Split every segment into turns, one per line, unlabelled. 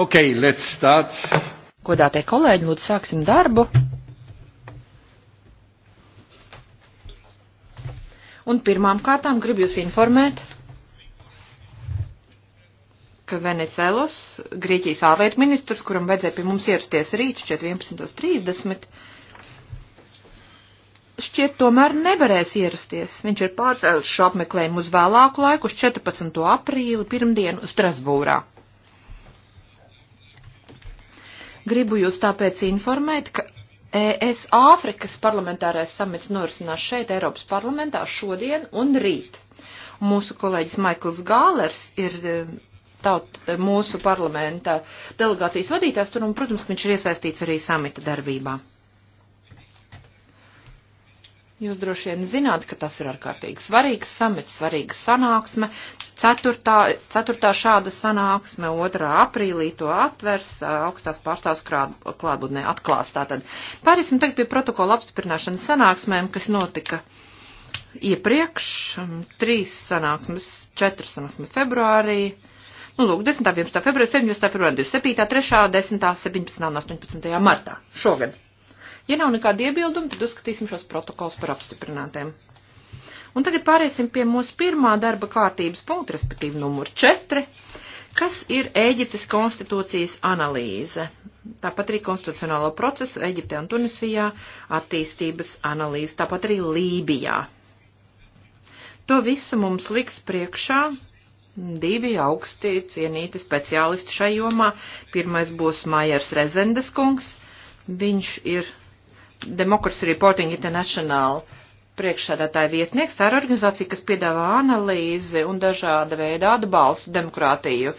Okay, let's start.
Godātie kolēģi, lūdzu, sāksim darbu. Un pirmām kārtām gribu jūs informēt, ka Venecēlos, Grieķijas ārlietu ministrs, kuram vajadzēja pie mums ierasties rīt šķiet 11.30, šķiet tomēr nevarēs ierasties. Viņš ir pārcēlis šo apmeklējumu uz vēlāku laiku, uz 14. aprīli, pirmdienu, Strasbūrā. Gribu jūs tāpēc informēt, ka ES Āfrikas parlamentārais samits norisinās šeit, Eiropas parlamentā, šodien un rīt. Mūsu kolēģis Maikls Gālers ir eh, taut, eh, mūsu parlamenta delegācijas vadītājs tur, un, protams, viņš ir iesaistīts arī samita darbībā. Jūs droši vien zināt, ka tas ir ārkārtīgi svarīgs samits, svarīga sanāksme. Ceturtā, ceturtā šāda sanāksme 2. aprīlī to atvers augstās pārstāvs klātbūtnē atklās. Tātad pārēsim tagad pie protokola apstiprināšanas sanāksmēm, kas notika iepriekš. Trīs sanāksmes, četras sanāksmes februārī. Nu, lūk, 10. 11. februārī, 17. februārī, 27. 3. 10. 17. un 18. martā šogad. Ja nav nekāda iebilduma, tad uzskatīsim šos protokols par apstiprinātiem. Un tagad pāriesim pie mūsu pirmā darba kārtības punkta, respektīvi numur 4, kas ir Ēģiptes konstitūcijas analīze. Tāpat arī konstitucionālo procesu Ēģiptē un Tunisijā, attīstības analīze, tāpat arī Lībijā. To visu mums liks priekšā divi augsti cienīti speciālisti šai jomā. Pirmais būs Maiers Rezendes kungs. Viņš ir Democracy Reporting International priekšsēdētāja vietnieks, tā ir organizācija, kas piedāvā analīzi un dažāda veida atbalstu demokrātiju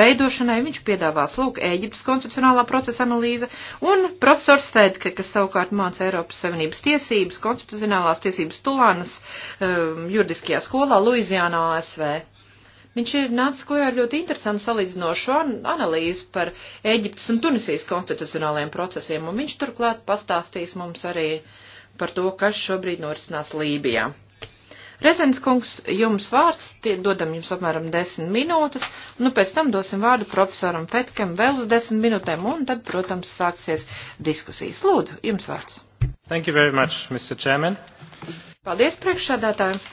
veidošanai. Viņš piedāvās, lūk, Ēģiptes konstitucionālā procesa analīze un profesors Fedke, kas savukārt māca Eiropas Savienības tiesības, konstitucionālās tiesības Tulānas um, juridiskajā skolā Luizijānā ASV. Viņš ir nācis klajā ar ļoti interesantu salīdzinošu an analīzi par Eģiptes un Tunisijas konstitucionālajiem procesiem, un viņš turklāt pastāstīs mums arī par to, kas šobrīd norisinās Lībijā. Rezens kungs, jums vārds, tie, dodam jums apmēram desmit minūtes, un nu, pēc tam dosim vārdu profesoram Fetkam vēl uz desmit minūtēm, un tad, protams, sāksies diskusijas. Lūdzu, jums vārds.
Thank you very much, Mr. Chairman.
Paldies, priekšsādātāji.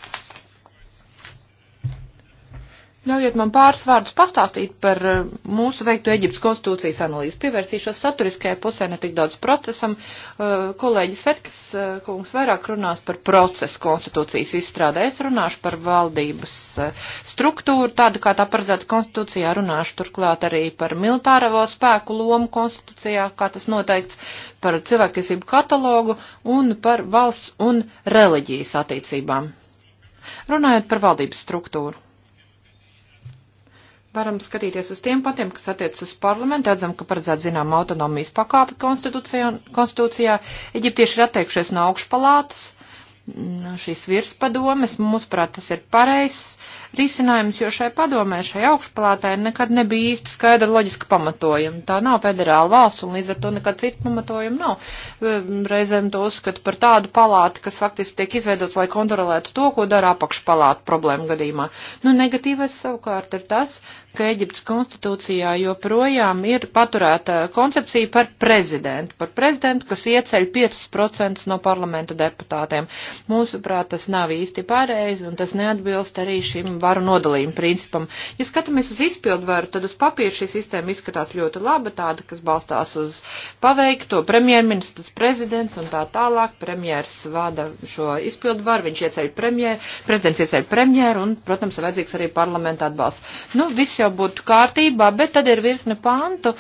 Ļaujiet man pāris vārdus pastāstīt par eh, mūsu veikto Eģiptes konstitūcijas analīzi. Pievērsīšos saturiskajai pusē ne tik daudz procesam. Eh, kolēģis Fetkas eh, kungs vairāk runās par procesu konstitūcijas izstrādē. Es runāšu par valdības struktūru, tādu kā tā paredzēta konstitūcijā. Runāšu turklāt arī par militāro spēku lomu konstitūcijā, kā tas noteikts, par cilvēktiesību katalogu un par valsts un reliģijas attiecībām. Runājot par valdības struktūru varam skatīties uz tiem patiem, kas attiec uz parlamentu, redzam, ka paredzēt zinām autonomijas pakāpi konstitūcijā. Eģiptieši ir atteikšies no augšpalātas, no nu, šīs virspadomes. Mūsuprāt, tas ir pareizs risinājums, jo šai padomē, šai augšpalātai nekad nebija īsti skaidra loģiska pamatojuma. Tā nav federāla valsts un līdz ar to nekad cita pamatojuma nav. Reizēm to uzskata par tādu palāti, kas faktiski tiek izveidots, lai kontrolētu to, ko dara apakšpalāta problēma gadījumā. Nu, negatīvais savukārt ir tas, ka Eģiptes konstitūcijā joprojām ir paturēta koncepcija par prezidentu, par prezidentu, kas ieceļ 5% no parlamenta deputātiem. Mūsuprāt, tas nav īsti pareizi un tas neatbilst arī šim varu nodalījuma principam. Ja skatāmies uz izpildu varu, tad uz papīra šī sistēma izskatās ļoti laba, tāda, kas balstās uz paveikto premjerministrs, prezidents un tā tālāk. Premjers vada šo izpildu varu, viņš ieceļ premjeru, prezidents ieceļ premjeru un, protams, vajadzīgs arī parlamenta atbalsts. Nu, viss jau būtu kārtībā, bet tad ir virkne pāntu,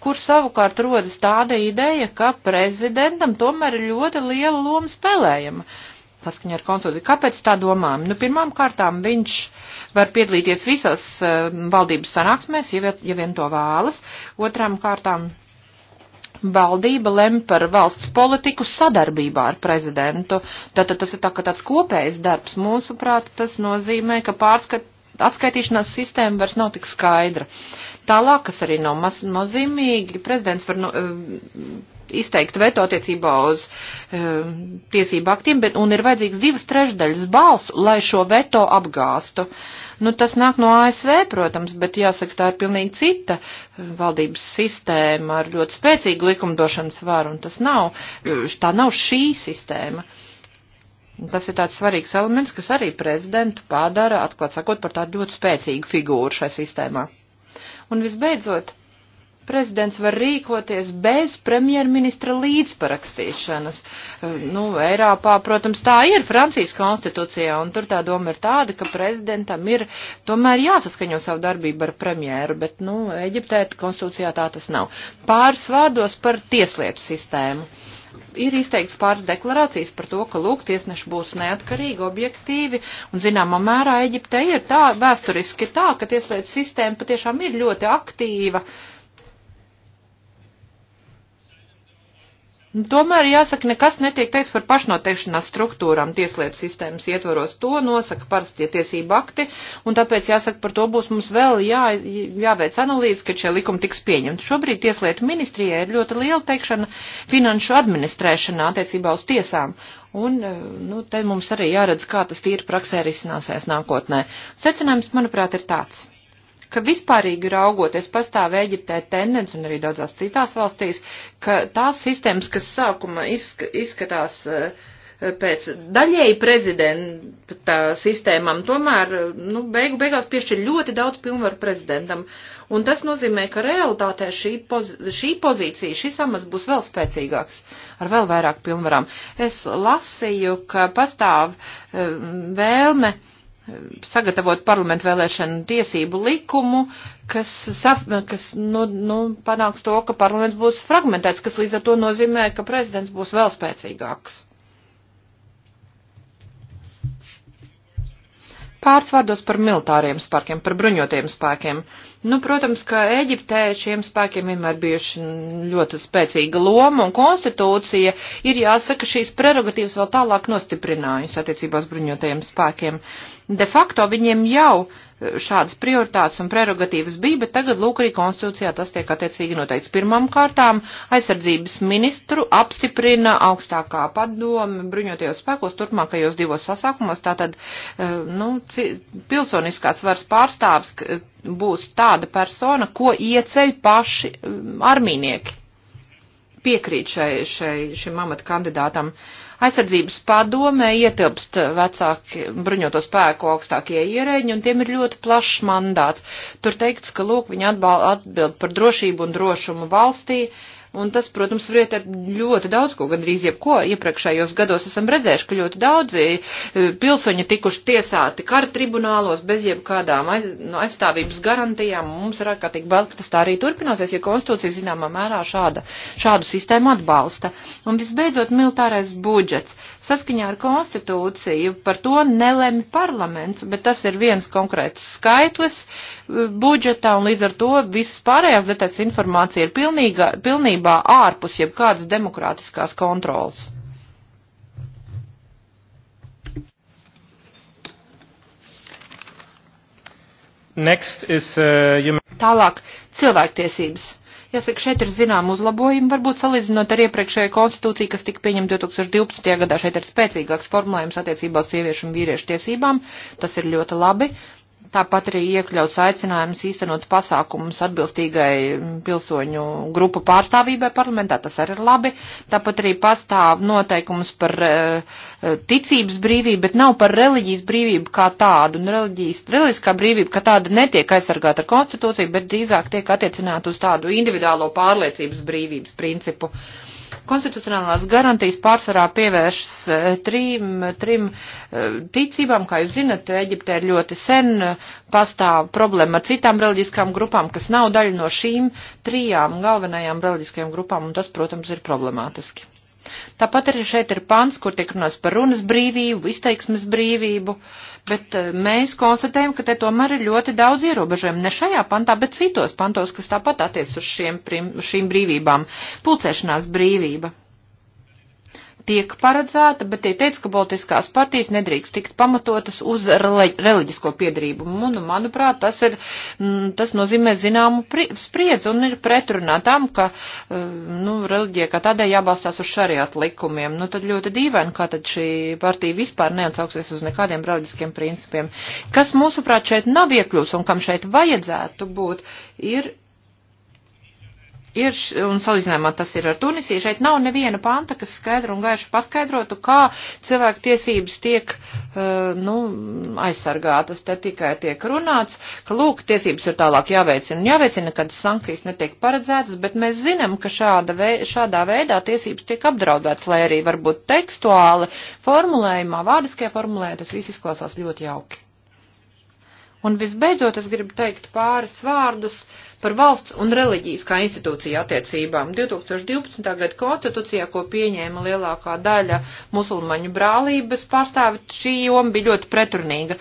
kur savukārt rodas tāda ideja, ka prezidentam tomēr ir ļoti liela loma spēlējama. Uh, paskaņā ar konsultāciju. Kāpēc tā domājam? Nu, pirmām kārtām viņš var piedalīties visās uh, valdības sanāksmēs, ja, ja vien to vēlas. Otrām kārtām valdība lem par valsts politiku sadarbībā ar prezidentu. Tātad tas ir tā, ka tāds kopējs darbs mūsuprāt, tas nozīmē, ka pārskat, atskaitīšanās sistēma vairs nav tik skaidra. Tālāk, kas arī nav maz, nozīmīgi, prezidents var. Nu, uh, izteikt veto attiecībā uz um, tiesību aktiem, bet, un ir vajadzīgs divas trešdaļas balsu, lai šo veto apgāstu. Nu, tas nāk no ASV, protams, bet jāsaka, tā ir pilnīgi cita eh, valdības sistēma ar ļoti spēcīgu likumdošanas varu, un tas nav, eh, tā nav šī sistēma. Tas ir tāds svarīgs elements, kas arī prezidentu padara, atklāt sakot, par tādu ļoti spēcīgu figūru šai sistēmā. Un visbeidzot, prezidents var rīkoties bez premjerministra līdzparakstīšanas. Nu, Eiropā, protams, tā ir Francijas konstitūcijā, un tur tā doma ir tāda, ka prezidentam ir tomēr jāsaskaņo savu darbību ar premjeru, bet, nu, Eģiptē konstitūcijā tā tas nav. Pāris vārdos par tieslietu sistēmu. Ir izteikts pāris deklarācijas par to, ka lūk, tiesneši būs neatkarīgi, objektīvi, un zināmā mērā Eģipte ir tā vēsturiski tā, ka tieslietu sistēma patiešām ir ļoti aktīva. Uh, Nu, tomēr jāsaka, nekas netiek teikts par pašnoteikšanās struktūrām tieslietu sistēmas ietvaros. To nosaka parastie tiesību akti, un tāpēc jāsaka, par to būs mums vēl jā, jāveic analīze, kad šie likumi tiks pieņemti. Šobrīd tieslietu ministrijai ir ļoti liela teikšana finanšu administrēšanā attiecībā uz tiesām. Un, eh, nu, te mums arī jāredz, kā tas tīri praksē risināsies nākotnē. Secinājums, manuprāt, ir tāds ka vispārīgi raugoties pastāv Eģiptē tendence un arī daudzās citās valstīs, ka tās sistēmas, kas sākuma izsk izskatās eh, pēc daļēji prezidenta sistēmām, tomēr, nu, beigu beigās piešķir ļoti daudz pilnvaru prezidentam. Un tas nozīmē, ka realitātē šī, poz šī pozīcija, šis amats būs vēl spēcīgāks, ar vēl vairāk pilnvarām. Es lasīju, ka pastāv um, vēlme. Uh, sagatavot parlamentu vēlēšanu tiesību likumu, kas, saf, kas nu, nu, panāks to, ka parlaments būs fragmentēts, kas līdz ar to nozīmē, ka prezidents būs vēl spēcīgāks. Pāris vārdos par militāriem spēkiem, par bruņotiem spēkiem. Nu, protams, ka Eģiptē šiem spēkiem vienmēr bijuši ļoti spēcīga loma un konstitūcija ir jāsaka šīs prerogatīvas vēl tālāk nostiprinājusi attiecībās bruņotajiem spēkiem. De facto viņiem jau uh, šādas prioritātes un prerogatīvas bija, bet tagad lūk arī konstitūcijā tas tiek attiecīgi noteikts. Pirmām kārtām aizsardzības ministru apstiprina augstākā padome bruņotajos spēkos turpmākajos divos sasākumos. Tātad, eh, nu, pilsoniskās varas pārstāvs būs tāda persona, ko ieceļ paši eh, armīnieki. Piekrīt šai, šai, šim amata kandidātam. Uh, Aizsardzības padomē ietilpst vecāki bruņoto spēku augstākie ierēģi, un tiem ir ļoti plašs mandāts. Tur teikts, ka lūk, viņi atbild par drošību un drošumu valstī Un tas, protams, var iet ar ļoti daudz ko, gandrīz jebko. Iepriekšējos gados esam redzējuši, ka ļoti daudzi e, pilsoņi tikuši tiesāti kara tribunālos bez jebkādām aiz, no nu, aizstāvības garantijām. Mums ir ārkārtīgi bail, ka tas tā arī turpināsies, ja konstitūcija zināmā mērā šāda, šādu sistēmu atbalsta. Un visbeidzot, militārais budžets. Saskaņā ar konstitūciju par to nelemi parlaments, bet tas ir viens konkrēts skaitlis e, budžetā, un līdz ar to visas pārējās detaļas informācija ir pilnīga, pilnība pilnībā ārpus jebkādas demokrātiskās kontrolas.
Next is, uh, you...
Tālāk cilvēktiesības. Jāsaka, šeit ir zinām uzlabojumi, varbūt salīdzinot ar iepriekšējo konstitūciju, kas tika pieņemta 2012. gadā. Šeit ir spēcīgāks formulējums attiecībā uz sieviešu un vīriešu tiesībām. Tas ir ļoti labi. Tāpat arī iekļauts aicinājums īstenot pasākumus atbilstīgai mm, pilsoņu grupu pārstāvībai parlamentā, tas arī ir labi. Tāpat arī pastāv noteikums par uh, ticības brīvību, bet nav par reliģijas brīvību kā tādu. Un reliģijas, reliģiskā brīvība kā tāda netiek aizsargāta ar konstitūciju, bet drīzāk tiek attiecināta uz tādu individuālo pārliecības brīvības principu. Uh, Konstitucionālās garantijas pārsvarā pievēršas e, trim, trim e, ticībām, kā jūs zinat, Eģiptē ir ļoti sen e, pastāv problēma ar citām reliģiskām grupām, kas nav daļa no šīm trijām galvenajām reliģiskajām grupām, un tas, protams, ir problemātiski. Tāpat arī šeit ir pants, kur tiek runāts par runas brīvību, izteiksmes brīvību, bet eh, mēs konstatējam, ka te tomēr ir ļoti daudz ierobežojumu. Ne šajā pantā, bet citos pantos, kas tāpat attiec uz šiem, šīm brīvībām. Pulcēšanās brīvība tiek paredzēta, bet tie teica, ka politiskās partijas nedrīkst tikt pamatotas uz reliģisko piedarību. Un, manuprāt, tas, ir, mm, tas nozīmē zināmu spriedzi un ir pretrunā tam, ka eh, nu, reliģija kā tādai jābalstās uz šariātu likumiem. Nu, tad ļoti dīvaini, kā tad šī partija vispār neatsauksies uz nekādiem reliģiskiem principiem. Kas, mūsuprāt, šeit nav iekļūs un kam šeit vajadzētu būt, ir ir, un salīdzinājumā tas ir ar Tunisiju, šeit nav neviena panta, kas skaidru un gaišu paskaidrotu, kā cilvēku tiesības tiek, eh, nu, aizsargātas. Te tikai tiek runāts, ka, lūk, tiesības ir tālāk jāveicina un jāveicina, kad sankcijas netiek paredzētas, bet mēs zinām, ka šāda vei, šādā veidā tiesības tiek apdraudētas, lai arī varbūt tekstuāli formulējumā, vārdiskajā formulējumā tas viss izklausās ļoti jauki. Un visbeidzot, es gribu teikt pāris vārdus par valsts un reliģijas kā institūciju attiecībām. 2012. gada konstitūcijā, ko pieņēma lielākā daļa musulmaņu brālības pārstāvi, šī joma bija ļoti pretrunīga,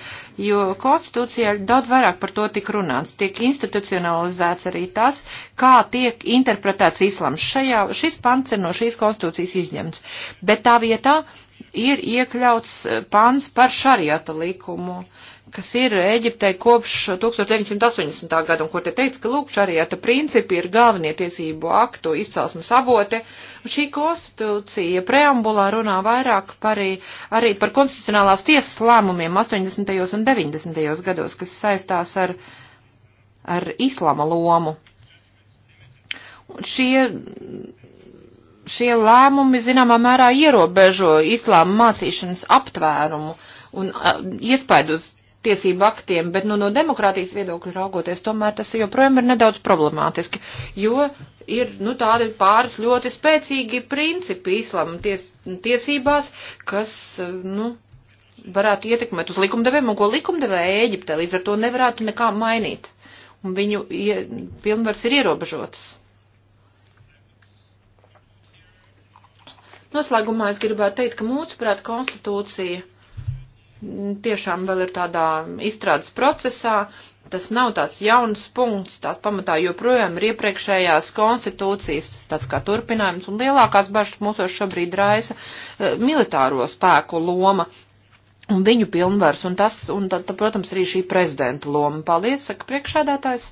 jo konstitūcijā daudz vairāk par to tik runāts. Tiek institucionalizēts arī tas, kā tiek interpretēts islams. Šajā, šis pants ir no šīs konstitūcijas izņemts. Bet tā vietā ir iekļauts pants par šariata likumu kas ir Eģiptei kopš 1980. gada, un kur te teica, ka lūk, šarieta principi ir galvenie tiesību aktu izcelsmes avote, un šī konstitūcija preambulā runā vairāk par, arī par konstitucionālās tiesas lēmumiem 80. un 90. gados, kas saistās ar, ar islama lomu. Un šie šie lēmumi zināmā mērā ierobežo islāma mācīšanas aptvērumu un iespēju uz tiesību aktiem, bet nu, no demokrātijas viedokļa raugoties, tomēr tas joprojām ir nedaudz problemātiski, jo ir nu, tādi pāris ļoti spēcīgi principi islama ties, tiesībās, kas nu, varētu ietekmēt uz likumdevējiem un ko likumdevēja Ēģiptē līdz ar to nevarētu nekā mainīt. Un viņu ie, pilnvars ir ierobežotas. Noslēgumā es gribētu teikt, ka mūsuprāt konstitūcija tiešām vēl ir tādā izstrādes procesā. Tas nav tāds jauns punkts, tās pamatā joprojām ir iepriekšējās konstitūcijas, tas tāds kā turpinājums, un lielākās bažas mūsos šobrīd raisa eh, militāro spēku loma un viņu pilnvars, un tas, un tad, tad, protams, arī šī prezidenta loma. Paldies, saka priekšādātājs.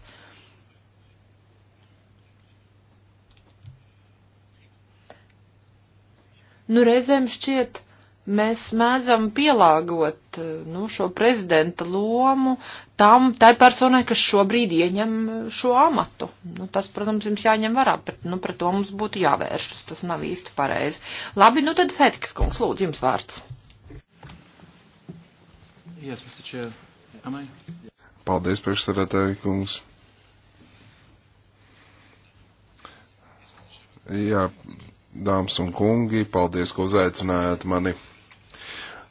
Nu, reizēm šķiet mēs mēdzam pielāgot eh, nu, šo prezidenta lomu tam, tai personai, kas šobrīd ieņem eh, šo amatu. Nu, tas, protams, jums jāņem vērā, bet nu, pret to mums būtu jāvēršas. Tas nav īsti pareizi. Labi, nu tad Fetiks kungs, lūdzu, jums vārds.
Yes,
Paldies, priekšsarētāji kungs. Jā, dāmas un kungi, paldies, ka uzaicinājāt mani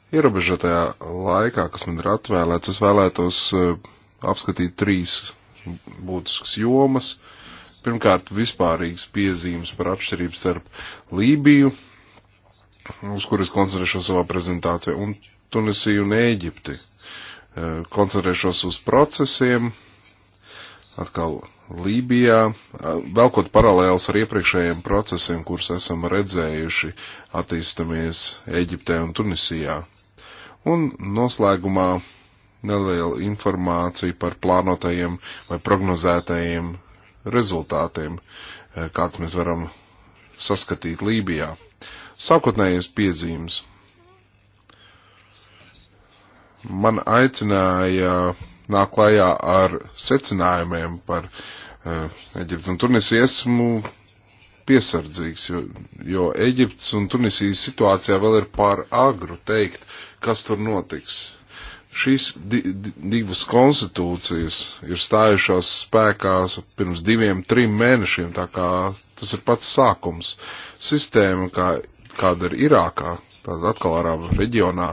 Ierobežotajā laikā, kas man ir atvēlēts, es vēlētos e, apskatīt trīs būtiskas jomas. Pirmkārt, vispārīgas piezīmes par atšķirību starp Lībiju, uz kuras koncentrēšos savā prezentācijā, un Tunisiju un Ēģipti. E, koncentrēšos uz procesiem, atkal Lībijā, e, velkot paralēlus ar iepriekšējiem procesiem, kurus esam redzējuši attīstamies Ēģiptē un Tunisijā. Un noslēgumā neliela informācija par plānotajiem vai prognozētajiem rezultātiem, eh, kāds mēs varam saskatīt Lībijā. Sākotnējais piezīmes. Man aicināja nāk klajā ar secinājumiem par uh, Eģiptu un Tunisiju. Esmu piesardzīgs, jo, jo Eģipts un Tunisijas situācijā vēl ir pār agru teikt, uh, kas tur notiks. Šīs di divas konstitūcijas ir stājušās spēkā pirms diviem, trim mēnešiem, tā kā tas ir pats sākums. Sistēma, kā, kāda ir Irākā, tāda atkal Arābu reģionā,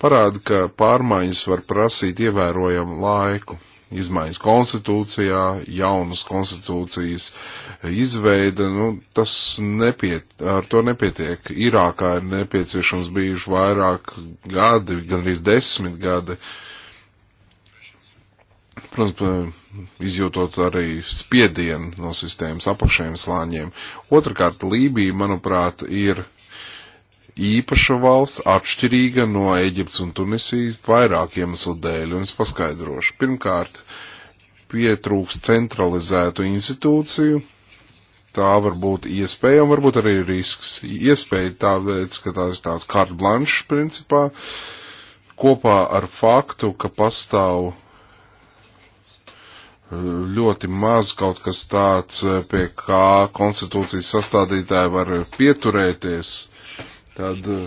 parāda, ka pārmaiņas var prasīt ievērojamu laiku izmaiņas konstitūcijā, jaunas konstitūcijas izveida, nu, tas nepiet, ar to nepietiek. Irākā ir nepieciešams bijuši vairāk gadi, gan arī desmit gadi. Protams, izjūtot arī spiedienu no sistēmas apakšējiem slāņiem. Otrakārt, Lībija, manuprāt, ir īpaša valsts, atšķirīga no Eģiptes un Tunisijas vairāk iemeslu dēļ, un es paskaidrošu. Pirmkārt, pietrūks centralizētu institūciju, tā var būt iespēja un varbūt arī risks. Iespēja tāpēc, ka tās ir tāds kārt blanšs principā, kopā ar faktu, ka pastāv eh, ļoti maz kaut kas tāds, eh, pie kā konstitūcijas sastādītāji var pieturēties. Tad eh,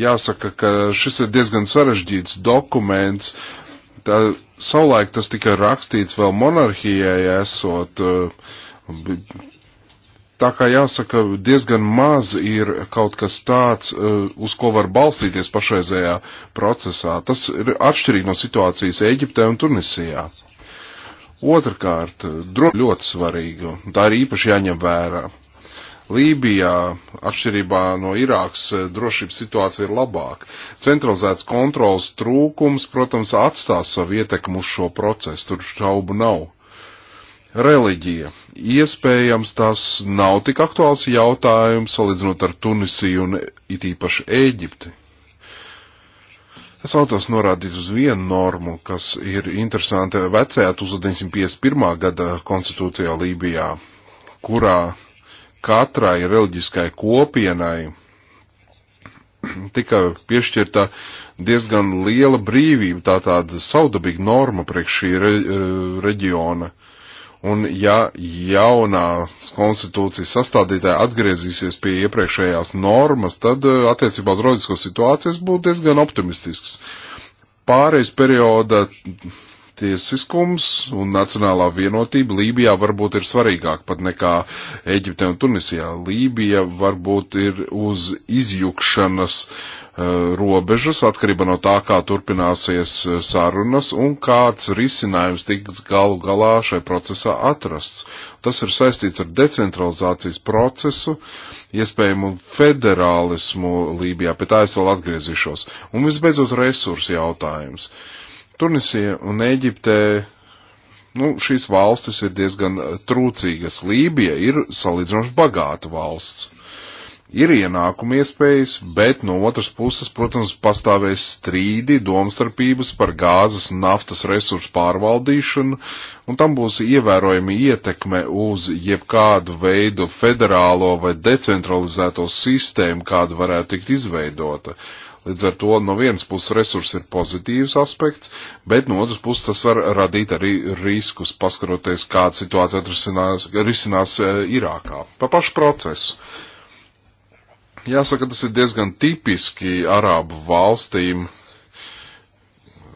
jāsaka, ka šis ir diezgan sarežģīts dokuments. Tā, savulaik tas tika rakstīts vēl monarhijai esot. Eh, tā kā jāsaka, diezgan maz ir kaut kas tāds, eh, uz ko var balstīties pašreizējā procesā. Tas ir atšķirīgi no situācijas Eģiptē un Tunisijā. Otrakārt, drošība ļoti svarīga, un tā ir īpaši jāņem vērā. Lībijā, atšķirībā no Irākas, eh, drošības situācija ir labāka. Centralizēts kontrols trūkums, protams, atstās savu ietekmu uz šo procesu, tur šaubu nav. Reliģija. Iespējams, tas nav tik aktuāls jautājums, salīdzinot ar Tunisiju un it īpaši Ēģipti. Es vēlos norādīt uz vienu normu, kas ir interesanta vecajā 1951. gada konstitūcijā Lībijā, kurā katrai reliģiskai kopienai tika piešķirta diezgan liela brīvība, tā tāda saudabīga norma priekš šī re, e, reģiona. Un ja jaunā konstitūcijas sastādītāja atgriezīsies pie iepriekšējās normas, tad e, attiecībā uz rodisko situācijas būtu diezgan optimistisks. Pāreiz perioda tiesiskums un nacionālā vienotība Lībijā varbūt ir svarīgāk pat nekā Eģipte un Tunisijā. Lībija varbūt ir uz izjukšanas uh, robežas atkarībā no tā, kā turpināsies eh, sarunas un kāds risinājums tiks galu galā šai procesā atrasts. Tas ir saistīts ar decentralizācijas procesu, iespējamu federālismu Lībijā, pie tā es vēl atgriezīšos. Un visbeidzot resursu jautājums. Uh, Tunisija un Eģipte, nu, šīs valstis ir diezgan eh, trūcīgas. Lībija ir salīdzinoši bagāta valsts. Ir ienākuma iespējas, bet no otras puses, protams, pastāvēs strīdi, domstarpības par gāzes un naftas resursu pārvaldīšanu, un tam būs ievērojami ietekme uz jebkādu veidu federālo vai decentralizēto sistēmu, kāda varētu tikt izveidota. Uh, Līdz ar to no vienas puses resursi ir pozitīvs aspekts, bet no otras puses tas var radīt arī riskus, paskaroties, kāda situācija atrisinās, risinās e, Irākā. Pa pašu procesu. Jāsaka, tas ir diezgan tipiski arābu valstīm,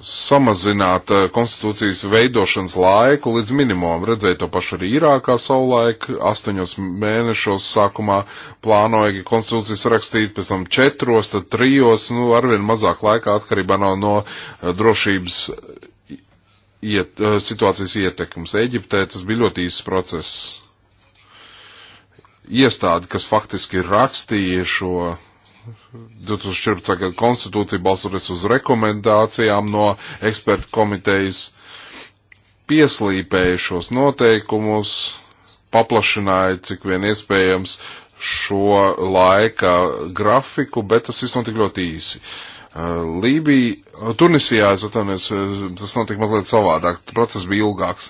samazināt eh, konstitūcijas veidošanas laiku līdz minimumam. Redzēja to pašu arī Irākā savulaik, astoņos mēnešos sākumā plānoja konstitūcijas rakstīt, pēc tam četros, tad trijos, nu arvien mazāk laika atkarībā no, no eh, drošības iet, eh, situācijas ietekmes. Eģiptē tas bija ļoti īsts process. Iestādi, kas faktiski rakstīja šo 2014. gada konstitūcija balstoties uz rekomendācijām no ekspertu komitejas pieslīpēja šos noteikumus, paplašināja cik vien iespējams šo laika grafiku, bet tas viss notika ļoti īsi. Uh, Lībija, uh, Tunisijā, es atvainojos, uh, tas notika mazliet savādāk, process bija ilgāks.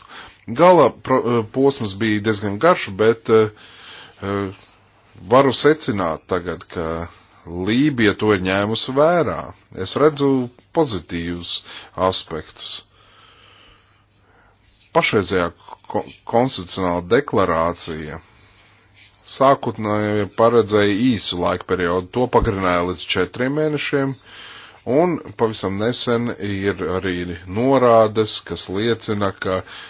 Gala pro, posms bija diezgan garš, bet varu secināt tagad, ka Lībija to ir ņēmusi vērā. Es redzu pozitīvus aspektus. Pašreizējā ko konstitucionāla deklarācija sākotnēji paredzēja īsu laika periodu, to pagarināja līdz četriem mēnešiem, un pavisam nesen ir arī norādes, kas liecina, ka uh,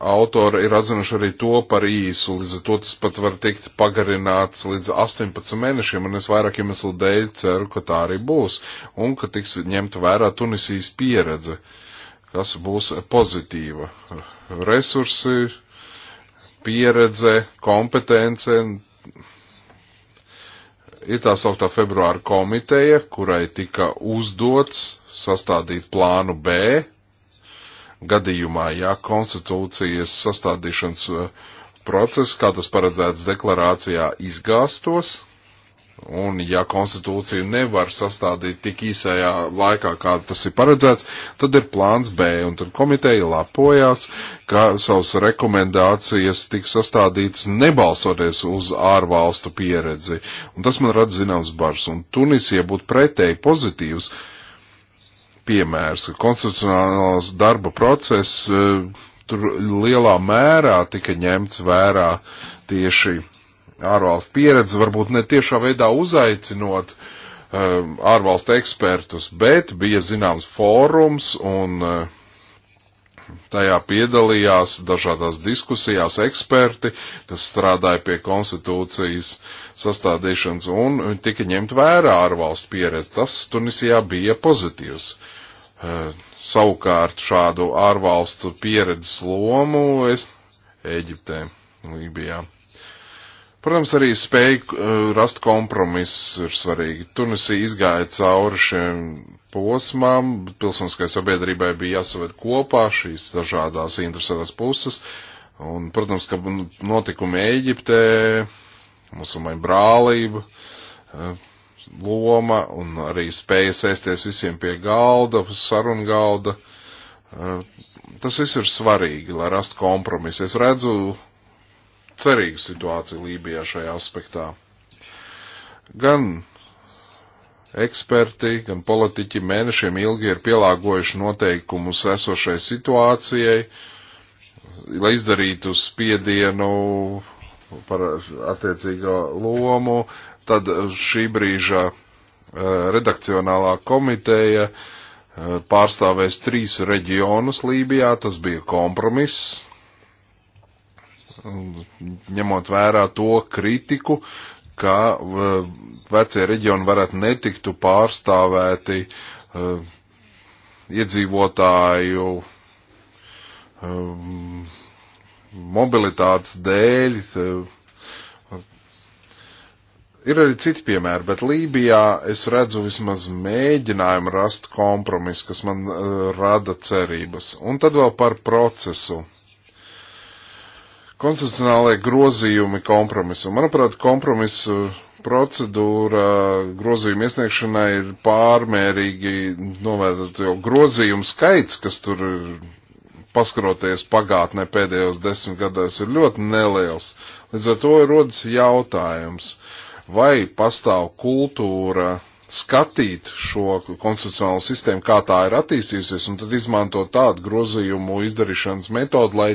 autori ir atzinuši arī to par īsu, līdz ar to tas pat var tikt pagarināts līdz 18 mēnešiem, un es vairāk iemeslu dēļ ceru, ka tā arī būs, un ka tiks ņemta vērā Tunisijas pieredze, kas būs pozitīva. Resursi, pieredze, kompetence. Ir tā sauktā februāra komiteja, kurai tika uzdots sastādīt plānu B, gadījumā, ja konstitūcijas sastādīšanas uh, process, kā tas paredzēts deklarācijā, izgāstos, un ja konstitūciju nevar sastādīt tik īsajā laikā, kā tas ir paredzēts, tad ir plāns B, un tad komiteja lapojās, ka savas rekomendācijas tiks sastādītas nebalsoties uz ārvalstu pieredzi, un tas man rada zināms bars, un Tunisija būtu pretēji pozitīvs, uh, piemērs. Konstitucionālās darba process e, tur lielā mērā tika ņemts vērā tieši ārvalstu pieredze, varbūt ne tiešā veidā uzaicinot um, ārvalstu ekspertus, bet bija zināms fórums un uh, Tajā piedalījās dažādās diskusijās eksperti, kas strādāja pie konstitūcijas sastādīšanas un tika ņemt vērā ārvalstu pieredze. Tas Tunisijā bija pozitīvs. Uh, Eh, savukārt šādu ārvalstu pieredzes lomu es Eģiptē, Lībijā. Protams, arī spēja eh, rast kompromisu ir svarīgi. Tunisija izgāja cauri šiem posmām, pilsoniskai sabiedrībai bija jāsaved kopā šīs dažādās interesētās puses, un, protams, ka notikumi Eģiptē, musulmaņu brālība, eh, loma un arī spēja sēsties visiem pie galda, sarunu galda. Eh, tas viss ir svarīgi, lai rastu kompromisu. Es redzu cerīgu situāciju Lībijā šajā aspektā. Gan eksperti, gan politiķi mēnešiem ilgi ir pielāgojuši noteikumus esošai situācijai, lai izdarītu spiedienu par attiecīgo lomu, tad šī brīža eh, redakcionālā komiteja eh, pārstāvēs trīs reģionus Lībijā, tas bija kompromiss, ņemot vērā to kritiku, ka eh, vecie reģioni varētu netiktu pārstāvēti iedzīvotāju mobilitātes dēļ, Ir arī citi piemēri, bet Lībijā es redzu vismaz mēģinājumu rast kompromisu, kas man uh, rada cerības. Un tad vēl par procesu. Konstitucionālajie grozījumi kompromisu. Manuprāt, kompromisu procedūra grozījuma iesniegšanai ir pārmērīgi novērtēta, jo grozījumu skaits, kas tur ir paskaroties pagātnē pēdējos desmit gados, ir ļoti neliels. Līdz ar to rodas jautājums. Uh, vai pastāv kultūra skatīt šo konstitucionālo sistēmu, kā tā ir attīstījusies, un tad izmantot tādu grozījumu izdarīšanas metodu, lai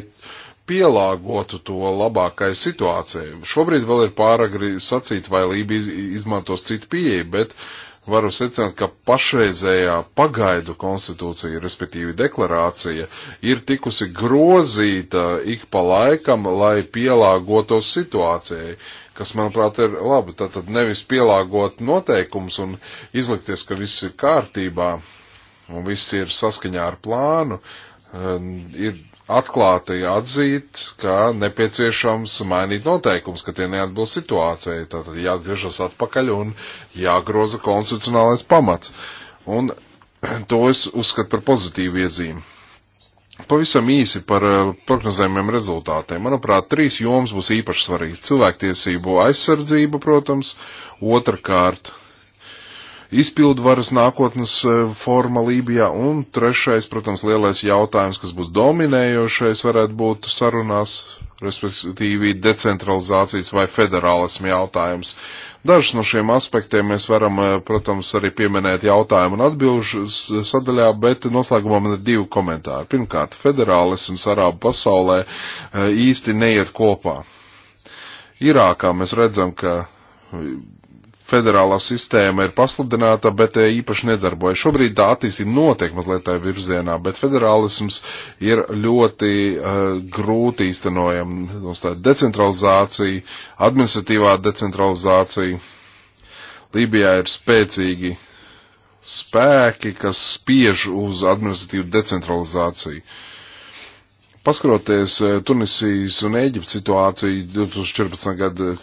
pielāgotu to labākai situācijai. Šobrīd vēl ir pāragri sacīt, vai Lībija izmantos citu pieeju, bet varu secināt, ka pašreizējā pagaidu konstitūcija, respektīvi deklarācija, ir tikusi grozīta ik pa laikam, lai pielāgotos situācijai kas, manuprāt, ir labi. Tātad nevis pielāgot noteikumus un izlikties, ka viss ir kārtībā un viss ir saskaņā ar plānu, um, ir atklāti atzīt, ka nepieciešams mainīt noteikumus, ka tie neatbilst situācijai. Tātad jāatgriežas atpakaļ un jāgroza konstitucionālais pamats. Un to es uzskatu par pozitīvu iezīmi. Pavisam īsi par eh, prognozējumiem rezultātiem. Manuprāt, trīs joms būs īpaši svarīgas. Cilvēktiesību aizsardzība, protams, otrkārt izpildu varas nākotnes eh, forma Lībijā, un trešais, protams, lielais jautājums, kas būs dominējošais, varētu būt sarunās, respektīvi decentralizācijas vai federālismu jautājums. Uh, Dažus no šiem aspektiem mēs varam, eh, protams, arī pieminēt jautājumu un atbilžu sadaļā, bet noslēgumā man ir divi komentāri. Pirmkārt, federālisms arābu pasaulē eh, īsti neiet kopā. Irākā mēs redzam, ka federālā sistēma ir pasludināta, bet eh, īpaši nedarbojas. Šobrīd tā attīstība notiek mazliet tā virzienā, bet federālisms ir ļoti uh, grūti īstenojama. Decentralizācija, administratīvā decentralizācija. Lībijā ir spēcīgi spēki, kas spiež uz administratīvu decentralizāciju. Paskroties eh, Tunisijas un Eģiptes situāciju 2014. gada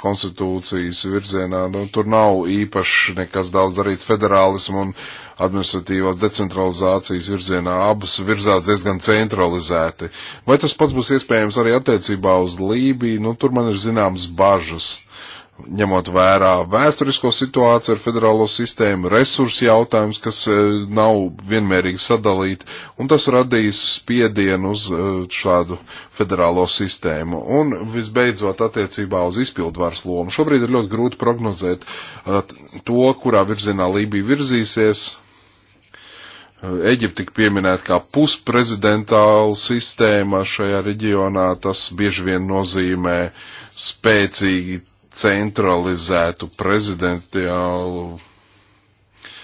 konstitūcijas virzienā. Nu, tur nav īpaši nekas daudz darīts federālismu un administratīvās decentralizācijas virzienā. Abas virzās diezgan centralizēti. Vai tas pats būs iespējams arī attiecībā uz Lībiju? Nu, tur man ir zināmas bažas. Uh, ņemot vērā vēsturisko situāciju ar federālo sistēmu, resursu jautājums, kas e, nav vienmērīgi sadalīti, un tas radīs spiedienu uz e, šādu federālo sistēmu. Un visbeidzot attiecībā uz izpildvaras lomu. Šobrīd ir ļoti grūti prognozēt e, to, kurā virzienā Lībija virzīsies, Eģipte tika pieminēta kā pusprezidentāla sistēma šajā reģionā. Tas bieži vien nozīmē spēcīgi centralizētu prezidentiālu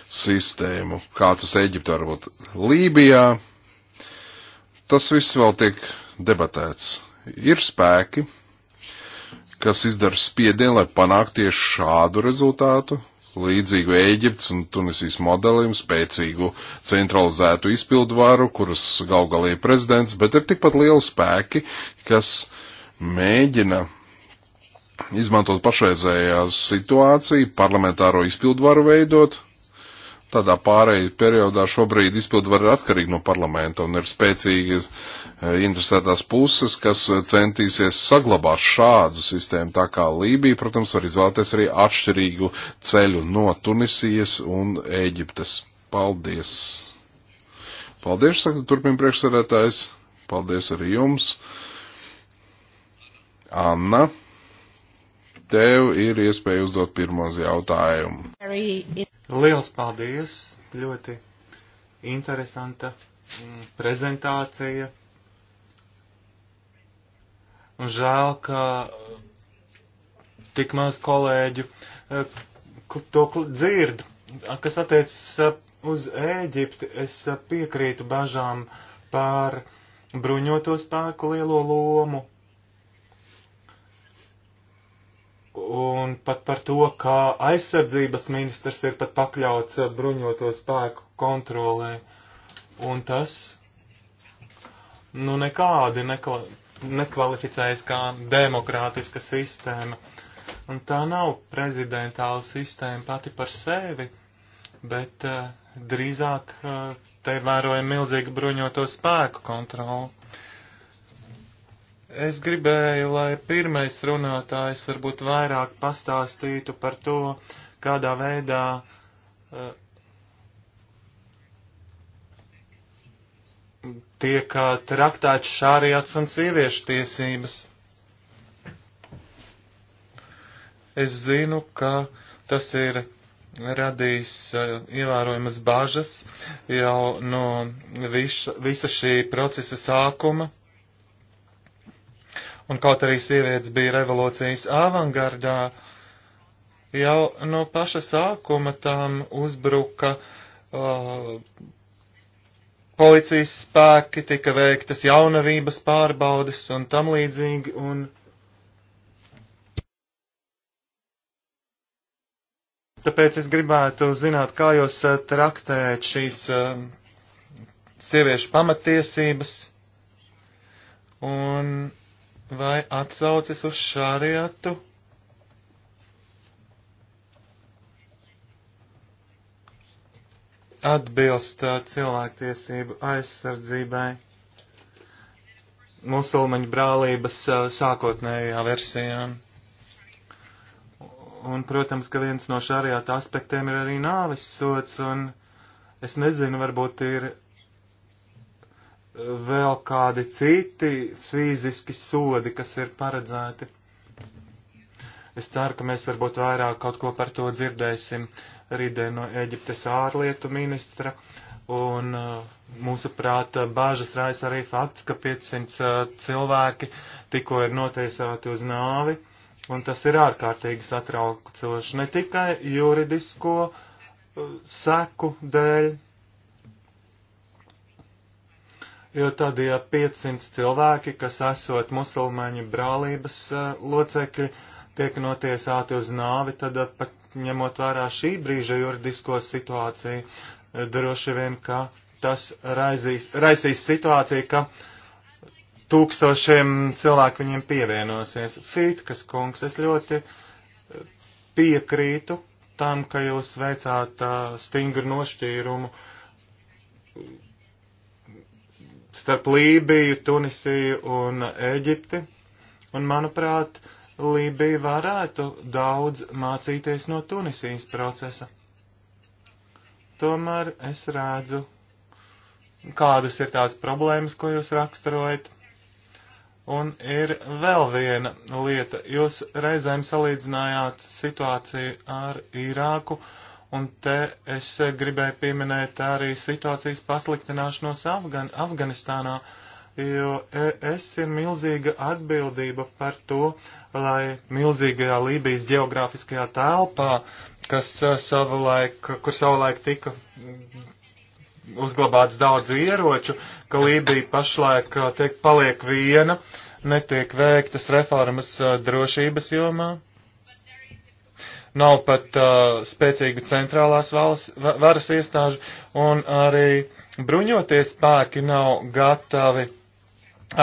sistēmu, kā tas Eģipte varbūt Lībijā. Tas viss vēl tiek debatēts. Ir spēki, kas izdara spiedienu, lai panāktu tieši šādu rezultātu, līdzīgu Eģiptes un Tunisijas modelim, spēcīgu centralizētu izpildu varu, kuras gal galī ir prezidents, bet ir tikpat lieli spēki, kas mēģina izmantot pašreizējā situāciju, parlamentāro izpildvaru veidot. Tādā pārējai periodā šobrīd izpildvaru ir atkarīgi no parlamenta un ir spēcīgi eh, interesētās puses, kas eh, centīsies saglabāt šādu sistēmu, tā kā Lībija, protams, var izvēlēties arī atšķirīgu ceļu no Tunisijas un Ēģiptes. Paldies! Paldies, saka turpina priekšsarētājs. Paldies arī jums. Anna. Tev ir iespēja uzdot pirmos jautājumu.
Liels paldies! Ļoti interesanta mm, prezentācija. Un žēl, ka mm, tik maz kolēģu eh, to dzird. Kas attiecas eh, uz Ēģipti, es eh, piekrītu bažām par bruņoto spēku lielo lomu un pat par to, kā aizsardzības ministrs ir pat pakļauts eh, bruņoto spēku kontrolē. Un tas, nu, nekādi nekla, nekvalificējas kā demokrātiska sistēma. Un tā nav prezidentāla sistēma pati par sevi, bet uh, drīzāk uh, te ir vērojama milzīga bruņoto spēku kontrola. Uh, Es gribēju, lai pirmais runātājs varbūt vairāk pastāstītu par to, kādā veidā uh, tiek eh, traktāts šāriats un sieviešu tiesības. Es zinu, ka tas ir radījis uh, ievērojamas bažas jau no visa, visa šī procesa sākuma Un kaut arī sievietes bija revolūcijas avangardā, jau no paša sākuma tām uzbruka uh, policijas spēki, tika veiktas jaunavības pārbaudes un tam līdzīgi. Un Tāpēc es gribētu zināt, kā jūs uh, traktējat šīs uh, sieviešu pamatiesības un vai atsaucis uz šāriatu. Atbilst uh, cilvēktiesību aizsardzībai musulmaņu brālības uh, sākotnējā versijā. Un, protams, ka viens no šāriāta aspektiem ir arī nāves sots, un es nezinu, varbūt ir vēl kādi citi fiziski sodi, kas ir paredzēti. Es ceru, ka mēs varbūt vairāk kaut ko par to dzirdēsim rītdien no Eģiptes ārlietu ministra. Un uh, mūsu prāta bāžas rais arī fakts, ka 500 uh, cilvēki tikko ir notiesāti uz nāvi. Un tas ir ārkārtīgi satraucoši ne tikai juridisko uh, seku dēļ, Jo tad, ja 500 cilvēki, kas esot musulmaņu brālības eh, locekļi, tiek notiesāti uz nāvi, tad eh, pat ņemot vērā šī brīža juridisko situāciju, eh, droši vien, ka tas raizīs, raisīs situāciju, ka tūkstošiem cilvēku viņiem pievienosies. Fītkas kungs, es ļoti piekrītu tam, ka jūs veicāt uh, stingru nošķīrumu starp Lībiju, Tunisiju un Eģipti. Un, manuprāt, Lībija varētu daudz mācīties no Tunisijas procesa. Tomēr es redzu, kādas ir tās problēmas, ko jūs raksturojat. Un ir vēl viena lieta. Jūs reizēm salīdzinājāt situāciju ar Īrāku. Uh, Un te es gribēju pieminēt arī situācijas pasliktināšanos Afgan Afganistānā, jo es ir milzīga atbildība par to, lai milzīgajā Lībijas geogrāfiskajā telpā, kas uh, savulaik, kur savulaik tika uzglabāts daudz ieroču, ka Lībija pašlaik uh, tiek paliek viena, netiek veiktas reformas uh, drošības jomā nav pat uh, spēcīgu centrālās valsts, varas iestāžu, un arī bruņoties spēki nav gatavi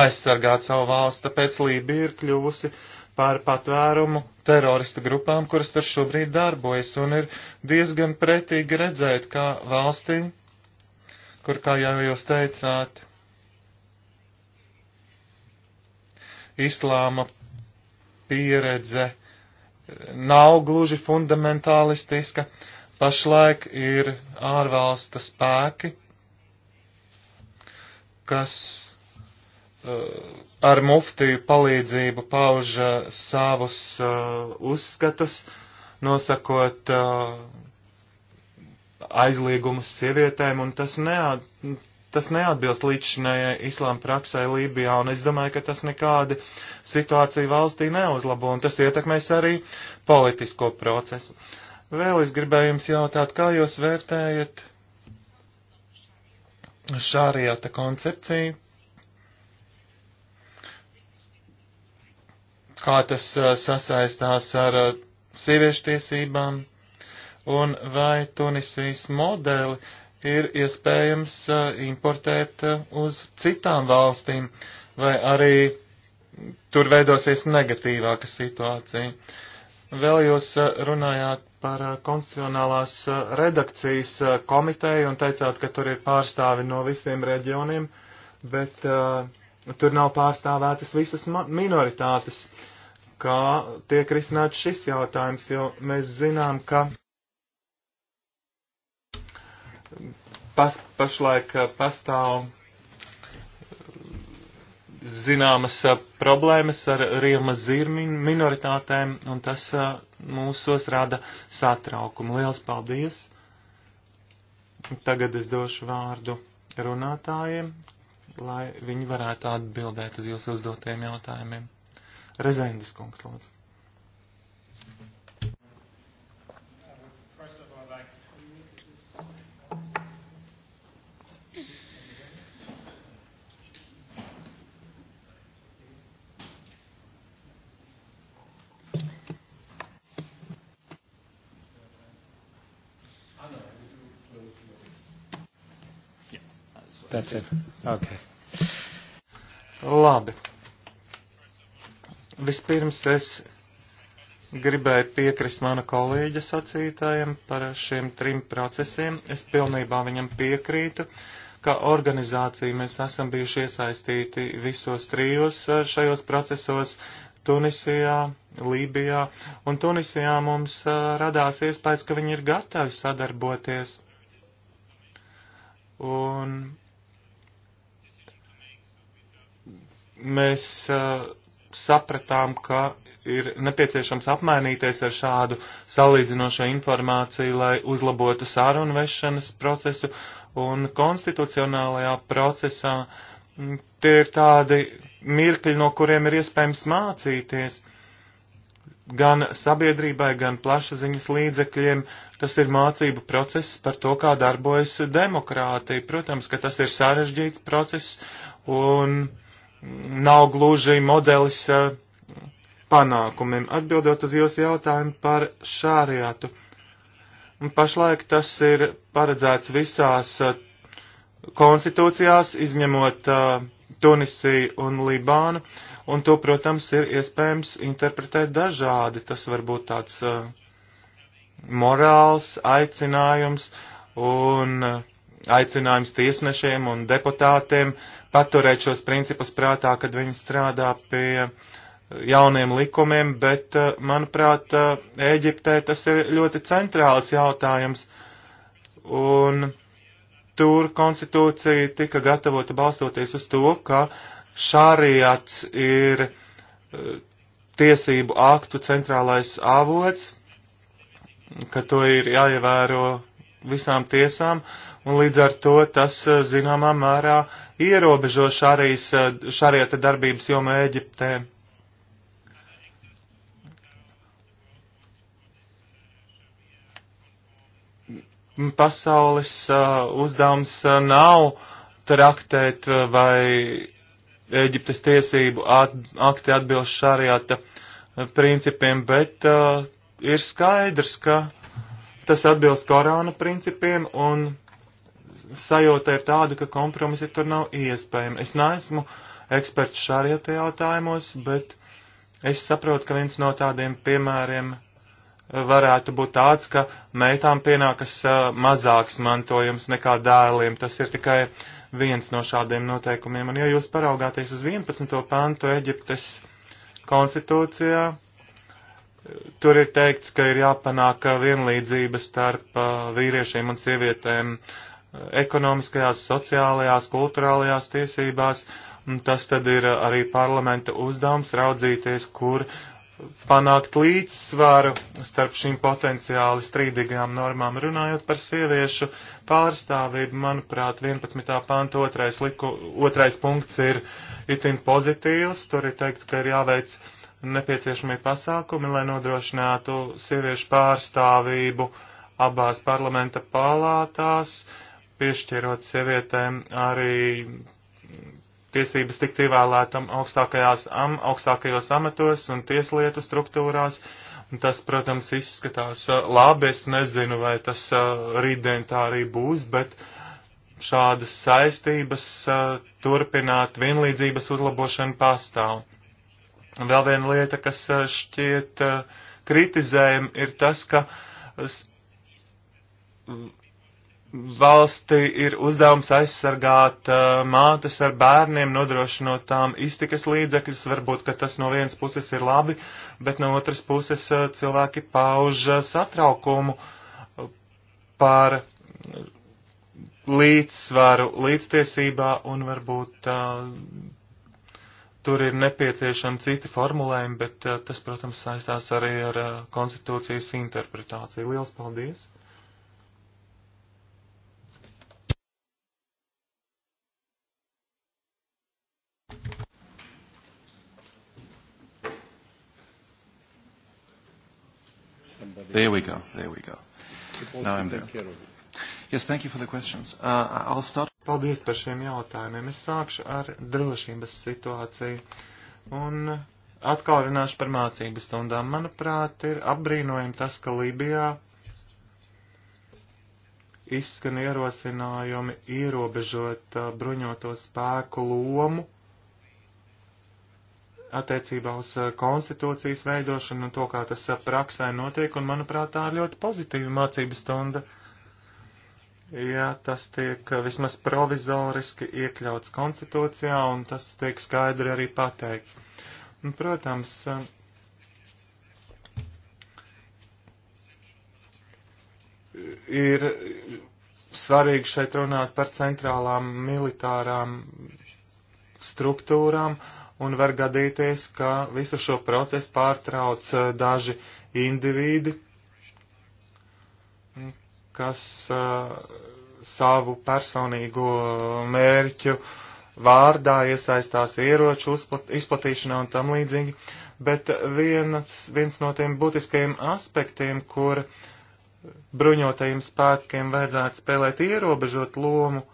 aizsargāt savu valsti, tāpēc Lībija ir kļuvusi par patvērumu teroristu grupām, kuras tur šobrīd darbojas, un ir diezgan pretīgi redzēt, kā valstī, kur, kā jau jūs teicāt, islāma pieredze nav gluži fundamentālistiska. Pašlaik ir ārvalsta spēki, kas eh, ar muftiju palīdzību pauž eh, savus eh, uzskatus, nosakot aizliegumus sievietēm, un tas, neat, Tas neatbilst līdzšinējai islāma praksē Lībijā, un es domāju, ka tas nekādi situāciju valstī neuzlabo, un tas ietekmēs arī politisko procesu. Vēl es gribēju jums jautāt, kā jūs vērtējat šārijāta koncepciju? Kā tas uh, sasaistās ar uh, sieviešu tiesībām? Un vai Tunisijas modeli ir iespējams importēt uz citām valstīm, vai arī tur veidosies negatīvāka situācija. Vēl jūs runājāt par konstitucionālās redakcijas komiteju un teicāt, ka tur ir pārstāvi no visiem reģioniem, bet uh, tur nav pārstāvētas visas minoritātes. Kā tiek risināts šis jautājums, jo mēs zinām, ka pas, pašlaik eh, pastāv eh, zināmas eh, problēmas ar riema zirmi minoritātēm, un tas mūsos rada satraukumu. Liels paldies! Tagad es došu vārdu runātājiem, lai viņi varētu atbildēt uz jūsu uzdotajiem jautājumiem. Rezendes kungs, lūdzu.
That's
it. Okay.
Labi. Vispirms es gribēju piekrist mana kolēģa sacītājiem par šiem trim procesiem. Es pilnībā viņam piekrītu. Kā organizācija mēs esam bijuši iesaistīti visos trijos eh, šajos procesos - Tunisijā, Lībijā, un Tunisijā mums eh, radās iespējas, ka viņi ir gatavi sadarboties. Un mēs uh, sapratām, ka ir nepieciešams apmainīties ar šādu salīdzinošo informāciju, lai uzlabotu sārunu vešanas procesu un konstitucionālajā procesā. Tie ir tādi mirkļi, no kuriem ir iespējams mācīties gan sabiedrībai, gan plašsaziņas līdzekļiem. Tas ir mācību process par to, kā darbojas demokrātija. Protams, ka tas ir sarežģīts process un uh, nav gluži modelis eh, panākumiem. Atbildot uz jūsu jautājumu par šāriātu. Pašlaik tas ir paredzēts visās eh, konstitūcijās, izņemot eh, Tunisiju un Libānu, un to, protams, ir iespējams interpretēt dažādi. Tas var būt tāds morāls aicinājums un aicinājums tiesnešiem un deputātiem paturēt šos principus prātā, kad viņi strādā pie eh, jauniem likumiem, bet, eh, manuprāt, eh, Ēģiptē tas ir ļoti centrāls jautājums. Un tur konstitūcija tika gatavota balstoties uz to, ka šārijāts ir tiesību aktu centrālais avots, ka to ir jāievēro visām tiesām, un līdz ar to tas zināmā mērā uh, ierobežo šarijas, šarieta darbības jomu Ēģiptē. Pasaules uh, uzdevums uh, nav traktēt uh, vai Ēģiptes tiesību at, akti atbilst šarieta uh, principiem, bet uh, ir skaidrs, ka tas atbilst Korāna principiem un sajūta ir tāda, ka kompromisi tur nav iespējami. Es neesmu eksperts šārieta jautājumos, bet es saprotu, ka viens no tādiem piemēriem varētu būt tāds, ka meitām pienākas mazāks mantojums nekā dēliem. Tas ir tikai viens no šādiem noteikumiem. Un ja jūs paraugāties uz 11. pantu Eģiptes konstitūcijā, tur ir teikts, ka ir jāpanāk vienlīdzība starp vīriešiem un sievietēm ekonomiskajās, sociālajās, kulturālajās tiesībās. Tas tad ir arī parlamenta uzdevums raudzīties, kur panākt līdzsvaru starp šīm potenciāli strīdīgajām normām. Runājot par sieviešu pārstāvību, manuprāt, 11. pānta otrais, liku, otrais punkts ir itin pozitīvs. Tur ir teikt, ka ir jāveic nepieciešamie pasākumi, lai nodrošinātu sieviešu pārstāvību abās parlamenta palātās. Uh, piešķirot sievietēm arī tiesības tikt ievēlētam augstākajās, am, augstākajos amatos un tieslietu struktūrās. Un tas, protams, izskatās uh, labi, es nezinu, vai tas uh, rītdien tā arī būs, bet šādas saistības uh, turpināt vienlīdzības uzlabošanu pastāv. Vēl viena lieta, kas šķiet kritizējama, ir tas, ka valsti ir uzdevums aizsargāt uh, mātes ar bērniem, nodrošinot tām iztikas līdzekļus. Varbūt, ka tas no vienas puses ir labi, bet no otras puses uh, cilvēki pauž uh, satraukumu uh, par līdzsvaru, līdztiesībā un varbūt uh, tur ir nepieciešami citi formulējumi, bet uh, tas, protams, saistās arī ar konstitūcijas interpretāciju. Lielas paldies!
There we go. There we go. Now I'm there. Yes,
thank you for the questions. Uh, I'll start. Paldies par šiem jautājumiem. Es sākšu ar drošības situāciju un atkal runāšu par mācību stundām. Manuprāt, ir apbrīnojami tas, ka Libijā izskan ierosinājumi ierobežot uh, bruņoto spēku lomu attiecībā uz uh, konstitūcijas veidošanu un to, kā tas uh, praksē notiek, un manuprāt, tā ir ļoti pozitīva mācības stunda. Ja tas tiek uh, vismaz provizoriski iekļauts konstitūcijā, un tas tiek skaidri arī pateikts. Un, protams, ir svarīgi šeit runāt par centrālām militārām struktūrām, uh, un var gadīties, ka visu šo procesu pārtrauc eh, daži indivīdi, kas eh, savu personīgo mērķu vārdā iesaistās ieroču uzplat, izplatīšanā un tam līdzīgi, bet viens, viens no tiem būtiskajiem aspektiem, kur bruņotajiem spēkiem vajadzētu spēlēt ierobežot lomu,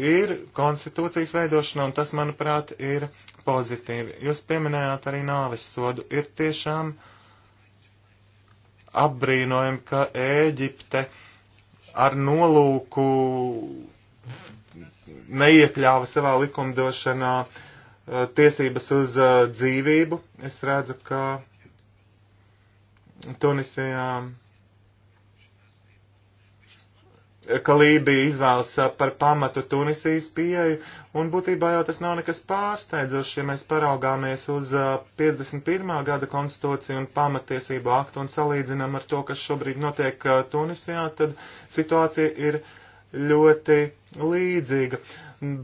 ir konstitūcijas veidošana, un tas, manuprāt, ir pozitīvi. Jūs pieminējāt arī nāves sodu. Ir tiešām apbrīnojami, ka Ēģipte ar nolūku neiekļāva savā likumdošanā uh, tiesības uz uh, dzīvību. Es redzu, ka Tunisijā ka Lībija izvēlas par pamatu Tunisijas pieeju, un būtībā jau tas nav nekas pārsteidzošs, ja mēs paraugāmies uz 51. gada konstitūciju un pamatiesību aktu un salīdzinām ar to, kas šobrīd notiek Tunisijā, tad situācija ir ļoti līdzīga,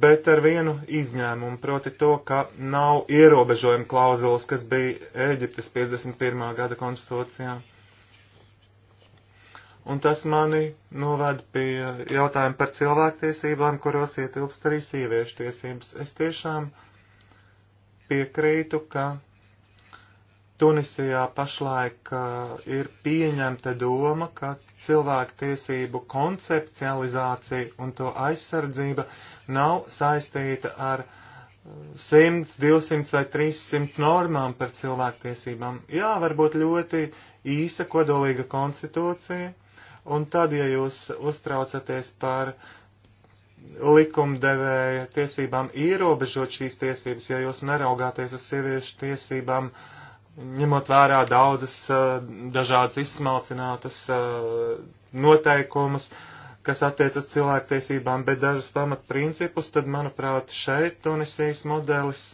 bet ar vienu izņēmumu, proti to, ka nav ierobežojuma klauzulas, kas bija Ēģiptes 51. gada konstitūcijā un tas mani noved pie jautājuma par cilvēktiesībām, kuros ietilpst arī sieviešu tiesības. Es tiešām piekrītu, ka Tunisijā pašlaik uh, ir pieņemta doma, ka cilvēktiesību konceptualizācija un to aizsardzība nav saistīta ar 100, uh, 200 vai 300 normām par cilvēktiesībām. Jā, varbūt ļoti īsa kodolīga konstitūcija, Un tad, ja jūs uztraucaties par likumdevēja tiesībām ierobežot šīs tiesības, ja jūs neraugāties uz sieviešu tiesībām, ņemot vērā daudzas eh, dažādas izsmalcinātas eh, noteikumus, kas attiecas cilvēktiesībām, bet dažus pamatprincipus, tad, manuprāt, šeit Tunisijas modelis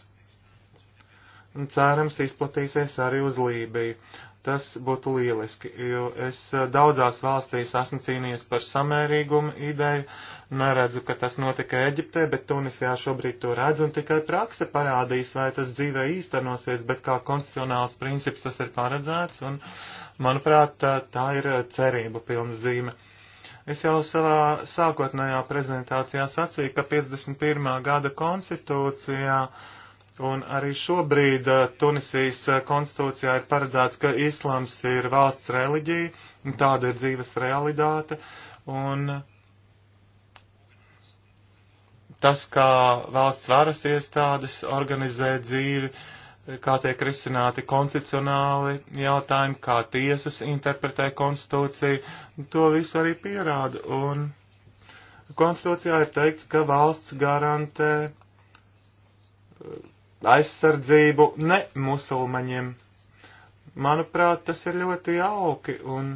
cerams izplatīsies arī uz Lībiju. Tas būtu lieliski, jo es eh, daudzās valstīs esmu cīnījies par samērīgumu ideju. Neredzu, ka tas notika Eģiptē, bet Tunisijā šobrīd to redz un tikai prakse parādīs, vai tas dzīvē īstenosies, bet kā konstitucionāls princips tas ir paredzēts un, manuprāt, tā, tā ir eh, cerība pilna zīme. Es jau savā sākotnējā prezentācijā sacīju, ka 51. gada konstitūcijā uh, Un arī šobrīd eh, Tunisijas eh, konstitūcijā ir paredzēts, ka islams ir valsts reliģija, un tāda ir dzīves realitāte. Un tas, kā valsts varas iestādes organizē dzīvi, kā tiek risināti konstitucionāli jautājumi, kā tiesas interpretē konstitūciju, to visu arī pierāda. Un konstitūcijā ir teikts, ka valsts garantē eh, aizsardzību ne musulmaņiem. Manuprāt, tas ir ļoti jauki un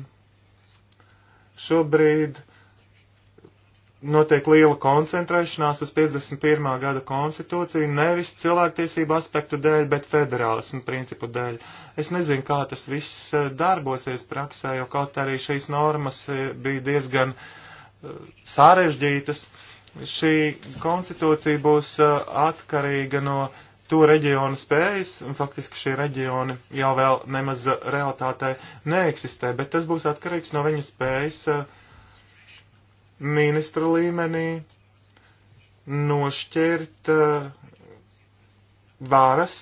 šobrīd notiek liela koncentrēšanās uz 51. gada konstitūciju nevis cilvēktiesību aspektu dēļ, bet federālismu principu dēļ. Es nezinu, kā tas viss eh, darbosies praksē, jo kaut arī šīs normas eh, bija diezgan eh, sarežģītas. Šī konstitūcija būs atkarīga no to reģionu spējas, un faktiski šie reģioni jau vēl nemaz eh, realitātē neeksistē, bet tas būs atkarīgs no viņa spējas eh, ministru līmenī nošķirt eh, varas,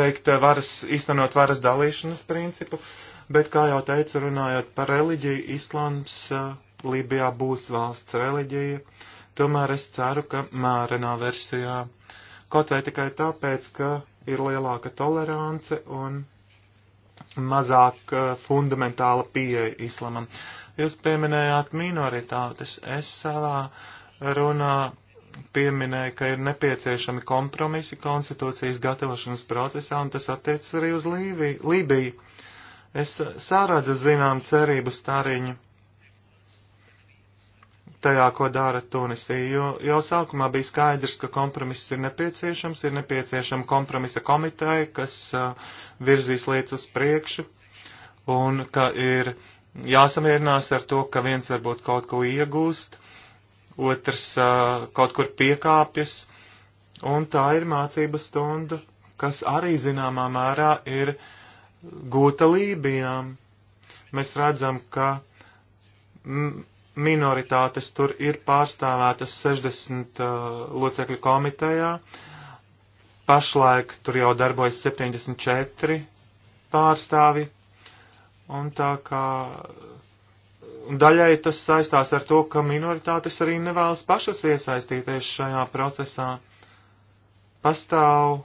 veikt varas, īstenot varas dalīšanas principu, bet, kā jau teicu, runājot par reliģiju, islāms Libijā būs valsts reliģija, tomēr es ceru, ka mērenā versijā uh, Kaut vai tikai tāpēc, ka ir lielāka tolerance un mazāk uh, fundamentāla pieeja islamam. Jūs pieminējāt minoritātes. Es savā runā pieminēju, ka ir nepieciešami kompromisi konstitūcijas gatavošanas procesā, un tas attiecas arī uz Līviju. Lībiju. Es sāradzu zinām cerību stariņu tajā, ko dara Tunisija, jo jau sākumā bija skaidrs, ka kompromiss ir nepieciešams, ir nepieciešama kompromisa komiteja, kas uh, virzīs lietas uz priekšu, un ka ir jāsamierinās ar to, ka viens varbūt kaut ko iegūst, otrs uh, kaut kur piekāpjas, un tā ir mācība stunda, kas arī zināmā mērā ir gūta Lībijām. Mēs redzam, ka mm, minoritātes tur ir pārstāvētas 60 uh, locekļu komitejā. Pašlaik tur jau darbojas 74 pārstāvi. Un tā kā daļai tas saistās ar to, ka minoritātes arī nevēlas pašas iesaistīties šajā procesā. Pastāv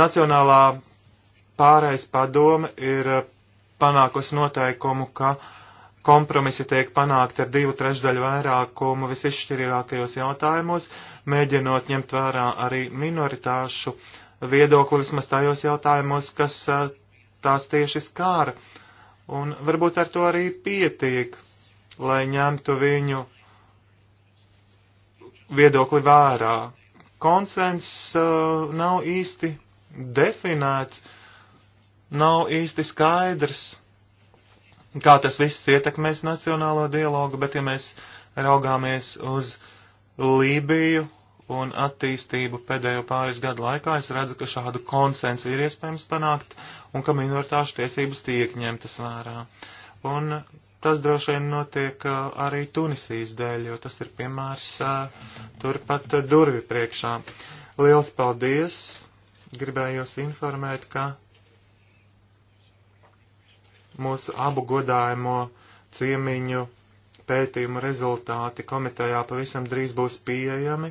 nacionālā pārējais padome ir eh, panākusi noteikumu, ka kompromisi tiek panākti ar divu trešdaļu vairākumu visizšķirīgākajos jautājumos, mēģinot ņemt vērā arī minoritāšu viedokli vismaz tajos jautājumos, kas eh, tās tieši skāra. Un varbūt ar to arī pietiek, lai ņemtu viņu viedokli vērā. Konsens uh, nav īsti definēts, uh, nav īsti skaidrs, kā tas viss ietekmēs nacionālo dialogu, bet ja mēs raugāmies uz Lībiju un attīstību pēdējo pāris gadu laikā, es redzu, ka šādu konsensu ir iespējams panākt un ka minoritāšu tiesības tiek ņemtas vērā. Un tas droši vien notiek uh, arī Tunisijas dēļ, jo tas ir piemērs uh, turpat durvi priekšā. Liels paldies! Gribējos informēt, ka mūsu abu godājumu ciemiņu pētījumu rezultāti komitejā pavisam drīz būs pieejami,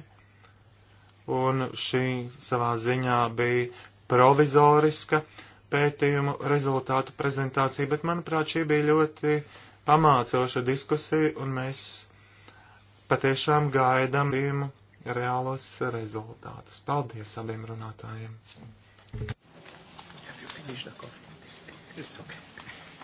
un šī savā ziņā bija provizoriska pētījumu rezultātu prezentācija, bet manuprāt šī bija ļoti pamācoša diskusija, un mēs patiešām gaidām pētījumu reālos rezultātus. Paldies abiem
runātājiem! Have you finished the coffee? It's okay.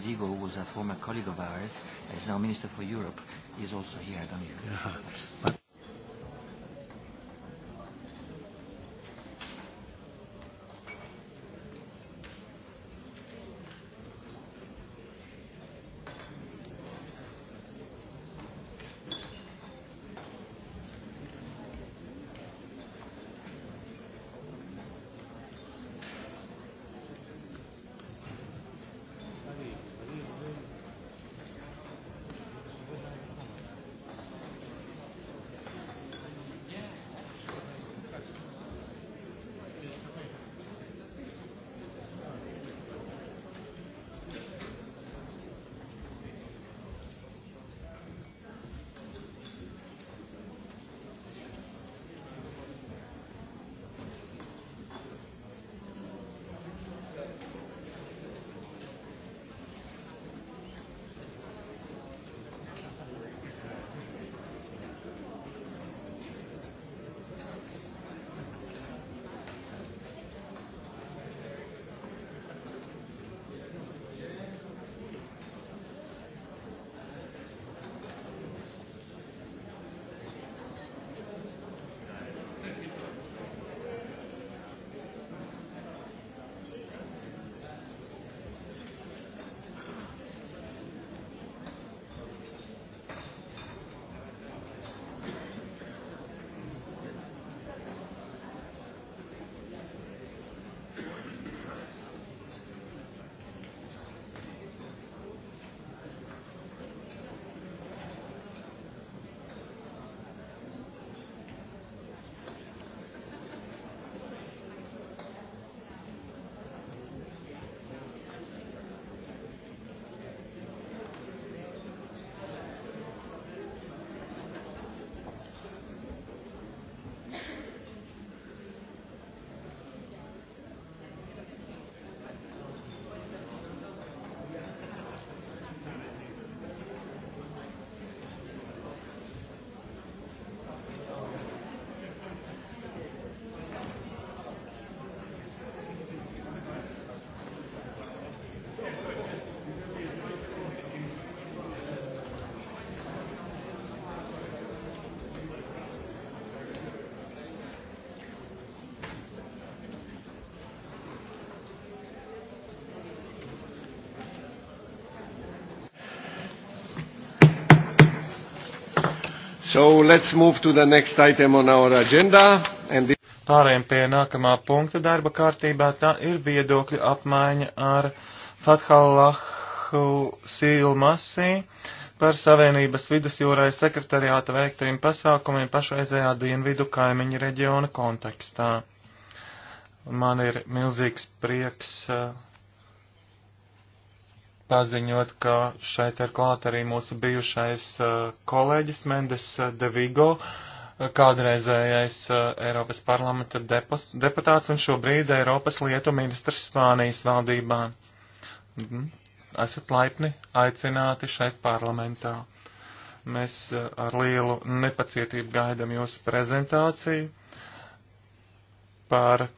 de Vigo, who was a former colleague of ours, is now Minister
for Europe, is also here. I don't know. Yeah. But
So let's move to the next item on our agenda. And...
Pārējiem pie nākamā punkta darba kārtībā.
Tā ir viedokļa apmaiņa
ar Fathallahu Silmasi par Savienības vidusjūrai sekretariāta veiktajiem pasākumiem pašreizējā dienvidu kaimiņu reģiona kontekstā. Man ir milzīgs prieks uh, paziņot, ka šeit ir klāt arī mūsu bijušais uh, kolēģis Mendes uh, de Vigo, uh, kādreizējais Eiropas parlamenta depos, deputāts un šobrīd Eiropas lietu ministrs Spānijas valdībā. Mhm. Esat laipni aicināti šeit parlamentā. Mēs ar lielu nepacietību gaidam jūsu prezentāciju par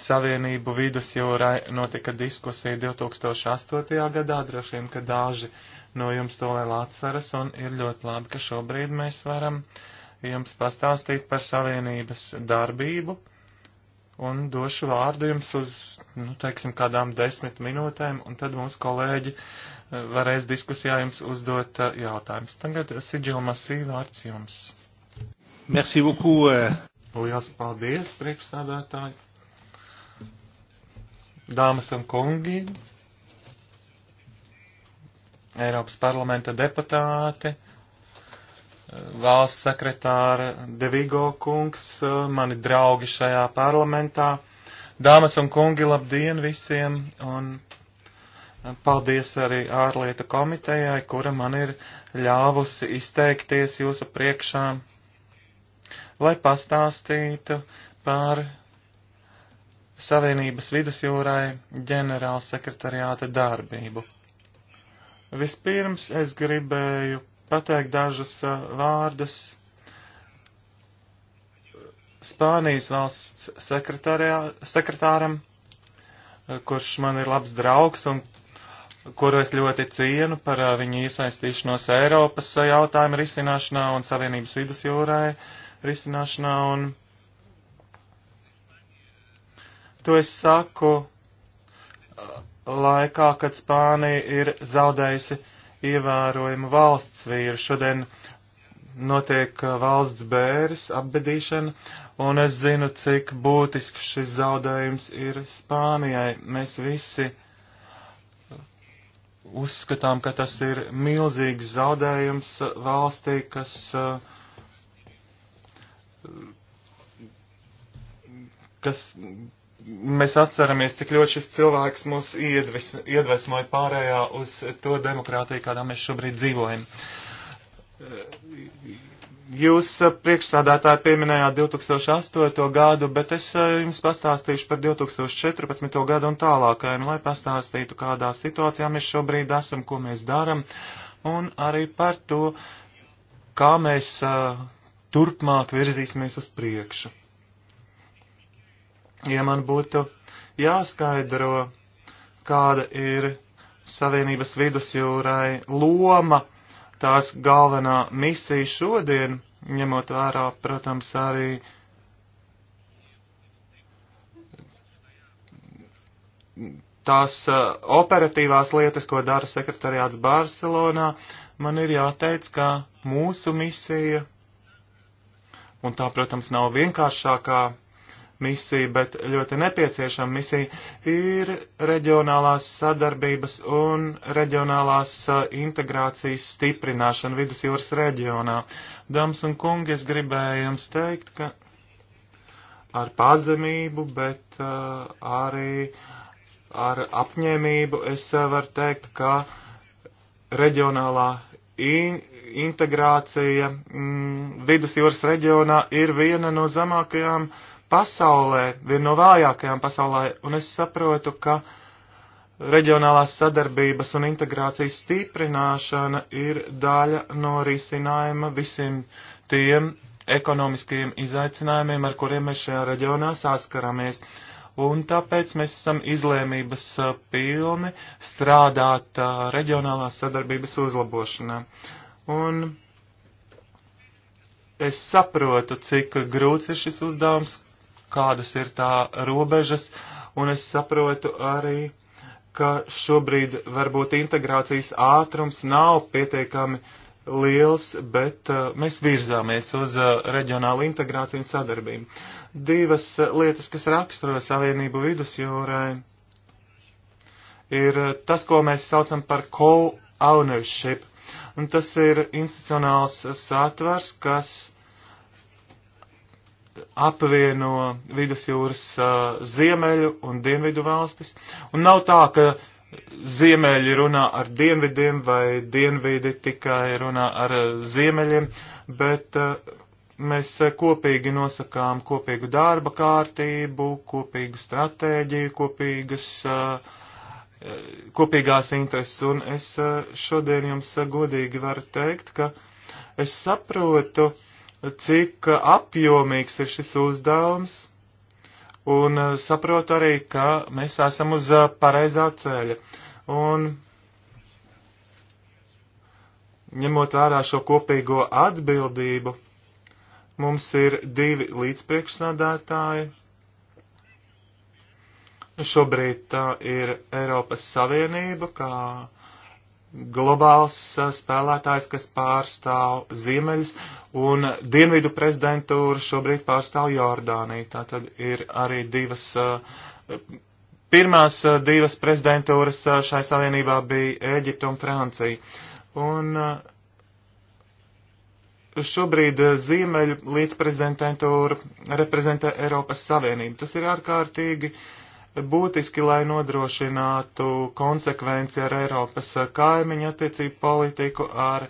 Savienību vidusjūrai notika diskusija 2008. gadā, droši vien, ka daži no jums to vēl atceras, un ir ļoti labi, ka šobrīd mēs varam jums pastāstīt par Savienības darbību, un došu vārdu jums uz, nu, teiksim, kādām desmit minūtēm, un tad mūsu kolēģi eh, varēs diskusijā jums uzdot eh, jautājumus. Tagad Sidžil Masī vārds jums. Merci beaucoup. Eh. Lielas paldies, priekšsādātāji. Dāmas un kungi, Eiropas parlamenta deputāti, valsts sekretāra Devigo kungs, mani draugi šajā parlamentā. Dāmas un kungi, labdien visiem un paldies arī ārlietu komitejai, kura man ir ļāvusi izteikties jūsu priekšā, lai pastāstītu par Savienības vidusjūrai ģenerāla sekretariāta darbību. Vispirms es gribēju pateikt dažas uh, vārdas Spānijas valsts sekretāram, uh, kurš man ir labs draugs un kuru es ļoti cienu par uh, viņu iesaistīšanos Eiropas jautājumu risināšanā un Savienības vidusjūrai risināšanā. Un To es saku uh, laikā, kad Spānija ir zaudējusi ievērojumu valsts vīru. Šodien notiek uh, valsts bēres apbedīšana, un es zinu, cik būtisks šis zaudējums ir Spānijai. Mēs visi uzskatām, ka tas ir milzīgs zaudējums valstī, kas uh, kas mēs atceramies, cik ļoti šis cilvēks mūs iedves, iedvesmoja pārējā uz to demokrātiju, kādā mēs šobrīd dzīvojam. Jūs eh, priekšsādātāji pieminējāt 2008. gadu, bet es eh, jums pastāstīšu par 2014. gadu un tālākajiem, nu, lai pastāstītu, kādā situācijā mēs šobrīd esam, ko mēs daram, un arī par to, kā mēs eh, turpmāk virzīsimies uz priekšu ja man būtu jāskaidro, kāda ir Savienības vidusjūrai loma, tās galvenā misija šodien, ņemot vērā, protams, arī tās uh, operatīvās lietas, ko dara sekretariāts Barcelonā, man ir jāteic, ka mūsu misija, un tā, protams, nav vienkāršākā misija, bet ļoti nepieciešama misija, ir reģionālās sadarbības un reģionālās uh, integrācijas stiprināšana vidus jūras reģionā. Dāmas un kungi, es gribēju jums teikt, ka ar pazemību, bet uh, arī ar apņēmību es uh, varu teikt, ka reģionālā in integrācija mm, vidus jūras reģionā ir viena no zemākajām uh, pasaulē, viena no vājākajām pasaulē, un es saprotu, ka reģionālās sadarbības un integrācijas stiprināšana ir daļa no risinājuma visiem tiem ekonomiskajiem izaicinājumiem, ar kuriem mēs šajā reģionā saskaramies. Un tāpēc mēs esam izlēmības pilni strādāt reģionālās sadarbības uzlabošanā. Un es saprotu, cik grūts ir šis uzdevums, kādas ir tā robežas, un es saprotu arī, ka šobrīd varbūt integrācijas ātrums nav pietiekami liels, bet uh, mēs virzāmies uz uh, reģionālu integrāciju un sadarbību. Divas uh, lietas, kas raksturo savienību vidusjūrai, ir uh, tas, ko mēs saucam par co-ownership, un tas ir institucionāls satvers, kas apvieno vidusjūras uh, ziemeļu un dienvidu valstis. Un nav tā, ka ziemeļi runā ar dienvidiem vai dienvidi tikai runā ar uh, ziemeļiem, bet uh, mēs kopīgi nosakām kopīgu darba kārtību, kopīgu stratēģiju, kopīgas, uh, kopīgās intereses. Un es uh, šodien jums godīgi varu teikt, ka es saprotu, uh, cik apjomīgs ir šis uzdevums, un eh, saprotu arī, ka mēs esam uz eh, pareizā ceļa. Un ņemot vērā šo kopīgo atbildību, mums ir divi līdzpriekšnādātāji. Šobrīd tā ir Eiropas Savienība, kā globāls eh, spēlētājs, kas pārstāv Ziemeļus, un Dienvidu prezidentūra šobrīd pārstāv Jordāniju. Tā tad ir arī divas, eh, pirmās eh, divas prezidentūras šai savienībā bija Ēģipta un Francija. Un šobrīd Ziemeļu līdzprezidentūra reprezentē Eiropas Savienību. Tas ir ārkārtīgi uh, būtiski, lai nodrošinātu konsekvenci ar Eiropas kaimiņu attiecību politiku, ar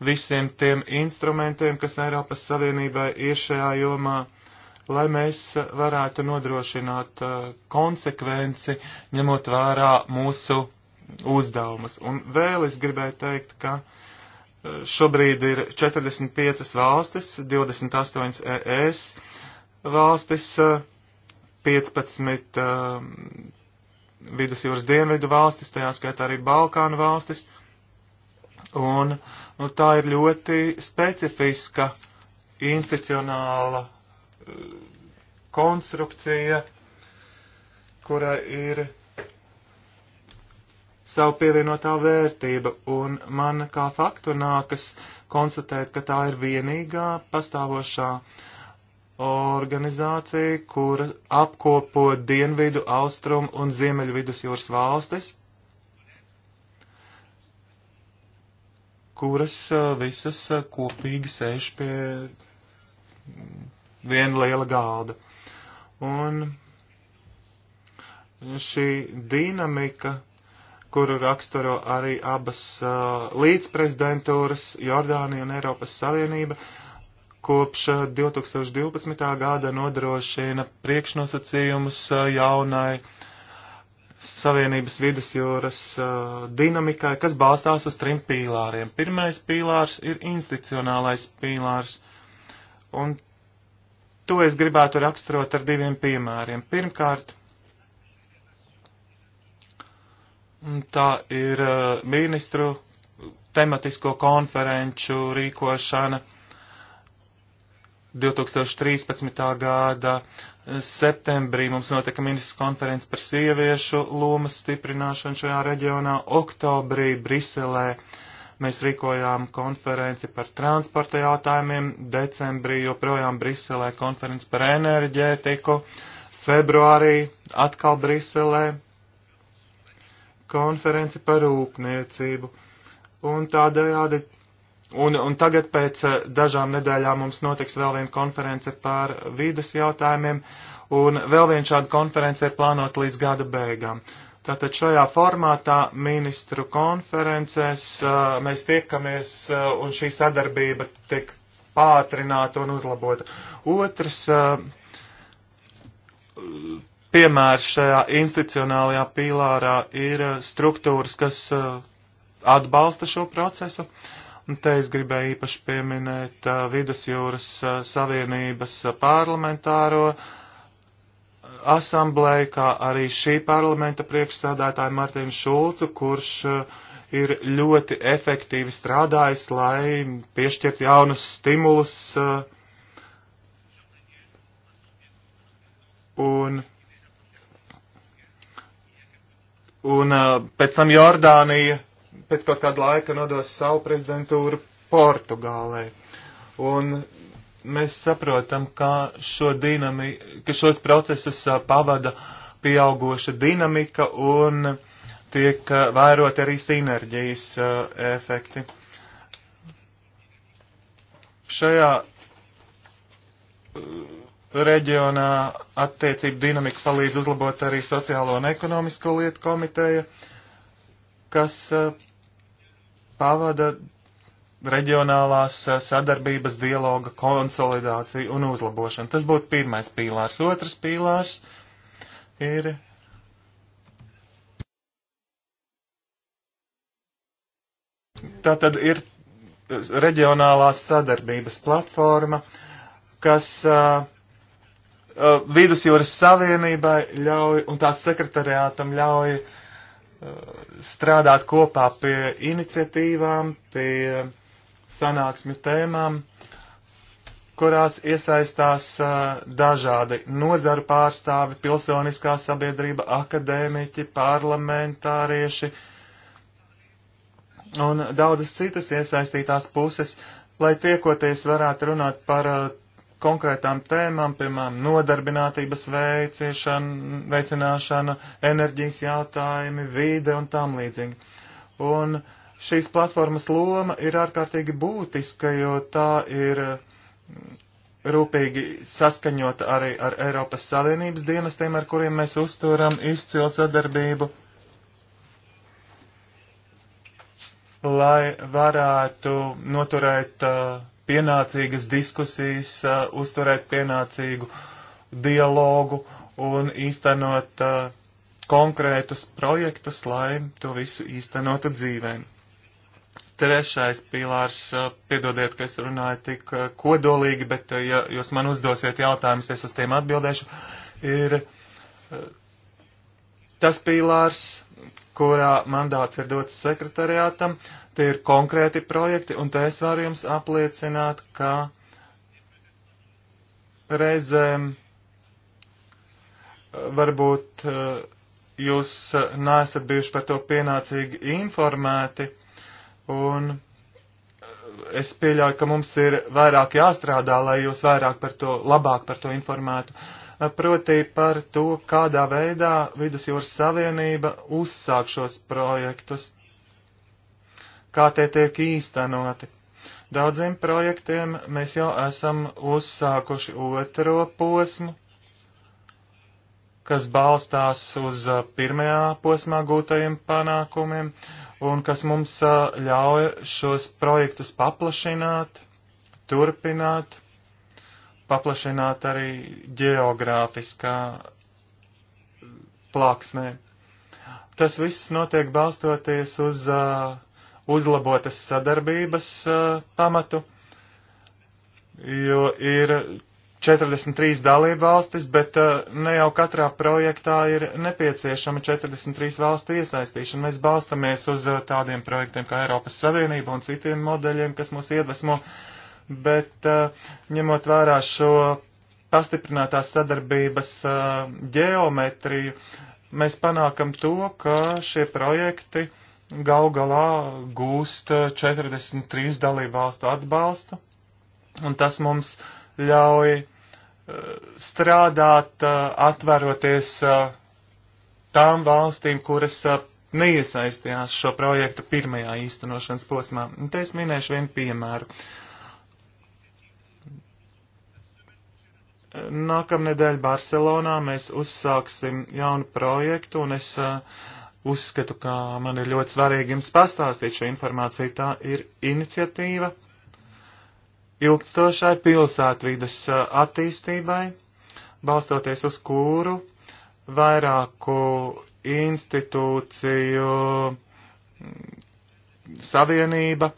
visiem tiem instrumentiem, kas Eiropas Savienībai ir šajā jomā, lai mēs varētu nodrošināt uh, konsekvenci, ņemot vērā mūsu uzdevumus. Un vēl es gribēju teikt, ka uh, šobrīd ir 45 valstis, 28 ES valstis, uh, 15 uh, um, vidusjūras dienvidu valstis, tajā skaitā arī Balkānu valstis. Un, nu, tā ir ļoti specifiska institucionāla uh, konstrukcija, kura ir savu pievienotā vērtība, un man kā faktu nākas konstatēt, ka tā ir vienīgā pastāvošā uh, organizācija, kura apkopo dienvidu, austrumu un ziemeļu vidusjūras valstis, kuras visas kopīgi sēž pie viena liela galda. Un šī dinamika, kuru raksturo arī abas uh, līdzprezidentūras, Jordānija un Eiropas Savienība, uh, kopš 2012. Eh, gada nodrošina priekšnosacījumus eh, jaunai Savienības vidas jūras uh, eh, dinamikai, kas balstās uz trim pīlāriem. Pirmais pīlārs ir institucionālais pīlārs, un to es gribētu raksturot ar diviem piemēriem. Pirmkārt, tā ir uh, ministru tematisko konferenču rīkošana 2013. gada septembrī mums notika ministru konferences par sieviešu lomas stiprināšanu šajā reģionā. Oktobrī Briselē mēs rīkojām konferenci par transporta jautājumiem, decembrī joprojām Briselē konferences par enerģētiku, februārī atkal Briselē konferenci par rūpniecību. Un tādējādi Un, un tagad pēc eh, dažām nedēļām mums notiks vēl viena konference par vīdes jautājumiem, un vēl viena šāda konference ir plānota līdz gada beigām. Tātad šajā formātā ministru konferences eh, mēs tiekamies, eh, un šī sadarbība tiek pātrināta un uzlabota. Otrs piemērs šajā institucionālajā pīlārā ir struktūras, kas atbalsta šo procesu. Uh, Te es gribēju īpaši pieminēt uh, Vidusjūras uh, Savienības uh, parlamentāro asamblēju, kā arī šī parlamenta priekšsādātāju Martinu Šulcu, kurš uh, ir ļoti efektīvi strādājis, lai piešķirt jaunus stimulus. Uh, un un uh, pēc tam Jordānija pēc kaut kāda laika nodos savu prezidentūru Portugālē. Un mēs saprotam, ka, šo dinami, ka šos procesus pavada pieaugoša dinamika un tiek vērot arī sinerģijas efekti. Šajā reģionā attiecību dinamika palīdz uzlabot arī sociālo un ekonomisko lietu komiteja, kas pavada reģionālās eh, sadarbības dialoga konsolidāciju un uzlabošanu. Tas būtu pirmais pīlārs. Otrs pīlārs ir. Tā tad ir eh, reģionālās sadarbības platforma, kas uh, Vidusjūras Savienībai ļauj un tās sekretariātam ļauj uh, strādāt kopā pie iniciatīvām, pie sanāksmju tēmām, kurās iesaistās dažādi nozaru pārstāvi, pilsoniskā sabiedrība, akadēmiķi, parlamentārieši un daudzas citas iesaistītās puses, lai tiekoties varētu runāt par konkrētām tēmām, piemēram, nodarbinātības veicināšana, enerģijas jautājumi, vīde un tam līdzīgi. Un šīs platformas loma ir ārkārtīgi būtiska, jo tā ir mm, rūpīgi saskaņota arī ar Eiropas Savienības dienestiem, ar kuriem mēs uzturam izcilu sadarbību, lai varētu noturēt uh, pienācīgas diskusijas, uh, uzturēt pienācīgu dialogu un īstenot uh, konkrētus projektus, lai to visu īstenotu dzīvēm. Trešais pīlārs, uh, piedodiet, ka es runāju tik uh, kodolīgi, bet uh, ja jūs man uzdosiet jautājumus, es uz tiem atbildēšu, ir Tas pīlārs, kurā mandāts ir dots sekretariātam, tie ir konkrēti projekti, un te es varu jums apliecināt, ka reizēm eh, varbūt eh, jūs eh, neesat bijuši par to pienācīgi informēti, un es pieļauju, ka mums ir vairāk jāstrādā, lai jūs vairāk par to, labāk par to informētu. Uh, proti par to, kādā veidā Vidusjūras Savienība uzsāk šos projektus, kā tie tiek īstenoti. Daudziem projektiem mēs jau esam uzsākuši otro posmu, kas balstās uz pirmajā posmā gūtajiem panākumiem un kas mums ļauj šos projektus paplašināt, turpināt paplašināt arī geogrāfiskā plāksnē. Tas viss notiek balstoties uz uh, uzlabotas sadarbības uh, pamatu, jo ir 43 dalība valstis, bet uh, ne jau katrā projektā ir nepieciešama 43 valstu iesaistīšana. Mēs balstamies uz uh, tādiem projektiem kā Eiropas Savienība un citiem modeļiem, kas mūs iedvesmo. Uh, bet eh, ņemot vērā šo pastiprinātās sadarbības eh, ģeometriju, mēs panākam to, ka šie projekti gal galā gūst 43 eh, dalībvalstu atbalstu, un tas mums ļauj strādāt, atvēroties tām valstīm, kuras neiesaistījās šo projektu pirmajā īstenošanas posmā. Un te es minēšu vienu piemēru. Nākamnedēļ Barcelonā mēs uzsāksim jaunu projektu, un es uh, uzskatu, ka man ir ļoti svarīgi jums pastāstīt šo informāciju. Tā ir iniciatīva ilgstošai pilsētvidas uh, attīstībai, balstoties uz kuru vairāku institūciju mm, savienība,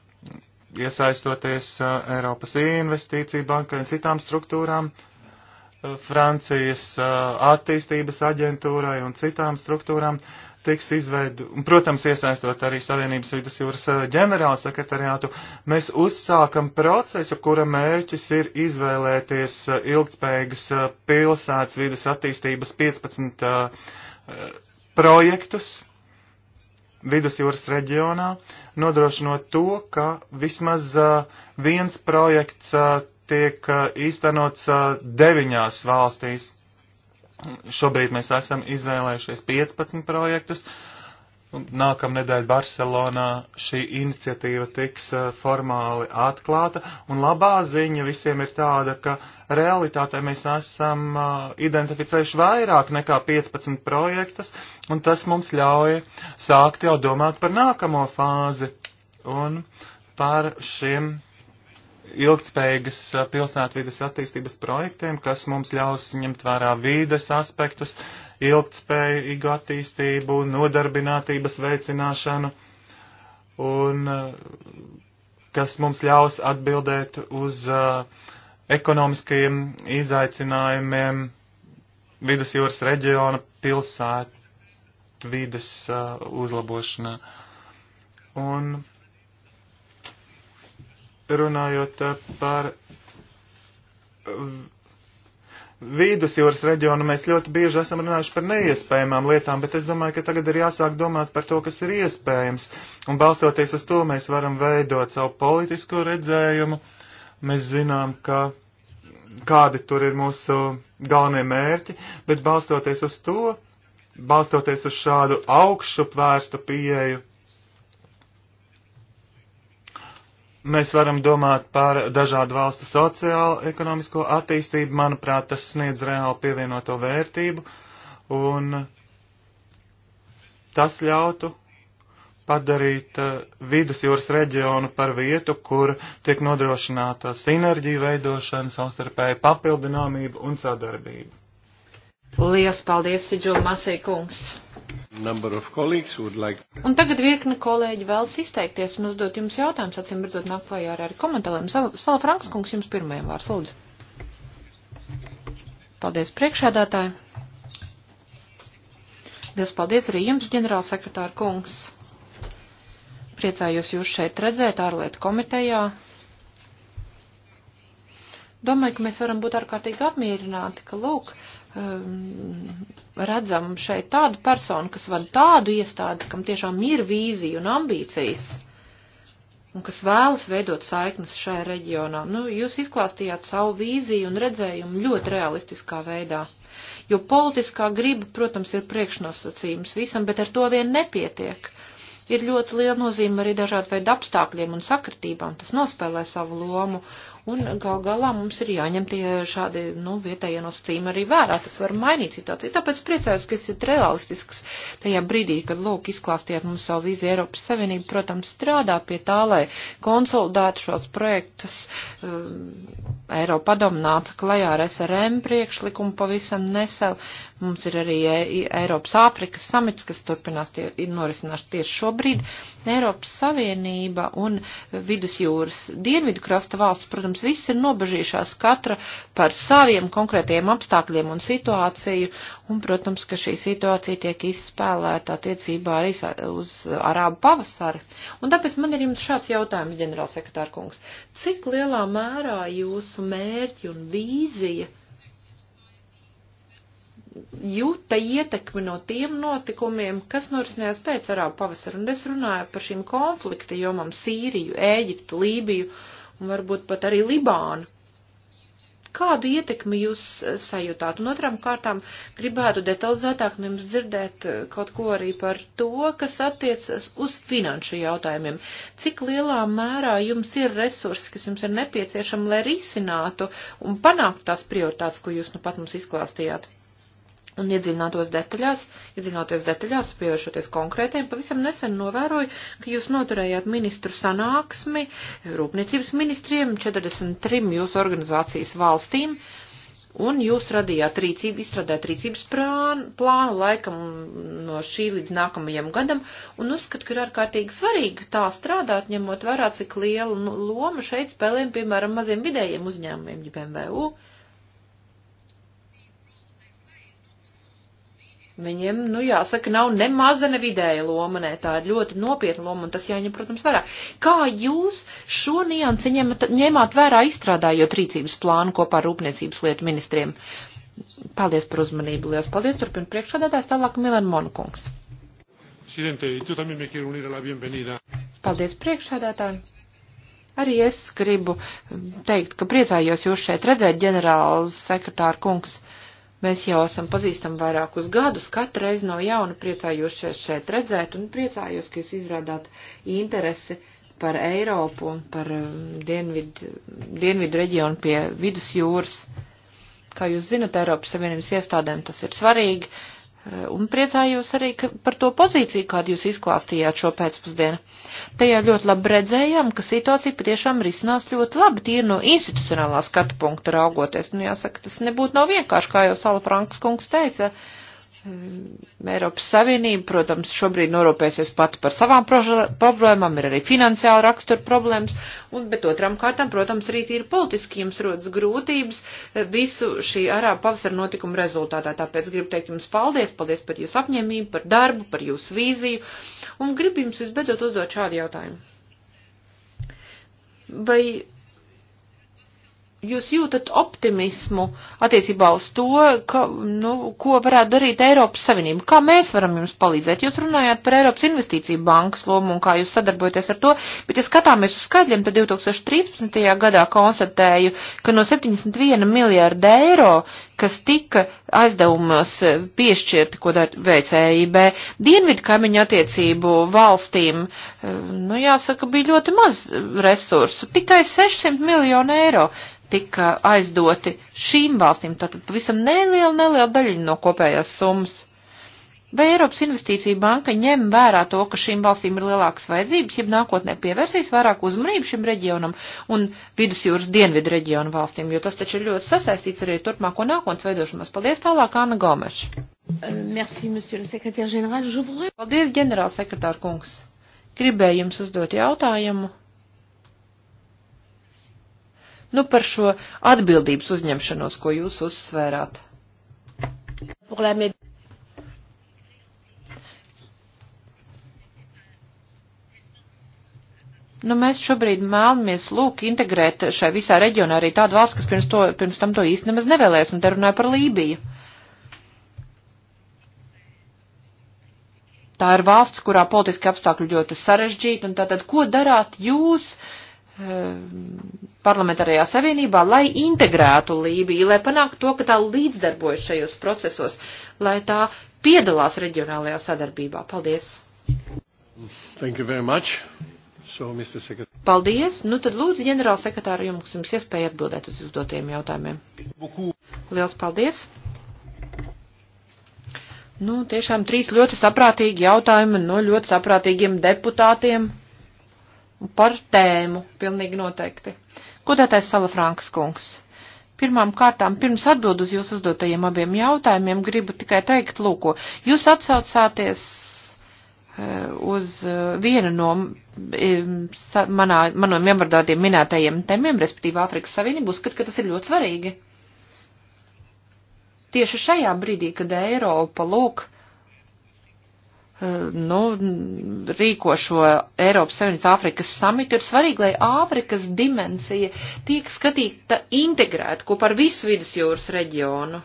iesaistoties uh, Eiropas investīciju bankai un citām struktūrām, Francijas attīstības aģentūrai un citām struktūrām tiks izveidu, un, protams, iesaistot arī Savienības vidus jūras ģenerāla sekretariātu, mēs uzsākam procesu, kura mērķis ir izvēlēties ilgspējīgas pilsētas vidus attīstības 15 projektus vidus jūras reģionā, nodrošinot to, ka vismaz viens projekts tiek eh, īstenots eh, deviņās valstīs. Šobrīd mēs esam izvēlējušies 15 projektus. Nākamnedēļ Barcelonā šī iniciatīva tiks eh, formāli atklāta, un labā ziņa visiem ir tāda, ka realitātē mēs esam identificējuši vairāk nekā 15 projektus, un tas mums ļauj sākt jau domāt par nākamo fāzi un par šiem ilgtspējīgas pilsētvidas attīstības projektiem, kas mums ļaus ņemt vērā vīdes aspektus, ilgtspējīgu attīstību, nodarbinātības veicināšanu un kas mums ļaus atbildēt uz uh, ekonomiskajiem izaicinājumiem vidusjūras reģiona pilsētu vides uh, uzlabošanā. Un runājot eh, par Vīdusjūras reģionu mēs ļoti bieži esam runājuši par neiespējamām lietām, bet es domāju, ka tagad ir jāsāk domāt par to, kas ir iespējams. Un balstoties uz to, mēs varam veidot savu politisko redzējumu. Mēs zinām, ka kādi tur ir mūsu galvenie mērķi, bet balstoties uz to, balstoties uz šādu augšup vērstu pieeju, Mēs varam domāt par dažādu valstu sociālo ekonomisko attīstību. Manuprāt, tas sniedz reāli pievienoto vērtību un tas ļautu padarīt uh, vidusjūras reģionu par vietu, kur tiek nodrošināta sinerģija veidošana, savstarpēja papildināmība un sadarbība.
Lielas paldies, Sidžula Masī kungs!
Like...
Un tagad virkni kolēģi vēlas izteikties un uzdot jums jautājumus, acīm redzot, nāk klajā ar, ar komentāriem. Sala, Sala Frankskungs jums pirmajam vārds, lūdzu. Paldies priekšādātāji. Liels paldies arī jums, ģenerālsekretāra kungs. Priecājos jūs šeit redzēt ārlietu komitejā. Domāju, ka mēs varam būt ārkārtīgi apmierināti, ka, lūk, um, redzam šeit tādu personu, kas vada tādu iestādi, kam tiešām ir vīzija un ambīcijas, un kas vēlas veidot saiknes šajā reģionā. Nu, jūs izklāstījāt savu vīziju un redzējumu ļoti realistiskā veidā. Jo politiskā griba, protams, ir priekšnosacījums visam, bet ar to vien nepietiek. Ir ļoti liela nozīme arī dažādu veidu apstākļiem un sakritībām, tas nospēlē savu lomu, Un gal galā mums ir jāņem tie šādi, nu, vietējie nosacījumi arī vērā. Tas var mainīt situāciju. Tāpēc priecājos, ka esat realistisks tajā brīdī, kad, lūk, izklāstījāt mums savu vīziju Eiropas Savienību. Protams, strādā pie tā, lai konsolidētu šos projektus. Um, Eiropa padomu nāca klajā ar SRM priekšlikumu pavisam nesel. Mums ir arī e, Eiropas Āfrikas samits, kas turpinās tie, norisinās tieši šobrīd. Eiropas Savienība un Vidusjūras dienvidu krasta valsts, protams, viss ir nobežījušās katra par saviem konkrētajiem apstākļiem un situāciju. Un, protams, ka šī situācija tiek izspēlēta attiecībā arī uz Arābu pavasari. Un tāpēc man ir jums šāds jautājums, ģenerālsekretārkungs. Cik lielā mērā jūsu mērķi un vīzija? jūta ietekmi no tiem notikumiem, kas norisinājās pēc arābu pavasara. Un es runāju par šīm konflikta jomām - Sīriju, Ēģiptu, Lībiju un varbūt pat arī Libānu. Kādu ietekmi jūs eh, sajūtāt? Un otram kārtām gribētu detalizētāk no nu jums dzirdēt eh, kaut ko arī par to, kas attiecas uz finanšu jautājumiem. Cik lielā mērā jums ir resursi, kas jums ir nepieciešami, lai risinātu un panāktu tās prioritātes, ko jūs nu pat mums izklāstījāt? un iedziļinātos detaļās, iedziļinoties detaļās, pievēršoties konkrētiem, pavisam nesen novēroju, ka jūs noturējāt ministru sanāksmi rūpniecības ministriem 43 jūsu organizācijas valstīm, un jūs radījāt rīcību, izstrādājāt rīcības prānu, plānu laikam no šī līdz nākamajam gadam, un uzskatu, ka ir ārkārtīgi svarīgi tā strādāt, ņemot vērā, cik lielu nu, lomu šeit spēlēm, piemēram, maziem vidējiem uzņēmumiem, ja MVU. Ja Viņiem, nu jāsaka, nav ne maza, ne vidēja loma, nē, tā ir ļoti nopietna loma, un tas jāņem, protams, vērā. Kā jūs šo niansi ņemat, ņemāt vērā izstrādājot rīcības plānu kopā ar Rūpniecības lietu ministriem? Paldies par uzmanību, liels paldies, turpin priekšādātājs tālāk Milan Monkungs. Paldies priekšādātājiem. Arī es gribu teikt, ka priecājos jūs šeit redzēt, ģenerāls sekretāra kungs. Mēs jau esam pazīstami vairākus gadus, katru reizi no jauna priecājušies šeit redzēt un priecājos, ka jūs izrādāt interesi par Eiropu un par um, dienvidu, dienvidu reģionu pie vidusjūras. Kā jūs zinat, Eiropas Savienības iestādēm tas ir svarīgi, Eh, un priecājos arī par to pozīciju, kādu jūs izklāstījāt šo pēcpusdienu. Tajā ļoti labi redzējām, ka situācija patiešām risinās ļoti labi, tīri no institucionālā skatu punkta raugoties. Nu, jāsaka, tas nebūtu nav vienkārši, kā jau Sala Frankas kungs teica. Uh, Um, Eiropas Savienība, protams, šobrīd norūpēsies pati par savām problēmām, ir arī finansiāla rakstura problēmas, un, bet otram kārtam, protams, arī ir politiski jums rodas grūtības eh, visu šī arā pavasara notikuma rezultātā. Tāpēc gribu teikt jums paldies, paldies par jūsu apņēmību, par darbu, par jūsu vīziju, un gribu jums visbeidzot uzdot šādu jautājumu. Vai jūs jūtat optimismu attiecībā uz to, ka, nu, ko varētu darīt Eiropas Savienība? Kā mēs varam jums palīdzēt? Jūs runājāt par Eiropas Investīciju bankas lomu un kā jūs sadarbojaties ar to, bet ja skatāmies uz skaidriem, tad 2013. gadā konstatēju, ka no 71 miljārda eiro, kas tika aizdevumos piešķirti, ko veic EIB, dienvidu kaimiņu attiecību valstīm, eh, nu, jāsaka, bija ļoti maz resursu, tikai 600 miljonu eiro tika aizdoti šīm valstīm, tātad pavisam neliela, neliela daļa no kopējās summas. Vai Eiropas investīcija banka ņem vērā to, ka šīm valstīm ir lielākas vajadzības, ja nākotnē pievērsīs vairāk uzmanību šim reģionam un vidusjūras dienvidu reģionu valstīm, jo tas taču ir ļoti sasaistīts arī ar turpmāko nākotnes veidošanos. Paldies tālāk, Anna Gomeša. Euh,
merci, monsieur le secrétaire général. Paldies, ģenerālsekretār
kungs. Gribēju jums uzdot jautājumu Nu, par šo atbildības uzņemšanos, ko jūs uzsvērāt. Nu, mēs šobrīd mēlamies lūk integrēt šai visā reģionā arī tādu valsts, kas pirms, to, pirms tam to īsti nemaz nevēlēs, un te runāja par Lībiju. Tā ir valsts, kurā politiski apstākļi ļoti sarežģīti, un tātad, ko darāt jūs? Uh, Eh, parlamentārajā savienībā, lai integrētu Lībiju, lai panāktu to, ka tā līdzdarbojas šajos procesos, lai tā piedalās reģionālajā sadarbībā. Paldies!
Thank you very much. So, Mr. Secretary.
Paldies! Nu tad lūdzu, ģenerāla sekretāra, jums, jums iespēja atbildēt uz uzdotiem jautājumiem. Liels paldies! Nu, tiešām trīs ļoti saprātīgi jautājumi no ļoti saprātīgiem deputātiem par tēmu, pilnīgi noteikti. Godātais Salafrankas kungs. Pirmām kārtām, pirms atbild uz jūsu uzdotajiem abiem jautājumiem, gribu tikai teikt, lūko, jūs atsaucāties eh, uz eh, vienu no manā, manom ievardotiem minētajiem temiem, respektīvi Āfrikas Savienību, uzskat, ka tas ir ļoti svarīgi. Tieši šajā brīdī, kad Eiropa lūk Eh, nu, rīko šo Eiropas Savienības Āfrikas samitu, ir svarīgi, lai Āfrikas dimensija tiek skatīta integrēta kopā ar visu vidusjūras reģionu,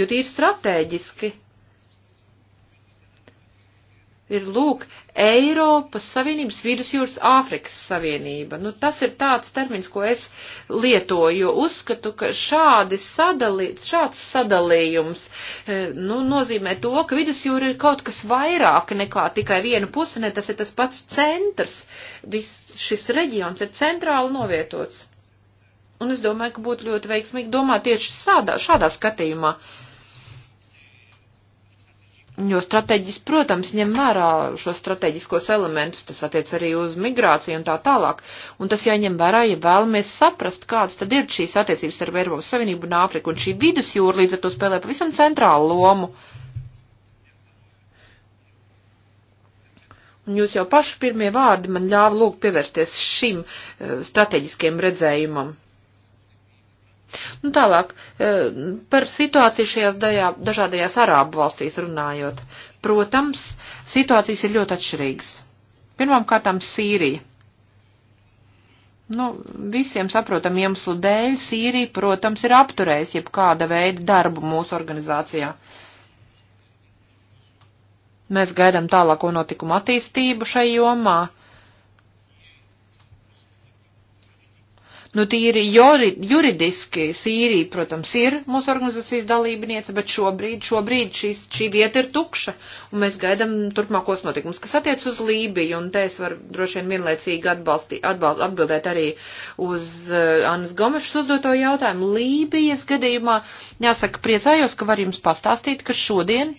jo tie ir strateģiski ir lūk Eiropas Savienības vidusjūras Āfrikas Savienība. Nu, tas ir tāds termins, ko es lietoju, jo uzskatu, ka šādi sadalī, šāds sadalījums e, nu, nozīmē to, ka vidusjūra ir kaut kas vairāk nekā tikai viena puse, ne tas ir tas pats centrs. Viss šis reģions ir centrāli novietots. Un es domāju, ka būtu ļoti veiksmīgi domāt tieši sādā, šādā skatījumā. Uh, Jo strateģiski, protams, ņem vērā šos strateģiskos elementus, tas attiec arī uz migrāciju un tā tālāk. Un tas jāņem vērā, ja vēlamies saprast, kādas tad ir šīs attiecības ar Eiropas Savienību un Āfriku. Un šī vidusjūra līdz ar to spēlē pavisam centrālu lomu. Un jūs jau paši pirmie vārdi man ļāva lūk pievērsties šim uh, strateģiskiem redzējumam. Nu, tālāk, e, par situāciju šajās dajā, dažādajās arābu valstīs runājot. Protams, situācijas ir ļoti atšķirīgas. Pirmām kārtām Sīrija. Nu, visiem saprotam iemeslu dēļ Sīrija, protams, ir apturējis jebkāda veida darbu mūsu organizācijā. Mēs gaidām tālāko notikumu attīstību šai jomā Nu, tīri juridiski Sīrija, protams, ir mūsu organizācijas dalībniece, bet šobrīd, šobrīd šis, šī vieta ir tukša, un mēs gaidam turpmākos notikumus, kas attiec uz Lībiju, un te es varu droši vien vienlaicīgi atbalsti, atbalst, atbildēt arī uz uh, Annas Gomešas uzdoto jautājumu. Lībijas gadījumā, jāsaka, priecājos, ka var jums pastāstīt, ka šodien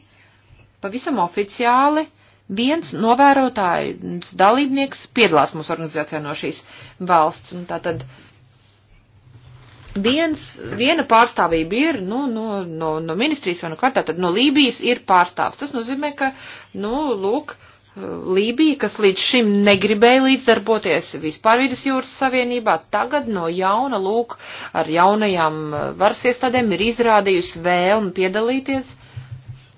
pavisam oficiāli viens novērotāju dalībnieks piedalās mūsu organizācijā no šīs valsts, un tā tad viens, viena pārstāvība ir nu, no, nu, no, no ministrijas vai no nu kārtā, tad no Lībijas ir pārstāvs. Tas nozīmē, ka, nu, lūk, Lībija, kas līdz šim negribēja līdzdarboties vispārvīdas jūras savienībā, tagad no jauna, lūk, ar jaunajām varas iestādēm ir izrādījusi vēlmi piedalīties.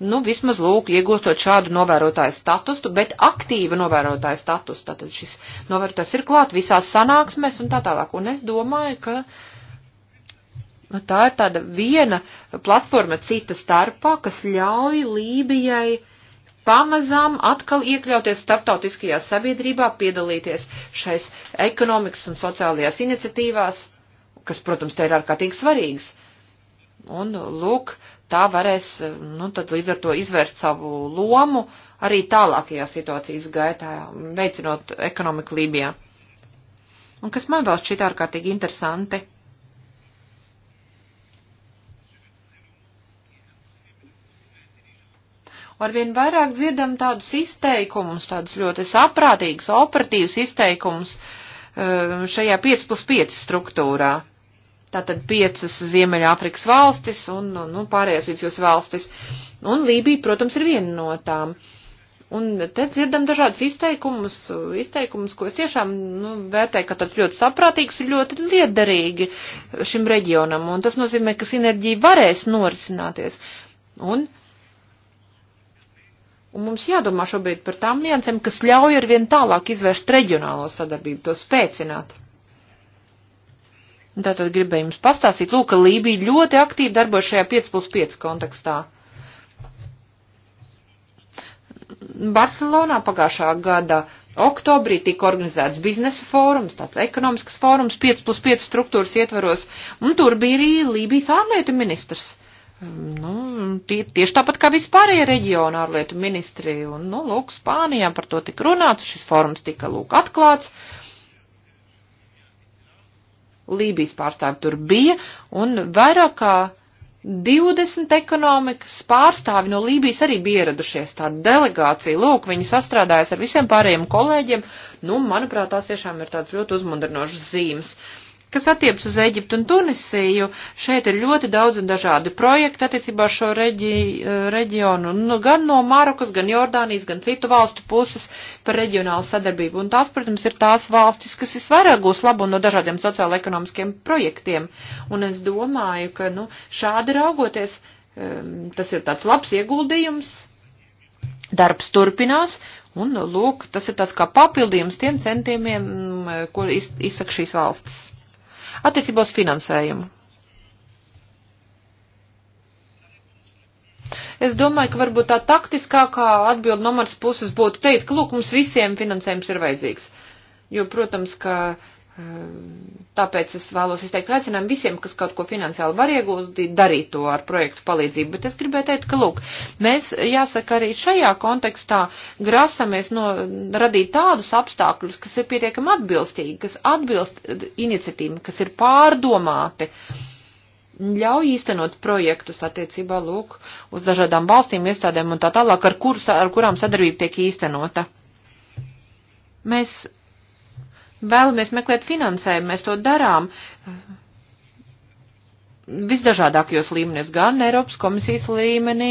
Nu, vismaz lūk, iegūstot šādu novērotāju statusu, bet aktīva novērotāja statusu. Tātad šis novērotājs ir klāt visās sanāksmēs un tā tālāk. Un es domāju, ka uh, Nu, tā ir tāda viena platforma cita starpā, kas ļauj Lībijai pamazām atkal iekļauties starptautiskajā sabiedrībā, piedalīties šais ekonomikas un sociālajās iniciatīvās, kas, protams, te ir ārkārtīgi svarīgas. Un, lūk, tā varēs, nu, tad līdz ar to izvērst savu lomu arī tālākajā situācijas gaitā, veicinot ekonomiku Lībijā. Un kas man vēl šķiet ārkārtīgi interesanti Arvien vairāk dzirdam tādus izteikumus, tādus ļoti saprātīgus, operatīvus izteikumus um, šajā 5 plus 5 struktūrā. Tātad piecas Ziemeļāfrikas valstis un, nu, nu pārējās vidusjūras valstis. Un Lībija, protams, ir viena no tām. Un te dzirdam dažādas izteikumus, izteikumus, ko es tiešām nu, vērtēju, ka tāds ļoti saprātīgs ir ļoti liederīgi šim reģionam. Un tas nozīmē, ka sinerģija varēs norisināties. Un Un mums jādomā šobrīd par tām niansēm, kas ļauj arvien tālāk izvērst reģionālo sadarbību, to spēcināt. Un tātad gribēju jums pastāstīt, lūk, ka Lībija ļoti aktīvi darbojas šajā 5 plus 5 kontekstā. Barcelonā pagājušā gada oktobrī tika organizēts biznesa fórums, tāds ekonomisks fórums 5 plus 5 struktūras ietvaros, un tur bija arī Lībijas ārlietu ministrs. Nu, tie, tieši tāpat kā vispārējie reģionu ārlietu ministri, un, nu, lūk, Spānijā par to tika runāts, šis forums tika, lūk, atklāts. Lībijas pārstāvi tur bija, un vairāk kā 20 ekonomikas pārstāvi no Lībijas arī bija ieradušies, tā delegācija, lūk, viņi sastrādājas ar visiem pārējiem kolēģiem, nu, manuprāt, tās tiešām ir tāds ļoti uzmundrinošas zīmes. Uh, Kas attiecas uz Eģiptu un Tunisiju, šeit ir ļoti daudz un dažādi projekti attiecībā ar šo reģi, eh, reģionu, nu, gan no Marokas, gan Jordānijas, gan citu valstu puses par reģionālu sadarbību. Un tās, protams, ir tās valstis, kas visvairāk gūs labu no dažādiem sociāla-ekonomiskiem projektiem. Un es domāju, ka, nu, šādi raugoties, tas ir tāds labs ieguldījums. Darbs turpinās, Un, nu, lūk, tas ir tas kā papildījums tiem centiemiem, ko izsaka šīs valstis. Attiecībā uz finansējumu. Es domāju, ka varbūt tā taktiskākā atbild no manas puses būtu teikt, ka, lūk, mums visiem finansējums ir vajadzīgs. Jo, protams, ka uh, Tāpēc es vēlos izteikt aicinājumu visiem, kas kaut ko finansiāli var ieguldīt, darīt to ar projektu palīdzību. Bet es gribēju teikt, ka, lūk, mēs, jāsaka, arī šajā kontekstā grasamies no, radīt tādus apstākļus, kas ir pietiekami atbilstīgi, kas atbilst iniciatīvam, kas ir pārdomāti, ļauj īstenot projektus attiecībā, lūk, uz dažādām valstīm, iestādēm un tā tālāk, ar, kur, ar kurām sadarbība tiek īstenota. Mēs vēlamies meklēt finansējumu, mēs to darām visdažādākajos līmenis, gan Eiropas komisijas līmenī,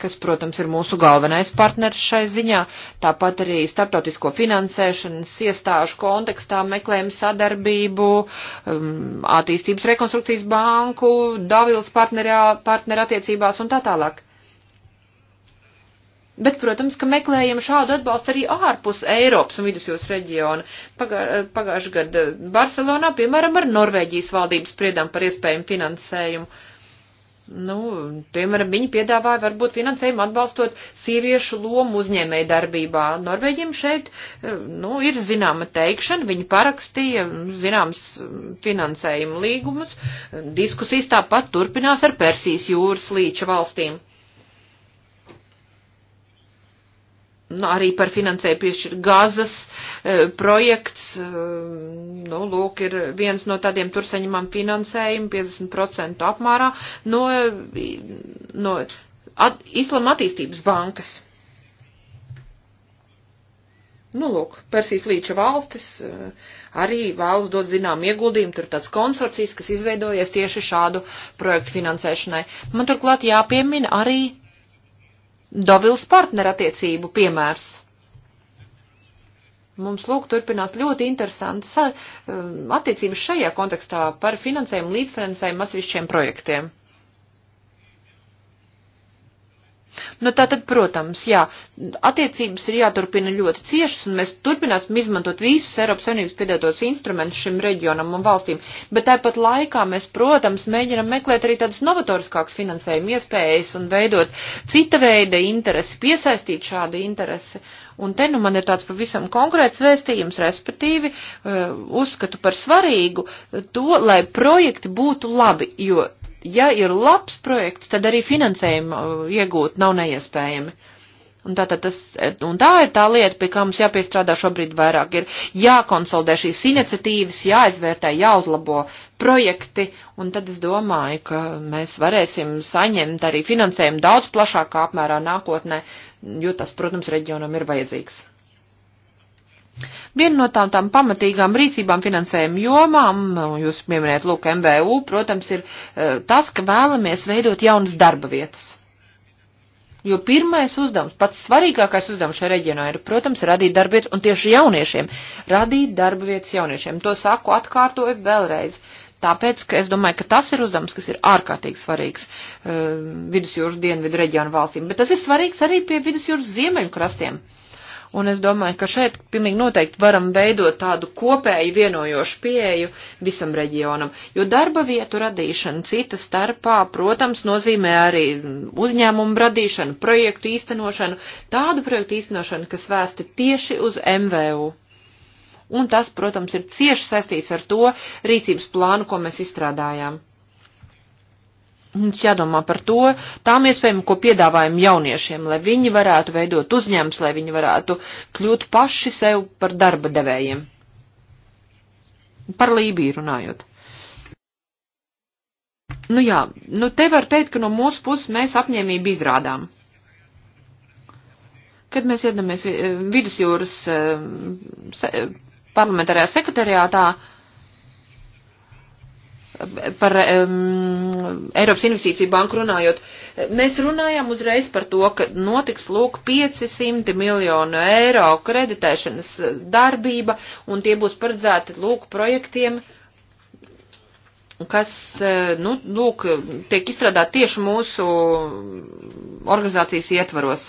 kas, protams, ir mūsu galvenais partners šai ziņā, tāpat arī starptautisko finansēšanas iestāžu kontekstā meklējam sadarbību, um, attīstības rekonstrukcijas banku, Davils partnerā, partnerattiecībās un tā tālāk. Bet, protams, ka meklējam šādu atbalstu arī ārpus Eiropas un vidusjūras reģiona. Pagā, pagājuši gadu eh, Barcelonā, piemēram, ar Norvēģijas valdības spriedām par iespējumu finansējumu. Nu, piemēram, viņi piedāvāja varbūt finansējumu atbalstot sieviešu lomu uzņēmēju darbībā. Norvēģiem šeit, eh, nu, ir zināma teikšana, viņi parakstīja mm, zināms mm, finansējumu līgumus, diskusijas tāpat turpinās ar Persijas jūras līča valstīm. nu, arī par finansēju piešķir gazas e, projekts, e, nu, lūk, ir viens no tādiem tur saņemam finansējumu 50% apmērā no, no at, Islama attīstības bankas. Nu, lūk, Persijas līča valstis e, arī vēlas dot zinām ieguldījumu, tur tāds konsorcijas, kas izveidojies tieši šādu projektu finansēšanai. Man turklāt jāpiemina arī Dovils partnerattiecību piemērs. Mums, lūk, turpinās ļoti interesantas um, attiecības šajā kontekstā par finansējumu, līdzfinansējumu atsevišķiem projektiem. Nu, tā tad, protams, jā, attiecības ir jāturpina ļoti ciešas, un mēs turpināsim izmantot visus Eiropas Savienības piedētos instrumentus šim reģionam un valstīm, bet tāpat laikā mēs, protams, mēģinam meklēt arī tādas novatoriskākas finansējuma iespējas un veidot cita veida interesi, piesaistīt šādu interesi. Un te nu man ir tāds pavisam konkrēts vēstījums, respektīvi, eh, uzskatu par svarīgu eh, to, lai projekti būtu labi, jo ja ir labs projekts, tad arī finansējumu uh, iegūt nav neiespējami. Un tā, tas, eh, un tā ir tā lieta, pie kā mums jāpiestrādā šobrīd vairāk. Ir jākonsolidē šīs iniciatīvas, jāizvērtē, jāuzlabo projekti, un tad es domāju, ka mēs varēsim saņemt arī finansējumu daudz plašākā apmērā nākotnē, jo tas, protams, reģionam ir vajadzīgs. Viena no tām, tām pamatīgām rīcībām finansējuma jomām, jūs pieminējat, lūk, MVU, protams, ir e, tas, ka vēlamies veidot jaunas darba vietas. Jo pirmais uzdevums, pats svarīgākais uzdevums šajā reģionā ir, protams, radīt darba vietas un tieši jauniešiem. Radīt darba vietas jauniešiem. To saku atkārtoju vēlreiz. Tāpēc, ka es domāju, ka tas ir uzdevums, kas ir ārkārtīgi svarīgs uh, vidusjūras dienvidu reģionu valstīm. Bet tas ir svarīgs arī pie vidusjūras ziemeļu krastiem. Uh, Un es domāju, ka šeit pilnīgi noteikti varam veidot tādu kopēju vienojošu pieeju visam reģionam. Jo darba vietu radīšana cita starpā, protams, nozīmē arī uzņēmumu radīšanu, projektu īstenošanu, tādu projektu īstenošanu, kas vēsti tieši uz MVU. Un tas, protams, ir cieši saistīts ar to rīcības plānu, ko mēs izstrādājām. Mums jādomā par to, tām iespējām, ko piedāvājam jauniešiem, lai viņi varētu veidot uzņēmums, lai viņi varētu kļūt paši sev par darba devējiem. Par Lībiju runājot. Nu jā, nu te var teikt, ka no mūsu puses mēs apņēmību izrādām. Kad mēs ieradāmies vidusjūras eh, parlamentārajā sekretariātā, uh, par um, Eiropas investīciju banku runājot, mēs runājām uzreiz par to, ka notiks lūk 500 miljonu eiro kreditēšanas darbība un tie būs paredzēti lūk projektiem, kas, eh, nu, lūk, tiek izstrādāt tieši mūsu organizācijas ietvaros.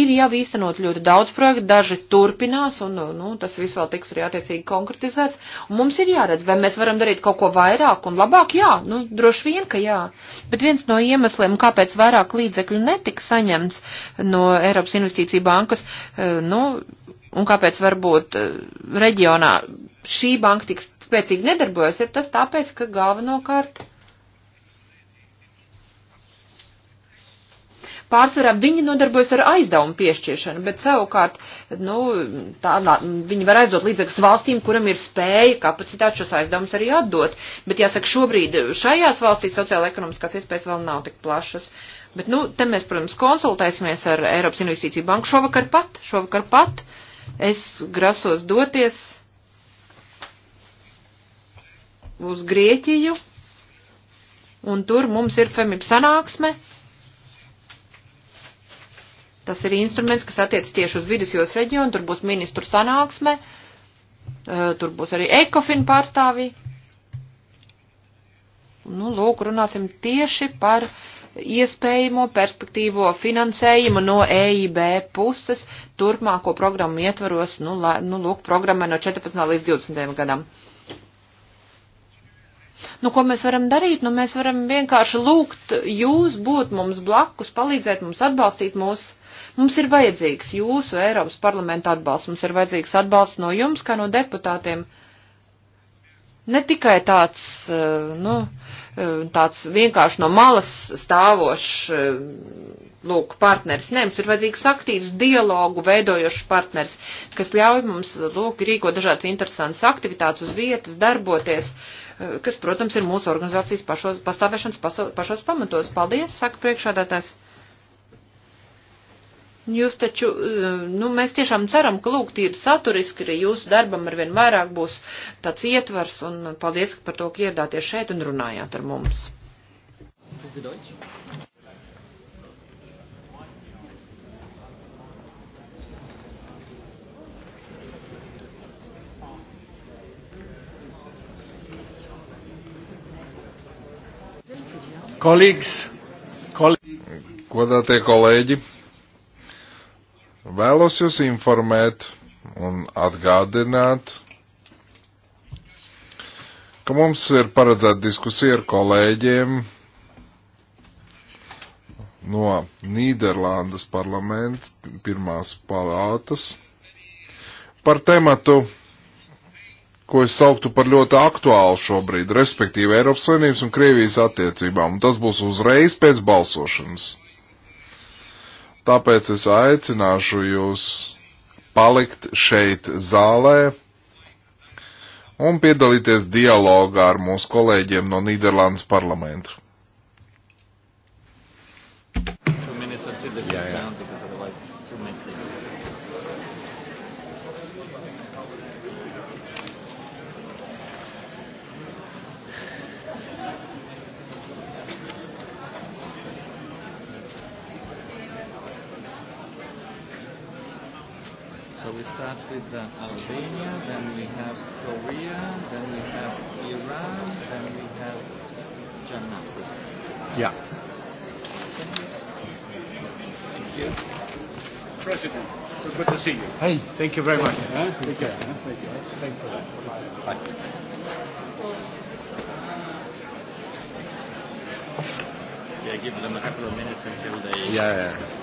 Ir jau īstenot ļoti daudz projektu, daži turpinās, un nu, tas viss vēl tiks arī attiecīgi konkretizēts. Un mums ir jāredz, vai mēs varam darīt kaut ko vairāk un labāk. Jā, nu, droši vien, ka jā. Bet viens no iemesliem, kāpēc vairāk līdzekļu netika saņemts no Eiropas investīcija bankas, eh, nu, un kāpēc varbūt eh, reģionā šī banka tik spēcīgi nedarbojas, ir tas tāpēc, ka galvenokārt pārsvarā viņi nodarbojas ar aizdevumu piešķiešanu, bet savukārt, nu, tā, viņi var aizdot līdzekļus valstīm, kuram ir spēja kapacitāti šos aizdevumus arī atdot. Bet jāsaka, šobrīd šajās valstīs sociāla-ekonomiskās iespējas vēl nav tik plašas. Bet, nu, te mēs, protams, konsultēsimies ar Eiropas Investīciju banku šovakar pat, šovakar pat. Es grasos doties uz Grieķiju, un tur mums ir FEMIP sanāksme, Tas ir instruments, kas attiec tieši uz vidusjūras reģionu, tur būs ministru sanāksme, eh, tur būs arī ekofin pārstāvji. Nu, lūk, runāsim tieši par iespējamo perspektīvo finansējumu no EIB puses turpmāko programmu ietvaros, nu, la, nu lūk, programmai no 14 līdz 20 gadam. Nu, ko mēs varam darīt? Nu, mēs varam vienkārši lūgt jūs būt mums blakus, palīdzēt mums, atbalstīt mūsu Mums ir vajadzīgs jūsu Eiropas parlamenta atbalsts, mums ir vajadzīgs atbalsts no jums, kā no deputātiem. Ne tikai tāds, eh, nu, eh, tāds vienkārši no malas stāvošs, eh, lūk, partners. Nē, mums ir vajadzīgs aktīvs dialogu veidojošs partners, kas ļauj mums, lūk, rīko dažādas interesantas aktivitātes uz vietas, darboties, kas, protams, ir mūsu organizācijas pašos, pastāvēšanas pašos pamatos. Paldies, saka priekšādātājs. Jūs taču, eh, nu, mēs tiešām ceram, ka lūk, tīri saturiski arī jūsu darbam ar vien vairāk būs tāds ietvars, un paldies par to, ka ieradāties šeit un runājāt ar mums.
Kolīgs, kolīgs. Godātie kolēģi, Vēlos jūs informēt un atgādināt, ka mums ir paredzēta diskusija ar kolēģiem no Nīderlandes parlaments pirmās palātas par tematu, ko es sauktu par ļoti aktuālu šobrīd, respektīvi Eiropas Savienības un Krievijas attiecībām, un tas būs uzreiz pēc balsošanas. Tāpēc es aicināšu jūs palikt šeit zālē un piedalīties dialogā ar mūsu kolēģiem no Nīderlandes parlamentu.
Two minutes until the yeah, yeah. we start with uh, Albania, then we have Korea, then we have Iran, then we have Jannah. Yeah. Thank you. President,
so good to see you. Hey, thank you very thank much. You, huh? Take care. Huh? Thank you.
Thanks for that. Bye. Bye. Yeah, give them a couple of minutes until they. Yeah. yeah.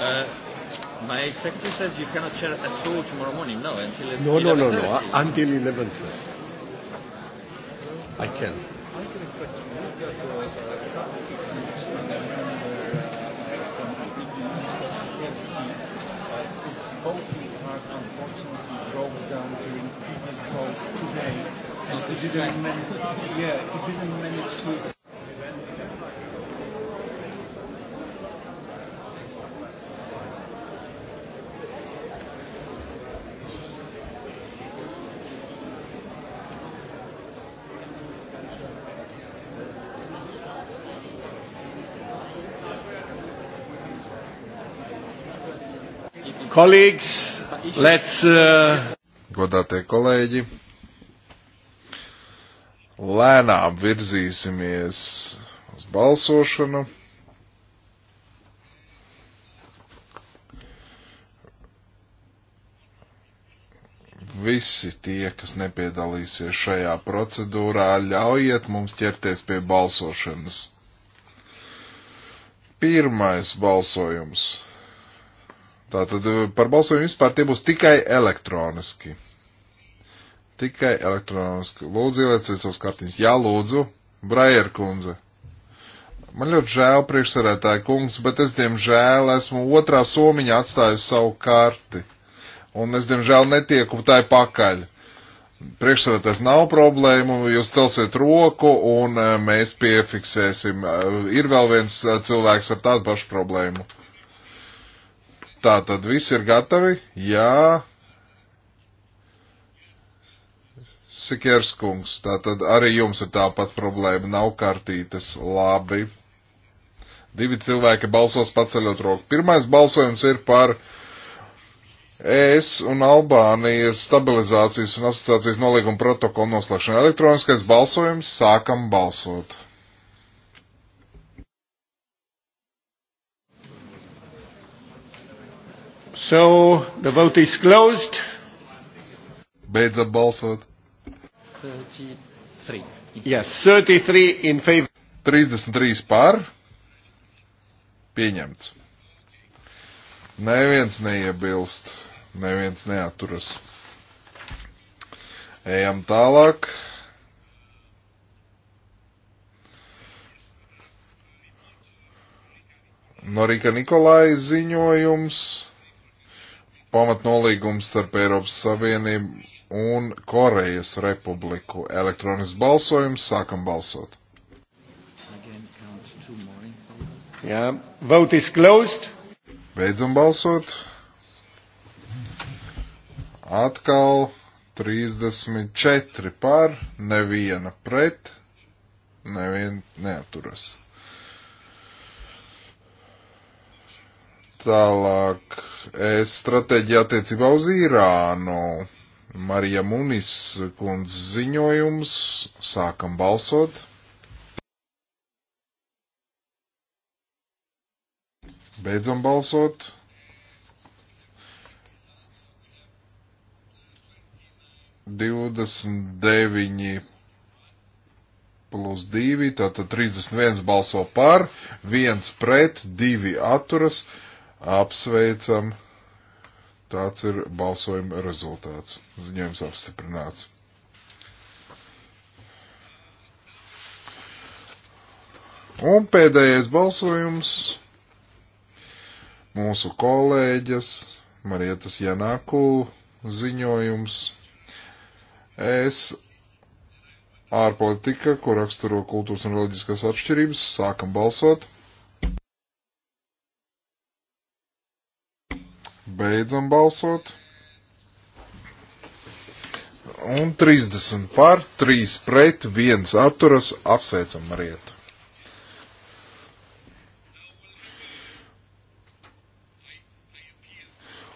Uh, my secretary says you cannot share at all tomorrow morning. No, until 11, no, no, 11.30. No, no, no, no. Until 11, sir. I can. I can request His voting card unfortunately broke down during previous votes today, oh, and he didn't, man- yeah, he didn't manage
to.
Kolēģis, let's. Uh... Godātie kolēģi, lēnām virzīsimies uz balsošanu. Visi tie, kas nepiedalīsies šajā procedūrā, ļaujiet mums ķerties pie balsošanas. Pirmais balsojums Tātad eh, par balsojumu vispār tie būs tikai elektroniski. Tikai elektroniski. Lūdzu, ielieciet savus kartiņus. Jā, lūdzu, Brajer kundze. Man ļoti žēl, priekšsarētāji kungs, bet es, diemžēl, esmu otrā somiņa atstājusi savu karti. Un es, diemžēl, netieku tai pakaļ. Priekšsarētājs nav problēmu, jūs celsiet roku un eh, mēs piefiksēsim. Eh, ir vēl viens cilvēks ar tādu pašu problēmu. Tā tad viss ir gatavi? Jā. Sikerskungs, tā tad arī jums ir tāpat problēma, nav kartītes. Labi. Divi cilvēki balsos paceļot roku. Pirmais balsojums ir par ES un Albānijas stabilizācijas un asociācijas nolīguma protokolu noslēgšanu. Elektroniskais balsojums sākam balsot. So, the vote is closed. Beidzam balsot.
33.
Yes, 33 in favor. 33 pār. Pieņemts. Neviens neiebilst, neviens neaturas. Ejam tālāk. Norika Nikolai ziņojums pamatnolīgums starp Eiropas Savienību un Korejas Republiku. Elektronisks balsojums, sākam balsot. Jā, yeah. vote is closed. Beidzam balsot. Atkal 34 par, neviena pret, neviena neaturas. Tālāk, es stratēģiju attiecībā uz Irānu. Marija Munis kundz ziņojums. Sākam balsot. Beidzam balsot. Divdesmit deviņi plus 2, tātad 31 balso par, 1 pret, 2 atturas. Apsveicam. Tāds ir balsojuma rezultāts. Ziņojums apstiprināts. Un pēdējais balsojums mūsu kolēģas Marietas Janāku ziņojums. Es ārpolitika, ko raksturo kultūras un reliģiskās atšķirības, sākam balsot. Beidzam balsot. Un 30 par, 3 pret, 1 atturas. Apsveicam Marietu.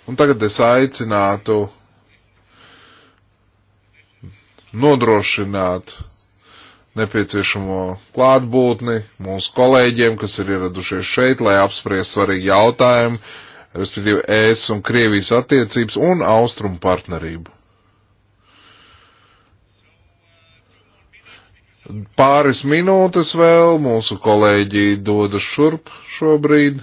Un tagad es aicinātu nodrošināt nepieciešamo klātbūtni mūsu kolēģiem, kas ir ieradušies šeit, lai apspriest svarīgi jautājumu, respektīvi ES un Krievijas attiecības un austrumu partnerību. Pāris minūtes vēl mūsu kolēģi dodas šurp šobrīd.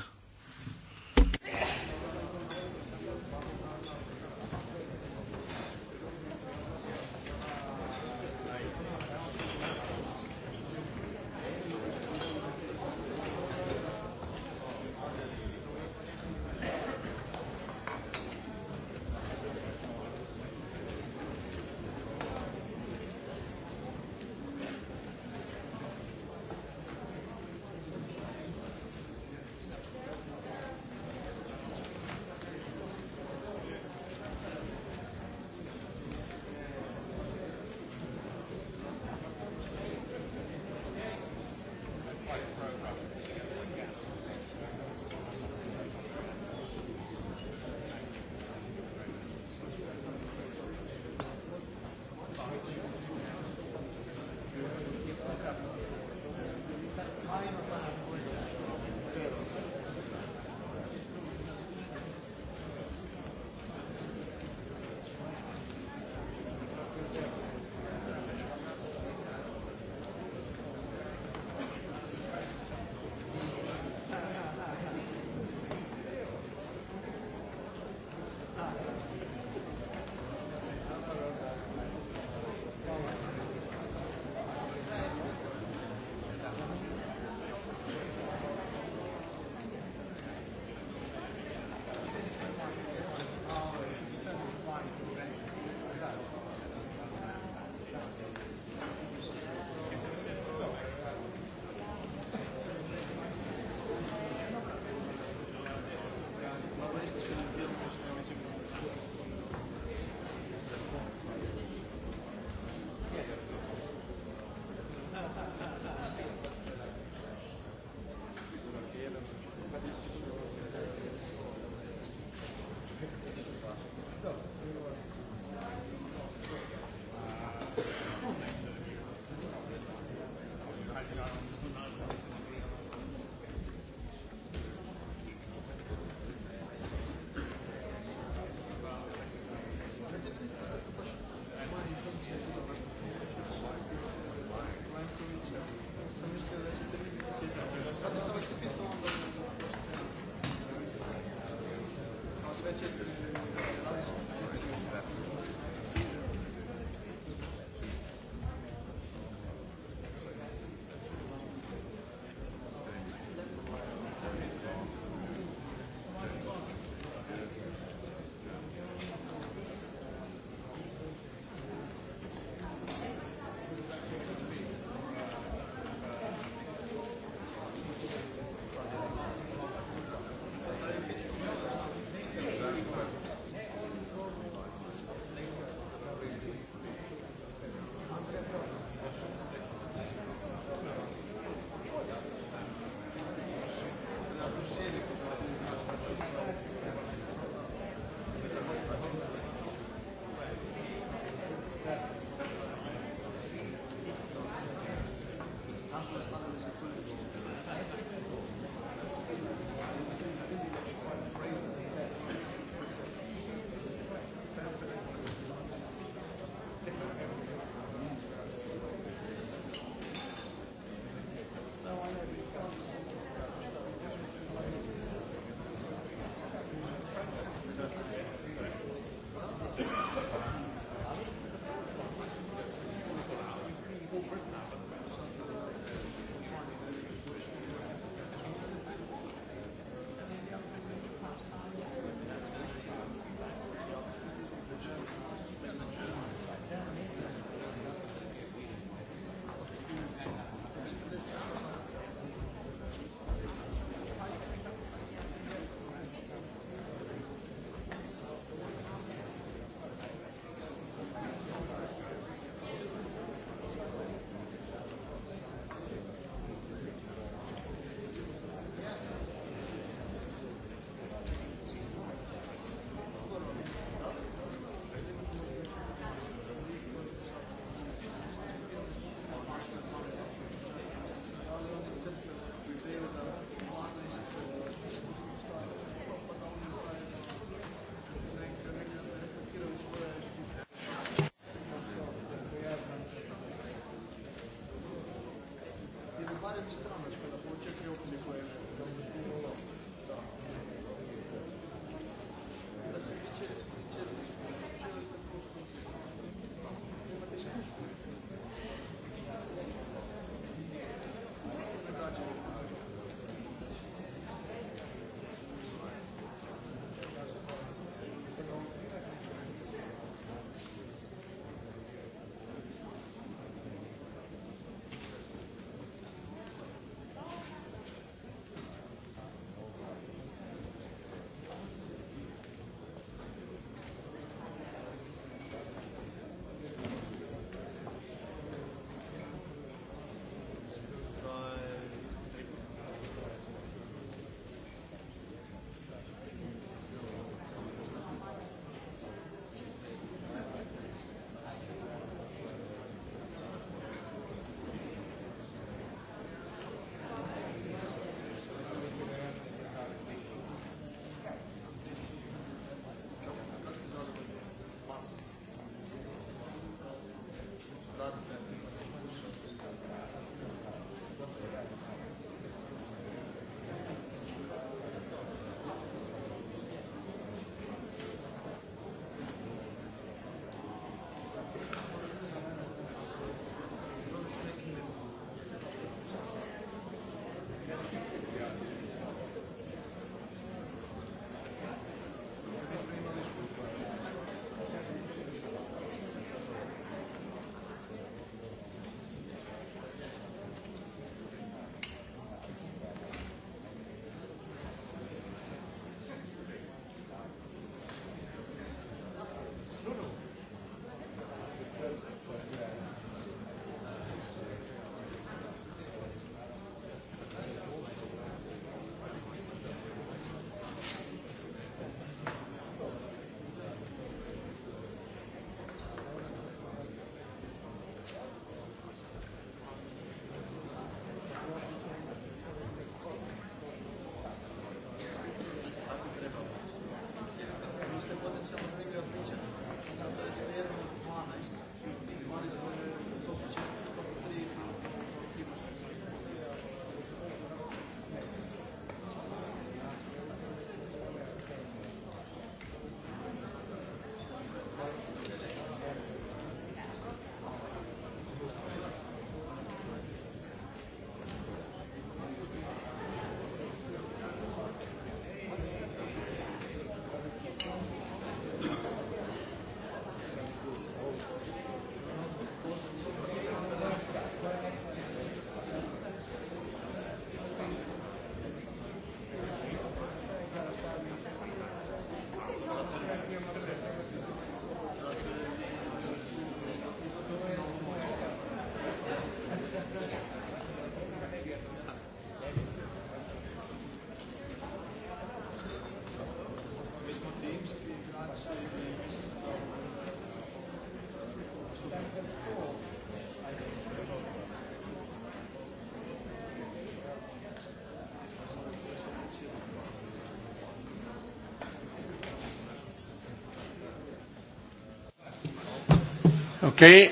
Okay.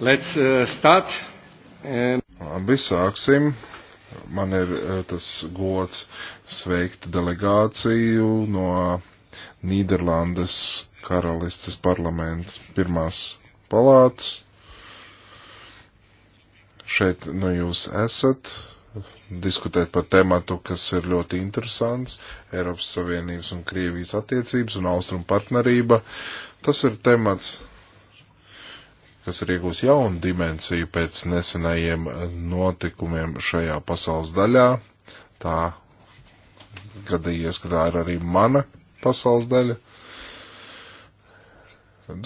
Let's uh, start. And... Labi, sāksim. Man ir uh, tas gods sveikt delegāciju no Nīderlandes karalistes parlamenta pirmās palātas. Šeit nu jūs esat diskutēt par tematu, kas ir ļoti interesants - Eiropas Savienības un Krievijas attiecības un austrumu partnerība. Uh, Tas ir temats, kas ir iegūs jaunu dimensiju pēc nesenajiem notikumiem šajā pasaules daļā. Tā gadījies, ka tā ir arī mana pasaules daļa.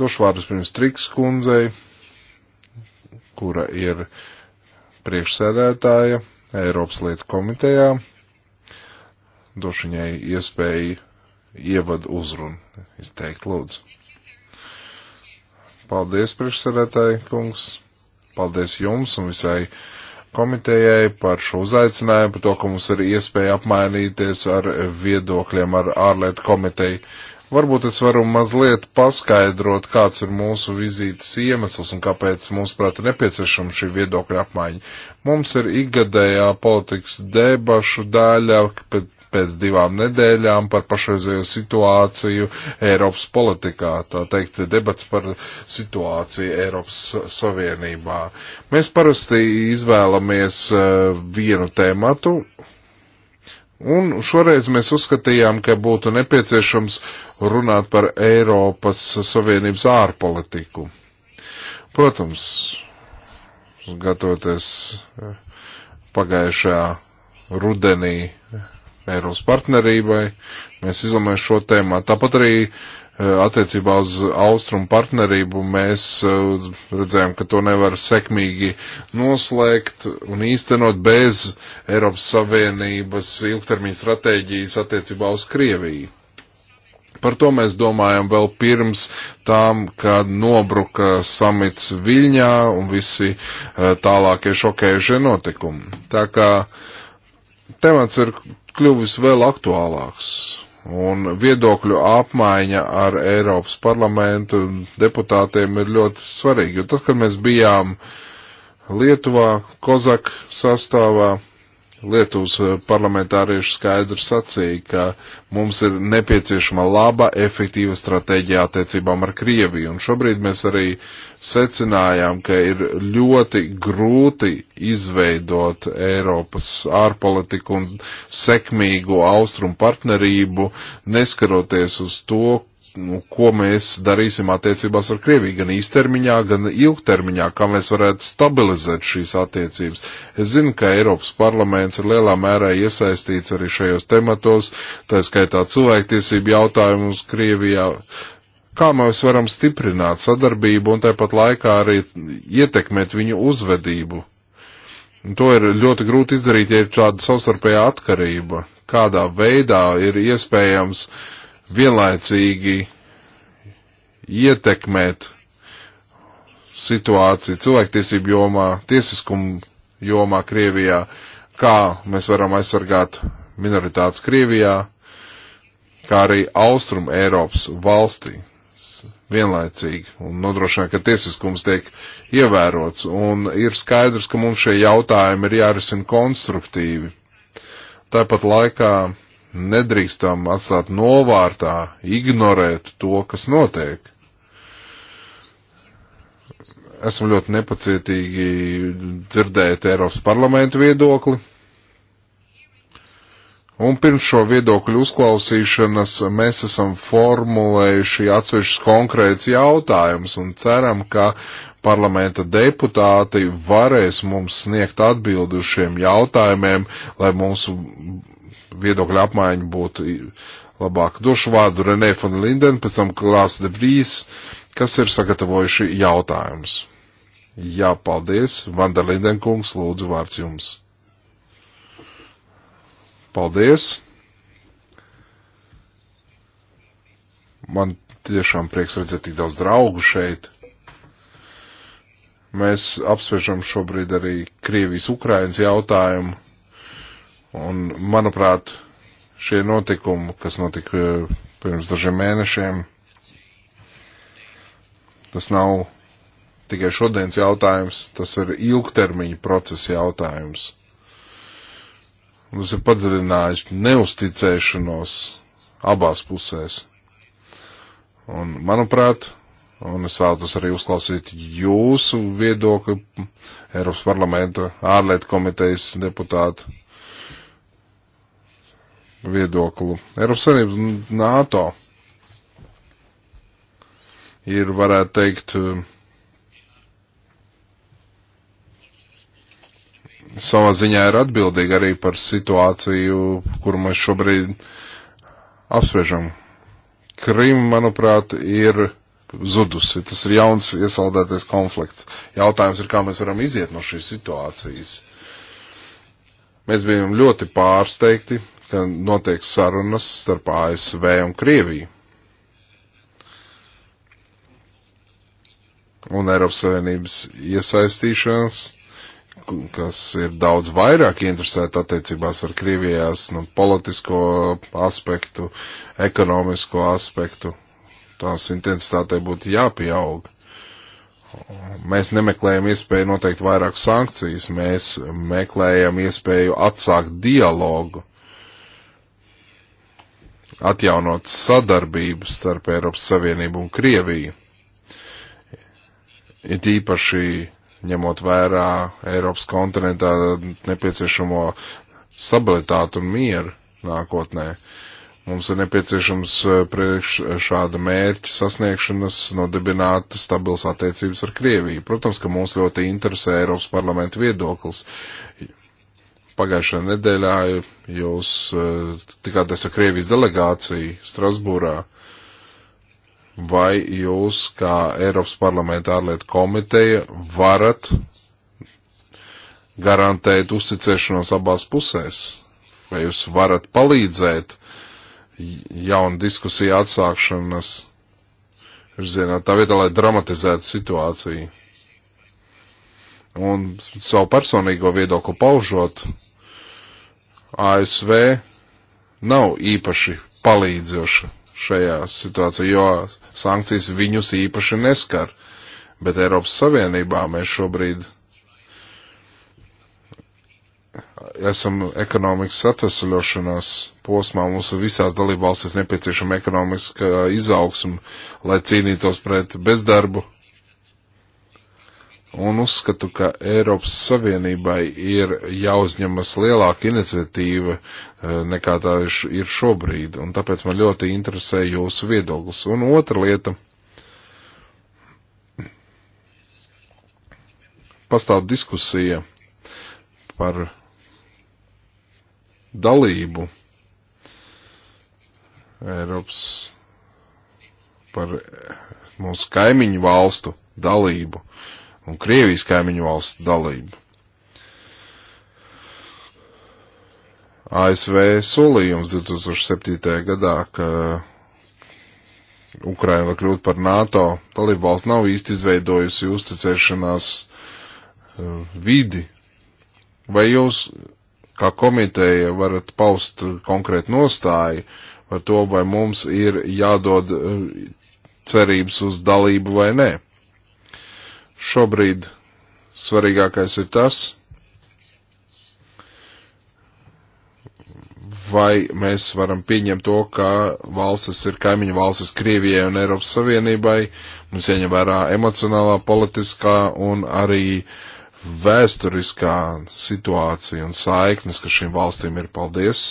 Došu vārdus pirms Triks kundzei, kura ir priekšsēdētāja Eiropas lietu komitejā. Došu viņai iespēju ievadu uzrunu izteikt lūdzu. Paldies, priekšsēdētāji kungs. Paldies jums un visai komitejai par šo uzaicinājumu, par to, ka mums ir iespēja apmainīties ar viedokļiem ar ārlietu komiteju. Varbūt es varu mazliet paskaidrot, kāds ir mūsu vizītes iemesls un kāpēc mums, prāt, ir nepieciešama šī viedokļa apmaiņa. Mums ir ikgadējā politikas debašu daļa, pēc pēc divām nedēļām par pašreizējo situāciju Eiropas politikā, tā teikt, debats par situāciju Eiropas Savienībā. Mēs parasti izvēlamies e, vienu tēmatu. Un šoreiz mēs uzskatījām, ka būtu nepieciešams runāt par Eiropas Savienības ārpolitiku. Protams, gatavoties e, pagājušajā rudenī Eiropas partnerībai. Mēs izlēmējam šo tēmu. Tāpat arī eh, attiecībā uz austrumu partnerību mēs eh, redzējām, ka to nevar sekmīgi noslēgt un īstenot bez Eiropas Savienības ilgtermiņa stratēģijas attiecībā uz Krieviju. Par to mēs domājam vēl pirms tām, kad nobruka samits Viļņā un visi eh, tālākie šokējušie notikumi. Tā kā temats ir kļuvis vēl aktuālāks. Un viedokļu apmaiņa ar Eiropas parlamentu deputātiem ir ļoti svarīga. Jo tad, kad mēs bijām Lietuvā, Kozak sastāvā, Lietuvas eh, parlamentārieši skaidri sacīja, ka mums ir nepieciešama laba, efektīva stratēģija attiecībām ar Krieviju. Un šobrīd mēs arī secinājām, ka ir ļoti grūti izveidot Eiropas ārpolitiku un sekmīgu austrumu partnerību, neskaroties uz to, nu, ko mēs darīsim attiecībās ar Krieviju, gan īstermiņā, gan ilgtermiņā, kā mēs varētu stabilizēt šīs attiecības. Es zinu, ka Eiropas parlaments ir lielā mērā iesaistīts arī šajos tematos, tā skaitā cilvēktiesību jautājumus Krievijā. Kā mēs varam stiprināt sadarbību un tāpat laikā arī ietekmēt viņu uzvedību? Un to ir ļoti grūti izdarīt, ja ir tāda savstarpējā atkarība. Kādā veidā ir iespējams uh, vienlaicīgi ietekmēt situāciju cilvēktiesību jomā, tiesiskumu jomā Krievijā, kā mēs varam aizsargāt minoritātes Krievijā, kā arī Austrum Eiropas valstī vienlaicīgi un nodrošināt, ka tiesiskums tiek ievērots. Un ir skaidrs, ka mums šie jautājumi ir jārisina konstruktīvi. Tāpat laikā nedrīkstam atstāt novārtā, ignorēt to, kas notiek. Esmu ļoti nepacietīgi dzirdēt Eiropas parlamentu viedokli. Un pirms šo viedokļu uzklausīšanas mēs esam formulējuši atsevišķus konkrēts jautājumus un ceram, ka parlamenta deputāti varēs mums sniegt atbildi uz šiem jautājumiem, lai mūsu viedokļa apmaiņa būtu labāk. Došu vārdu Renē von Linden, pēc tam Klāsa de Brīs, kas ir sagatavojuši jautājumus. Jā, paldies. Vanda Lindenkungs, lūdzu vārds jums. Paldies. Man tiešām prieks redzēt tik daudz draugu šeit. Mēs apsvežam šobrīd arī Krievijas-Ukrainas jautājumu. Un, manuprāt, šie notikumi, kas notika eh, pirms dažiem mēnešiem, tas nav tikai šodienas jautājums, tas ir ilgtermiņa procesa jautājums. Un tas ir padziļinājis neusticēšanos abās pusēs. Un, manuprāt, un es vēlos arī uzklausīt jūsu viedokli Eiropas parlamenta ārlietu komitejas deputātu viedoklu. Eiropas Savienības NATO ir, varētu teikt, eh, savā ziņā ir atbildīga arī par situāciju, kuru mēs šobrīd apspriežam. Krim, manuprāt, ir zudusi. Tas ir jauns iesaldētais konflikts. Jautājums ir, kā mēs varam iziet no šīs situācijas. Mēs bijām ļoti pārsteigti, ka notiek sarunas starp ASV un Krieviju. Un Eiropas Savienības iesaistīšanās, kas ir daudz vairāk interesēta attiecībās ar Krievijās, nu, politisko aspektu, ekonomisko aspektu, tās intensitātei būtu jāpieaug. Mēs nemeklējam iespēju noteikt vairāk sankcijas, mēs meklējam iespēju atsākt dialogu atjaunot sadarbību starp Eiropas Savienību un Krieviju. It īpaši ņemot vērā Eiropas kontinentā nepieciešamo stabilitātu un mieru nākotnē. Mums ir nepieciešams eh, priekš šāda mērķa sasniegšanas nodibināt stabils attiecības ar Krieviju. Protams, ka mūs ļoti interesē Eiropas parlamenta viedoklis, pagājušajā nedēļā jūs eh, tikāties ar Krievijas delegāciju Strasbūrā. Vai jūs, kā Eiropas parlamenta ārlietu komiteja, varat garantēt uzticēšanos abās pusēs? Vai jūs varat palīdzēt jaunu diskusiju atsākšanas virzienā, tā vietā, lai dramatizētu situāciju? Un savu personīgo viedokli paužot, ASV nav īpaši palīdzoša šajā situācijā, jo sankcijas viņus īpaši neskar. Bet Eiropas Savienībā mēs šobrīd esam ekonomikas atvesļošanās posmā, mums ir visās dalībvalstīs nepieciešama ekonomiska izaugsma, lai cīnītos pret bezdarbu, un uzskatu, ka Eiropas Savienībai ir jāuzņemas lielāka iniciatīva eh, nekā tā ir šobrīd, un tāpēc man ļoti interesē jūsu viedoklis. Un otra lieta. Pastāv diskusija par dalību Eiropas par mūsu kaimiņu valstu dalību. Uh, un Krievijas kaimiņu valstu dalību. ASV solījums 2007. gadā, ka Ukraina var kļūt par NATO, dalību valsts nav īsti izveidojusi uzticēšanās eh, vidi. Vai jūs, kā komiteja, varat paust konkrētu nostāju par to, vai mums ir jādod eh, cerības uz dalību vai nē? Šobrīd svarīgākais ir tas, vai mēs varam pieņemt to, ka valstis ir kaimiņu valstis Krievijai un Eiropas Savienībai, mums jāņem vērā emocionālā, politiskā un arī vēsturiskā situācija un saiknes, ka šīm valstīm ir paldies.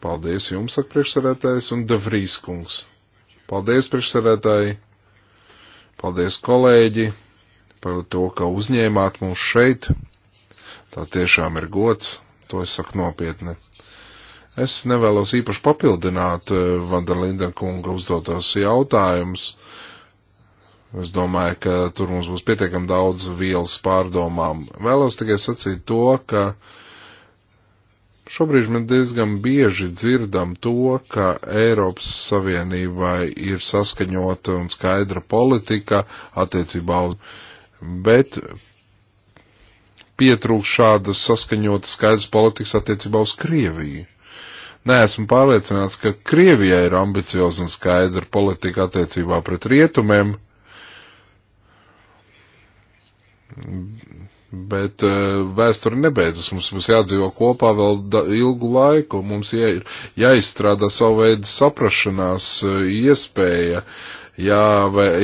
Paldies jums, saka priekšsarētājs, un Devrīs kungs. Paldies, priekšsarētāji! Paldies, kolēģi, par to, ka uzņēmāt mūs šeit. Tā tiešām ir gods, to es saku nopietni. Es nevēlos īpaši papildināt eh, Vanderlinda kunga uzdotos jautājumus. Es domāju, ka tur mums būs pietiekami daudz vielas pārdomām. Vēlos tikai sacīt to, ka uh, Šobrīd mēs diezgan bieži dzirdam to, ka Eiropas Savienībai ir saskaņota un skaidra politika attiecībā uz, bet pietrūkst šādas saskaņotas skaidras politikas attiecībā uz Krieviju. Nē, esmu pārliecināts, ka Krievijai ir ambicioza un skaidra politika attiecībā pret rietumiem, Bet eh, vēsture nebeidzas, mums, mums jādzīvo kopā vēl da, ilgu laiku, mums jā, ir jāizstrādā savu veidu saprašanās eh, iespēja, jā,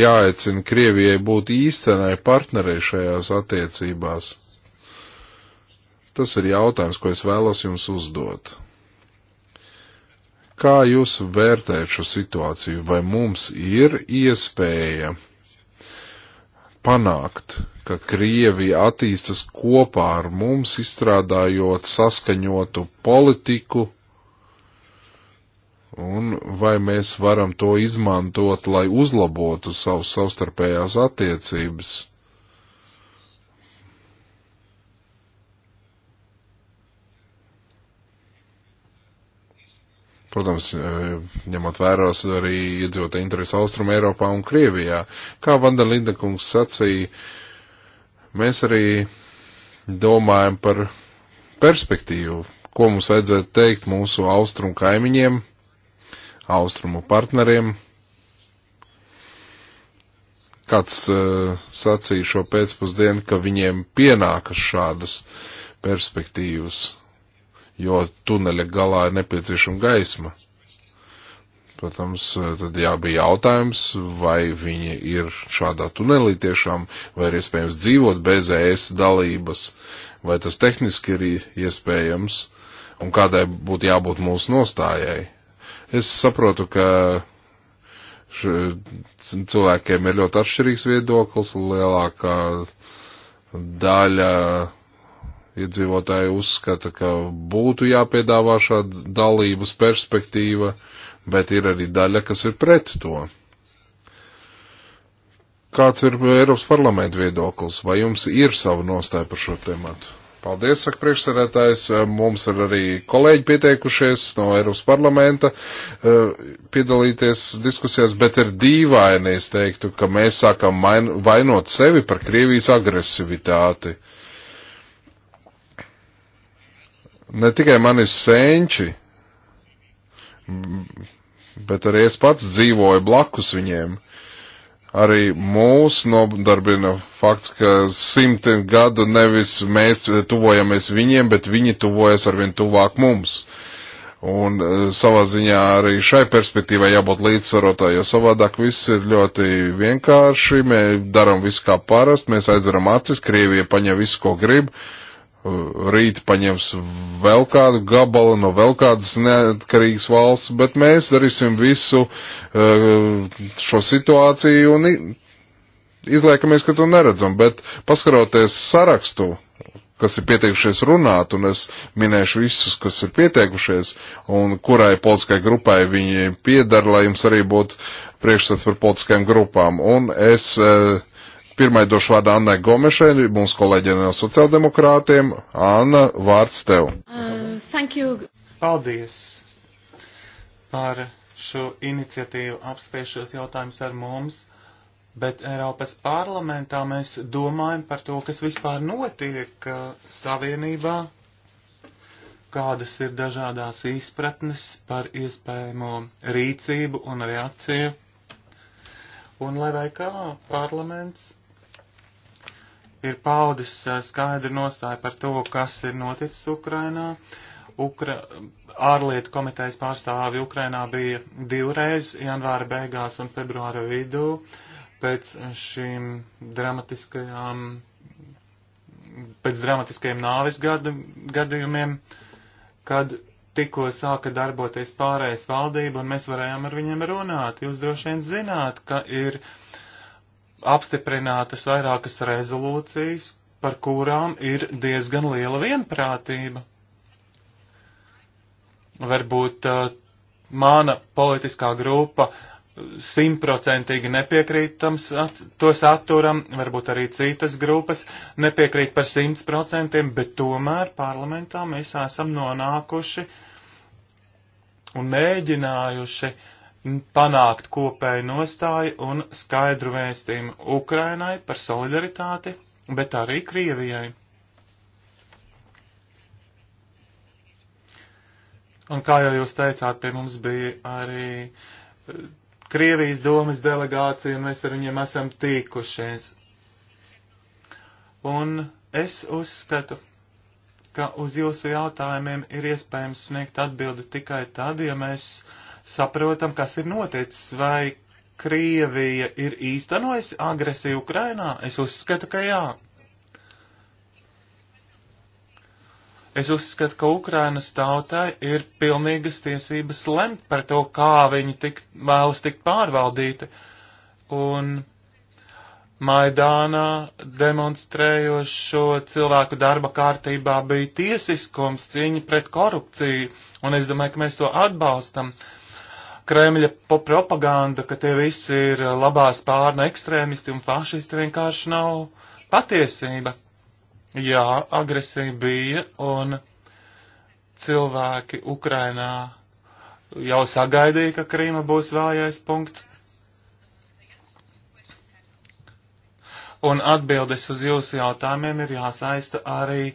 jāaicina Krievijai būt īstenai partnerei šajās attiecībās. Tas ir jautājums, ko es vēlos jums uzdot. Kā jūs vērtējat šo situāciju? Vai mums ir iespēja? panākt, ka Krievija attīstas kopā ar mums, izstrādājot saskaņotu politiku, un vai mēs varam to izmantot, lai uzlabotu savus savstarpējās attiecības. protams, e, ņemot vērās arī iedzīvotā interesi Austrum Eiropā un Krievijā. Kā Vanda Lindekungs sacīja, mēs arī domājam par perspektīvu, ko mums vajadzētu teikt mūsu austrumu kaimiņiem, austrumu partneriem. Kāds uh, sacīja šo pēcpusdienu, ka viņiem pienākas šādas perspektīvas jo tuneļa galā ir nepieciešama gaisma. Protams, tad jābija jautājums, vai viņi ir šādā tunelī tiešām, vai ir iespējams dzīvot bez ES dalības, vai tas tehniski ir iespējams, un kādai būtu jābūt mūsu nostājai. Es saprotu, ka cilvēkiem ir ļoti atšķirīgs viedoklis, lielākā daļa iedzīvotāji uzskata, ka būtu jāpiedāvā šāda dalības perspektīva, bet ir arī daļa, kas ir pret to. Kāds ir Eiropas parlamenta viedoklis? Vai jums ir sava nostāja par šo tematu? Paldies, saka priekšsarētājs. Mums ir arī kolēģi pieteikušies no Eiropas parlamenta eh, piedalīties diskusijās, bet ir dīvaini, es teiktu, ka mēs sākam vainot sevi par Krievijas agresivitāti. Uh, ne tikai mani senči, bet arī es pats dzīvoju blakus viņiem. Arī mūs nodarbina fakts, ka simtiem gadu nevis mēs tuvojamies viņiem, bet viņi tuvojas arvien tuvāk mums. Un e, savā ziņā arī šai perspektīvai jābūt līdzsvarotā, jo savādāk viss ir ļoti vienkārši, mēs darām visu kā parasti, mēs aizveram acis, Krievija paņem visu, ko grib, uh, Eh, rīt paņems vēl kādu gabalu no vēl kādas neatkarīgas valsts, bet mēs darīsim visu eh, šo situāciju un izliekamies, ka to neredzam. Bet paskaroties sarakstu, kas ir pieteikušies runāt, un es minēšu visus, kas ir pieteikušies, un kurai politiskai grupai viņi piedara, lai jums arī būtu priekšstats par politiskajām grupām. Un es uh, Pirmai došu vārdu Annai Gomešai, mūsu kolēģiem no sociāldemokrātiem. Anna, vārds tev.
Uh, thank you.
Paldies par šo iniciatīvu apspriešos jautājumus ar mums, bet Eiropas parlamentā mēs domājam par to, kas vispār notiek uh, savienībā, kādas ir dažādās izpratnes par iespējamo rīcību un reakciju. Un lai vai kā parlaments ir paudis skaidru nostāju par to, kas ir noticis Ukrainā. Ukra... ārlietu komitejas pārstāvi Ukrainā bija divreiz janvāra beigās un februāra vidū pēc šīm dramatiskajām, pēc dramatiskajiem nāvis gadu, gadījumiem, kad tikko sāka darboties pārējais valdība un mēs varējām ar viņiem runāt. Jūs droši vien zināt, ka ir uh, apstiprinātas vairākas rezolūcijas, par kurām ir diezgan liela vienprātība. Varbūt uh, mana politiskā grupa simtprocentīgi nepiekrīt tam sat to saturam, varbūt arī citas grupas nepiekrīt par simts procentiem, bet tomēr parlamentā mēs esam nonākuši un mēģinājuši uh, panākt kopēju nostāju un skaidru vēstījumu Ukrainai par solidaritāti, bet arī Krievijai. Un kā jau jūs teicāt, pie mums bija arī eh, Krievijas domas delegācija, un mēs ar viņiem esam tīkušies. Un es uzskatu, ka uz jūsu jautājumiem ir iespējams sniegt atbildi tikai tad, ja mēs uh, saprotam, kas ir noticis, vai Krievija ir īstenojusi agresiju Ukrainā? Es uzskatu, ka jā. Es uzskatu, ka Ukrainas tautai ir pilnīgas tiesības lemt par to, kā viņi tik, vēlas tikt pārvaldīti. Un Maidānā demonstrējošo cilvēku darba kārtībā bija tiesiskums, cīņa pret korupciju, un es domāju, ka mēs to atbalstam. Uh, Kremļa propaganda, ka tie visi ir eh, labā spārna ekstrēmisti un fašisti vienkārši nav patiesība. Jā, agresija bija un cilvēki Ukrainā jau sagaidīja, ka Krīma būs vājais punkts. Un atbildes uz jūsu jautājumiem ir jāsaista arī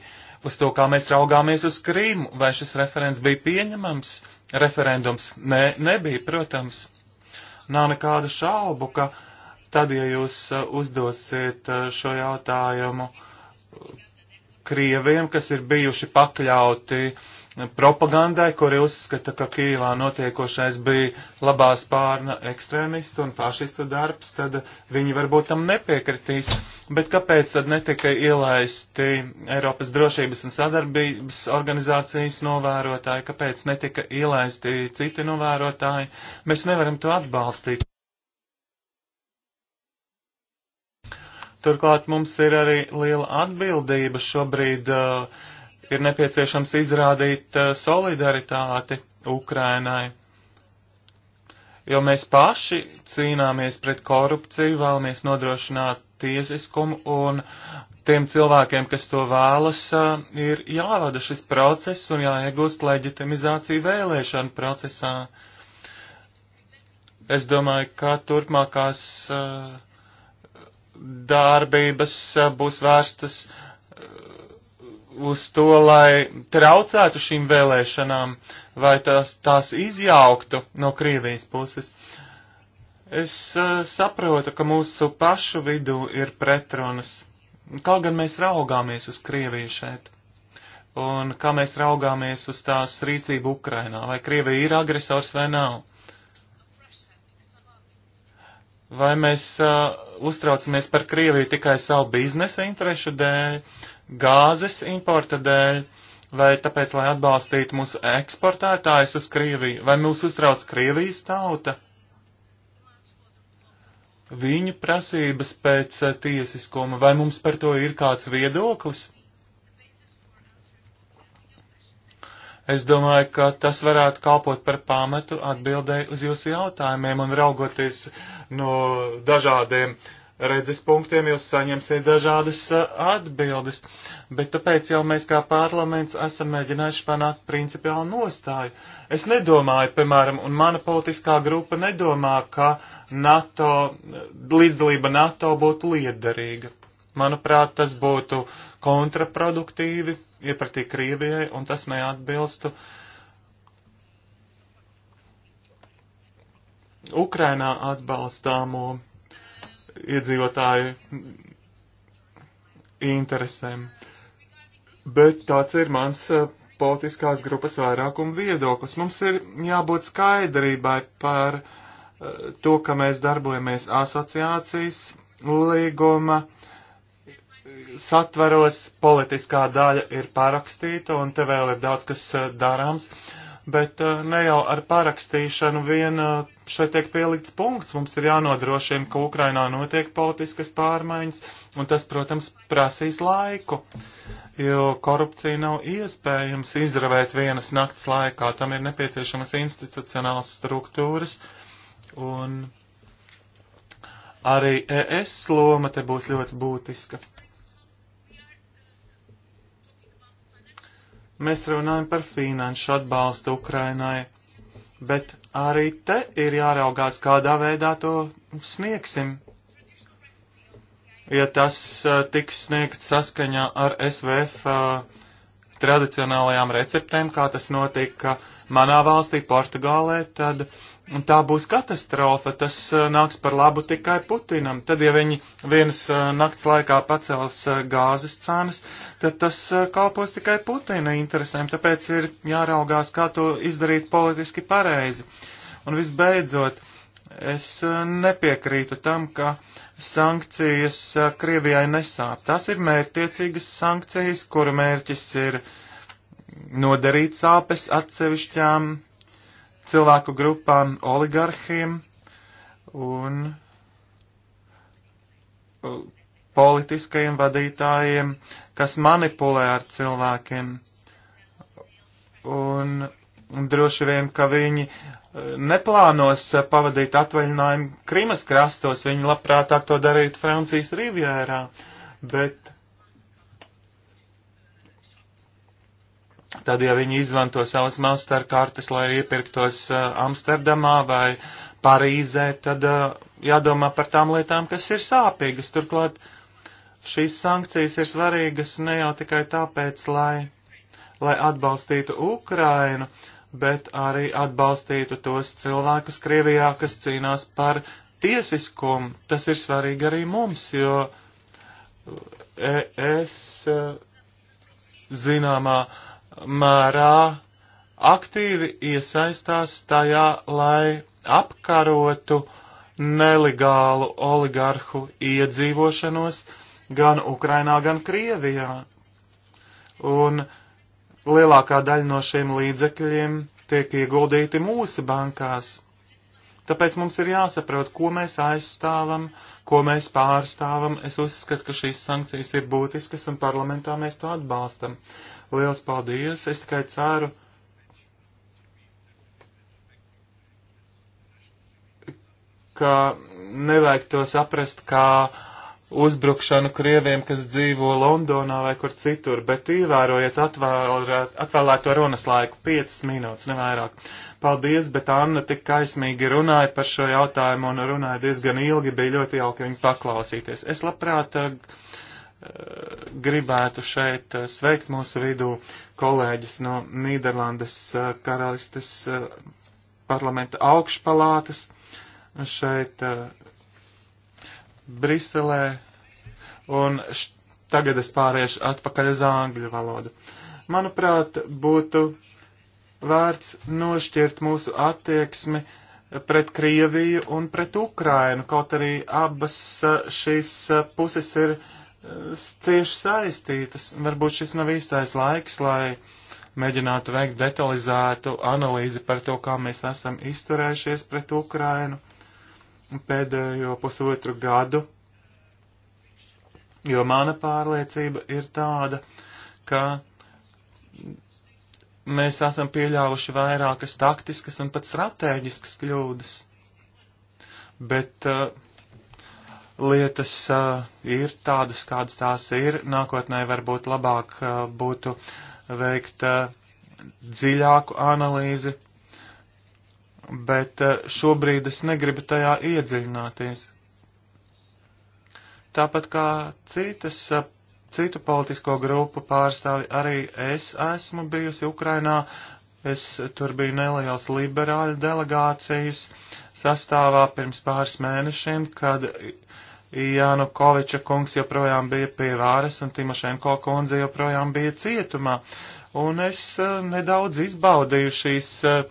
uz to, kā mēs raugāmies uz Krīmu, vai šis referents bija pieņemams referendums? Nē, nebija, protams. Nav nekādu šaubu, ka tad, ja jūs uh, uzdosiet uh, šo jautājumu uh, krieviem, kas ir bijuši pakļauti uh, propagandai, kuri uzskata, ka Kīvā notiekošais bija labās pārna ekstrēmistu un fašistu darbs, tad viņi varbūt tam nepiekritīs. Bet kāpēc tad netika ielaisti Eiropas drošības un sadarbības organizācijas novērotāji, kāpēc netika ielaisti citi novērotāji? Mēs nevaram to atbalstīt. Turklāt mums ir arī liela atbildība šobrīd uh, ir nepieciešams izrādīt eh, solidaritāti Ukrainai. Jo mēs paši cīnāmies pret korupciju, vēlamies nodrošināt tiesiskumu un tiem cilvēkiem, kas to vēlas, eh, ir jāvada šis process un jāiegūst leģitimizācija vēlēšana procesā. Es domāju, ka turpmākās eh, darbības būs vērstas uz to, lai traucētu šīm vēlēšanām vai tās, tās izjauktu no Krievijas puses. Es uh, saprotu, ka mūsu pašu vidū ir pretrunas. Kaut gan mēs raugāmies uz Krieviju šeit, un kā mēs raugāmies uz tās rīcību Ukrainā, vai Krievija ir agresors vai nav. Vai mēs uh, uztraucamies par Krieviju tikai savu biznesa interešu dēļ, gāzes importa dēļ, vai tāpēc, lai atbalstītu mūsu eksportētājus uz Krieviju, vai mūs uztrauc Krievijas tauta? Viņu prasības pēc eh, tiesiskuma, vai mums par to ir kāds viedoklis? Es domāju, ka tas varētu kalpot par pamatu atbildēju uz jūsu jautājumiem un raugoties no dažādiem uh, redzes punktiem jūs saņemsiet dažādas atbildes, bet tāpēc jau mēs kā parlaments esam mēģinājuši panākt principiālu nostāju. Es nedomāju, piemēram, un mana politiskā grupa nedomā, ka NATO, līdzdalība NATO būtu liederīga. Manuprāt, tas būtu kontraproduktīvi iepratī Krievijai, un tas neatbilstu uh, Ukrainā atbalstāmo iedzīvotāju interesēm. Bet tāds ir mans eh, politiskās grupas vairākuma viedoklis. Mums ir jābūt skaidrībai par eh, to, ka mēs darbojamies asociācijas līguma satveros, politiskā daļa ir parakstīta un te vēl ir daudz kas eh, darāms. Uh, Bet eh, ne jau ar parakstīšanu vien eh, šeit tiek pielikts punkts. Mums ir jānodrošina, ka Ukrainā notiek politiskas pārmaiņas, un tas, protams, prasīs laiku, jo korupcija nav iespējams izravēt vienas naktas laikā. Tam ir nepieciešamas institucionālas struktūras, un arī ES loma te būs ļoti būtiska. Mēs runājam par finanšu atbalstu Ukrainai, bet arī te ir jāraugās, kādā veidā to sniegsim. Ja tas uh, tiks sniegts saskaņā ar SVF uh, tradicionālajām receptēm, kā tas notika manā valstī, Portugālē, tad Un tā būs katastrofa, tas uh, nāks par labu tikai Putinam. Tad, ja viņi vienas uh, nakts laikā pacels uh, gāzes cenas, tad tas kalpos tikai Putina interesēm, tāpēc ir jāraugās, kā to izdarīt politiski pareizi. Un visbeidzot, es nepiekrītu tam, ka sankcijas Krievijai nesāp. Tās ir mērķtiecīgas sankcijas, kuru mērķis ir nodarīt sāpes atsevišķām cilvēku grupām, oligarhiem un politiskajiem vadītājiem, kas manipulē ar cilvēkiem. Un, un droši vien, ka viņi e, neplānos e, pavadīt atvaļinājumu Krīmas krastos, viņi labprātāk to darītu Francijas Rivjērā, bet Tad, ja viņi izmanto savas masterkartes, lai iepirktos uh, Amsterdamā vai Parīzē, tad uh, jādomā par tām lietām, kas ir sāpīgas. Turklāt šīs sankcijas ir svarīgas ne jau tikai tāpēc, lai, lai atbalstītu Ukrainu, bet arī atbalstītu tos cilvēkus Krievijā, kas cīnās par tiesiskumu. Tas ir svarīgi arī mums, jo uh, e, es uh, zināmā mērā aktīvi iesaistās tajā, lai apkarotu nelegālu oligarhu iedzīvošanos gan Ukrainā, gan Krievijā. Un lielākā daļa no šiem līdzekļiem tiek ieguldīti mūsu bankās. Tāpēc mums ir jāsaprot, ko mēs aizstāvam, ko mēs pārstāvam. Es uzskatu, ka šīs sankcijas ir būtiskas un parlamentā mēs to atbalstam. Uh, Liels paldies! Es tikai ceru, ka nevajag to saprast kā uzbrukšanu krieviem, kas dzīvo Londonā vai kur citur, bet ievērojiet atvēlēto runas laiku 5 minūtes, nevairāk. Paldies, bet Anna tik kaismīgi runāja par šo jautājumu un runāja diezgan ilgi, bija ļoti jauki viņu paklausīties. Es labprāt. Uh, Eh, gribētu šeit eh, sveikt mūsu vidū kolēģis no Nīderlandes eh, karalistes parlamenta augšpalātes šeit Briselē, un tagad es pāriešu atpakaļ uz angļu valodu. Manuprāt, būtu vērts nošķirt mūsu attieksmi pret Krieviju un pret Ukrainu, kaut arī abas šīs puses ir uh, cieši saistītas. Varbūt šis nav īstais laiks, lai mēģinātu veikt detalizētu analīzi par to, kā mēs esam izturējušies pret Ukrainu pēdējo pusotru gadu, jo mana pārliecība ir tāda, ka mēs esam pieļāvuši vairākas taktiskas un pat stratēģiskas kļūdas. Bet uh, lietas uh, ir tādas, kādas tās ir. Nākotnē varbūt labāk uh, būtu veikt uh, dziļāku analīzi, bet uh, šobrīd es negribu tajā iedziļināties. Tāpat kā citas, uh, citu politisko grupu pārstāvi, arī es esmu bijusi Ukrainā. Es tur biju neliels liberāļu delegācijas sastāvā pirms pāris mēnešiem, kad Janukoviča kungs joprojām bija pie vāras un Timošenko kundze joprojām bija cietumā. Un es uh, nedaudz izbaudīju šīs uh,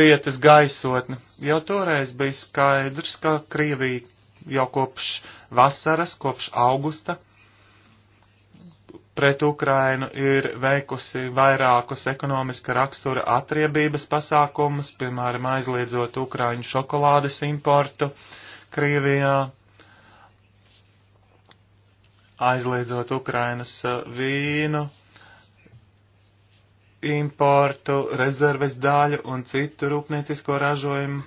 vietas gaisotni. Jau toreiz bija skaidrs, ka Krievija jau kopš vasaras, kopš augusta pret Ukrainu ir veikusi vairākus ekonomiska rakstura atriebības pasākumus, piemēram, aizliedzot Ukraiņu šokolādes importu Krievijā aizliedzot Ukrainas uh, vīnu, importu, rezerves daļu un citu rūpniecisko ražojumu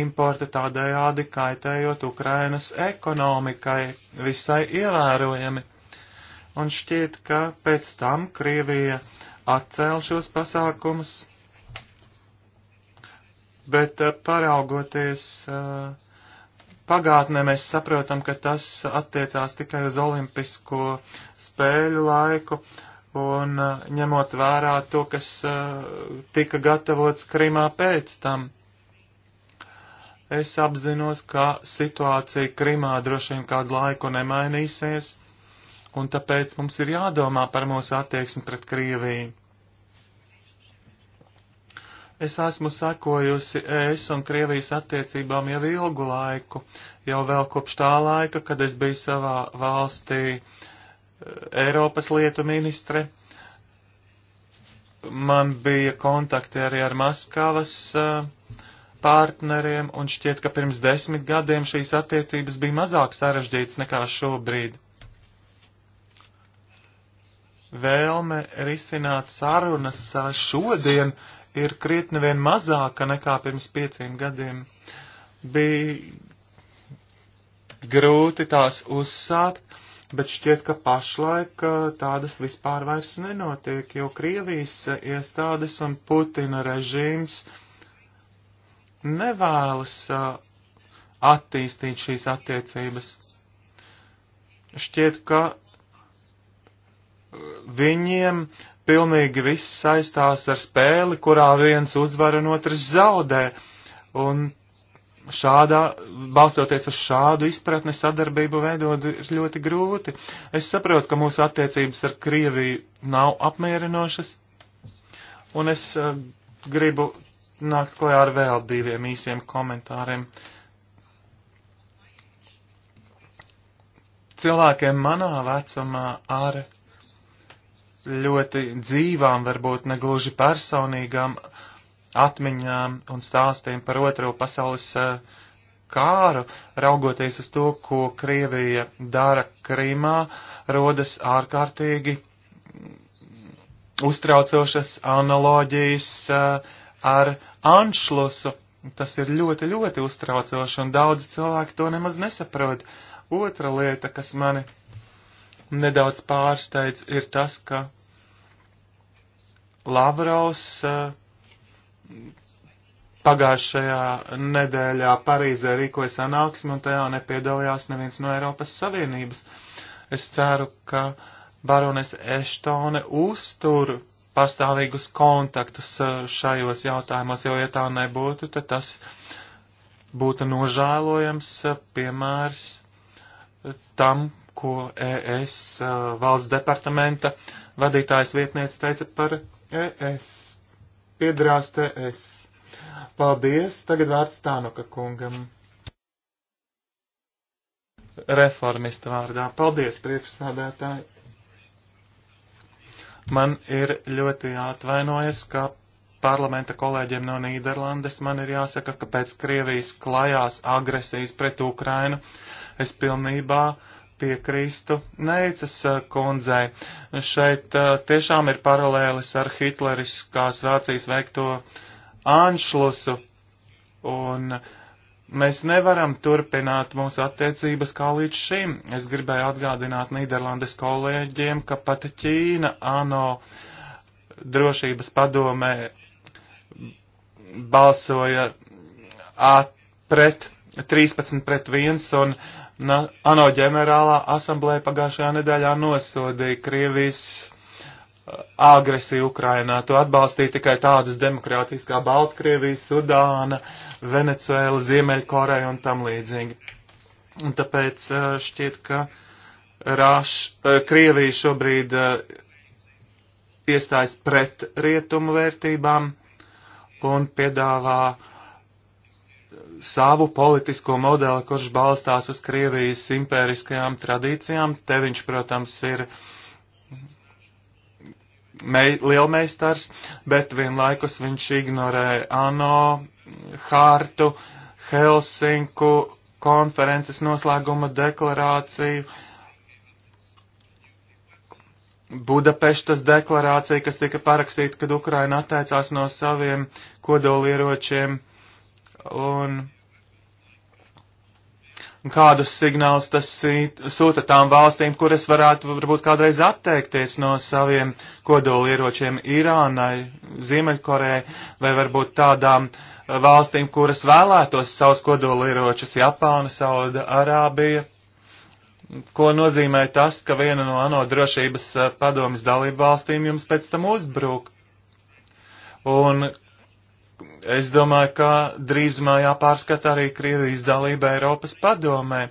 importu tādējādi kaitējot Ukrainas ekonomikai visai ievērojami. Un šķiet, ka pēc tam Krievija atcēl šos pasākumus, bet uh, paraugoties uh, Pagātnē mēs saprotam, ka tas attiecās tikai uz olimpisko spēļu laiku, un uh, ņemot vērā to, kas uh, tika gatavots Krimā pēc tam. Es apzinos, ka situācija Krimā droši vien kādu laiku nemainīsies, un tāpēc mums ir jādomā par mūsu attieksmi pret Krieviju. Es esmu sekojusi ES un Krievijas attiecībām jau ilgu laiku, jau vēl kopš tā laika, kad es biju savā valstī eh, Eiropas lietu ministre. Man bija kontakti arī ar Maskavas uh, partneriem, un šķiet, ka pirms desmit gadiem šīs attiecības bija mazāk sarežģītas nekā šobrīd vēlme risināt sarunas eh, šodien ir krietni vien mazāka nekā pirms pieciem gadiem. Bija grūti tās uzsākt, bet šķiet, ka pašlaik eh, tādas vispār vairs nenotiek, jo Krievijas eh, iestādes un Putina režīms nevēlas eh, attīstīt šīs attiecības. Šķiet, ka viņiem pilnīgi viss saistās ar spēli, kurā viens uzvar un otrs zaudē. Un šādā, balstoties uz šādu izpratni, sadarbību veidot ir ļoti grūti. Es saprotu, ka mūsu attiecības ar Krieviju nav apmierinošas, un es uh, gribu nākt klajā ar vēl diviem īsiem komentāriem. Cilvēkiem manā vecumā ar ļoti dzīvām, varbūt negluži personīgām atmiņām un stāstiem par otro pasaules eh, kāru, raugoties uz to, ko Krievija dara Krimā, rodas ārkārtīgi uztraucošas analoģijas eh, ar anšlusu. Tas ir ļoti, ļoti uztraucoši, un daudz cilvēku to nemaz nesaprot. Otra lieta, kas mani nedaudz pārsteidz, ir tas, ka Lavrovs eh, pagājušajā nedēļā Parīzē rīkoja sanāksmi un tajā nepiedalījās neviens no Eiropas Savienības. Es ceru, ka barones Eštone uztur pastāvīgus kontaktus eh, šajos jautājumos, jo ja tā nebūtu, tad tas būtu nožēlojams eh, piemērs tam, ko ES valsts departamenta vadītājs vietniece teica par ES. Piedrās ES. Paldies, tagad vārds Tānuka kungam. Reformista vārdā. Paldies, priekšsādētāji. Man ir ļoti jāatvainojas, ka parlamenta kolēģiem no Nīderlandes man ir jāsaka, ka pēc Krievijas klajās agresijas pret Ukrainu es pilnībā uh, piekrīstu Neicas eh, kundzei. Šeit eh, tiešām ir paralēlis ar hitleriskās Vācijas veikto anšlusu, un mēs nevaram turpināt mūsu attiecības kā līdz šim. Es gribēju atgādināt Nīderlandes kolēģiem, ka pat Ķīna ANO drošības padomē balsoja at, pret 13 pret 1 un uh, Na, ANO ģenerālā asamblēja pagājušajā nedēļā nosodīja Krievijas uh, agresiju Ukrainā. To atbalstīja tikai tādas demokrātijas kā Baltkrievija, Sudāna, Venecuēla, Ziemeļkoreja un tam līdzīgi. Un tāpēc uh, šķiet, ka Rāš, uh, Krievija šobrīd iestājas pret rietumu vērtībām un piedāvā savu politisko modeli, kurš balstās uz Krievijas impēriskajām tradīcijām. Te viņš, protams, ir mei, lielmeistars, bet vienlaikus viņš ignorē ANO, Hārtu, Helsinku konferences noslēguma deklarāciju. Budapeštas deklarācija, kas tika parakstīta, kad Ukraina atteicās no saviem kodolieročiem un kādus signālus tas sūta tām valstīm, kuras varētu varbūt kādreiz atteikties no saviem kodolieročiem Irānai, Ziemeļkorejai vai varbūt tādām valstīm, kuras vēlētos savus kodolieročus Japāna, Sauda Arābija. Ko nozīmē tas, ka viena no ANO drošības padomjas dalību valstīm jums pēc tam uzbruk? Un es domāju, ka drīzumā jāpārskata arī Krievijas dalība Eiropas padomē.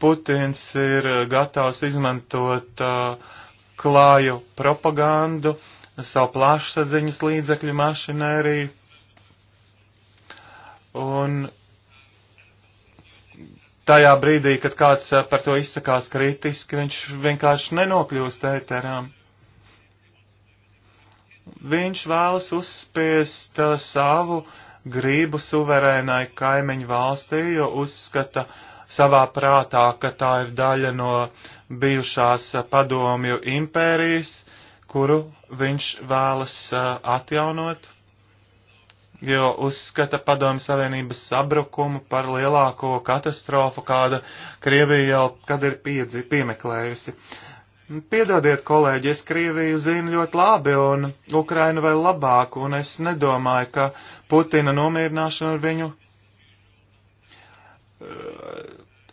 Putins ir gatavs izmantot uh, klāju propagandu, savu plašsaziņas līdzekļu mašinēriju. Un tajā brīdī, kad kāds uh, par to izsakās kritiski, viņš vienkārši nenokļūst ēterām viņš vēlas uzspiest eh, savu gribu suverēnai kaimiņu valstī, jo uzskata savā prātā, ka tā ir daļa no bijušās eh, padomju impērijas, kuru viņš vēlas eh, atjaunot, jo uzskata padomju savienības sabrukumu par lielāko katastrofu, kāda Krievija jau kad ir piedzi, piemeklējusi. Uh, Piedodiet, kolēģi, es Krieviju zinu ļoti labi un Ukrainu vēl labāk, un es nedomāju, ka Putina nomierināšana ar viņu uh,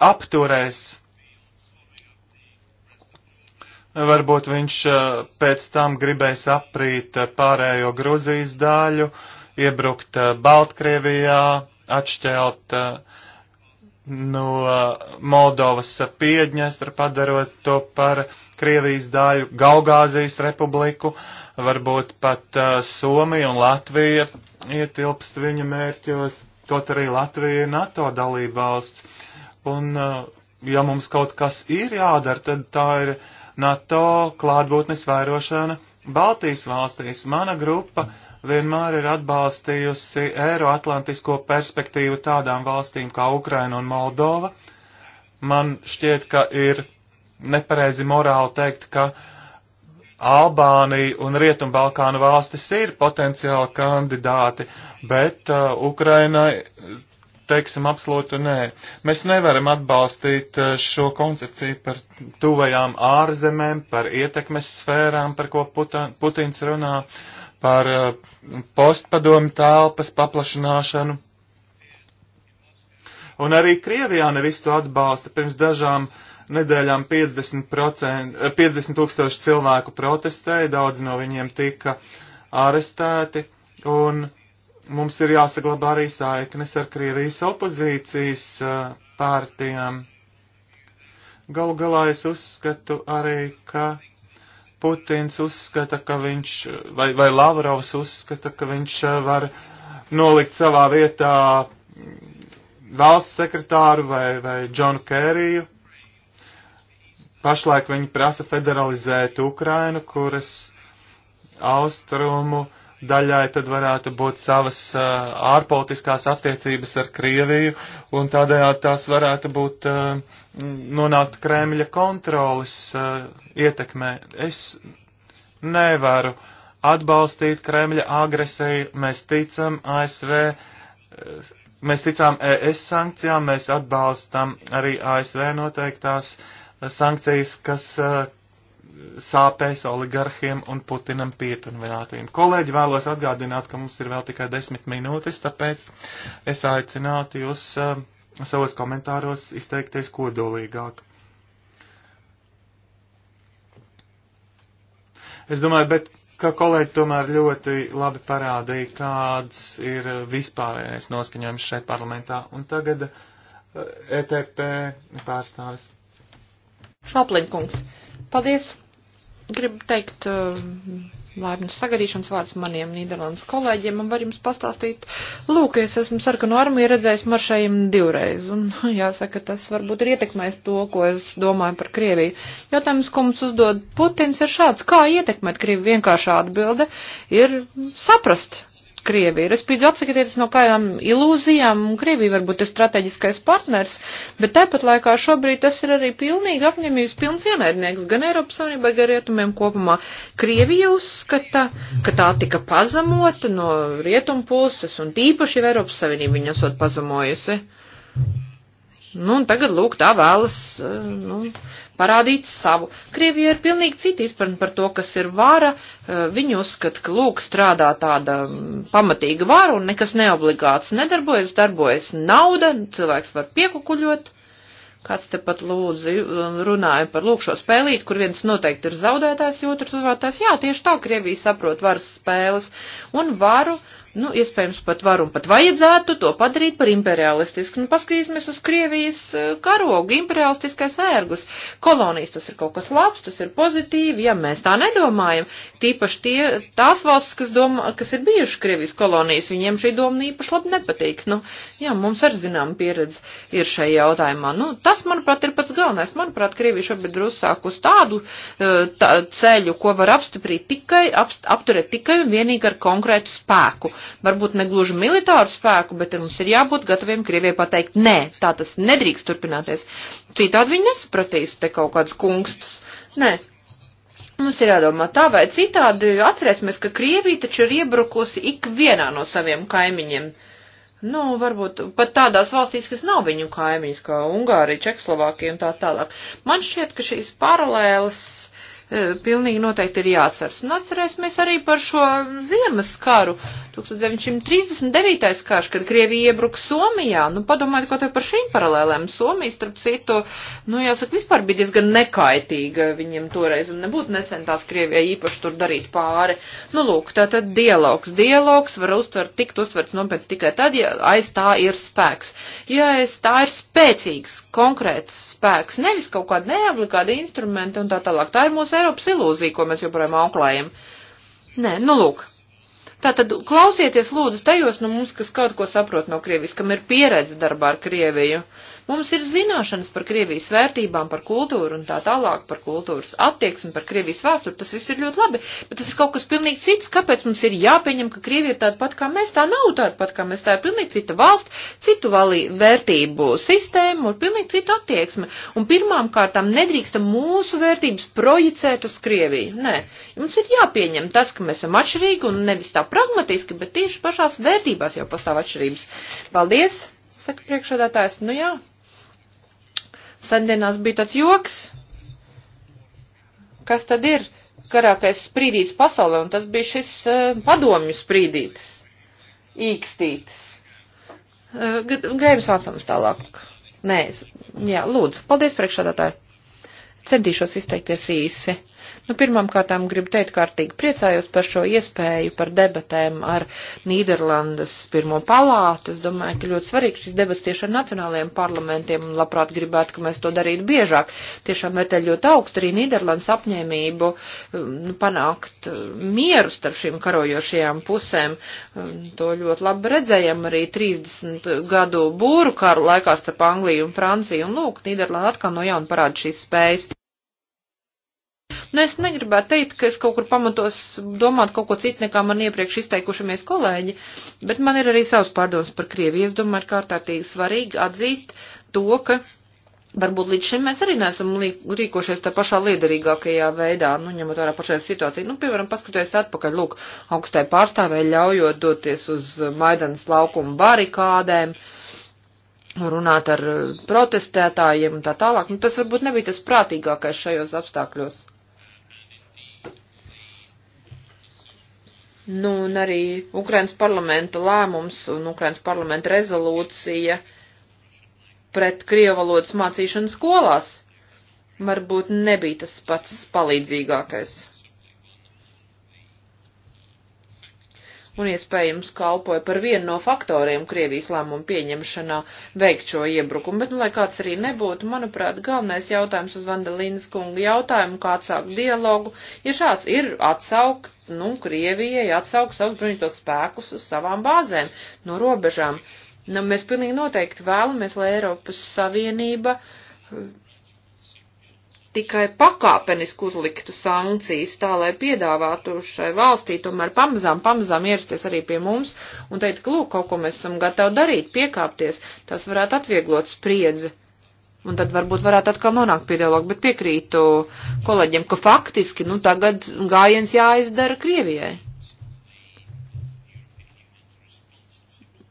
apturēs. Varbūt viņš uh, pēc tam gribēs aprīt uh, pārējo Gruzijas daļu, iebrukt Baltkrievijā, atšķelt no Moldovas piedņestra, padarot to par Krievijas daļu, Gaugāzijas republiku, varbūt pat uh, Somija un Latvija ietilpst viņa mērķos, tot arī Latvija ir NATO dalībvalsts. Un uh, ja mums kaut kas ir jādara, tad tā ir NATO klātbūtnes vairošana Baltijas valstīs. Mana grupa vienmēr ir atbalstījusi Eiroatlantisko perspektīvu tādām valstīm kā Ukraina un Moldova. Man šķiet, ka ir nepareizi morāli teikt, ka Albānija un Rietumbalkānu valstis ir potenciāli kandidāti, bet uh, Ukrainai, teiksim, absolūti nē. Mēs nevaram atbalstīt uh, šo koncepciju par tuvajām ārzemēm, par ietekmes sfērām, par ko Puta, Putins runā, par uh, postpadomu telpas paplašināšanu. Un arī Krievijā nevis to atbalsta pirms dažām uh, nedēļām 50%, 50 eh, tūkstoši cilvēku protestēja, daudz no viņiem tika arestēti, un mums ir jāsaglabā arī saiknes ar Krievijas opozīcijas eh, pārtījām. Galu galā es uzskatu arī, ka Putins uzskata, ka viņš, vai, vai Lavrovs uzskata, ka viņš eh, var nolikt savā vietā mm, valsts sekretāru vai, vai Džonu Kēriju, Pašlaik viņi prasa federalizēt Ukrainu, kuras austrumu daļai tad varētu būt savas uh, ārpolitiskās attiecības ar Krieviju, un tādējādi tās varētu būt uh, nonākt Kremļa kontrolas uh, ietekmē. Es nevaru atbalstīt Kremļa agresiju, mēs ticam ASV. Uh, Mēs ticām ES sankcijām, mēs atbalstam arī ASV noteiktās uh, sankcijas, kas eh, sāpēs oligarhiem un Putinam pietunvinātiem. Kolēģi vēlos atgādināt, ka mums ir vēl tikai desmit minūtes, tāpēc es aicinātu jūs eh, savos komentāros izteikties kodolīgāk. Es domāju, bet ka kolēģi tomēr ļoti labi parādīja, kāds ir vispārējais noskaņojums šeit parlamentā. Un tagad ETP eh, e pārstāvis.
Šaplinkungs, paldies! Gribu teikt uh, laipnas sagadīšanas vārds maniem Nīderlandes kolēģiem un var jums pastāstīt, lūk, es esmu sarkanu armiju redzējis maršējumu divreiz un jāsaka, tas varbūt ir ietekmējis to, ko es domāju par Krieviju. Jautājums, ko mums uzdod Putins, ir šāds, kā ietekmēt Krieviju vienkāršā atbilde, ir saprast, Krieviju. Respektīvi, atsakieties no kādām ilūzijām, un Krievija varbūt ir strateģiskais partners, bet tāpat laikā šobrīd tas ir arī pilnīgi apņemības pilns ienaidnieks gan Eiropas Savienībai, gan rietumiem kopumā. Krievija uzskata, ka tā tika pazemota no rietumu puses, un tīpaši jau Eiropas Savienība viņu esot pazemojusi. Nu, un tagad, lūk, tā vēlas, eh, nu, parādīt savu. Krievija ir pilnīgi cita izpratne par to, kas ir vara. Eh, viņi uzskata, ka lūk strādā tāda mm, pamatīga vara un nekas neobligāts nedarbojas, darbojas nauda, cilvēks var piekukuļot. Kāds te pat lūdzu eh, runāja par lūkšo spēlīt, kur viens noteikti ir zaudētājs, jo otrs uzvārtājs. Jā, tieši tā Krievija saprot varas spēles un varu. Uh, Nu, iespējams, pat var un pat vajadzētu to padarīt par imperialistisku. Nu, paskatīsimies uz Krievijas eh, karogu, imperialistiskais ērgus. Kolonijas tas ir kaut kas labs, tas ir pozitīvi, ja mēs tā nedomājam. Tīpaši tie, tās valstis, kas, domā, kas ir bijušas Krievijas kolonijas, viņiem šī doma īpaši labi nepatīk. Nu, jā, mums ar zinām pieredze ir šai jautājumā. Nu, tas, manuprāt, ir pats galvenais. Manuprāt, Krievija šobrīd ir uzsākus tādu eh, tā, ceļu, ko var apstiprīt tikai, apst, apturēt tikai un vienīgi ar konkrētu spēku varbūt negluži militāru spēku, bet mums ir jābūt gataviem Krievijai pateikt, nē, tā tas nedrīkst turpināties. Citādi viņi nesapratīs te kaut kādus kungstus. Nē, Mums ir jādomā tā vai citādi. Atcerēsimies, ka Krievija taču ir iebrukusi ikvienā no saviem kaimiņiem. Nu, varbūt pat tādās valstīs, kas nav viņu kaimiņas, kā Ungārija, Čekslovākija un tā tālāk. Man šķiet, ka šīs paralēles E, pilnīgi noteikti ir jāatceras. Un nu, atcerēsimies arī par šo ziemas karu, 1939. karš, kad Krievija iebruka Somijā. Nu, padomājiet kaut par šīm paralēlēm. Somija, starp citu, nu, jāsaka, vispār bija diezgan nekaitīga viņiem toreiz, un nebūtu necentās Krievijai īpaši tur darīt pāri. Nu, lūk, tā tad dialogs. Dialogs var uztvert, tikt uztverts nopietns tikai tad, ja aiz tā ir spēks. Ja aiz tā ir spēcīgs, konkrēts spēks, nevis kaut kāda neobligāta instrumenta un tā tālāk. Tā ir mūsu Eiropas ilūzija, ko mēs joprojām auklējam. Nē, nu lūk. Tātad klausieties lūdzu tajos no nu, mums, kas kaut ko saprot no Krievijas, kam ir pieredze darbā ar Krieviju. Uh, Mums ir zināšanas par Krievijas vērtībām, par kultūru un tā tālāk, par kultūras attieksmi, par Krievijas vēsturi, tas viss ir ļoti labi, bet tas ir kaut kas pilnīgi cits, kāpēc mums ir jāpieņem, ka Krievija ir tāda pat kā mēs, tā nav tāda pat kā mēs, tā ir pilnīgi cita valsts, citu valī vērtību sistēmu un pilnīgi cita attieksme. Un pirmām kārtām nedrīkstam mūsu vērtības projicēt uz Krieviju. Nē, mums ir jāpieņem tas, ka mēs esam atšķirīgi un nevis tā pragmatiski, bet tieši pašās vērtībās jau pastāv atšķirības. Paldies, saka priekšādātājs. Nu jā, Sandienās bija tāds joks, kas tad ir karākais sprīdīts pasaulē, un tas bija šis uh, padomju sprīdītis, īkstītis. Uh, eh, Grēms Vācams tālāk. Nē, es, jā, lūdzu, paldies priekšādātāji. Centīšos izteikties īsi Nu, pirmām kārtām gribu teikt kārtīgi priecājos par šo iespēju, par debatēm ar Nīderlandes pirmo palātu. Es domāju, ka ļoti svarīgi šis debats tieši ar nacionālajiem parlamentiem un labprāt gribētu, ka mēs to darītu biežāk. Tiešām vērtē ļoti augstu arī Nīderlandes apņēmību nu, panākt uh, mieru starp šīm karojošajām pusēm. Um, to ļoti labi redzējam arī 30 gadu būru karu laikā starp Angliju un Franciju. Un lūk, Nīderlanda atkal no jauna parāda šīs spējas. Nu, es negribētu teikt, ka es kaut kur pamatos domāt kaut ko citu, nekā man iepriekš izteikušamies kolēģi, bet man ir arī savs pārdoms par Krieviju. Es domāju, ir kārtārtīgi svarīgi atzīt to, ka Varbūt līdz šim mēs arī neesam rīkošies tā pašā liederīgākajā veidā, nu, ņemot vērā pašai situāciju. Nu, piemēram, paskatieties atpakaļ, lūk, augstai pārstāvēji ļaujot doties uz Maidanas laukumu barikādēm, runāt ar protestētājiem un tā tālāk. Nu, tas varbūt nebija tas prātīgākais šajos apstākļos. Nu, un arī Ukrainas parlamenta lēmums un Ukrainas parlamenta rezolūcija pret krievu valodas mācīšanu skolās varbūt nebija tas pats palīdzīgākais. un iespējams kalpoja par vienu no faktoriem Krievijas lēmumu pieņemšanā veikt šo iebrukumu. Bet, nu, lai kāds arī nebūtu, manuprāt, galvenais jautājums uz Vandalīnas kunga jautājumu, kā atsākt dialogu, ja šāds ir atsaukt, nu, Krievijai atsaukt savus bruņotos spēkus uz savām bāzēm, no robežām. Nu, mēs pilnīgi noteikti vēlamies, lai Eiropas Savienība tikai pakāpeniski uzliktu sankcijas, tā lai piedāvātu šai valstī tomēr pamazām, pamazām ierasties arī pie mums un teikt, lūk, kaut ko mēs esam gatavi darīt, piekāpties, tas varētu atvieglot spriedzi. Un tad varbūt varētu atkal nonākt pie dialoga, bet piekrītu kolēģiem, ka faktiski, nu, tagad gājiens jāizdara Krievijai.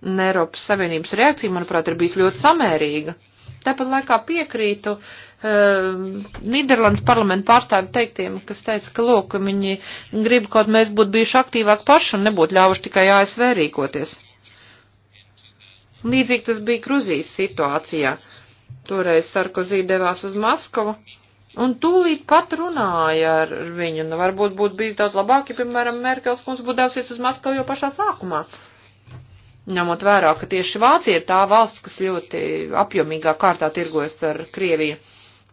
Un Eiropas Savienības reakcija, manuprāt, ir bijusi ļoti samērīga. Tāpat laikā piekrītu uh, Nīderlandes parlamentu pārstāvi teiktiem, kas teica, ka lūk, viņi grib kaut mēs būtu bijuši aktīvāk paši un nebūtu ļāvuši tikai ASV rīkoties. Līdzīgi tas bija Gruzijas situācijā. Toreiz Sarkozī devās uz Maskavu un tūlīt pat runāja ar viņu. Nu, varbūt būtu bijis daudz labāk, ja, piemēram, Merkels kungs būtu devusies uz Maskavu jau pašā sākumā. Uh, ņemot vērā, ka tieši Vācija ir tā valsts, kas ļoti apjomīgā kārtā tirgojas ar Krieviju.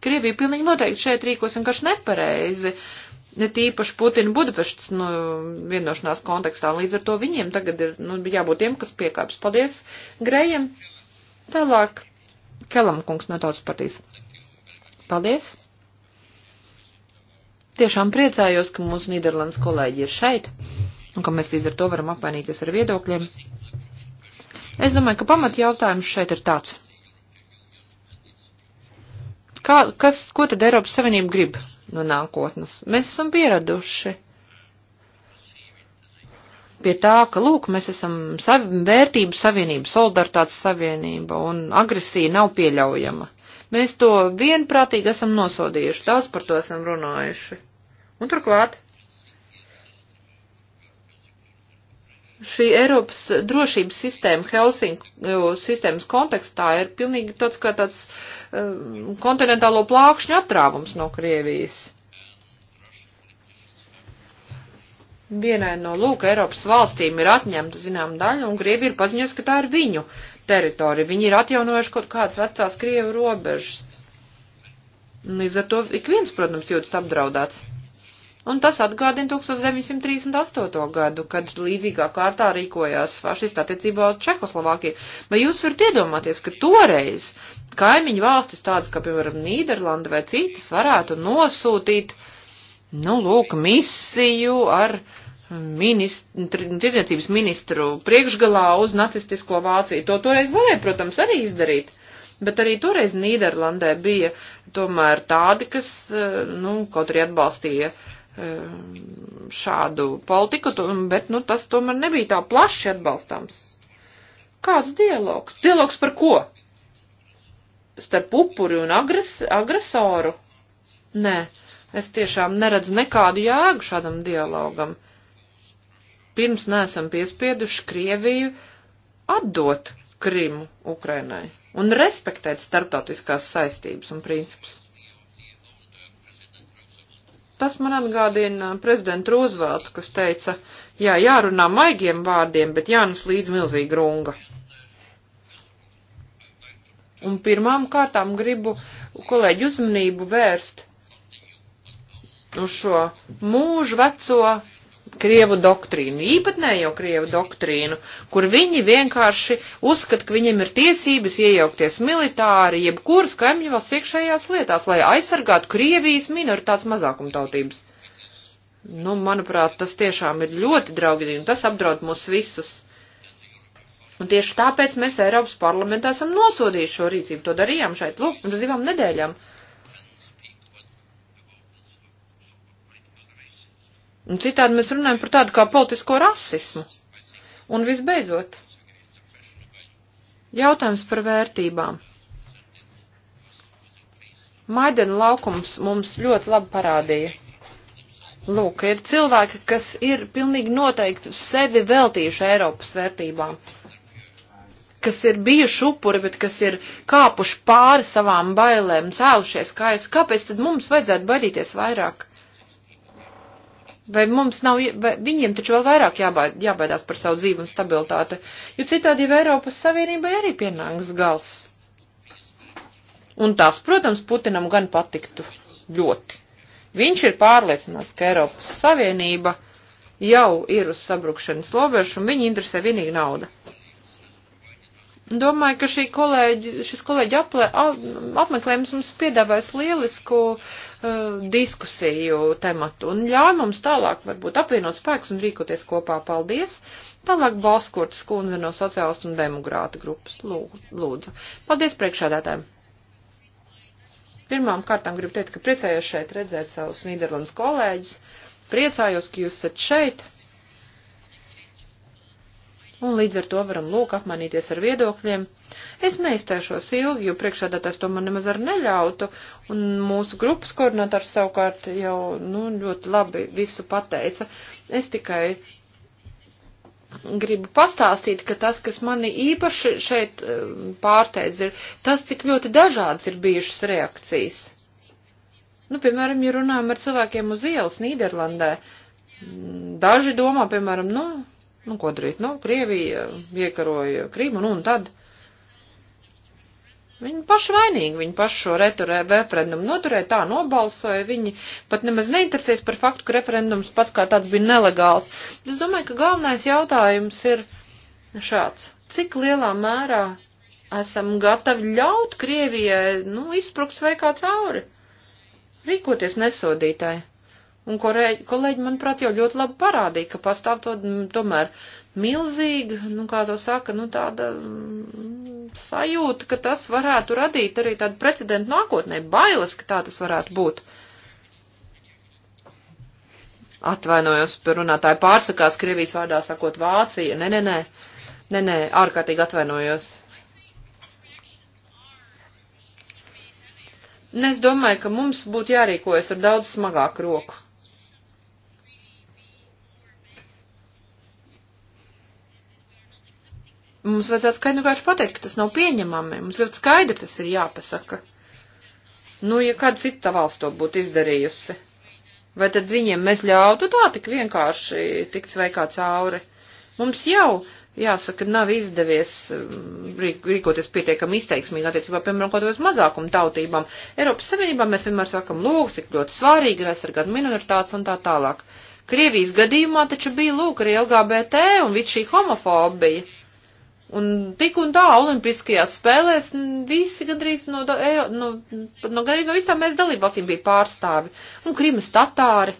Krievija pilnīgi noteikti šeit rīkos vienkārši nepareizi, ne tīpaši Putina Budapeštas nu, vienošanās kontekstā, līdz ar to viņiem tagad ir nu, jābūt tiem, kas piekāps. Paldies Grējiem. Tālāk Kelam kungs no tautas partijas. Paldies. Tiešām priecājos, ka mūsu Nīderlandes kolēģi ir šeit un ka mēs līdz ar to varam apmainīties ar viedokļiem. Es domāju, ka pamat jautājums šeit ir tāds. Kā, kas, ko tad Eiropas Savienība grib no nākotnes? Mēs esam pieraduši pie tā, ka, lūk, mēs esam sav, vērtību savienība, solidaritātes savienība un agresija nav pieļaujama. Mēs to vienprātīgi esam nosodījuši, daudz par to esam runājuši. Un turklāt šī Eiropas drošības sistēma Helsinku e, sistēmas kontekstā ir pilnīgi tāds kā tāds um, kontinentālo plākšņu atrāvums no Krievijas. Vienai no lūk Eiropas valstīm ir atņemta zinām daļa, un Krievija ir paziņojusi, ka tā ir viņu teritorija. Viņi ir atjaunojuši kaut kādas vecās Krievu robežas. Līdz ar to ik viens, protams, jūtas apdraudāts un tas atgādina 1938. gadu, kad līdzīgā kārtā rīkojās fašista attiecībā uz Čehoslovākiju. Vai jūs varat iedomāties, ka toreiz kaimiņu valstis tādas kā, piemēram, Nīderlanda vai citas varētu nosūtīt, nu, lūk, misiju ar tirdzniecības ministru priekšgalā uz nacistisko Vāciju. To toreiz varēja, protams, arī izdarīt. Bet arī toreiz Nīderlandē bija tomēr tādi, kas, eh, nu, kaut arī atbalstīja uh, Um, šādu politiku, bet, nu, tas tomēr nebija tā plaši atbalstāms. Kāds dialogs? Dialogs par ko? Starp upuri un agres, agresoru? Nē, es tiešām neredzu nekādu jēgu šādam dialogam. Pirms neesam piespieduši Krieviju atdot Krimu Ukrainai un respektēt starptautiskās saistības un principus. Tas man atgādina prezidentu Rooseveltu, kas teica, jā, jārunā maigiem vārdiem, bet jānes līdz milzīga runga. Un pirmām kārtām gribu kolēģi uzmanību vērst uz šo mūžu veco Krievu doktrīnu, īpatnējo Krievu doktrīnu, kur viņi vienkārši uzskata, ka viņiem ir tiesības iejaukties militāri, jebkuras kaimiņvalsts iekšējās lietās, lai aizsargātu Krievijas minoritātes mazākumtautības. Nu, manuprāt, tas tiešām ir ļoti draugīgi, un tas apdraud mūs visus. Un tieši tāpēc mēs Eiropas parlamentā esam nosodījuši šo rīcību. To darījām šeit, lūk, pirms divām nedēļām. Un citādi mēs runājam par tādu kā politisko rasismu. Un visbeidzot, jautājums par vērtībām. Maidena laukums mums ļoti labi parādīja. Lūk, ir cilvēki, kas ir pilnīgi noteikti sevi veltījuši Eiropas vērtībām, kas ir bijuši upuri, bet kas ir kāpuši pāri savām bailēm, cēlušies kājas. Kāpēc tad mums vajadzētu baidīties vairāk? Vai mums nav, vai viņiem taču vēl vairāk jābaid, jābaidās par savu dzīvu un stabilitāti, jo citādi jau Eiropas Savienībai arī pienāks gals. Un tas, protams, Putinam gan patiktu ļoti. Viņš ir pārliecināts, ka Eiropas Savienība jau ir uz sabrukšanas lobežu un viņa interesē vienīgi nauda. Domāju, ka šī kolēģi, šis kolēģi aplē, apmeklējums mums piedāvās lielisku uh, diskusiju tematu un ļauj mums tālāk varbūt apvienot spēkus un rīkoties kopā. Paldies! Tālāk Balskurts kundze no sociālistu un demokrāta grupas lūdzu. Paldies priekšādātājiem! Pirmām kārtām gribu teikt, ka priecājos šeit redzēt savus Nīderlandes kolēģus. Priecājos, ka jūs esat šeit un līdz ar to varam lūk apmainīties ar viedokļiem. Es neizstāšos ilgi, jo priekšādātājs to man nemaz ar neļautu, un mūsu grupas koordinators savukārt jau, nu, ļoti labi visu pateica. Es tikai gribu pastāstīt, ka tas, kas mani īpaši šeit eh, pārsteidz, ir tas, cik ļoti dažādas ir bijušas reakcijas. Nu, piemēram, ja runājam ar cilvēkiem uz ielas Nīderlandē, daži domā, piemēram, nu, Nu, ko darīt? Nu, Krievija iekaroja Krīmu, nu, un tad. Viņi paši vainīgi, viņi paši šo referendumu noturēja, tā nobalsoja, viņi pat nemaz neinteresējas par faktu, ka referendums pats kā tāds bija nelegāls. Es domāju, ka galvenais jautājums ir šāds. Cik lielā mērā esam gatavi ļaut Krievijai, nu, izsprukt sveikā cauri? Rīkoties nesodītāji. Un kolēģi, kolēģi, manuprāt, jau ļoti labi parādīja, ka pastāv to, tomēr milzīga, nu, kā to saka, nu, tāda mm, sajūta, ka tas varētu radīt arī tādu precedentu nākotnē, bailes, ka tā tas varētu būt. Atvainojos par runātāju pārsakās, Krievijas vārdā sakot Vācija. Nē, nē, nē, nē, nē, ārkārtīgi atvainojos. Un es domāju, ka mums būtu jārīkojas ar daudz smagāku roku. Mums vajadzētu skaidri vienkārši pateikt, ka tas nav pieņemami. Mums ļoti skaidri tas ir jāpasaka. Nu, ja kāda cita valsts to būtu izdarījusi, vai tad viņiem mēs ļautu tā tik vienkārši tikt sveikā cauri? Mums jau, jāsaka, nav izdevies um, rīkoties pietiekami izteiksmīgi attiecībā, piemēram, kaut kādos mazākumu tautībām. Eiropas Savienībā mēs vienmēr sakam, lūk, cik ļoti svārīgi ir aizsargāt minoritātes un tā tālāk. Krievijas gadījumā taču bija, lūk, arī LGBT un viss šī homofobija. Un tik un tā olimpiskajās spēlēs visi gandrīz no, no, no, no visām mēs dalībvalstīm bija pārstāvi. Un Krimas tatāri.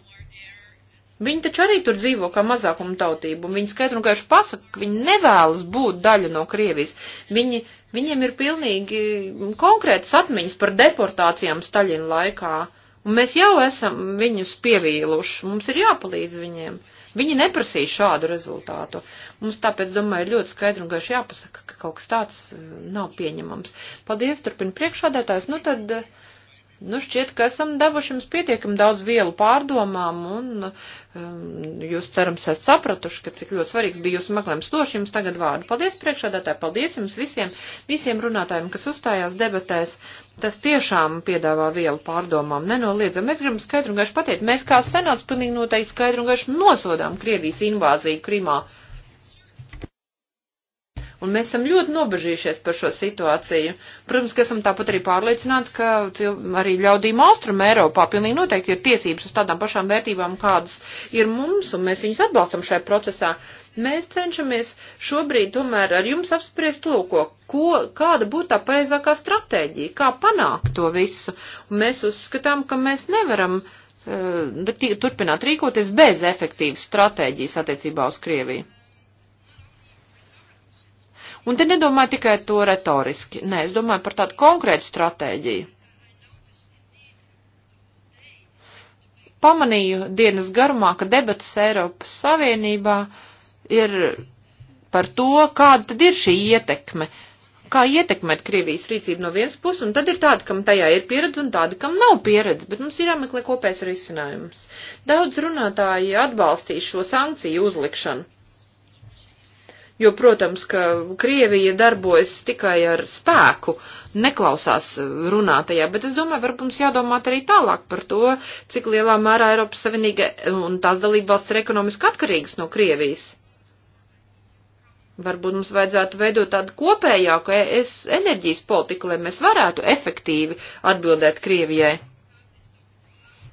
Viņi taču arī tur dzīvo kā mazākuma tautība, un viņi skaidru un gaišu pasaka, ka viņi nevēlas būt daļa no Krievijas. Viņi, viņiem ir pilnīgi konkrētas atmiņas par deportācijām Staļina laikā, un mēs jau esam viņus pievīluši, mums ir jāpalīdz viņiem. Uh, Viņi neprasīja šādu rezultātu. Mums tāpēc, domāju, ir ļoti skaidri un gaiši jāpasaka, ka kaut kas tāds eh, nav pieņemams. Paldies, turpina priekšādētājs. Nu tad. Uh, Nu, šķiet, ka esam devuši jums pietiekami daudz vielu pārdomām, un um, jūs cerams esat sapratuši, ka cik ļoti svarīgs bija jūsu meklējums. Došu jums tagad vārdu. Paldies priekšādātāji, paldies jums visiem, visiem runātājiem, kas uzstājās debatēs. Tas tiešām piedāvā vielu pārdomām, nenoliedzam. Mēs gribam skaidru un gaišu pateikt, mēs kā senāts pilnīgi noteikti skaidru un gaišu nosodām Krievijas invāziju Krimā. Un mēs esam ļoti nobežījušies par šo situāciju. Protams, ka esam tāpat arī pārliecināti, ka arī ļaudīm Austrum Eiropā pilnīgi noteikti ir tiesības uz tādām pašām vērtībām, kādas ir mums, un mēs viņus atbalstam šajā procesā. Mēs cenšamies šobrīd tomēr ar jums apspriest lūko, ko, kāda būtu tā pareizākā stratēģija, kā panākt to visu. Un mēs uzskatām, ka mēs nevaram uh, turpināt rīkoties bez efektīvas stratēģijas attiecībā uz Krieviju. Un te nedomāju tikai to retoriski, nē, es domāju par tādu konkrētu stratēģiju. Pamanīju dienas garumā, ka debatas Eiropas Savienībā ir par to, kāda tad ir šī ietekme, kā ietekmēt Krievijas rīcību no vienas puses, un tad ir tāda, kam tajā ir pieredze, un tāda, kam nav pieredze, bet mums ir jāmeklē kopējs risinājums. Daudz runātāji atbalstīs šo sankciju uzlikšanu. Jo, protams, ka Krievija darbojas tikai ar spēku, neklausās runātajā, bet es domāju, varbūt mums jādomā arī tālāk par to, cik lielā mērā Eiropas Savienība un tās dalībvalsts ir ekonomiski atkarīgas no Krievijas. Varbūt mums vajadzētu veidot tādu kopējāku e enerģijas politiku, lai mēs varētu efektīvi atbildēt Krievijai.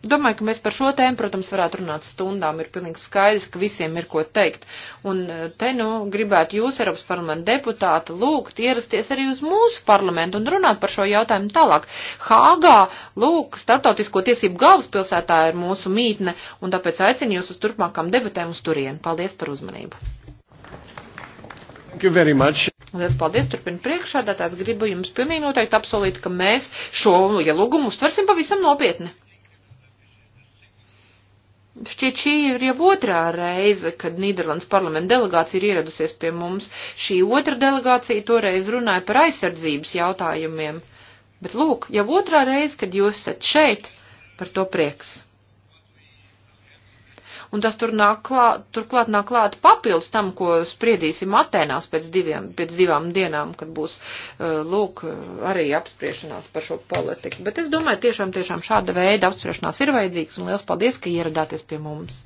Domāju, ka mēs par šo tēmu, protams, varētu runāt stundām. Ir pilnīgi skaidrs, ka visiem ir ko teikt. Un eh, te, nu, gribētu jūs, Eiropas parlamenta deputāti, lūgt ierasties arī uz mūsu parlamentu un runāt par šo jautājumu tālāk. Hāgā, lūk, startautisko tiesību galvaspilsētā ir mūsu mītne, un tāpēc aicinu jūs uz turpmākām debatēm uz turien. Paldies par uzmanību.
Thank you very much.
Liels paldies, turpina priekšādā, tās gribu jums pilnīgi noteikti apsolīt, ka mēs šo ja lūgumu uztversim pavisam nopietni. Šķiet, šī ir jau otrā reize, kad Nīderlandes parlamenta delegācija ir ieradusies pie mums. Šī otra delegācija toreiz runāja par aizsardzības jautājumiem. Bet lūk, jau otrā reize, kad jūs esat šeit, par to prieks un tas tur nāk klāt, turklāt nāk klāt papildus tam, ko spriedīsim Atenās pēc, diviem, pēc divām dienām, kad būs, uh, lūk, uh, arī apspriešanās par šo politiku. Bet es domāju, tiešām, tiešām šāda veida apspriešanās ir vajadzīgs, un liels paldies, ka ieradāties pie mums.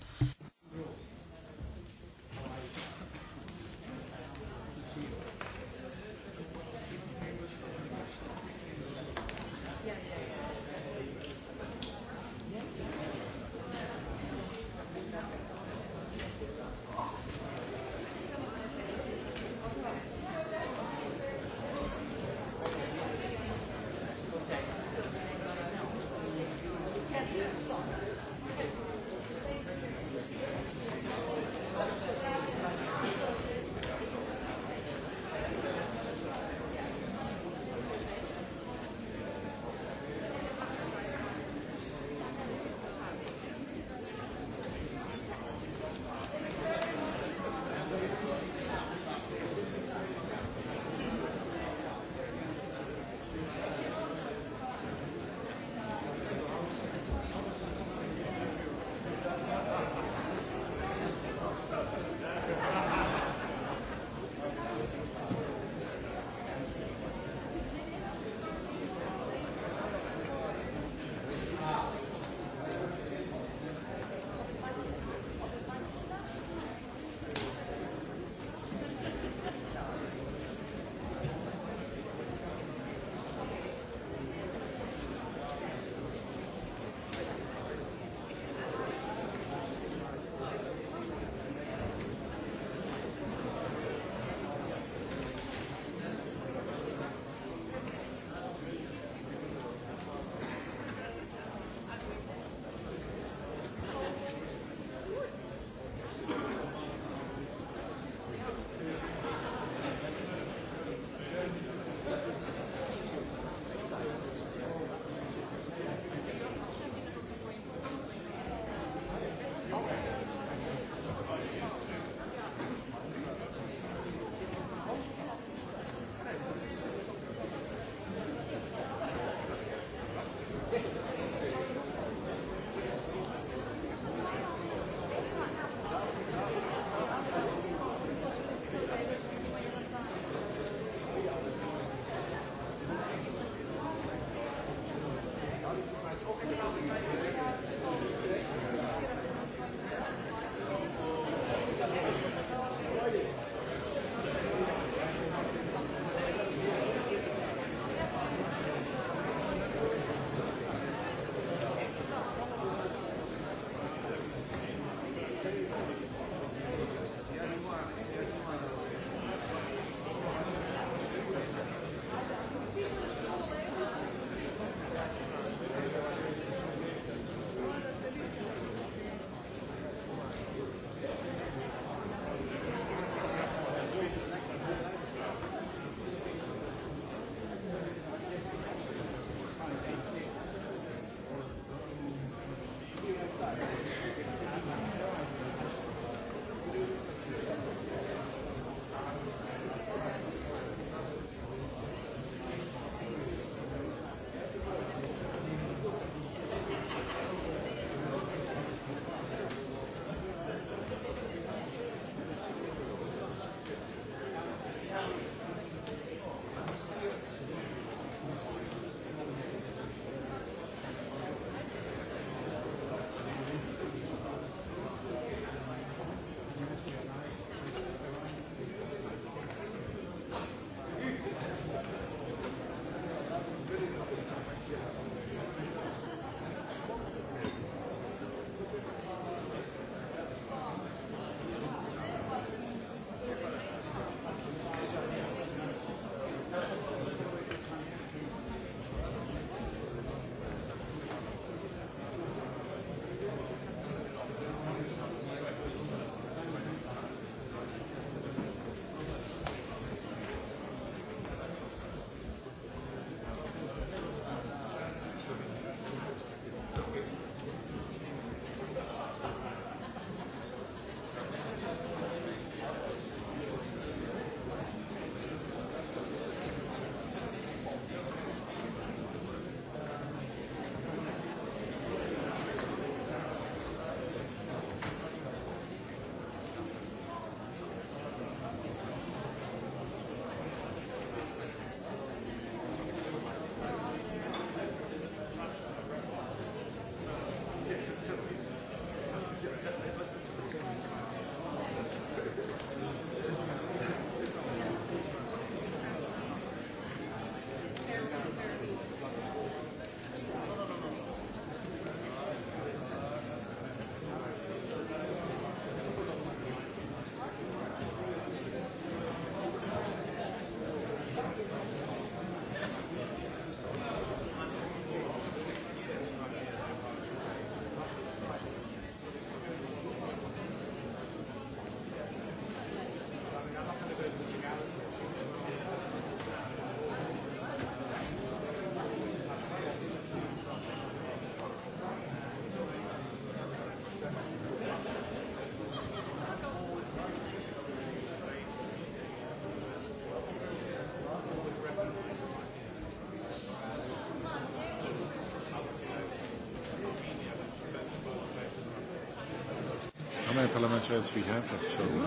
parliamentarians we have actually.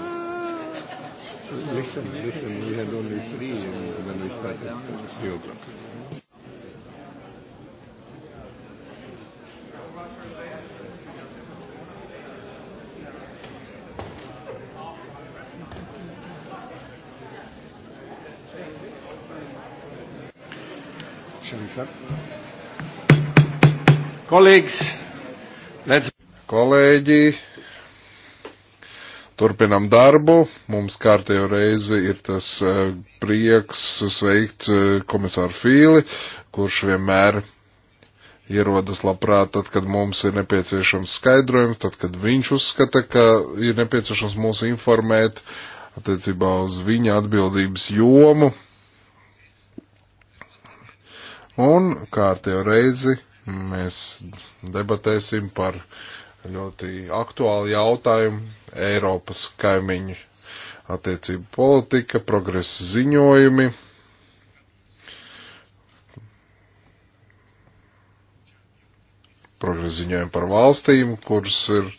Listen, listen, we had only three and when we started at 3 o'clock.
Kolēģis, Kolēģi, Turpinam darbu. Mums kārtējo reizi ir tas e, prieks sveikt e, komisāru Fīli, kurš vienmēr ierodas labprāt, tad, kad mums ir nepieciešams skaidrojums, tad, kad viņš uzskata, ka ir nepieciešams mūs informēt attiecībā uz viņa atbildības jomu. Un kārtējo reizi mēs debatēsim par ļoti aktuālu jautājumu, Eiropas kaimiņu attiecību politika, progresa ziņojumi. Progresa ziņojumi par valstīm, kuras ir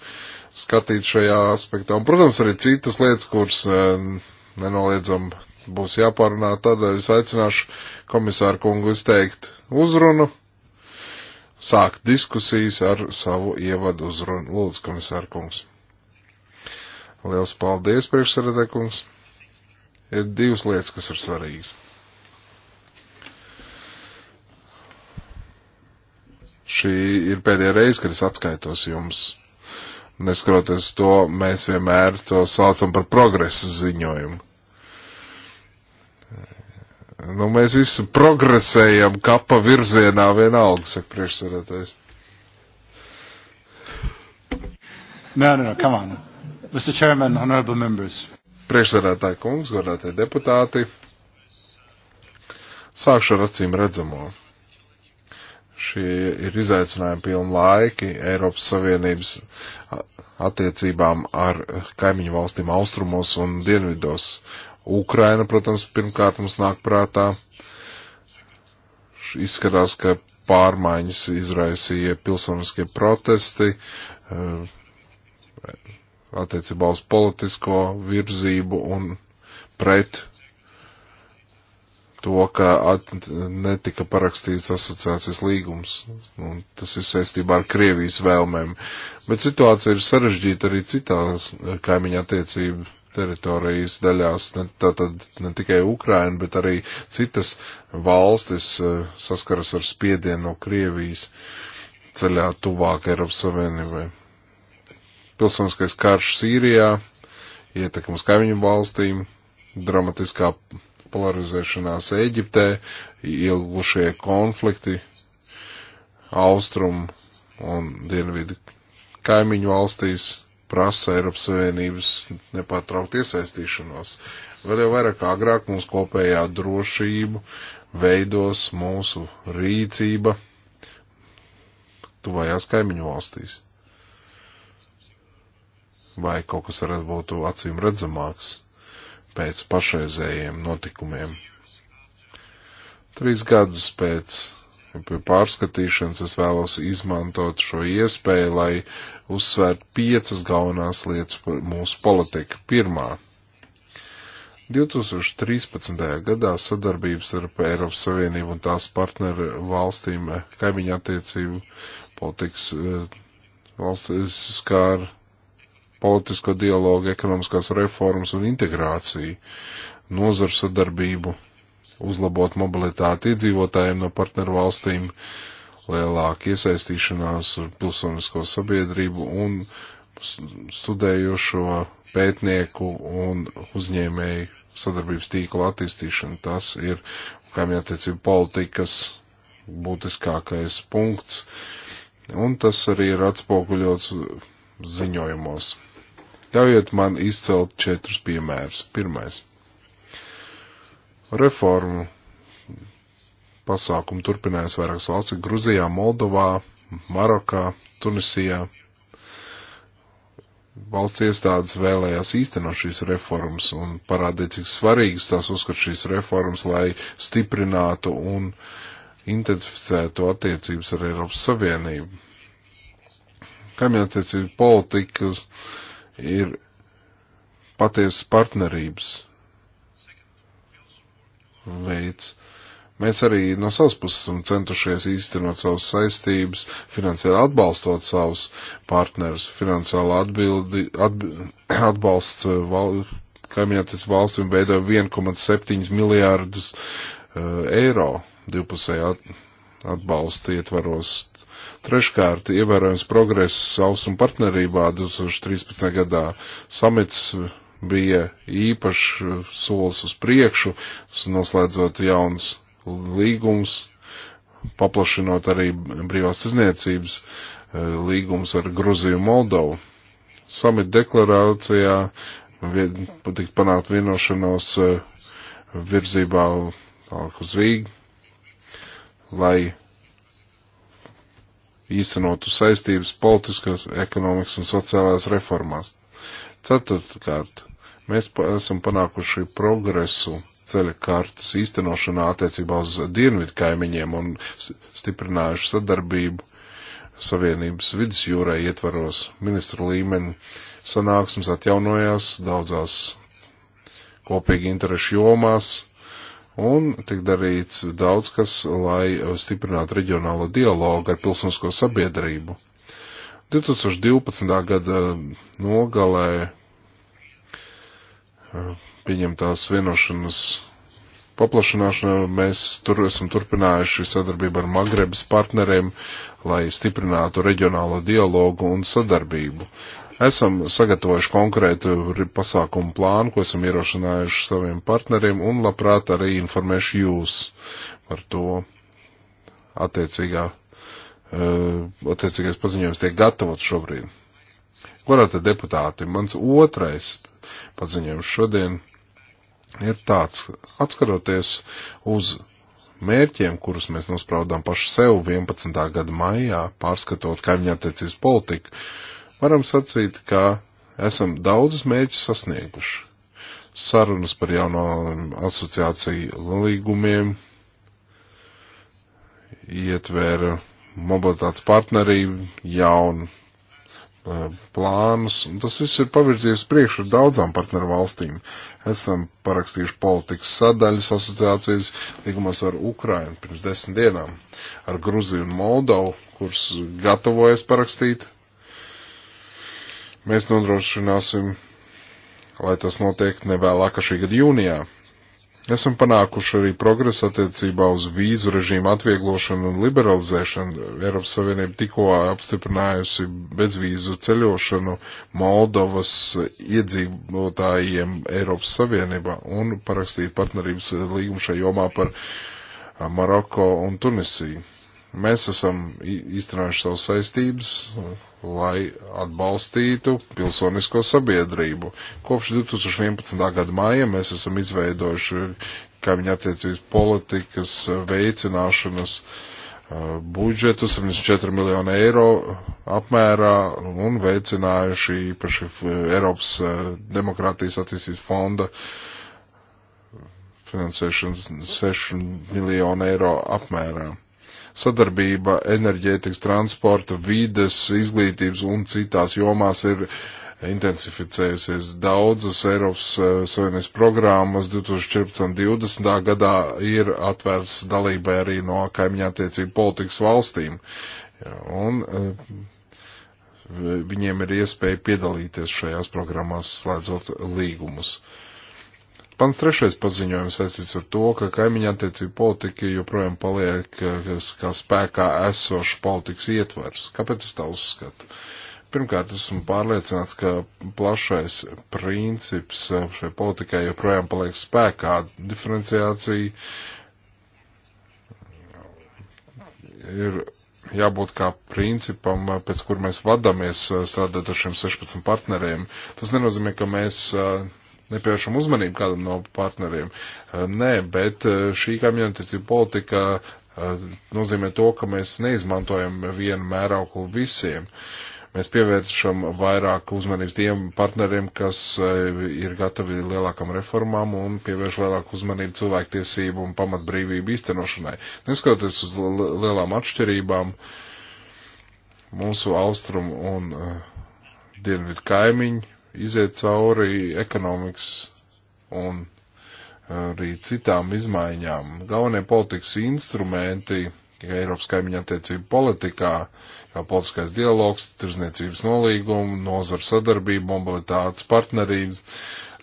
skatīt šajā aspektā. Un, protams, arī citas lietas, kuras e, nenoliedzam būs jāpārunā. Tādēļ es aicināšu komisāru kungu izteikt uzrunu, sākt diskusijas ar savu ievadu uzrunu. Lūdzu, komisāru kungs. Liels paldies, priekšsēdētājs. Ir divas lietas, kas ir svarīgas. Šī ir pēdējā reize, kad es atskaitos jums. Neskatoties to, mēs vienmēr to saucam par progresa ziņojumu. Nu, mēs visi progresējam kapa virzienā vienalga, saka priekšsēdētājs.
Nē, nē, nē, come on. Mr. Chairman, honorable members.
Priekšsēdētāji kungs, godātie deputāti, sākšu ar acīm redzamo. Šie ir izaicinājumi pilni laiki Eiropas Savienības attiecībām ar kaimiņu valstīm austrumos un dienvidos. Ukraina, protams, pirmkārt mums nāk prātā. Izskatās, ka pārmaiņas izraisīja pilsoniskie protesti, attiecībā uz politisko virzību un pret to, ka at, netika parakstīts asociācijas līgums. Un tas ir saistībā ar Krievijas vēlmēm. Bet situācija ir sarežģīta arī citās kaimiņa attiecību teritorijas daļās, ne, tātad ne tikai Ukraina, bet arī citas valstis e, saskaras ar spiedienu no Krievijas ceļā tuvāk Eiropas Savienībai. Pilsoniskais karš Sīrijā, ietekmes kaimiņu valstīm, dramatiskā polarizēšanās Eģiptē, ilgušie konflikti austrum un dienvidu kaimiņu valstīs prasa Eiropas Savienības nepārtraukt iesaistīšanos. Vēl jau vairāk kā agrāk mūsu kopējā drošību veidos mūsu rīcība tuvajās kaimiņu valstīs vai kaut kas varētu būt acīm redzamāks pēc pašreizējiem notikumiem. Trīs gadus pēc pārskatīšanas es vēlos izmantot šo iespēju, lai uzsvērtu piecas galvenās lietas par mūsu politiku. Pirmā. 2013. gadā sadarbības ar Eiropas Savienību un tās partneru valstīm kaimiņa attiecību politikas eh, valstis eh, skāra politisko dialogu, ekonomiskās reformas un integrāciju, nozaru sadarbību, uzlabot mobilitāti iedzīvotājiem no partneru valstīm, lielāku iesaistīšanās pilsonisko sabiedrību un studējošo pētnieku un uzņēmēju sadarbības tīkla attīstīšanu. Tas ir, kā jau teicu, politikas būtiskākais punkts, un tas arī ir atspoguļots ziņojumos. Ļaujiet man izcelt četrus piemērus. Pirmais. Reformu pasākumu turpinājās vairākas valsts - Gruzijā, Moldovā, Marokā, Tunisijā. Valsts iestādes vēlējās īstenot šīs reformas un parādīt, cik svarīgas tās uzskat šīs reformas, lai stiprinātu un intensificētu attiecības ar Eiropas Savienību. Kaimiņattiecību politikas ir patiesas partnerības veids. Mēs arī no savas puses esam centušies īstenot savas saistības, finansiāli atbalstot savus partnerus. Finansiāla atbildi, atb, atbalsts eh, val, kaimiņoties valstīm veido 1,7 miljārdus uh, eiro divpusēji at, atbalsta ietvaros Treškārt, ievērojams progress austrumu partnerībā 2013. gadā samits bija īpašs solis uz priekšu, noslēdzot jauns līgums, paplašinot arī brīvās izniecības e, līgums ar Gruziju Moldovu. Samit deklarācijā tika panākt vienošanos e, virzībā tālāk uz Rīgu, lai īstenotu saistības politiskās, ekonomikas un sociālās reformās. Ceturtkārt, mēs pa esam panākuši progresu ceļa kartas īstenošanā attiecībā uz dienvidu kaimiņiem un stiprinājuši sadarbību Savienības vidusjūrai ietvaros ministru līmeni sanāksmes atjaunojās daudzās kopīgi interešu jomās, Un tiek darīts daudz kas, lai stiprinātu reģionālo dialogu ar pilsonisko sabiedrību. 2012. gada nogalē eh, pieņemtās vienošanas paplašanāšana mēs tur esam turpinājuši sadarbību ar Magrebas partneriem, lai stiprinātu reģionālo dialogu un sadarbību. Esam sagatavojuši konkrētu pasākumu plānu, ko esam ierošinājuši saviem partneriem un labprāt arī informēšu jūs par to attiecīgā, eh, attiecīgais paziņojums tiek gatavots šobrīd. Godātie deputāti, mans otrais paziņojums šodien ir tāds, atskaroties uz mērķiem, kurus mēs nospraudām paši sev 11. gada maijā, pārskatot kaimiņattiecības politiku, uh, Varam sacīt, ka esam daudzus mēģus sasnieguši. Sarunas par jauno asociāciju līgumiem ietvēra mobilitātes partnerību, jaunu e, plānus, un tas viss ir pavirzījies priekš ar daudzām partneru valstīm. Esam parakstījuši politikas sadaļas asociācijas līgumos ar Ukrainu pirms desmit dienām, ar Gruziju un Moldovu, kuras gatavojas parakstīt Mēs nodrošināsim, lai tas notiek nevēlāka šī gada jūnijā. Esam panākuši arī progresu attiecībā uz vīzu režīmu atvieglošanu un liberalizēšanu. Eiropas Savienība tikko apstiprinājusi bezvīzu ceļošanu Moldovas iedzīvotājiem Eiropas Savienībā un parakstīt partnerības līgumu šajā jomā par Maroko un Tunisiju. Mēs esam īstenojuši savas saistības, lai atbalstītu pilsonisko sabiedrību. Kopš 2011. gada māja mēs esam izveidojuši kaimiņa attiecības politikas veicināšanas budžetu 74 miljonu eiro apmērā un veicinājuši īpaši Eiropas demokrātijas attīstības fonda finansēšanu 6 miljonu eiro apmērā sadarbība enerģētikas, transporta, vides, izglītības un citās jomās ir intensificējusies. Daudzas Eiropas eh, Savienības programmas 2014-2020. gadā ir atvērts dalībai arī no kaimiņā tiecību politikas valstīm. Un eh, viņiem ir iespēja piedalīties šajās programmās, slēdzot līgumus. Uh, Pants trešais paziņojums saistīts ar to, ka kaimiņa attiecību politika joprojām paliek kā spēkā esoša politikas ietvers. Kāpēc es tā uzskatu? Pirmkārt, esmu pārliecināts, ka plašais princips šai politikai joprojām paliek spēkā. Diferenciācija ir jābūt kā principam, pēc kur mēs vadamies strādāt ar šiem 16 partneriem. Tas nenozīmē, ka mēs nepieciešama uzmanība kādam no partneriem. Eh, nē, bet eh, šī kaimiņattiecība politika eh, nozīmē to, ka mēs neizmantojam vienu mērauklu visiem. Mēs pievēršam vairāk uzmanības tiem partneriem, kas ir gatavi lielākam reformām un pievērš lielāku uzmanību cilvēktiesību un pamatbrīvību īstenošanai. Neskatoties uz lielām atšķirībām, mūsu austrumu un uh, dienvidu kaimiņi iziet cauri ekonomikas un arī citām izmaiņām. Galvenie politikas instrumenti Eiropas kaimiņa attiecību politikā, kā politiskais dialogs, tirzniecības nolīguma, nozara sadarbība, mobilitātes partnerības,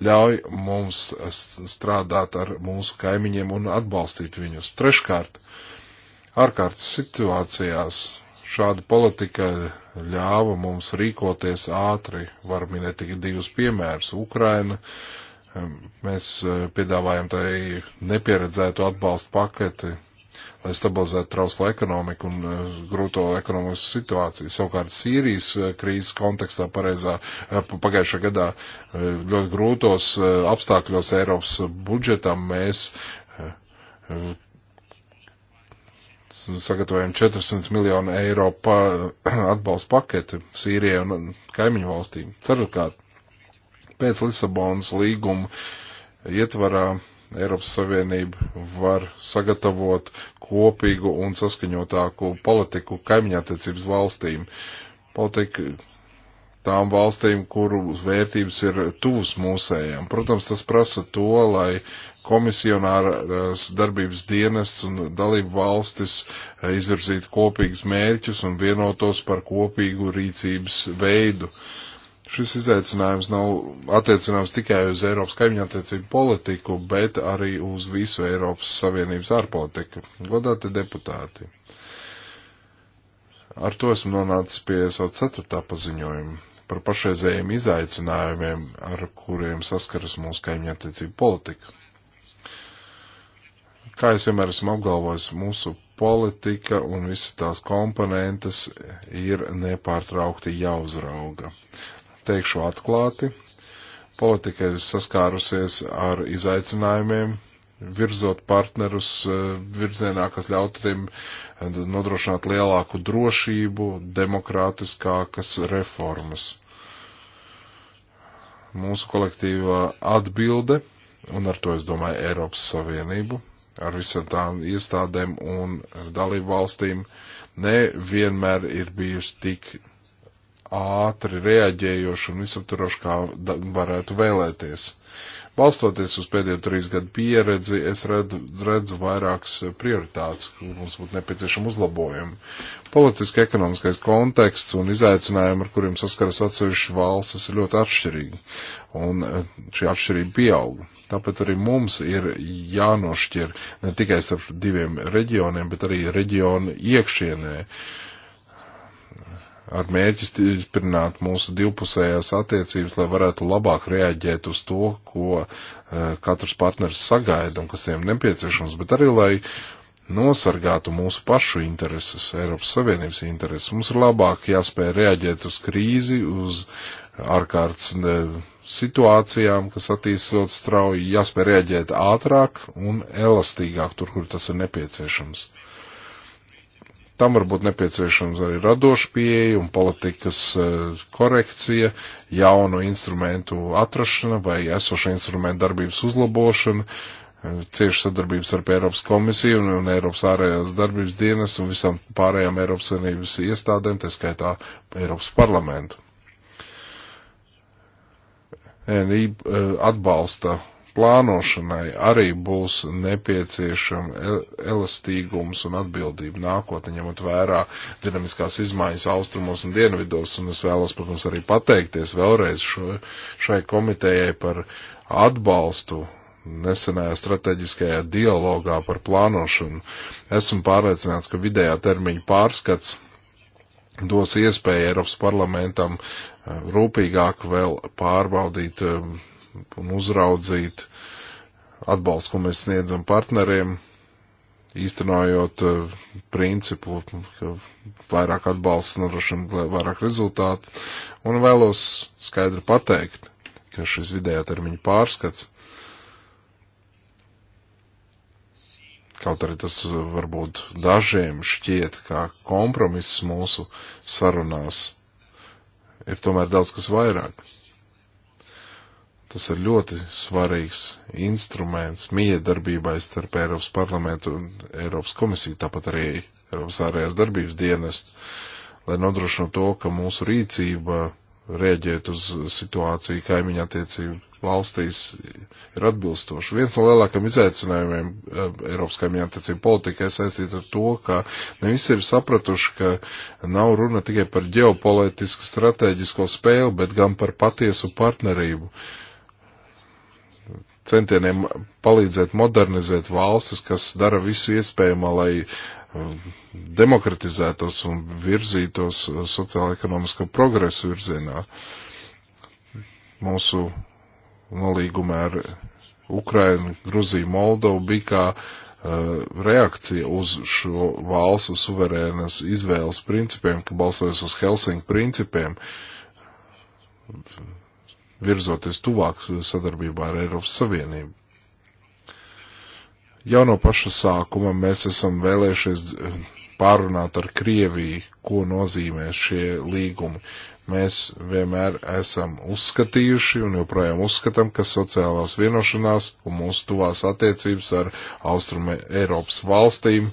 ļauj mums strādāt ar mūsu kaimiņiem un atbalstīt viņus. Treškārt, ārkārtas situācijās Šāda politika ļāva mums rīkoties ātri, var minēt tikai divus piemērus - Ukraina. Mēs e, piedāvājam tai nepieredzētu atbalstu paketi, lai stabilizētu trauslo ekonomiku un e, grūto ekonomisku situāciju. Savukārt Sīrijas e, krīzes kontekstā pareizā pagājušā gadā ļoti grūtos apstākļos Eiropas budžetam mēs sagatavojam 400 miljonu eiro pa, atbalstu paketi Sīrijai un kaimiņu valstīm. Ceturkārt, pēc Lisabonas līguma ietvarā Eiropas Savienība var sagatavot kopīgu un saskaņotāku politiku kaimiņattiecības valstīm. Politika tām valstīm, kuru vērtības ir tuvas mūsējām. Protams, tas prasa to, lai komisionārās darbības dienests un dalību valstis eh, izvirzītu kopīgus mērķus un vienotos par kopīgu rīcības veidu. Šis izaicinājums nav attiecināms tikai uz Eiropas kaimiņu attiecību politiku, bet arī uz visu Eiropas Savienības ārpolitiku. Godāti deputāti! Ar to esmu nonācis pie savu ceturtā paziņojumu par pašreizējiem izaicinājumiem, ar kuriem saskaras mūsu kaimiņu attiecību politika. Kā es vienmēr esmu apgalvojis, mūsu politika un visas tās komponentes ir nepārtraukti jāuzrauga. Teikšu atklāti, politika ir saskārusies ar izaicinājumiem, virzot partnerus e, virzienā, kas ļautu tiem e, nodrošināt lielāku drošību, demokrātiskākas reformas. Mūsu kolektīvā atbilde, un ar to es domāju Eiropas Savienību, ar visām tām iestādēm un dalību valstīm nevienmēr ir bijusi tik ātri reaģējoši un visaptvaroši, kā varētu vēlēties. Balstoties uz pēdējo trīs gadu pieredzi, es redzu, redzu vairākas prioritātes, kur mums būtu nepieciešama uzlabojuma. Politiski ekonomiskais konteksts un izaicinājumi, ar kuriem saskaras atsevišķas valstis, ir ļoti atšķirīgi, un eh, šī atšķirība pieauga. Tāpēc arī mums ir jānošķir ne tikai starp diviem reģioniem, bet arī reģionu iekšienē. Uh, ar mērķi stiprināt mūsu divpusējās attiecības, lai varētu labāk reaģēt uz to, ko eh, katrs partners sagaida un kas viņiem nepieciešams, bet arī lai nosargātu mūsu pašu intereses, Eiropas Savienības intereses. Mums ir labāk jāspēj reaģēt uz krīzi, uz ārkārtas eh, situācijām, kas attīstās ļoti strauji, jāspēj reaģēt ātrāk un elastīgāk tur, kur tas ir nepieciešams. Tam var būt nepieciešams arī radoša pieeja un politikas e, korekcija, jaunu instrumentu atrašana vai esoša instrumentu darbības uzlabošana, e, cieši sadarbības ar Eiropas komisiju un, un Eiropas ārējās darbības dienas un visām pārējām Eiropas Savienības iestādēm, tā skaitā Eiropas parlamentu. ENI e, atbalsta plānošanai arī būs nepieciešama elastīgums un atbildība nākotnē, ņemot vērā dinamiskās izmaiņas austrumos un dienvidos. Un es vēlos, protams, arī pateikties vēlreiz šo, šai komitejai par atbalstu nesenajā strateģiskajā dialogā par plānošanu. Esmu pārliecināts, ka vidējā termiņa pārskats dos iespēju Eiropas parlamentam eh, rūpīgāk vēl pārbaudīt eh, un uzraudzīt atbalstu, ko mēs sniedzam partneriem, īstenojot eh, principu, ka vairāk atbalsts norošina vairāk rezultātu. Un vēlos skaidri pateikt, ka šis vidējā termiņa pārskats, kaut arī tas varbūt dažiem šķiet kā kompromiss mūsu sarunās, ir tomēr daudz kas vairāk. Tas ir ļoti svarīgs instruments miedarbībai starp Eiropas parlamentu un Eiropas komisiju, tāpat arī Eiropas ārējās darbības dienestu, lai nodrošinātu to, ka mūsu rīcība rēģēt uz situāciju kaimiņa attiecību valstīs ir atbilstoši. Viens no lielākajiem izaicinājumiem eh, Eiropas kaimiņa attiecību politikai saistīts ar to, ka ne visi ir sapratuši, ka nav runa tikai par ģeopolitisku stratēģisko spēli, bet gan par patiesu partnerību. Uh, centieniem palīdzēt modernizēt valstis, kas dara visu iespējamo, lai um, demokratizētos un virzītos uh, sociāla-ekonomisko progresu virzienā. Mūsu nolīgumā ar Ukrainu, Gruziju, Moldovu bija kā uh, reakcija uz šo valstu suverēnas izvēles principiem, ka balsojas uz Helsinku principiem virzoties tuvāk sadarbībā ar Eiropas Savienību. Jau no paša sākuma mēs esam vēlējušies pārunāt ar Krieviju, ko nozīmē šie līgumi. Mēs vienmēr esam uzskatījuši un joprojām uzskatām, ka sociālās vienošanās un mūsu tuvās attiecības ar Austrume Eiropas valstīm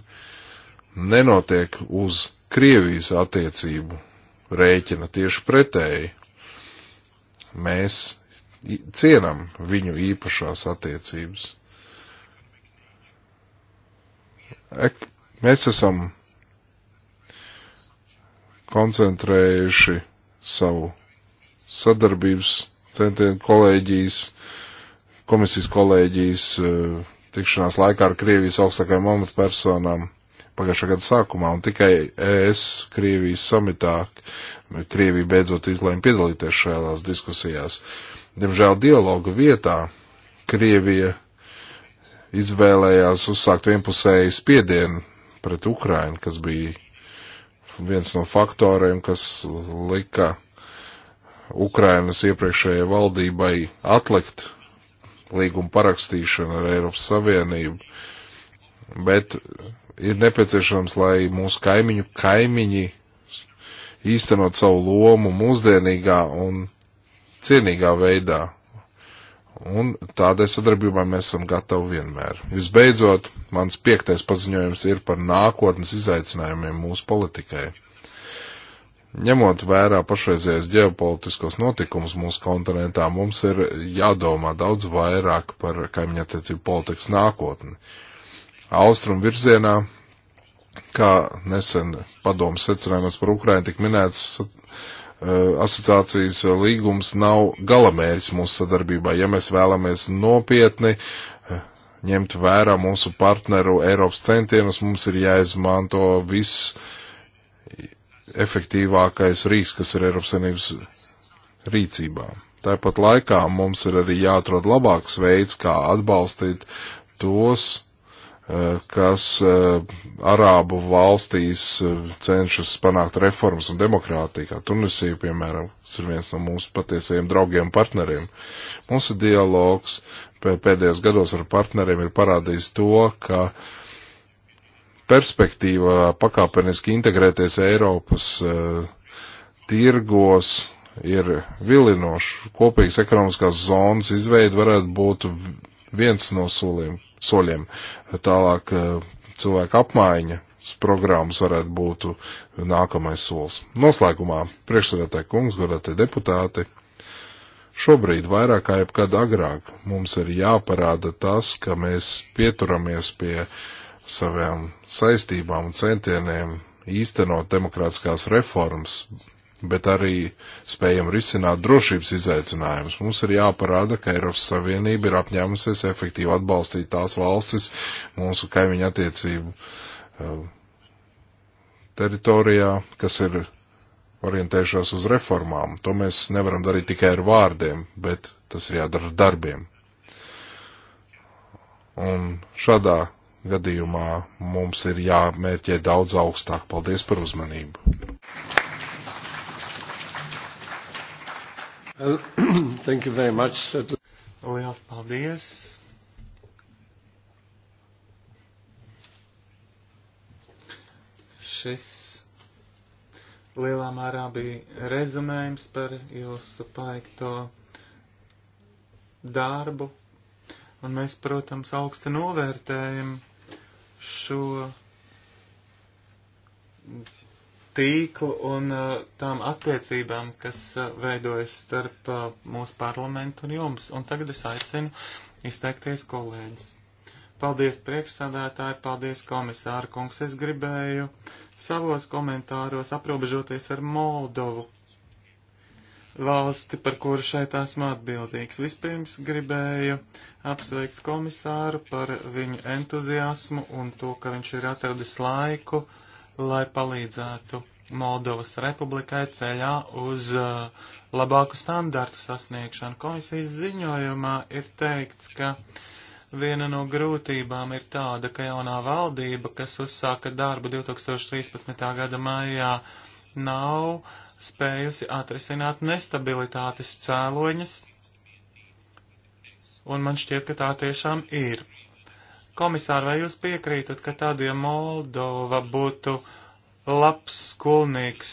nenotiek uz Krievijas attiecību rēķina tieši pretēji mēs cienam viņu īpašās attiecības. Ek, mēs esam koncentrējuši savu sadarbības centienu kolēģijas, komisijas kolēģijas eh, tikšanās laikā ar Krievijas augstākajām amatpersonām pagājušā gada sākumā, un tikai ES Krievijas samitā Krievija beidzot izlēma piedalīties šajās diskusijās. Diemžēl dialoga vietā Krievija izvēlējās uzsākt vienpusēju spiedienu pret Ukrainu, kas bija viens no faktoriem, kas lika Ukrainas iepriekšējai valdībai atlikt līguma parakstīšanu ar Eiropas Savienību, bet ir nepieciešams, lai mūsu kaimiņu kaimiņi īstenot savu lomu mūsdienīgā un cienīgā veidā. Un tādai sadarbībai mēs esam gatavi vienmēr. Visbeidzot, mans piektais paziņojums ir par nākotnes izaicinājumiem mūsu politikai. Ņemot vērā pašreizējais ģeopolitiskos notikumus mūsu kontinentā, mums ir jādomā daudz vairāk par kaimiņattiecību politikas nākotni. Uh, austrumu virzienā, kā nesen padomu secinājumos par Ukrainu tik minēts, eh, asociācijas līgums nav galamērķis mūsu sadarbībā. Ja mēs vēlamies nopietni eh, ņemt vērā mūsu partneru Eiropas centienus, mums ir jāizmanto viss efektīvākais rīks, kas ir Eiropas Savienības rīcībā. Tāpat laikā mums ir arī jāatrod labāks veids, kā atbalstīt tos Eh, kas eh, arābu valstīs eh, cenšas panākt reformas un demokrātiju, kā Tunisija, piemēram, kas ir viens no mūsu patiesajiem draugiem un partneriem. Mūsu dialogs pēdējos gados ar partneriem ir parādījis to, ka perspektīva pakāpeniski integrēties Eiropas tirgos ir vilinoša. Kopīgas ekonomiskās zonas izveida varētu būt viens no solījumiem soļiem. Tālāk eh, cilvēku apmaiņa programmas varētu būt nākamais solis. Noslēgumā priekšsēdētāji kungs, godātie deputāti. Šobrīd vairāk kā jebkad agrāk mums ir jāparāda tas, ka mēs pieturamies pie savām saistībām un centieniem īstenot demokrātiskās reformas, bet arī spējam risināt drošības izaicinājumus. Mums ir jāparāda, ka Eiropas Savienība ir apņēmusies efektīvi atbalstīt tās valstis mūsu kaimiņu attiecību um, teritorijā, kas ir orientējušās uz reformām. To mēs nevaram darīt tikai ar vārdiem, bet tas ir jādara ar darbiem. Un šādā gadījumā mums ir jāmērķē daudz augstāk. Paldies par uzmanību!
Thank you very much. Liels paldies.
Šis lielā mērā bija rezumējums par jūsu paikto darbu, un mēs, protams, augsti novērtējam šo tīklu un uh, tām attiecībām, kas uh, veidojas starp uh, mūsu parlamentu un jums. Un tagad es aicinu izteikties kolēģis. Paldies priekšsādātāji, paldies komisāra kungs. Es gribēju savos komentāros aprobežoties ar Moldovu valsti, par kuru šeit esmu atbildīgs. Vispirms gribēju apsveikt komisāru par viņu entuziasmu un to, ka viņš ir atradis laiku uh, lai palīdzētu Moldovas republikai ceļā uz uh, labāku standartu sasniegšanu. Komisijas ziņojumā ir teikts, ka viena no grūtībām ir tāda, ka jaunā valdība, kas uzsāka darbu 2013. gada maijā, nav spējusi atrisināt nestabilitātes cēloņas, un man šķiet, ka tā tiešām ir. Komisāri, vai jūs piekrītat, ka tādiem ja Moldova būtu labs skolnieks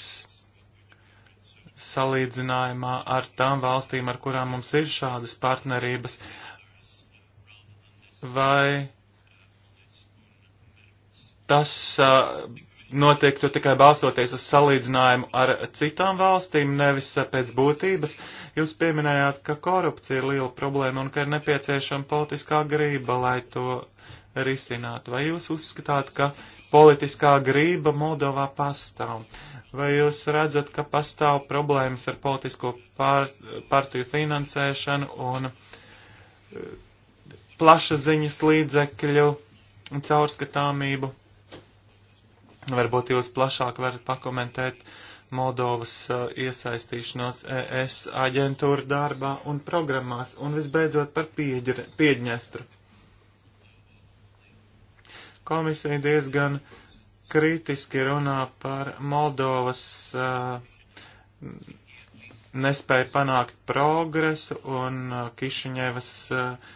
salīdzinājumā ar tām valstīm, ar kurām mums ir šādas partnerības? Vai tas uh, notiktu tikai balsoties uz salīdzinājumu ar citām valstīm, nevis pēc būtības. Jūs pieminējāt, ka korupcija ir liela problēma un ka ir nepieciešama politiskā grība, lai to risinātu. Vai jūs uzskatāt, ka politiskā grība Moldovā pastāv? Vai jūs redzat, ka pastāv problēmas ar politisko pār, partiju finansēšanu un eh, plašaziņas līdzekļu caurskatāmību? Varbūt jūs plašāk varat pakomentēt Moldovas eh, iesaistīšanos ES aģentūra darbā un programmās, un visbeidzot par Piedņestru. Komisija diezgan kritiski runā par Moldovas uh, nespēju panākt progresu un uh, Kišiņevas uh,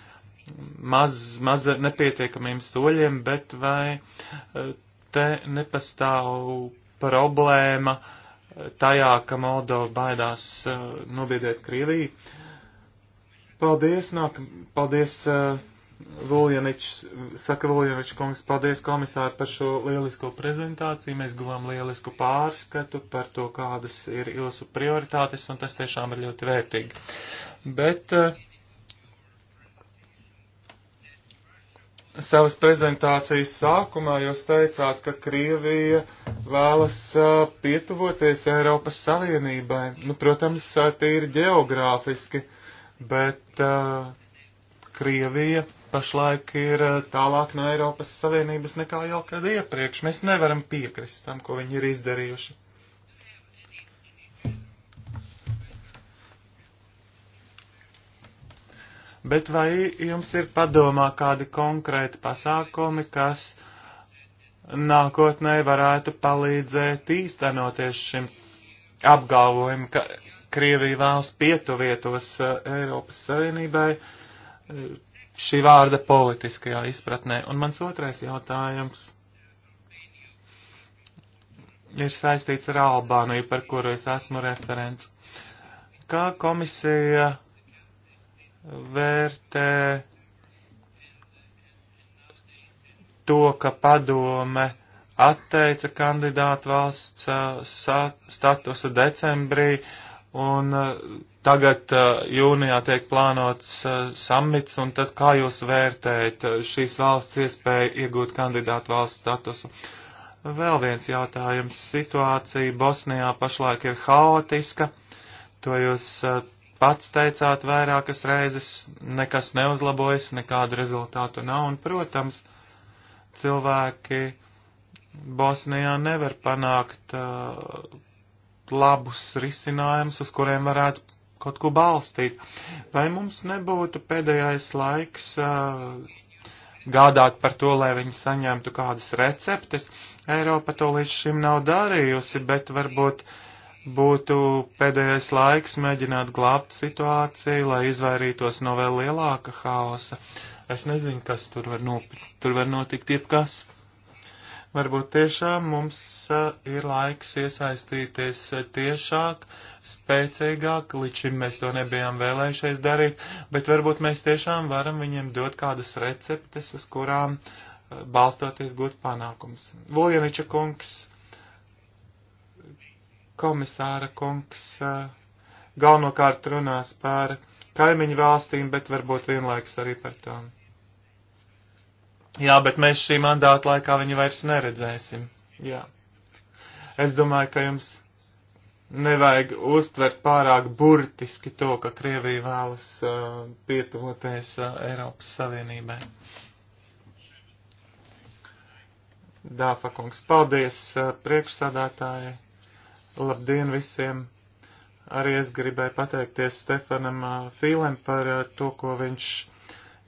maz, maz nepietiekamiem soļiem, bet vai uh, te nepastāv problēma tajā, ka Moldova baidās uh, nobiedēt Krieviju. Paldies, nāk, paldies, uh, Vuljaničs, saka Vuljaničs kungs, paldies komisāri par šo lielisko prezentāciju. Mēs guvām lielisku pārskatu par to, kādas ir jūsu prioritātes, un tas tiešām ir ļoti vērtīgi. Bet uh, savas prezentācijas sākumā jūs teicāt, ka Krievija vēlas pietuvoties Eiropas Savienībai. Nu, protams, tīri geogrāfiski, bet uh, Krievija pašlaik ir tālāk no Eiropas Savienības nekā jau kad iepriekš. Mēs nevaram piekrist tam, ko viņi ir izdarījuši. Bet vai jums ir padomā kādi konkrēti pasākumi, kas nākotnē varētu palīdzēt īstenoties šim apgalvojumam, ka Krievija vēlas pietuvietos uh, Eiropas Savienībai uh, šī vārda politiskajā izpratnē? Un mans otrais jautājums ir saistīts ar Albāniju, par kuru es esmu referents. Kā komisija vērtē to, ka padome atteica kandidātu valsts uh, statusa decembrī, un uh, tagad uh, jūnijā tiek plānots samits, un tad kā jūs vērtējat šīs valsts iespēju iegūt kandidātu valsts statusu? Vēl viens jautājums. Situācija Bosnijā pašlaik ir haotiska, to jūs pats teicāt vairākas reizes, nekas neuzlabojas, nekādu rezultātu nav, un, protams, cilvēki Bosnijā nevar panākt uh, labus risinājumus, uz kuriem varētu kaut ko balstīt. Vai mums nebūtu pēdējais laiks uh, gādāt par to, lai viņi saņemtu kādas receptes? Eiropa to līdz šim nav darījusi, bet varbūt uh, būtu pēdējais laiks mēģināt glābt situāciju, lai izvairītos no vēl lielāka haosa. Es nezinu, kas tur var, nopi, tur var notikt, jebkas. Varbūt tiešām mums ir laiks iesaistīties tiešāk, spēcīgāk, līdz šim mēs to nebijām vēlējušies darīt, bet varbūt mēs tiešām varam viņiem dot kādas receptes, uz kurām balstoties gūt panākums. Vuljaniča kungs komisāra kungs eh, galvenokārt runās par kaimiņu valstīm, bet varbūt vienlaikus arī par tām. Jā, bet mēs šī mandāta laikā viņu vairs neredzēsim. Jā. Es domāju, ka jums nevajag uztvert pārāk burtiski to, ka Krievija vēlas uh, pietuvoties uh, Eiropas Savienībai. Dāfa kungs, paldies uh, priekšsādātājai. Labdien visiem! Arī es gribēju pateikties Stefanam Fīlem par to, ko viņš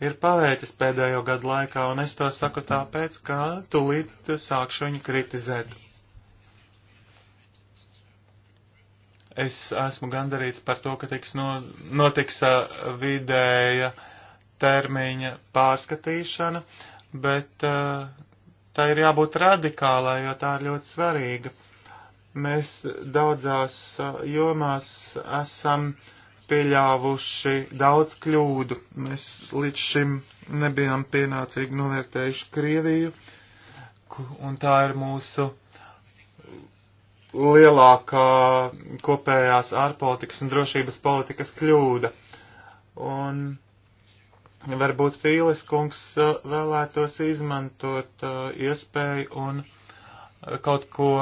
ir paveicis pēdējo gadu laikā, un es to saku tāpēc, ka tūlīt sākšu viņu kritizēt. Es esmu gandarīts par to, ka tiks no, notiks vidēja termiņa pārskatīšana, bet uh, tā ir jābūt radikālai, jo tā ir ļoti svarīga. Mēs daudzās jomās esam pieļāvuši daudz kļūdu. Mēs līdz šim nebijām pienācīgi novērtējuši Krieviju, un tā ir mūsu lielākā kopējās ārpolitikas un drošības politikas kļūda. Un varbūt Fīles kungs vēlētos izmantot iespēju un kaut ko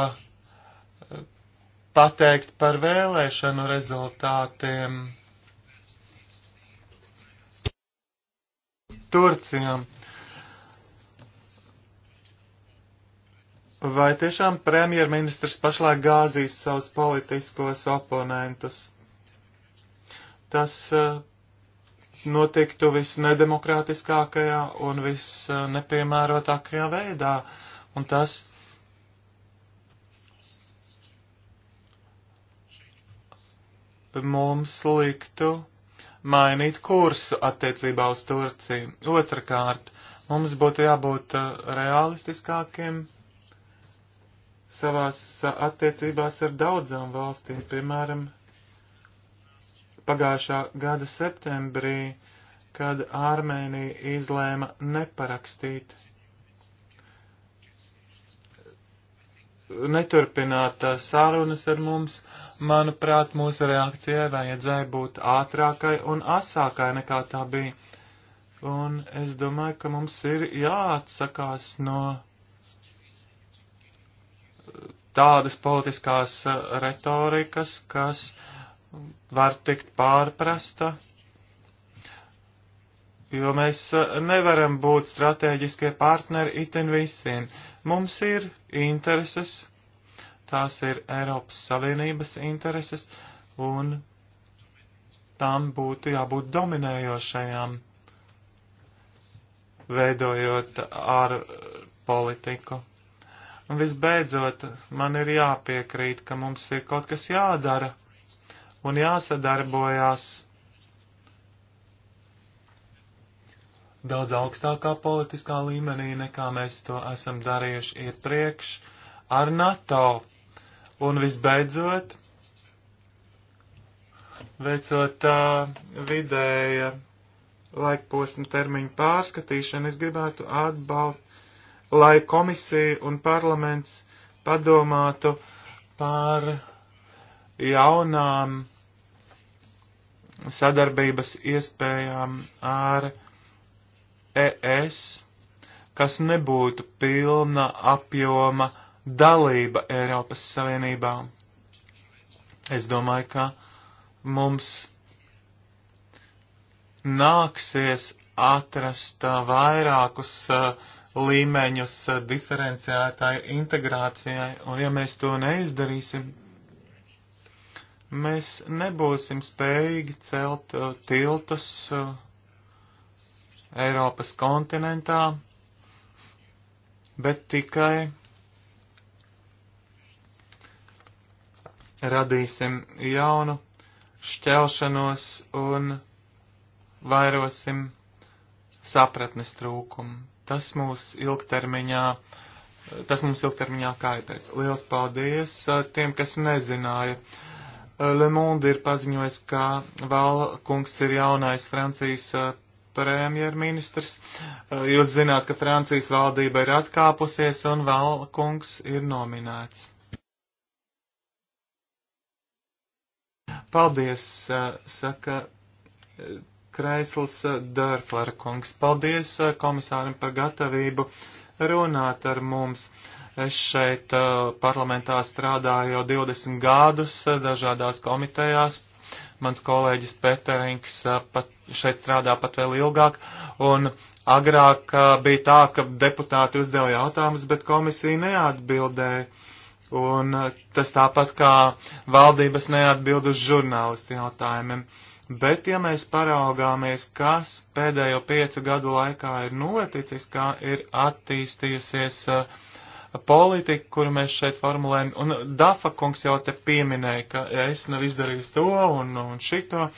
pateikt par vēlēšanu rezultātiem Turcijam. Vai tiešām premjerministrs pašlaik gāzīs savus politiskos oponentus? Tas uh, notiktu visnedemokrātiskākajā un visnepiemērotākajā veidā, un tas mums liktu mainīt kursu attiecībā uz Turciju. Otrakārt, mums būtu jābūt uh, realistiskākiem savās uh, attiecībās ar daudzām valstīm. Piemēram, pagājušā gada septembrī, kad Armēnija izlēma neparakstīt, neturpināt uh, sarunas ar mums, Manuprāt, mūsu reakcijai vajadzēja būt ātrākai un asākai nekā tā bija. Un es domāju, ka mums ir jāatsakās no tādas politiskās retorikas, kas var tikt pārprasta, jo mēs nevaram būt strateģiskie partneri itin visiem. Mums ir intereses tās ir Eiropas Savienības intereses, un tām būtu jābūt dominējošajām, veidojot ar politiku. Un visbeidzot, man ir jāpiekrīt, ka mums ir kaut kas jādara un jāsadarbojās daudz augstākā politiskā līmenī, nekā mēs to esam darījuši iepriekš ar NATO Un visbeidzot, veicot uh, vidēja laikposma termiņu pārskatīšanu, es gribētu atbalst, lai komisija un parlaments padomātu par jaunām sadarbības iespējām ar ES, kas nebūtu pilna apjoma dalība Eiropas Savienībā. Es domāju, ka mums nāksies atrast uh, vairākus uh, līmeņus uh, diferenciētai integrācijai, un ja mēs to neizdarīsim, mēs nebūsim spējīgi celt tiltus Eiropas kontinentā, bet tikai radīsim jaunu šķelšanos un vairosim sapratnes trūkumu. Tas mūs ilgtermiņā, tas mums ilgtermiņā kaitēs. Liels paldies tiem, kas nezināja. Le Monde ir paziņojis, ka Valkungs ir jaunais Francijas premjerministrs. Jūs zināt, ka Francijas valdība ir atkāpusies un Valkungs ir nominēts. Paldies, saka Kreisls Dārflera kungs. Paldies komisārim par gatavību runāt ar mums. Es šeit parlamentā strādāju jau 20 gadus dažādās komitejās. Mans kolēģis Peterings pat šeit strādā pat vēl ilgāk. Un agrāk bija tā, ka deputāti uzdeva jautājumus, bet komisija neatbildēja Un eh, tas tāpat kā valdības neatbild uz žurnālisti jautājumiem. Bet, ja mēs paraugāmies, kas pēdējo piecu gadu laikā ir noticis, kā ir attīstījusies uh, politika, kuru mēs šeit formulējam, un Dafa kungs jau te pieminēja, ka es nav nu izdarījis to un, un šito.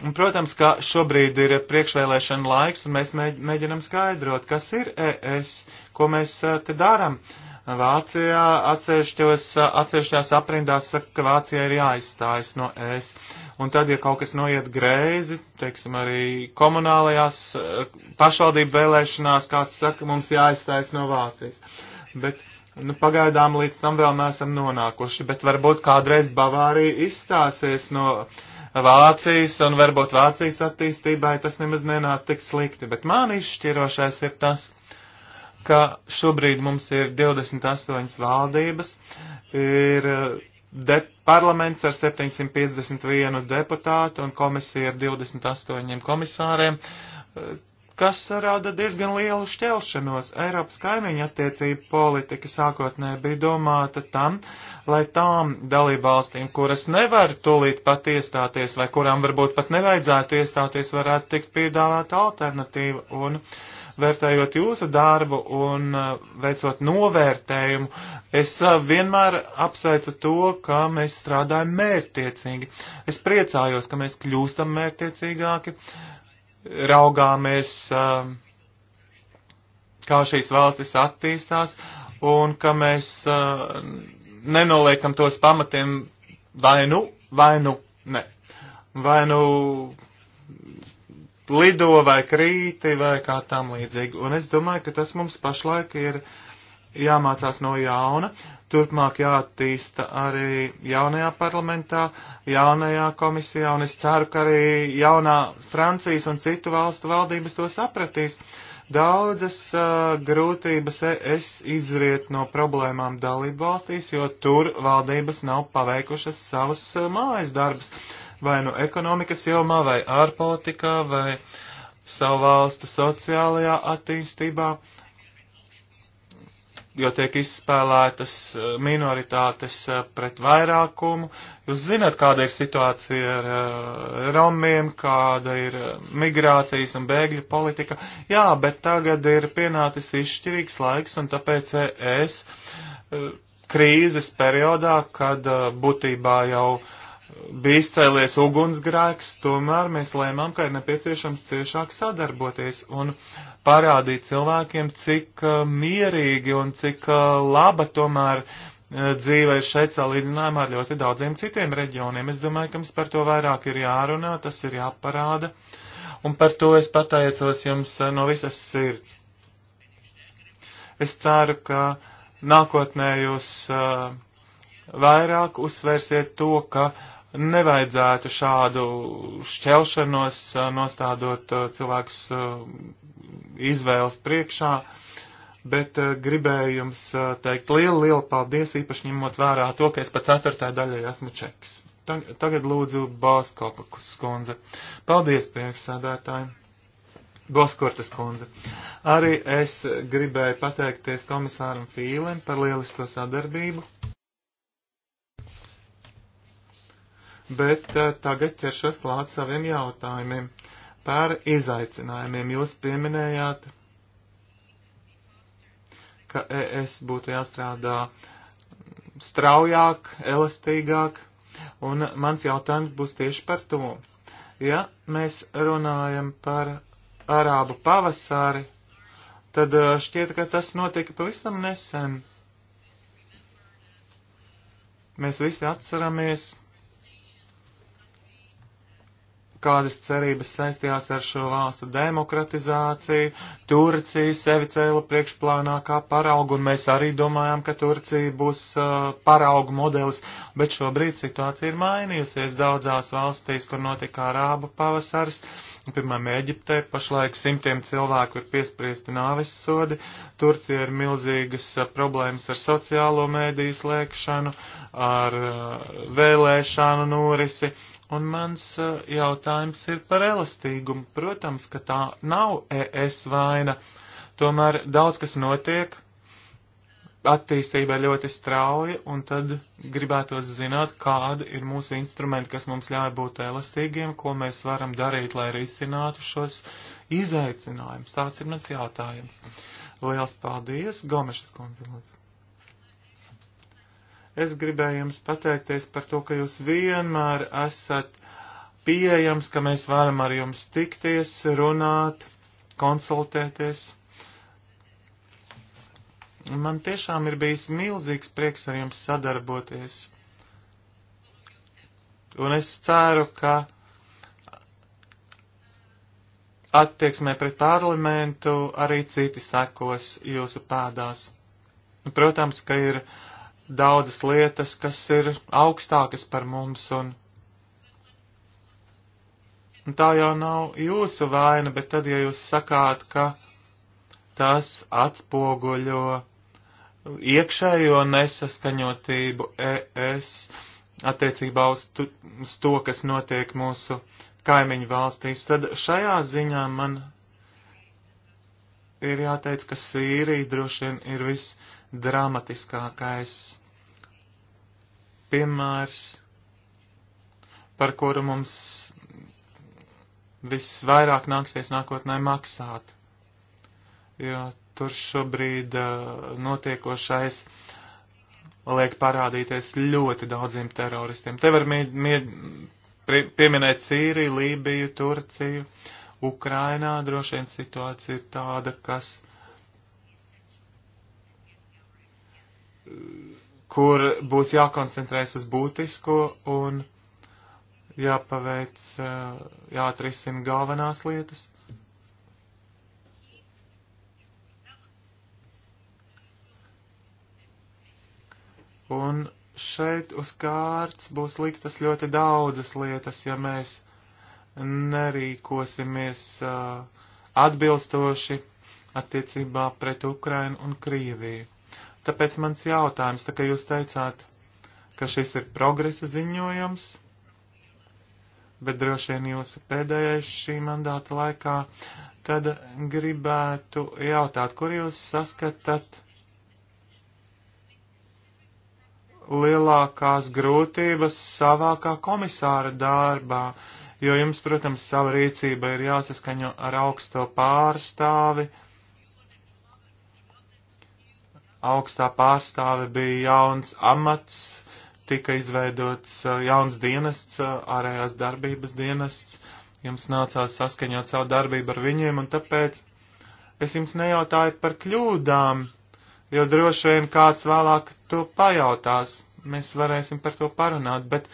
Un, protams, ka šobrīd ir priekšvēlēšana laiks, un mēs mēģinam skaidrot, kas ir ES, ko mēs eh, te darām. Uh, Vācijā atsevišķās aprindās saka, ka Vācija ir jāizstājas no ēs. Un tad, ja kaut kas noiet greizi, teiksim, arī komunālajās eh, pašvaldību vēlēšanās, kāds saka, mums jāizstājas no Vācijas. Bet Nu, pagaidām līdz tam vēl neesam nonākuši, bet varbūt kādreiz Bavārija izstāsies no Vācijas, un varbūt Vācijas attīstībai tas nemaz nenāk tik slikti, bet man izšķirošais ir tas, ka šobrīd mums ir 28 valdības, ir eh, de parlaments ar 751 deputātu un komisija ar 28 komisāriem, eh, kas rada diezgan lielu šķelšanos. Eiropas kaimiņa attiecība politika sākotnē bija domāta tam, lai tām dalībvalstīm, kuras nevar tūlīt pat iestāties vai kurām varbūt pat nevajadzētu iestāties, varētu tikt piedāvāta alternatīva. Un uh, vērtējot jūsu darbu un uh, veicot novērtējumu, es uh, vienmēr apsveicu to, ka mēs strādājam mērtiecīgi. Es priecājos, ka mēs kļūstam mērtiecīgāki, raugāmies, uh, kā šīs valstis attīstās un ka mēs nenoliekam tos pamatiem vai nu, vai nu, ne. Vai nu lido vai krīti vai kā tam līdzīgi. Un es domāju, ka tas mums pašlaik ir jāmācās no jauna, turpmāk jāattīsta arī jaunajā parlamentā, jaunajā komisijā, un es ceru, ka arī jaunā Francijas un citu valstu valdības to sapratīs. Daudzas uh, grūtības e, es izriet no problēmām dalību valstīs, jo tur valdības nav paveikušas savas uh, mājas darbas. Uh, vai nu no ekonomikas jomā, vai ārpolitikā, vai savu valstu sociālajā attīstībā, jo tiek izspēlētas eh, minoritātes eh, pret vairākumu. Jūs zināt, kāda ir situācija ar eh, romiem, kāda ir migrācijas un bēgļu politika. Jā, bet tagad ir pienācis izšķirīgs laiks, un tāpēc es krīzes periodā, kad būtībā jau uh, bija izcēlies ugunsgrēks, tomēr mēs lēmām, ka ir nepieciešams ciešāk sadarboties un parādīt cilvēkiem, cik uh, mierīgi un cik uh, laba tomēr uh, dzīve ir šeit salīdzinājumā ar ļoti daudziem citiem reģioniem. Es domāju, ka mums par to vairāk ir jārunā, tas ir jāparāda, un par to es pateicos jums uh, no visas sirds. Es ceru, ka nākotnē jūs uh, vairāk uzsvērsiet to, ka uh, nevajadzētu šādu šķelšanos eh, nostādot eh, cilvēkus eh, izvēles priekšā, bet gribēju jums teikt lielu, lielu paldies, īpaši ņemot vērā to, ka es pa ceturtā daļai esmu čeks. Tagad lūdzu Bāskopakus skundze. Paldies priekšsēdētāji. Boskortas kundze. Arī es gribēju pateikties komisāram Fīlem par lielisko sadarbību bet eh, tagad ķeršos klāt saviem jautājumiem par izaicinājumiem. Jūs pieminējāt, ka ES būtu jāstrādā straujāk, elastīgāk, un mans jautājums būs tieši par to. Ja mēs runājam par arābu pavasari, tad eh, šķiet, ka tas notika pavisam nesen. Mēs visi atceramies kādas cerības saistījās ar šo valstu demokratizāciju. Turcija sevi cēla priekšplānā kā paraugu, un mēs arī domājām, ka Turcija būs uh, paraugu modelis, bet šobrīd situācija ir mainījusies daudzās valstīs, kur notika arābu pavasars. Piemēram, Eģiptē pašlaik simtiem cilvēku ir piespriesti nāves sodi, Turcija ir milzīgas uh, problēmas ar sociālo mēdīju slēgšanu, ar uh, vēlēšanu norisi, Un mans eh, jautājums ir par elastīgumu. Protams, ka tā nav ES vaina. Tomēr daudz kas notiek, attīstība ļoti strauja, un tad gribētos zināt, kāda ir mūsu instrumenti, kas mums ļauj būt elastīgiem, ko mēs varam darīt, lai risinātu šos izaicinājumus. Tāds ir mans jautājums. Liels paldies, Gomešas konzilāts. Es gribēju jums pateikties par to, ka jūs vienmēr esat pieejams, ka mēs varam ar jums tikties, runāt, konsultēties. Man tiešām ir bijis milzīgs prieks ar jums sadarboties. Un es ceru, ka attieksmē pret parlamentu arī citi sekos jūsu pēdās. Protams, ka ir uh, daudzas lietas, kas ir augstākas par mums, un, un tā jau nav jūsu vaina, bet tad, ja jūs sakāt, ka tas atspoguļo iekšējo nesaskaņotību e, ES attiecībā uz, tu, uz to, kas notiek mūsu kaimiņu valstīs, tad šajā ziņā man ir jāteic, ka Sīrija droši vien ir viss dramatiskākais piemērs, par kuru mums visvairāk nāksies nākotnē maksāt, jo tur šobrīd uh, notiekošais liek parādīties ļoti daudziem teroristiem. Te var mie, mie, pieminēt Sīriju, Lībiju, Turciju, Ukrainā droši vien situācija ir tāda, kas kur būs jākoncentrējas uz būtisko un jāpaveic, eh, jāatrisina galvenās lietas. Un šeit uz kārts būs liktas ļoti daudzas lietas, ja mēs nerīkosimies uh, atbilstoši attiecībā pret Ukrainu un Krieviju. Tāpēc mans jautājums, tā kā jūs teicāt, ka šis ir progresa ziņojums, bet droši vien jūsu pēdējais šī mandāta laikā, tad gribētu jautāt, kur jūs saskatāt lielākās grūtības savā kā komisāra darbā, jo jums, protams, sava rīcība ir jāsaskaņo ar augsto pārstāvi, uh, augstā pārstāve bija jauns amats, tika izveidots uh, jauns dienests, uh, ārējās darbības dienests. Jums nācās saskaņot savu darbību ar viņiem, un tāpēc es jums nejautāju par kļūdām, jo droši vien kāds vēlāk to pajautās. Mēs varēsim par to parunāt, bet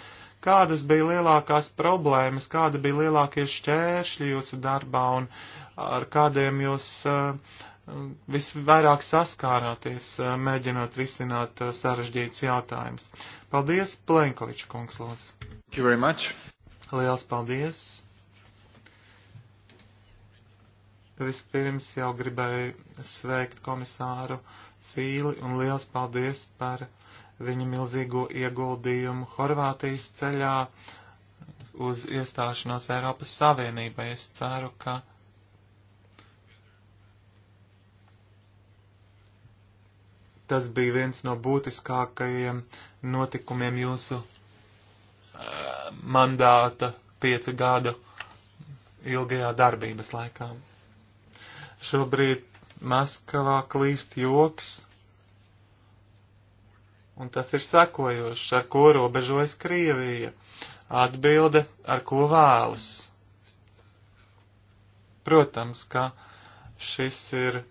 kādas bija lielākās problēmas, kāda bija lielākie šķēršļi jūsu darbā un ar kādiem jūs uh, visvairāk saskārāties, eh, mēģinot risināt eh, sarežģītas jautājumas. Paldies, Plenkoviča kungs, lūdzu. Thank you very much. Liels paldies. Vispirms jau gribēju sveikt komisāru Fīli un liels paldies par viņa milzīgo ieguldījumu Horvātijas ceļā uz iestāšanos Eiropas Savienībai. Es ceru, ka Tas bija viens no būtiskākajiem notikumiem jūsu mandāta piecu gadu ilgajā darbības laikā. Šobrīd Maskavā klīst joks, un tas ir sekojošs, ar ko robežojas Krievija. Atbilde, ar ko vēlas. Protams, ka šis ir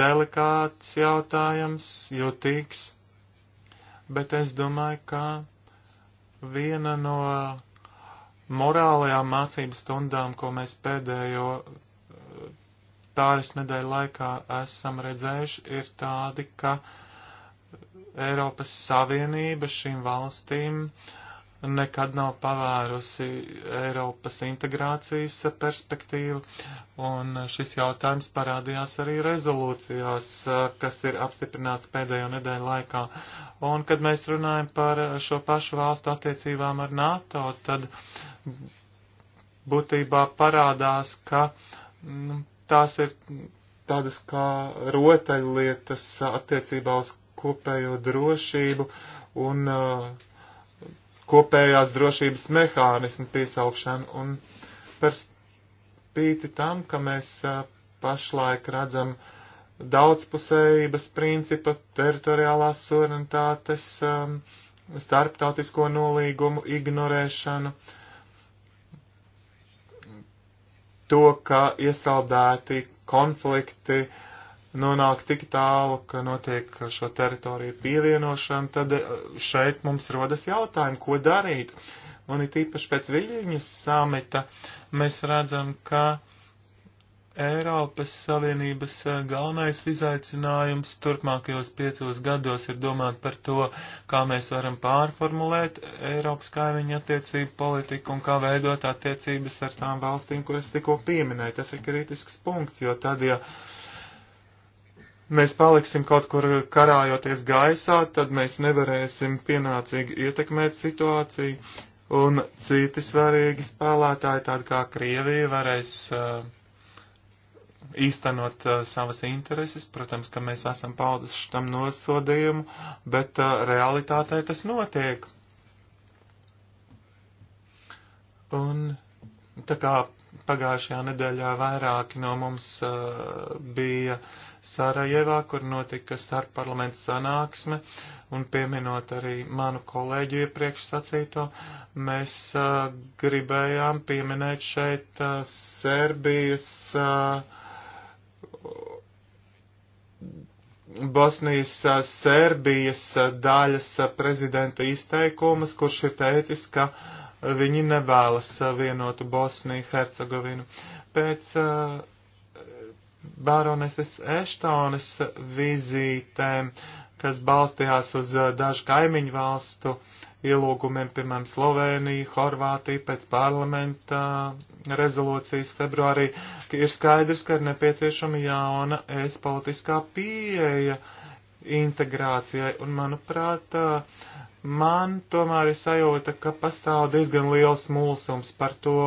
delikāts jautājums, jutīgs, bet es domāju, ka viena no morālajām mācības stundām, ko mēs pēdējo pāris nedēļu laikā esam redzējuši, ir tādi, ka Eiropas Savienība šīm valstīm uh, nekad nav pavērusi Eiropas integrācijas perspektīvu, un šis jautājums parādījās arī rezolūcijās, kas ir apstiprināts pēdējo nedēļu laikā. Un, kad mēs runājam par šo pašu valstu attiecībām ar NATO, tad būtībā parādās, ka nu, tās ir tādas kā rotaļlietas attiecībā uz kopējo drošību un uh, kopējās drošības mehānismu piesaukšanu un par spīti tam, ka mēs pašlaik redzam daudzpusējības principa, teritoriālās suverenitātes, starptautisko nolīgumu ignorēšanu, to, ka iesaldēti konflikti uh, nonāk tik tālu, ka notiek šo teritoriju pievienošana, tad e, šeit mums rodas jautājumi, ko darīt. Un it īpaši pēc Viļņas samita mēs redzam, ka Eiropas Savienības e, galvenais izaicinājums turpmākajos piecos gados ir domāt par to, kā mēs varam pārformulēt Eiropas kaimiņu attiecību politiku un kā veidot attiecības ar tām valstīm, kuras tikko pieminēja. Tas ir kritisks punkts, jo tad, ja. Uh, mēs paliksim kaut kur karājoties gaisā, tad mēs nevarēsim pienācīgi ietekmēt situāciju, un citi svarīgi spēlētāji, tādi kā Krievija, varēs uh, īstenot uh, savas intereses. Protams, ka mēs esam pauduši tam nosodījumu, bet uh, realitātē tas notiek. Un tā kā pagājušajā nedēļā vairāki no mums uh, bija uh, Sarajevā, kur notika starpparlaments sanāksme, un pieminot arī manu kolēģu iepriekš sacīto, mēs uh, gribējām pieminēt šeit uh, Serbijas, uh, Bosnijas, uh, Serbijas uh, daļas uh, prezidenta izteikumus, kurš ir teicis, ka uh, viņi nevēlas uh, vienotu Bosniju, Hercegovinu. Pēc uh, baroneses Eštonas vizītēm, kas balstījās uz dažu kaimiņu valstu ielūgumiem, piemēram, Sloveniju, Horvātiju pēc parlamenta rezolūcijas februārī, ka ir skaidrs, ka ir nepieciešama jauna es politiskā pieeja integrācijai, un manuprāt, man tomēr ir sajūta, ka pastāv diezgan liels mulsums par to,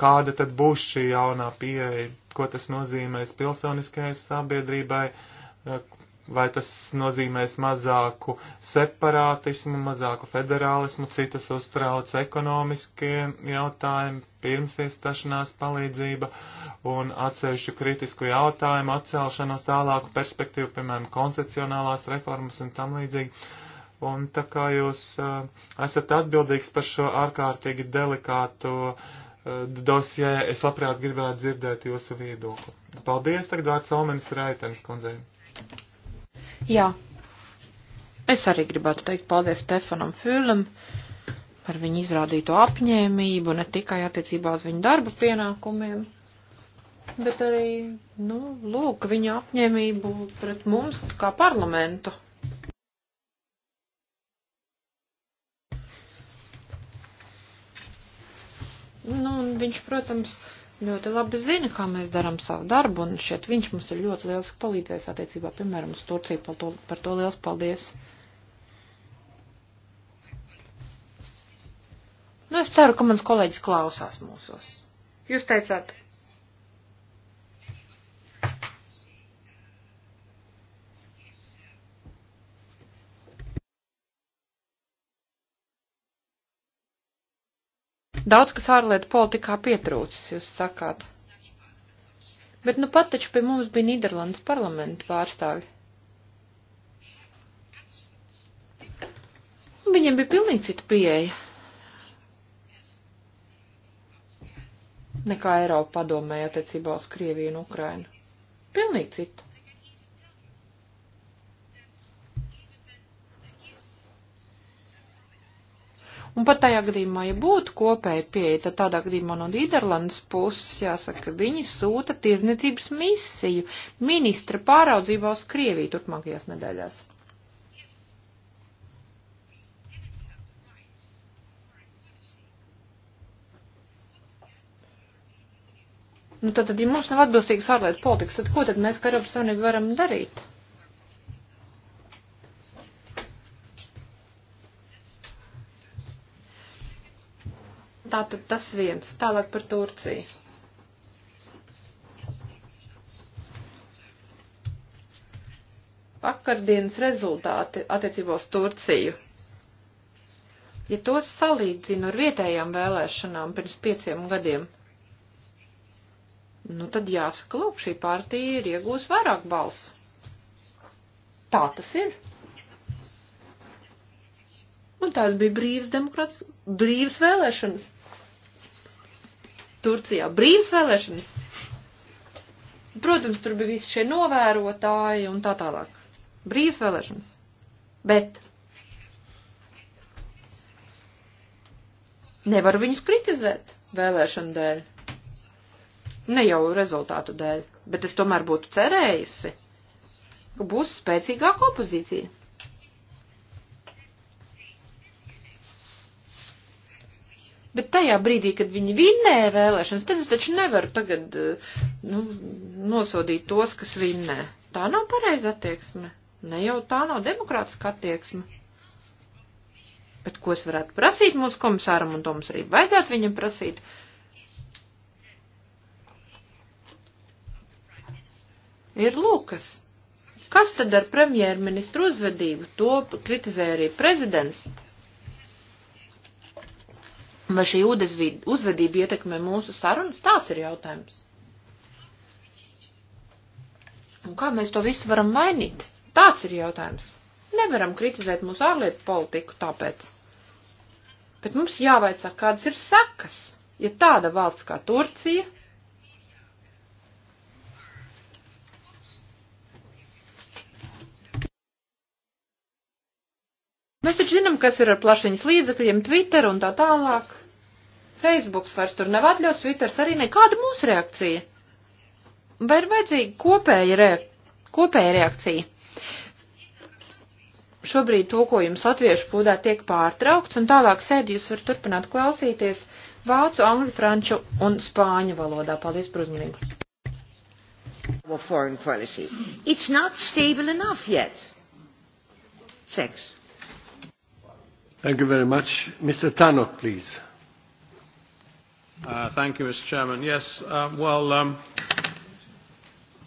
kāda tad būs šī jaunā pieeja, ko tas nozīmēs pilsoniskajai sabiedrībai, vai tas nozīmēs mazāku separātismu, mazāku federālismu, citas uztrauc ekonomiskie jautājumi, pirms iestašanās palīdzība un atsevišķu kritisku jautājumu atcelšanos tālāku perspektīvu, piemēram, koncepcionālās reformas un tam līdzīgi. Un tā kā jūs uh, esat atbildīgs par šo ārkārtīgi delikātu uh, Eh, dosjē. Es labprāt gribētu dzirdēt jūsu viedokli. Paldies, tagad vārds Almenis Raitenis kundzei.
Jā. Es arī gribētu teikt paldies Stefanam Fūlam par viņu izrādīto apņēmību, ne tikai attiecībā uz viņu darba pienākumiem, bet arī, nu, lūk, viņa apņēmību pret mums kā parlamentu. Nu, un viņš, protams, ļoti labi zina, kā mēs darām savu darbu, un šeit viņš mums ir ļoti liels palīdzējis attiecībā, piemēram, uz Turciju. Par to, par to liels paldies! Nu, es ceru, ka mans kolēģis klausās mūsos. Jūs teicāt, Daudz, kas ārlietu politikā pietrūcis, jūs sakāt. Bet nu pat taču pie mums bija Nīderlandes parlamenta pārstāvi. Viņiem bija pilnīgi cita pieeja. Nekā Eiropa padomēja attiecībā uz Krieviju un Ukrainu. Pilnīgi cita. Un pat tajā gadījumā, ja būtu kopēja pieeja, tad tādā gadījumā no Nīderlandes puses jāsaka, viņi sūta tiesniecības misiju ministra pāraudzībā uz Krieviju turpmākajās nedēļās. Nu, tad, ja mums nav atbilstīgas ārlietu politikas, tad ko tad mēs, kā Eiropas Savienība, varam darīt? Tātad tas viens. Tālāk par Turciju. Vakardienas rezultāti attiecībā uz Turciju. Ja tos salīdzinu ar vietējām vēlēšanām pirms pieciem gadiem, nu tad jāsaka, lūk, šī partija ir iegūs vairāk balsu. Tā tas ir. Un tās bija brīvas demokrātas, brīvas vēlēšanas. Turcijā brīvas vēlēšanas. Protams, tur bija visi šie novērotāji un tā tālāk. Brīvas vēlēšanas. Bet nevar viņus kritizēt vēlēšanu dēļ. Ne jau rezultātu dēļ, bet es tomēr būtu cerējusi, ka būs spēcīgāka opozīcija. Bet tajā brīdī, kad viņi vinnēja vēlēšanas, tad es taču nevaru tagad eh, nu, nosodīt tos, kas vinnē. Tā nav pareiza attieksme. Ne jau tā nav demokrātiska attieksme. Bet ko es varētu prasīt mūsu komisāram, un to mums arī vajadzētu viņam prasīt, ir Lūkas. Kas tad ar premjerministru uzvedību? To kritizēja arī prezidents. Vai šī uzvedība ietekmē mūsu sarunas? Tāds ir jautājums. Un kā mēs to visu varam mainīt? Tāds ir jautājums. Nevaram kritizēt mūsu ārlietu politiku tāpēc. Bet mums jāvaicā, kādas ir sekas, ja tāda valsts kā Turcija Mēs taču zinām, kas ir ar plašiņas līdzakļiem, Twitter un tā tālāk. Facebooks vairs tur nav atļauts, Twitters arī ne. Kāda mūsu reakcija? Vai ir vajadzīga kopēja, re, kopēja reakcija? Šobrīd tulkojums latviešu pūdā tiek pārtraukts, un tālāk sēdi jūs var turpināt klausīties vācu, angļu, franču un spāņu valodā. Paldies par uzmanību.
Foreign policy.
It's not stable enough yet. Sex.
Thank you very much. Mr. Tannock, please.
Uh, thank you, Mr. Chairman. Yes, uh, well, um,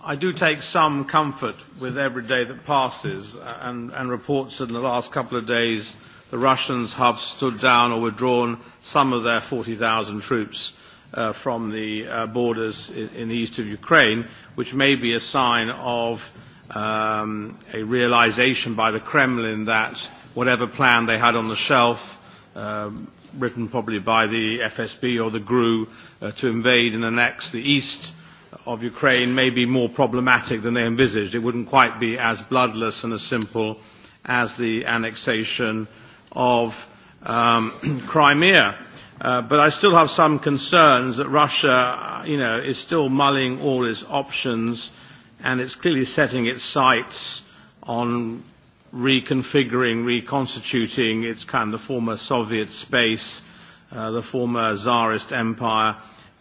I do take some comfort with every day that passes uh, and, and reports that in the last couple of days the Russians have stood down or withdrawn some of their 40,000 troops uh, from the uh, borders in, in the east of Ukraine, which may be a sign of um, a realization by the Kremlin that uh, whatever plan they had on the shelf, um, written probably by the FSB or the GRU, uh, to invade and annex the east of Ukraine may be more problematic than they envisaged. It wouldn't quite be as bloodless and as simple as the annexation of um, Crimea. Uh, but I still have some concerns that Russia, you know, is still mulling all its options, and it's clearly setting its sights on reconfiguring, reconstituting its kind of the former Soviet space, uh, the former Tsarist empire.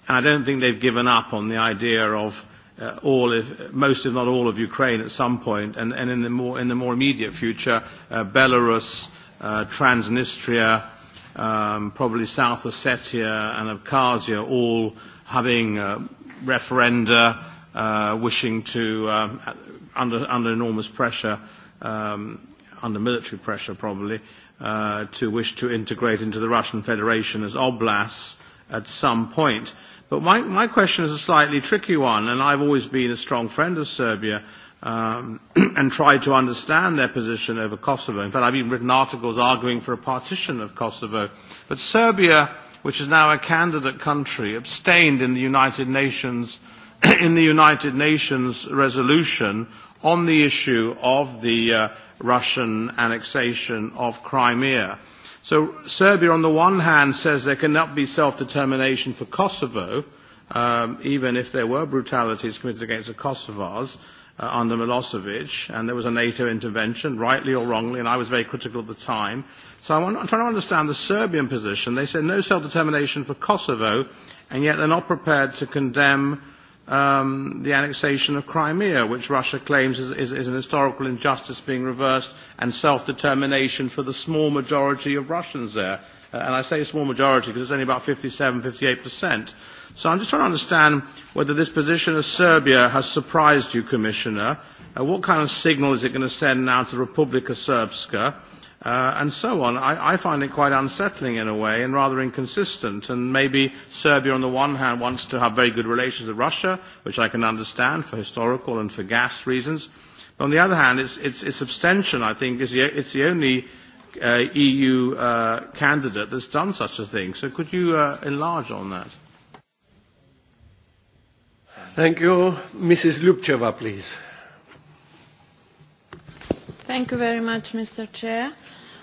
And I don't think they've given up on the idea of uh, all, if, most if not all of Ukraine at some point, and, and in, the more, in the more immediate future, uh, Belarus, uh, Transnistria, um, probably South Ossetia and Abkhazia all having uh, referenda, uh, wishing to, um, under, under enormous pressure, uh, um, under military pressure probably, uh, to wish to integrate into the Russian Federation as oblasts at some point. But my, my question is a slightly tricky one, and I've always been a strong friend of Serbia um, and tried to understand their position over Kosovo. In fact, I've even written articles arguing for a partition of Kosovo. But Serbia, which is now a candidate country, abstained in the United Nations in the United Nations resolution On the issue of the uh, Russian annexation of Crimea, so Serbia on the one hand says there cannot be self-determination for Kosovo, um, even if there were brutalities committed against the Kosovars uh, under Milosevic, and there was a NATO intervention, rightly or wrongly, and I was very critical at the time. So I'm, I'm trying to understand the Serbian position. They said no self-determination for Kosovo, and yet they're not prepared to condemn um, the annexation of Crimea, which Russia claims is, is, is an historical injustice being reversed, and self-determination for the small majority of Russians there. Uh, and I say small majority because it's only about 57, 58 percent. So I'm just trying to understand whether this position of Serbia has surprised you, Commissioner. Uh, what kind of signal is it going to send now to Republika Srpska? uh, and so on. I, I find it quite unsettling in a way and rather inconsistent. And maybe Serbia, on the one hand, wants to have very good relations with Russia, which I can understand for historical and for gas reasons. But on the other hand, its, its, its abstention, I think, is the, it's the only uh, EU uh, candidate that's done such a thing. So could you uh, enlarge on that? Thank you. Mrs. Lubcheva,
please.
Thank you very much, Mr. Chair.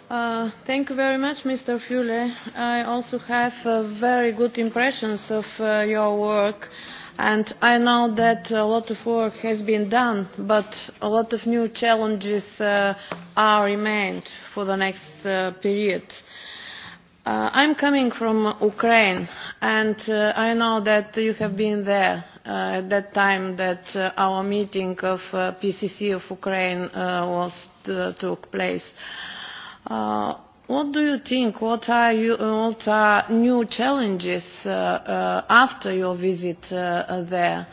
Uh, thank you very much, Mr. Fule. I also have uh, very good impressions of uh, your work, and I know that a lot of work has been done, but a lot of new challenges uh, are remained for the next uh, period. Uh, I'm coming from Ukraine, and uh, I know that you have been there uh, at that time that uh, our meeting of uh, PCC of Ukraine uh, was, uh, took place. Uh, Uh, what do you think? What are, you, what are new challenges uh, uh, after your visit uh, uh, there?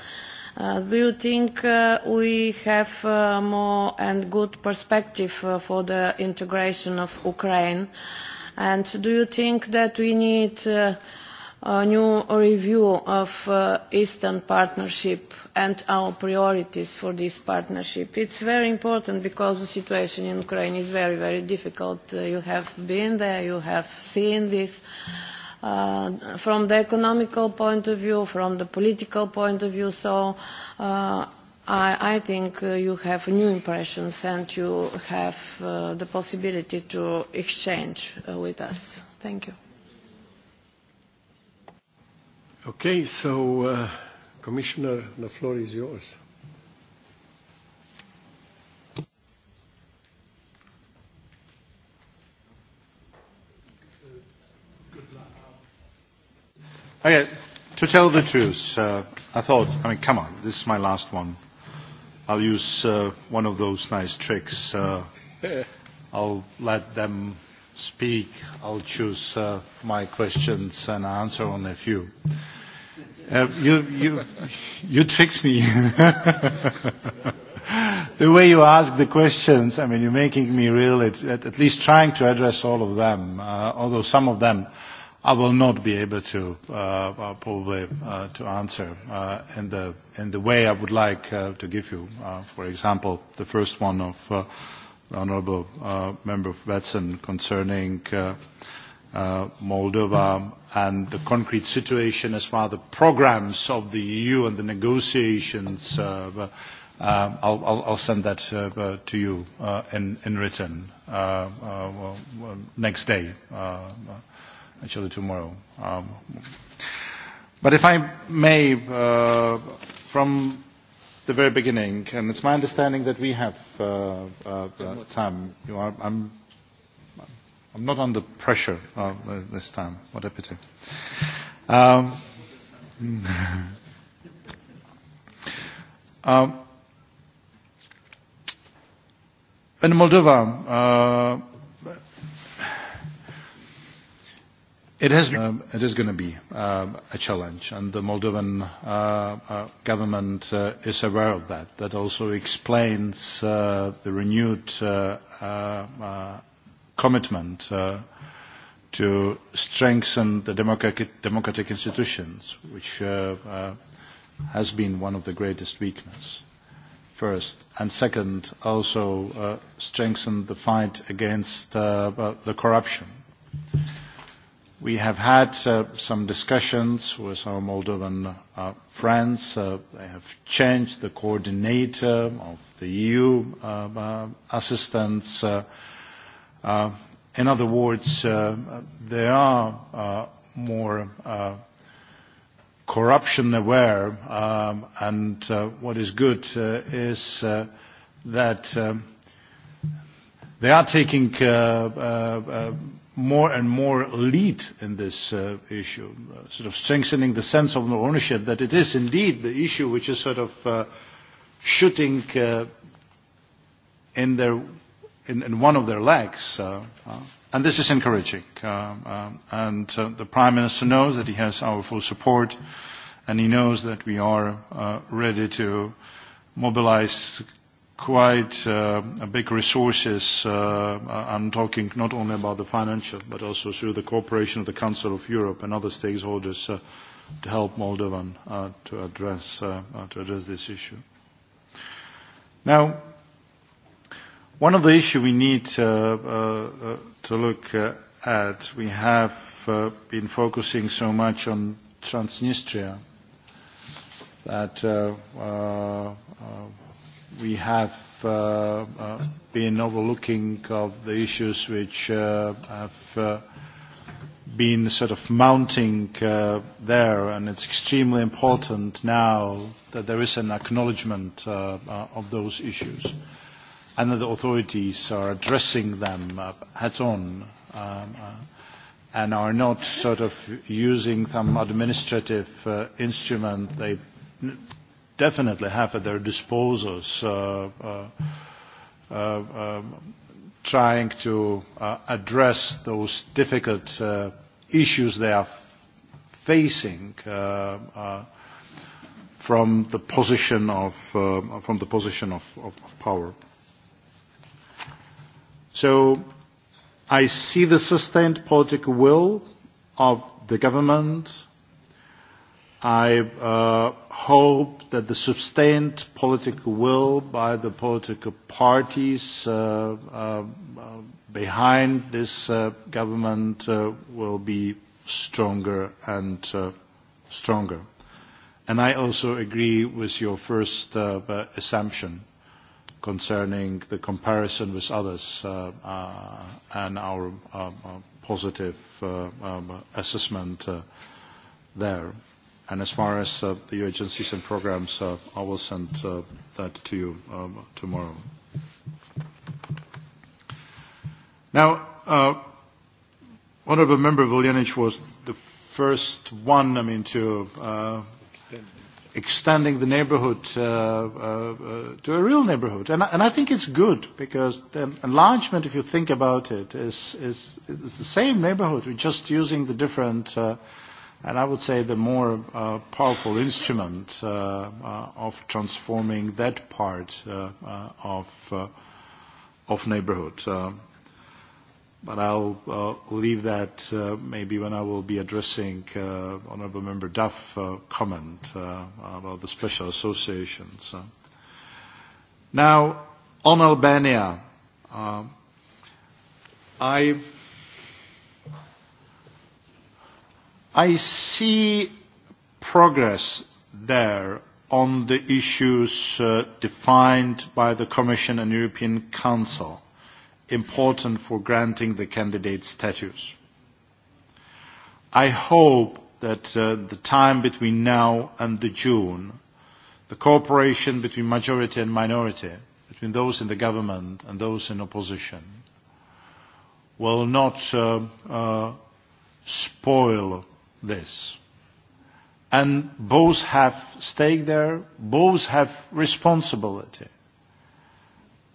Uh, do you think uh, we have uh, more and good perspective uh, for the integration of Ukraine? And do you think that we need uh, a new review of uh, Eastern Partnership and our priorities for this partnership. It's very important because the situation in Ukraine is very, very difficult. Uh, you have been there, you have seen this. Uh, from the economical point of view, from the political point of view, so uh, I, I think uh, you have new impressions and you have uh, the possibility to exchange uh, with us. Thank you.
Okay, so uh, Commissioner, the floor is yours.
Okay, to tell the truth, uh, I thought, I mean, come on, this is my last one. I'll use uh, one of those nice tricks. Uh, I'll let them speak, I'll choose uh, my questions and answer on a few. Uh, you, you, you tricked me. the way you ask the questions, I mean, you're making me really, at, at least trying to address all of them, uh, although some of them I will not be able to uh, uh probably uh, to answer uh, in, the, in the way I would like uh, to give you. Uh, for example, the first one of uh, honourable uh, member Watson concerning uh, uh, Moldova and the concrete situation as far as the programs of the EU and the negotiations. Uh, uh, I'll, I'll, I'll send that uh, uh, to you uh, in, in written uh, uh, well, uh, well, next day, uh, actually tomorrow. Um, but if I may, uh, from the very beginning, and it's my understanding that we have uh, uh, uh, time. You are, I'm, I'm not under pressure uh, this time. What a pity. Um, um, in Moldova, uh, It has been, um, it is going to be um, a challenge, and the Moldovan uh, uh, government uh, is aware of that. That also explains uh, the renewed uh, uh, uh commitment uh, to strengthen the democratic, democratic institutions, which uh, uh, has been one of the greatest weaknesses first, and second, also uh, strengthen the fight against uh, uh the corruption. Uh, We have had uh, some discussions with our Moldovan uh, friends. Uh, they have changed the coordinator of the EU uh, uh, assistance. Uh, uh, in other words, uh, they are uh, more uh, corruption aware, um, and uh, what is good uh, is uh, that um, they are taking uh, uh, uh, more and more lead in this uh, issue, uh, sort of strengthening the sense of ownership that it is indeed the issue which is sort of uh, shooting uh, in, their, in, in one of their legs. Uh, uh, and this is encouraging. Uh, um, and uh, the Prime Minister knows that he has our full support, and he knows that we are uh, ready to mobilize quite uh, big resources. Uh, I'm talking not only about the financial, but also through the cooperation of the Council of Europe and other stakeholders uh, to help Moldovan uh, to, address, uh, uh, to address this issue. Now, one of the issues we need uh, uh, to look uh, at, we have uh, been focusing so much on Transnistria that uh, uh, uh, we have uh, uh, been overlooking of the issues which uh, have uh, been sort of mounting uh, there, and it's extremely important now that there is an acknowledgement uh, uh, of those issues and that the authorities are addressing them uh, head-on um, uh, and are not sort of using some administrative uh, instrument they definitely have at their disposal uh, uh, uh, trying to uh, address those difficult uh, issues they are facing uh, uh, from the position of uh, from the position of, of, of power. So I see the sustained political will of the government I uh, hope that the sustained political will by the political parties uh, uh, uh, behind this uh, government uh, will be stronger and uh, stronger. And I also agree with your first uh, assumption concerning the comparison with others uh, uh, and our uh, uh positive uh, um, assessment uh, there. And as far as uh, the EU agencies and programs, uh, I will send uh, that to you um, tomorrow. Now, uh, Honourable Member Vuljanic was the first one, I mean, to uh, extending the neighborhood uh, uh, uh, to a real neighborhood. And, and I think it's good because the enlargement, if you think about it, is, is, is the same neighborhood. We're just using the different uh, and I would say the more uh, powerful instrument uh, uh, of transforming that part uh, uh, of, uh, of neighborhood. Uh, but I'll uh, leave that uh, maybe when I will be addressing uh, Honourable Member Duff's uh, comment uh, about the special associations. Uh, now, on Albania, uh, I I see progress there on the issues uh, defined by the Commission and European Council, important for granting the candidate status. I hope that uh, the time between now and the June, the cooperation between majority and minority, between those in the government and those in opposition, will not uh, uh, spoil this. And both have stake there, both have responsibility.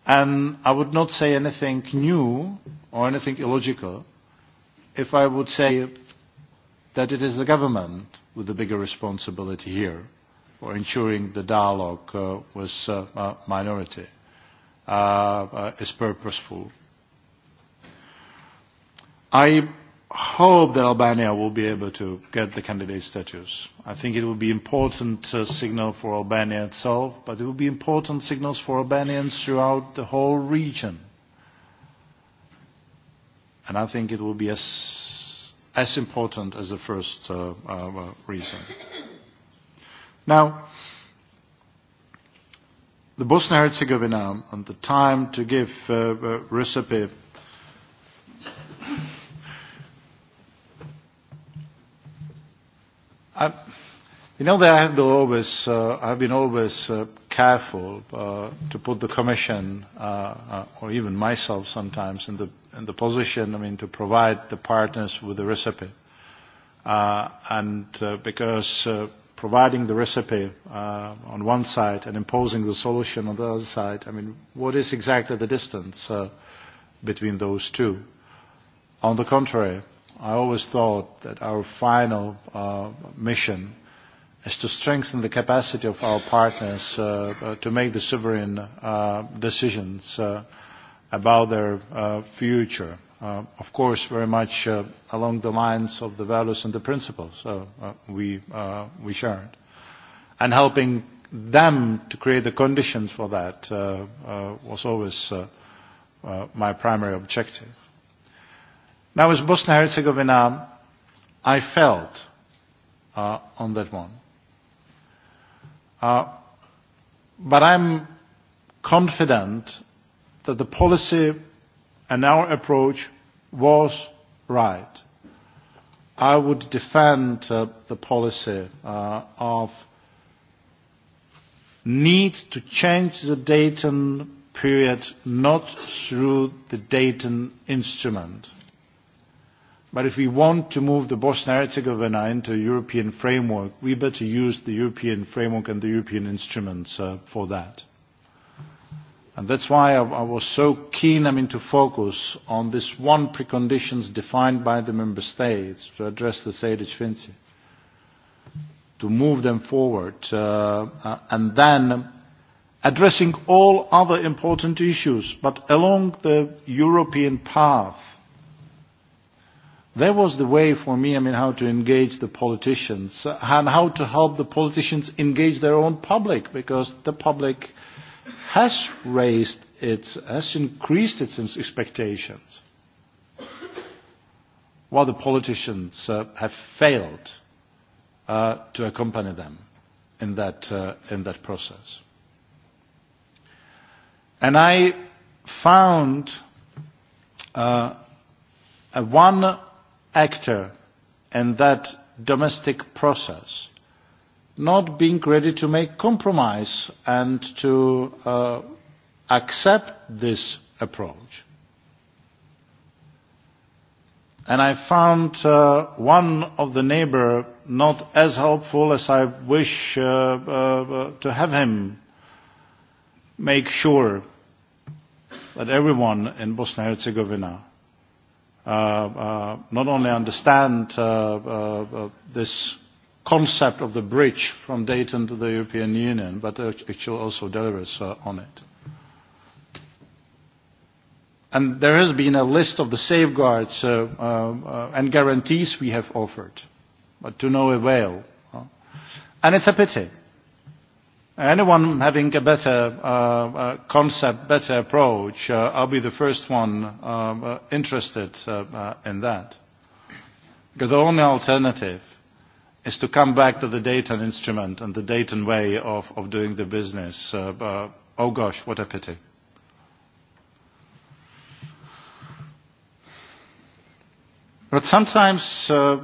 And I would not say anything new or anything illogical if I would say that it is the government with the bigger responsibility here for ensuring the dialogue uh, with uh, uh, minority uh, uh, is purposeful. I hope that Albania will be able to get the candidate status. I think it will be important uh, signal for Albania itself, but it will be important signals for Albanians throughout the whole region. And I think it will be as, as important as the first uh, uh, reason. Now, the Bosnia-Herzegovina and the time to give uh, uh, recipe I, you know that I have to always, uh, I've been always uh, careful uh, to put the Commission uh, uh, or even myself sometimes in the in the position, I mean, to provide the partners with the recipe, uh, and uh, because uh, providing the recipe uh, on one side and imposing the solution on the other side, I mean, what is exactly the distance uh, between those two? On the contrary, I always thought that our final uh, mission is to strengthen the capacity of our partners uh, uh, to make the sovereign uh, decisions uh, about their uh, future. Uh, of course, very much uh, along the lines of the values and the principles uh, uh, we, uh, we shared. And helping them to create the conditions for that uh, uh, was always uh, uh, my primary objective. Now, as Bosnia and Herzegovina, I felt uh, on that one. Uh, but I'm confident that the policy and our approach was right. I would defend uh, the policy uh, of need to change the Dayton period not through the Dayton instrument But if we want to move the Bosnia-Herzegovina into a European framework, we better use the European framework and the European instruments uh, for that. And that's why I, I was so keen, I mean, to focus on this one preconditions defined by the member states to address the Sejdic Finci, to move them forward, uh, uh, and then addressing all other important issues, but along the European path that was the way for me, I mean, how to engage the politicians and how to help the politicians engage their own public because the public has raised its, has increased its expectations while the politicians uh, have failed uh, to accompany them in that, uh, in that process. And I found uh, a one actor in that domestic process not being ready to make compromise and to uh, accept this approach. And I found uh, one of the neighbor not as helpful as I wish uh, uh, uh to have him make sure that everyone in Bosnia and Herzegovina uh, uh, not only understand uh, uh, uh, this concept of the bridge from Dayton to the European Union, but actually also delivers uh, on it. And there has been a list of the safeguards uh, uh, uh, and guarantees we have offered, but to no avail. Huh? And it's a pity Anyone having a better uh, uh, concept, better approach, uh, I'll be the first one um, uh, interested uh, uh, in that. Because the only alternative is to come back to the Dayton instrument and the Dayton way of, of doing the business. Uh, uh, oh gosh, what a pity. But sometimes, uh,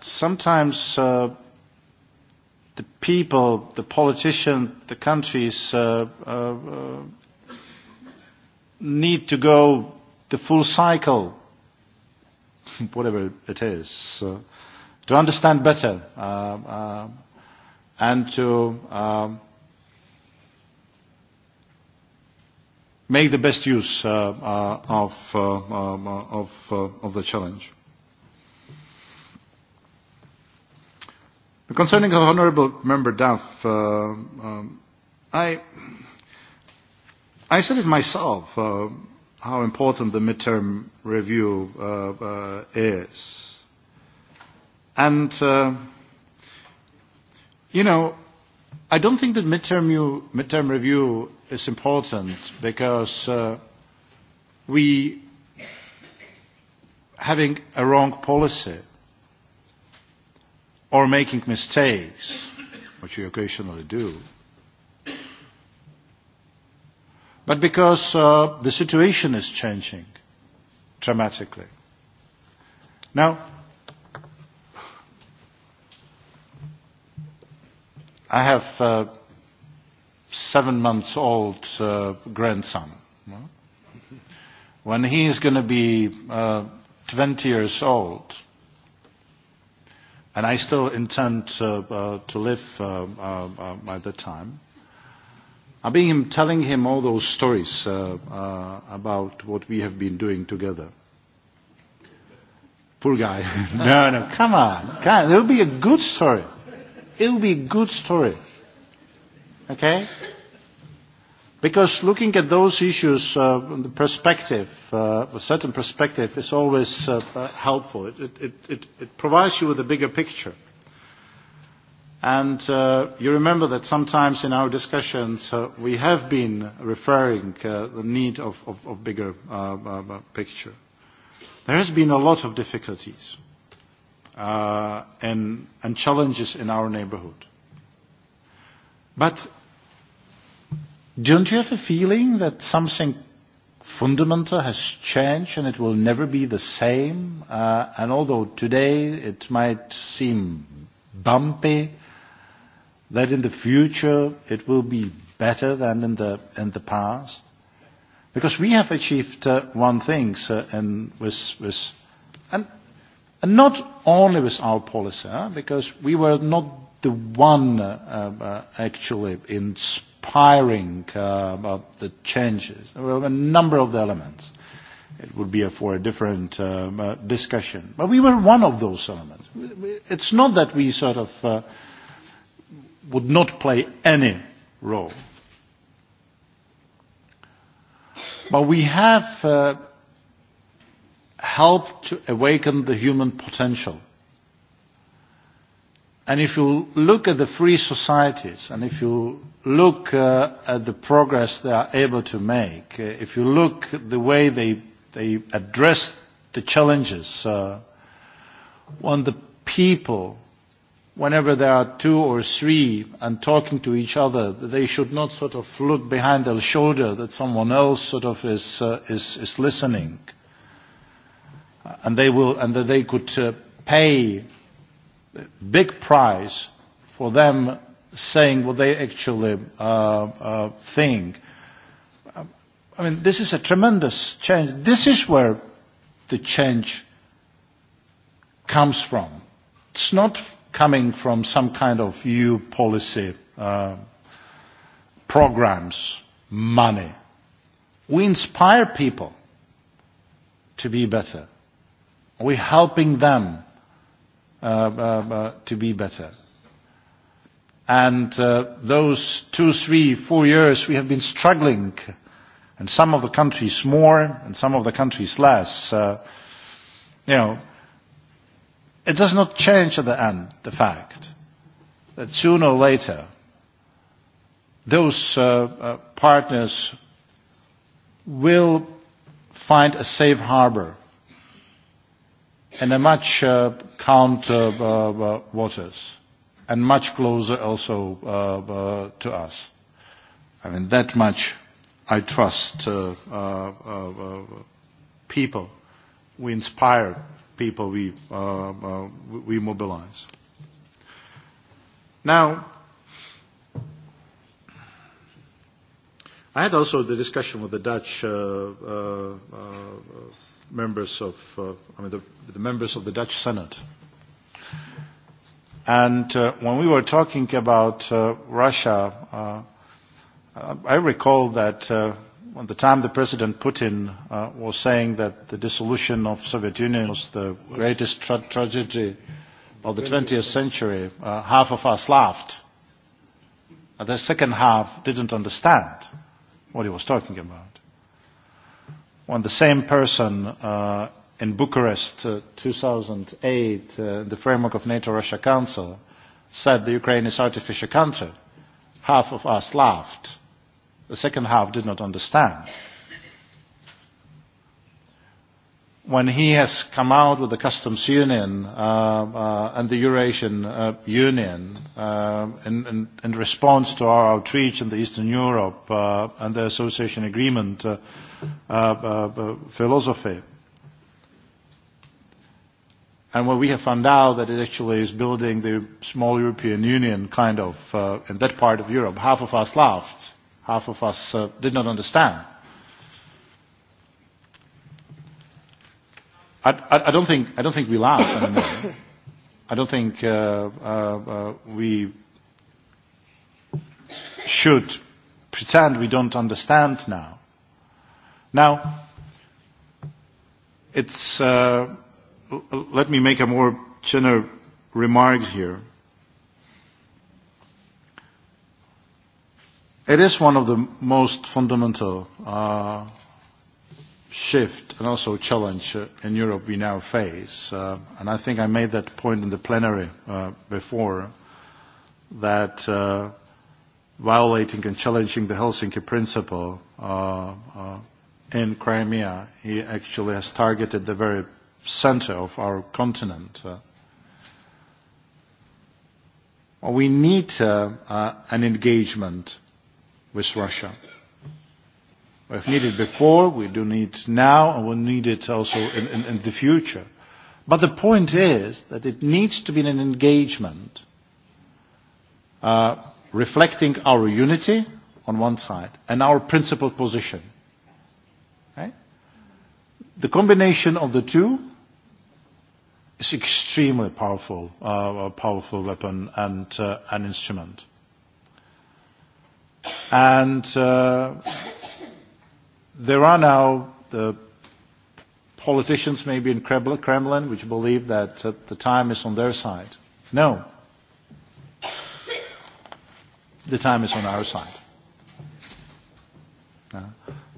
sometimes uh, the people, the politicians, the countries uh, uh, uh, need to go the full cycle, whatever it is, uh, to understand better uh, uh, and to um, make the best use uh, uh, of, uh, um, uh, of, uh, of the challenge. Uh, concerning the Honourable Member Duff, uh, um, I, I said it myself uh, how important the midterm review uh, uh, is. And, uh, you know, I don't think that midterm, you, midterm review is important because uh, we having a wrong policy or making mistakes, which you occasionally do, but because uh, the situation is changing dramatically. Now, I have a uh, seven months old uh, grandson. When he is going to be uh, 20 years old, And I still intend to, uh, to live uh, uh, uh by that time. I've been telling him all those stories uh, uh, about what we have been doing together. Poor guy. no, no, come on. Come on. It'll be a good story. It'll be a good story. Okay? Because looking at those issues, uh, the perspective, uh, a certain perspective, is always uh, uh helpful. It, it, it, it provides you with a bigger picture. And uh, you remember that sometimes in our discussions uh, we have been referring uh, the need of, of, of bigger uh, uh, uh picture. There has been a lot of difficulties uh, and, and challenges in our neighborhood. But Don't you have a feeling that something fundamental has changed and it will never be the same? Uh, and although today it might seem bumpy, that in the future it will be better than in the, in the past? Because we have achieved uh, one thing so, and with, with, and, and not only with our policy, huh? because we were not the one uh, uh, actually in Spain inspiring uh, about the changes. There were a number of the elements. It would be a, for a different uh, uh, discussion. But we were one of those elements. It's not that we sort of uh, would not play any role. But we have uh, helped to awaken the human potential And if you look at the free societies, and if you look uh, at the progress they are able to make, uh, if you look at the way they, they address the challenges uh, when the people, whenever there are two or three and talking to each other, they should not sort of look behind their shoulder that someone else sort of is, uh, is, is listening. And they will, and that they could uh, pay big price for them saying what they actually uh, uh, think. Uh, I mean, this is a tremendous change. This is where the change comes from. It's not coming from some kind of EU policy uh, programs, money. We inspire people to be better. We're helping them Uh, uh, uh, to be better. And uh, those two, three, four years we have been struggling, and some of the countries more, and some of the countries less. Uh, you know, it does not change at the end the fact that sooner or later those uh, uh, partners will find a safe harbor in a much uh, count uh, uh, waters and much closer also uh, uh, to us. I mean, that much I trust uh, uh, uh, people. We inspire people we, uh, uh, we mobilize. Now, I had also the discussion with the Dutch uh, uh, uh, members of, uh, I mean, the, the members of the Dutch Senate. And uh, when we were talking about uh, Russia, uh, I recall that uh, at the time the President Putin uh, was saying that the dissolution of Soviet Union was the greatest tra- tragedy of the 20th century, uh, half of us laughed. And uh, the second half didn't understand what he was talking about when the same person uh, in Bucharest uh, 2008, uh, the framework of NATO-Russia Council, said the Ukraine is artificial country, half of us laughed. The second half did not understand. when he has come out with the customs union uh, uh, and the Eurasian uh, Union uh, in, in, in response to our outreach in the Eastern Europe uh, and the association agreement uh, uh, uh, philosophy, and what we have found out that it actually is building the small European Union kind of uh, in that part of Europe. Half of us laughed, half of us uh, did not understand I, I, I, don't think, I don't think we laugh anymore. I don't think uh, uh, uh, we should pretend we don't understand now. Now, it's, uh, l- let me make a more general remark here. It is one of the most fundamental uh, shift and also challenge uh, in Europe we now face. Uh, and I think I made that point in the plenary uh, before that uh, violating and challenging the Helsinki principle uh, uh, in Crimea, he actually has targeted the very center of our continent. Uh, we need uh, uh, an engagement with Russia. Uh, We have needed before, we do need now, and we'll need it also in, in, in the future. But the point is that it needs to be an engagement uh, reflecting our unity on one side and our principled position. Okay? The combination of the two is extremely powerful, uh, a powerful weapon and uh, an instrument. And uh, There are now the politicians, maybe in Kremlin, which believe that uh, the time is on their side. No. The time is on our side. Uh,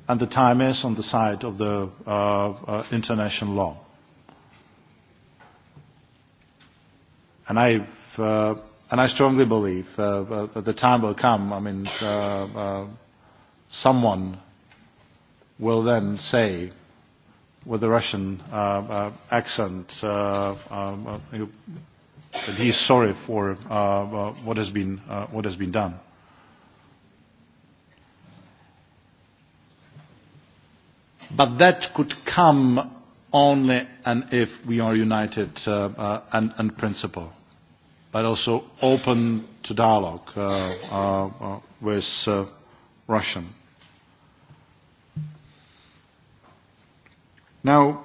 and the time is on the side of the uh, uh, international law. And I, uh, and I strongly believe uh, uh, that the time will come. I mean, uh, uh, someone will then say with a Russian uh, uh, accent uh, um, uh, uh that he is sorry for uh, uh, what, has been, uh, what has been done. But that could come only and if we are united uh, uh, and, and principle, but also open to dialogue uh, uh, uh, with uh, Russian. Now,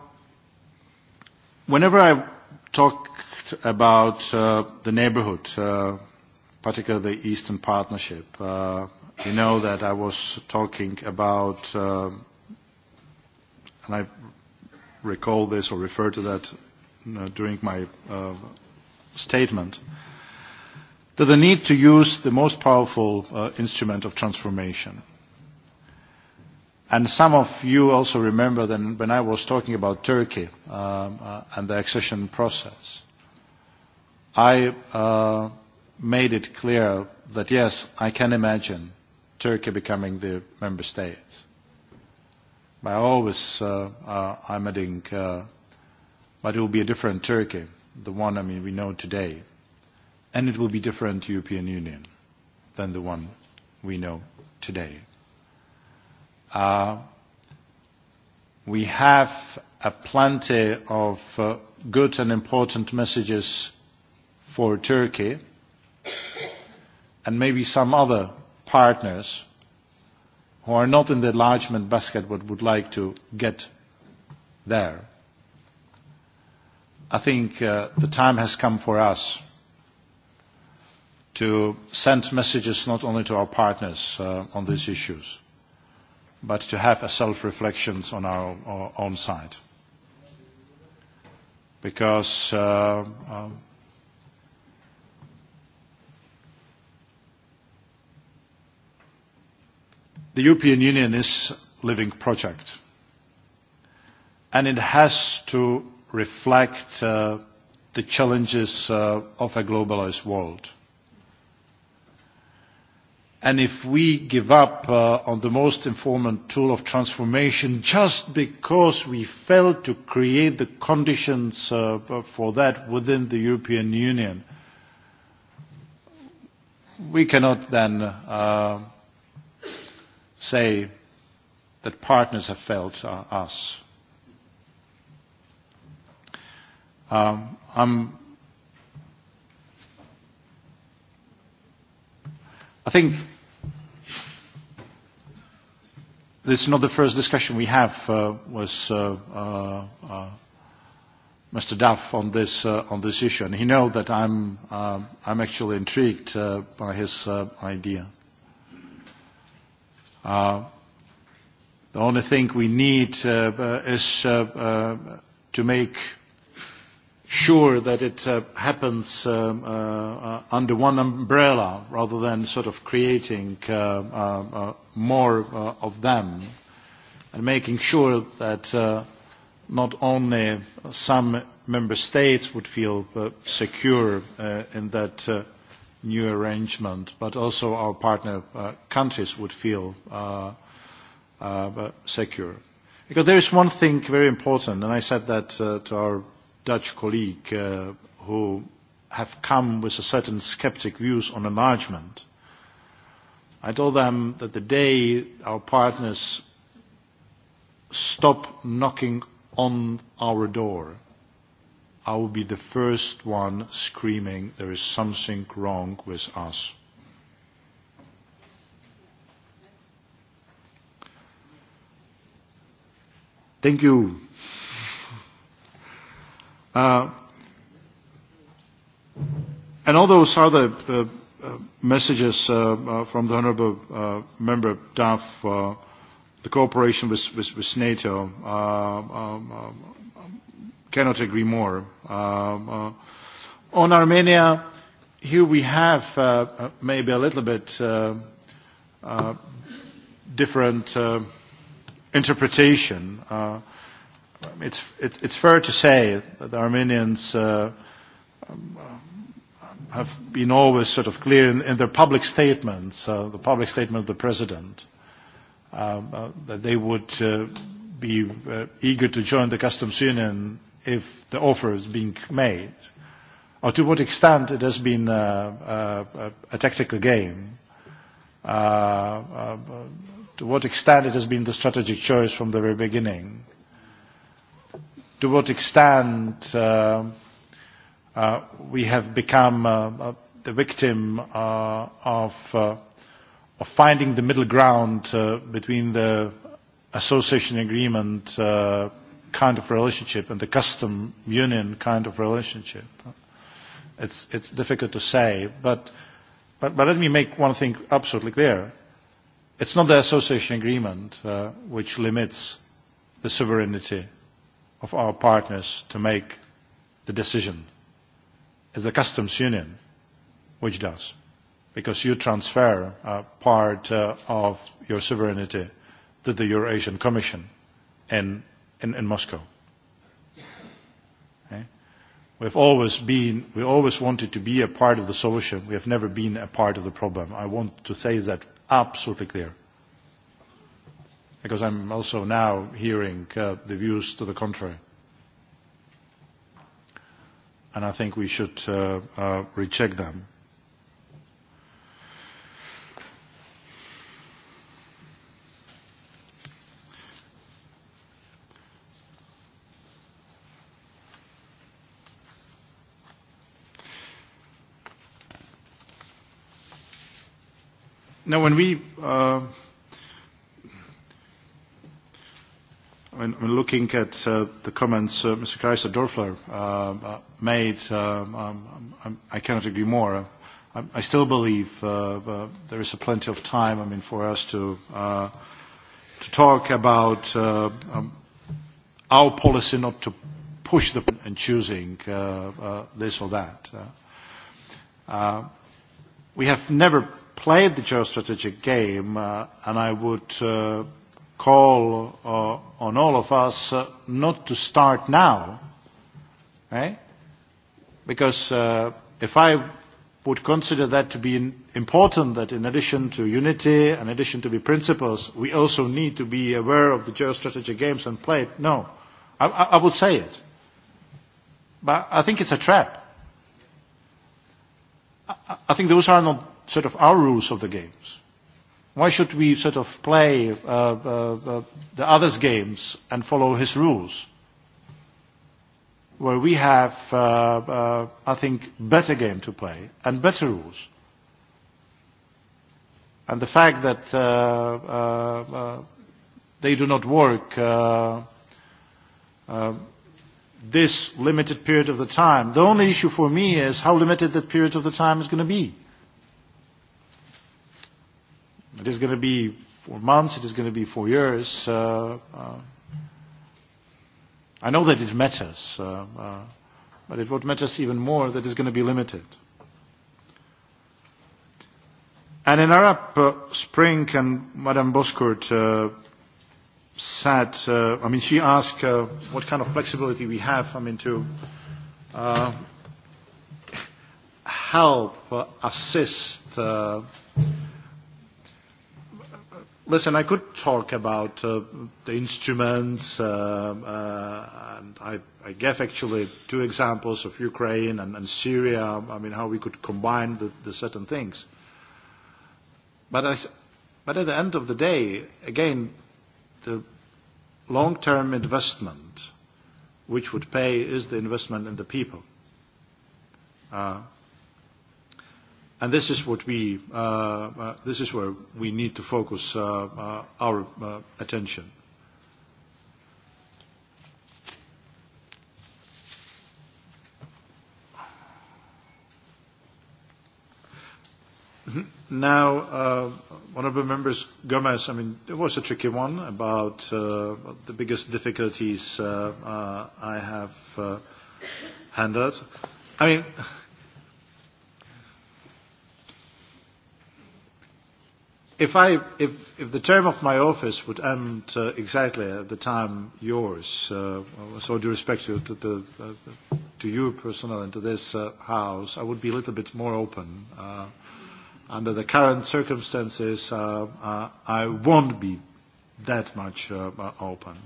whenever I talked about uh, the neighborhood, uh, particularly the Eastern Partnership, uh, you know that I was talking about, uh, and I recall this or refer to that you know, during my uh, statement, that the need to use the most powerful uh, instrument of transformation – And some of you also remember that when I was talking about Turkey um, uh, and the accession process, I uh, made it clear that yes, I can imagine Turkey becoming the member state. But I always, uh, uh, I'm adding, uh, but it will be a different Turkey, the one I mean we know today, and it will be different European Union than the one we know today. Uh, we have a plenty of uh, good and important messages for Turkey and maybe some other partners who are not in the enlargement basket but would like to get there. I think uh, the time has come for us to send messages not only to our partners uh, on these issues but to have a self-reflections on our, our own side. Because uh, um, the European Union is a living project, and it has to reflect uh, the challenges uh, of a globalized world And if we give up uh, on the most important tool of transformation just because we failed to create the conditions uh, for that within the European Union, we cannot then uh, say that partners have failed uh, us. Um, I'm I think this is not the first discussion we have uh, with uh, uh, uh Mr. Duff on this, uh, on this issue, and he knows that I'm, uh, I'm actually intrigued uh, by his uh, idea. Uh, the only thing we need uh, uh, is uh, uh, to make sure that it uh, happens um, uh, uh, under one umbrella rather than sort of creating uh, uh, uh, more uh, of them and making sure that uh, not only some member states would feel uh, secure uh, in that uh, new arrangement, but also our partner uh, countries would feel uh, uh, secure. Because there is one thing very important, and I said that uh, to our Dutch colleague uh, who have come with a certain skeptic views on enlargement. I told them that the day our partners stop knocking on our door, I will be the first one screaming, there is something wrong with us. Thank you. Uh, and all those other uh, messages uh, uh, from the Honourable uh, Member Duff, uh, the cooperation with, with, with NATO, uh, um, um, cannot agree more. Um, uh, on Armenia, here we have uh, maybe a little bit uh, uh, different uh, interpretation. Uh, It's, it, it's fair to say that the Armenians uh, um, have been always sort of clear in, in their public statements, uh, the public statement of the president, um, uh, that they would uh, be uh, eager to join the customs union if the offer is being made, or to what extent it has been uh, uh, a tactical game, uh, uh, to what extent it has been the strategic choice from the very beginning. Uh, to what extent uh, uh, we have become uh, uh, the victim uh, of, uh, of finding the middle ground uh, between the association agreement uh, kind of relationship and the custom union kind of relationship. It's, it's difficult to say, but, but, but let me make one thing absolutely clear. It's not the association agreement uh, which limits the sovereignty of our partners to make the decision. It's the customs union which does, because you transfer uh, part uh, of your sovereignty to the Eurasian Commission in, in, in Moscow. Okay? We've always been, we always wanted to be a part of the solution. We have never been a part of the problem. I want to say that absolutely clear. Because I'm also now hearing uh, the views to the contrary. And I think we should uh, uh, recheck them. Now, when we uh, when, when looking at uh, the comments uh, Mr. Kreiser Dorfler uh, uh, made, uh, um, um, um I cannot agree more. Um, I, I still believe uh, uh, there is a plenty of time. I mean, for us to uh, to talk about uh, um, our policy, not to push the and choosing uh, uh, this or that. Uh, uh, we have never played the geostrategic game, uh, and I would. Uh, call uh, on all of us uh, not to start now, eh? because uh, if I would consider that to be important, that in addition to unity, in addition to the principles, we also need to be aware of the geostrategic games and play it, no. I, I, I would say it. But I think it's a trap. I, I think those are not sort of our rules of the games. Why should we sort of play uh, uh, uh, the other's games and follow his rules? Where we have, uh, uh, I think, better game to play and better rules. And the fact that uh, uh, uh, they do not work uh, uh, this limited period of the time, the only issue for me is how limited that period of the time is going to be it is going to be for months, it is going to be for years. Uh, uh, I know that it matters, uh, uh, but it what matters even more that is going to be limited. And in Arab uh, Spring, and Madame Boscourt uh, said, uh, I mean, she asked uh, what kind of flexibility we have, I mean, to uh, help, uh, assist, uh, Listen, I could talk about uh, the instruments. Uh, uh, and I, I gave actually two examples of Ukraine and, and Syria. I mean, how we could combine the, the certain things. But, I, but at the end of the day, again, the long-term investment which would pay is the investment in the people. Uh, And this is what we, uh, uh, this is where we need to focus uh, uh, our uh, attention. Mm-hmm. Now, uh, honorable members, Gomez, I mean, it was a tricky one about uh, the biggest difficulties uh, uh, I have uh, handled. I mean, If, I, if, if the term of my office would end uh, exactly at the time yours, uh, so due respect to, to, the, uh, to you personally and to this uh, House, I would be a little bit more open. Uh, under the current circumstances, uh, uh, I won't be that much uh, uh open.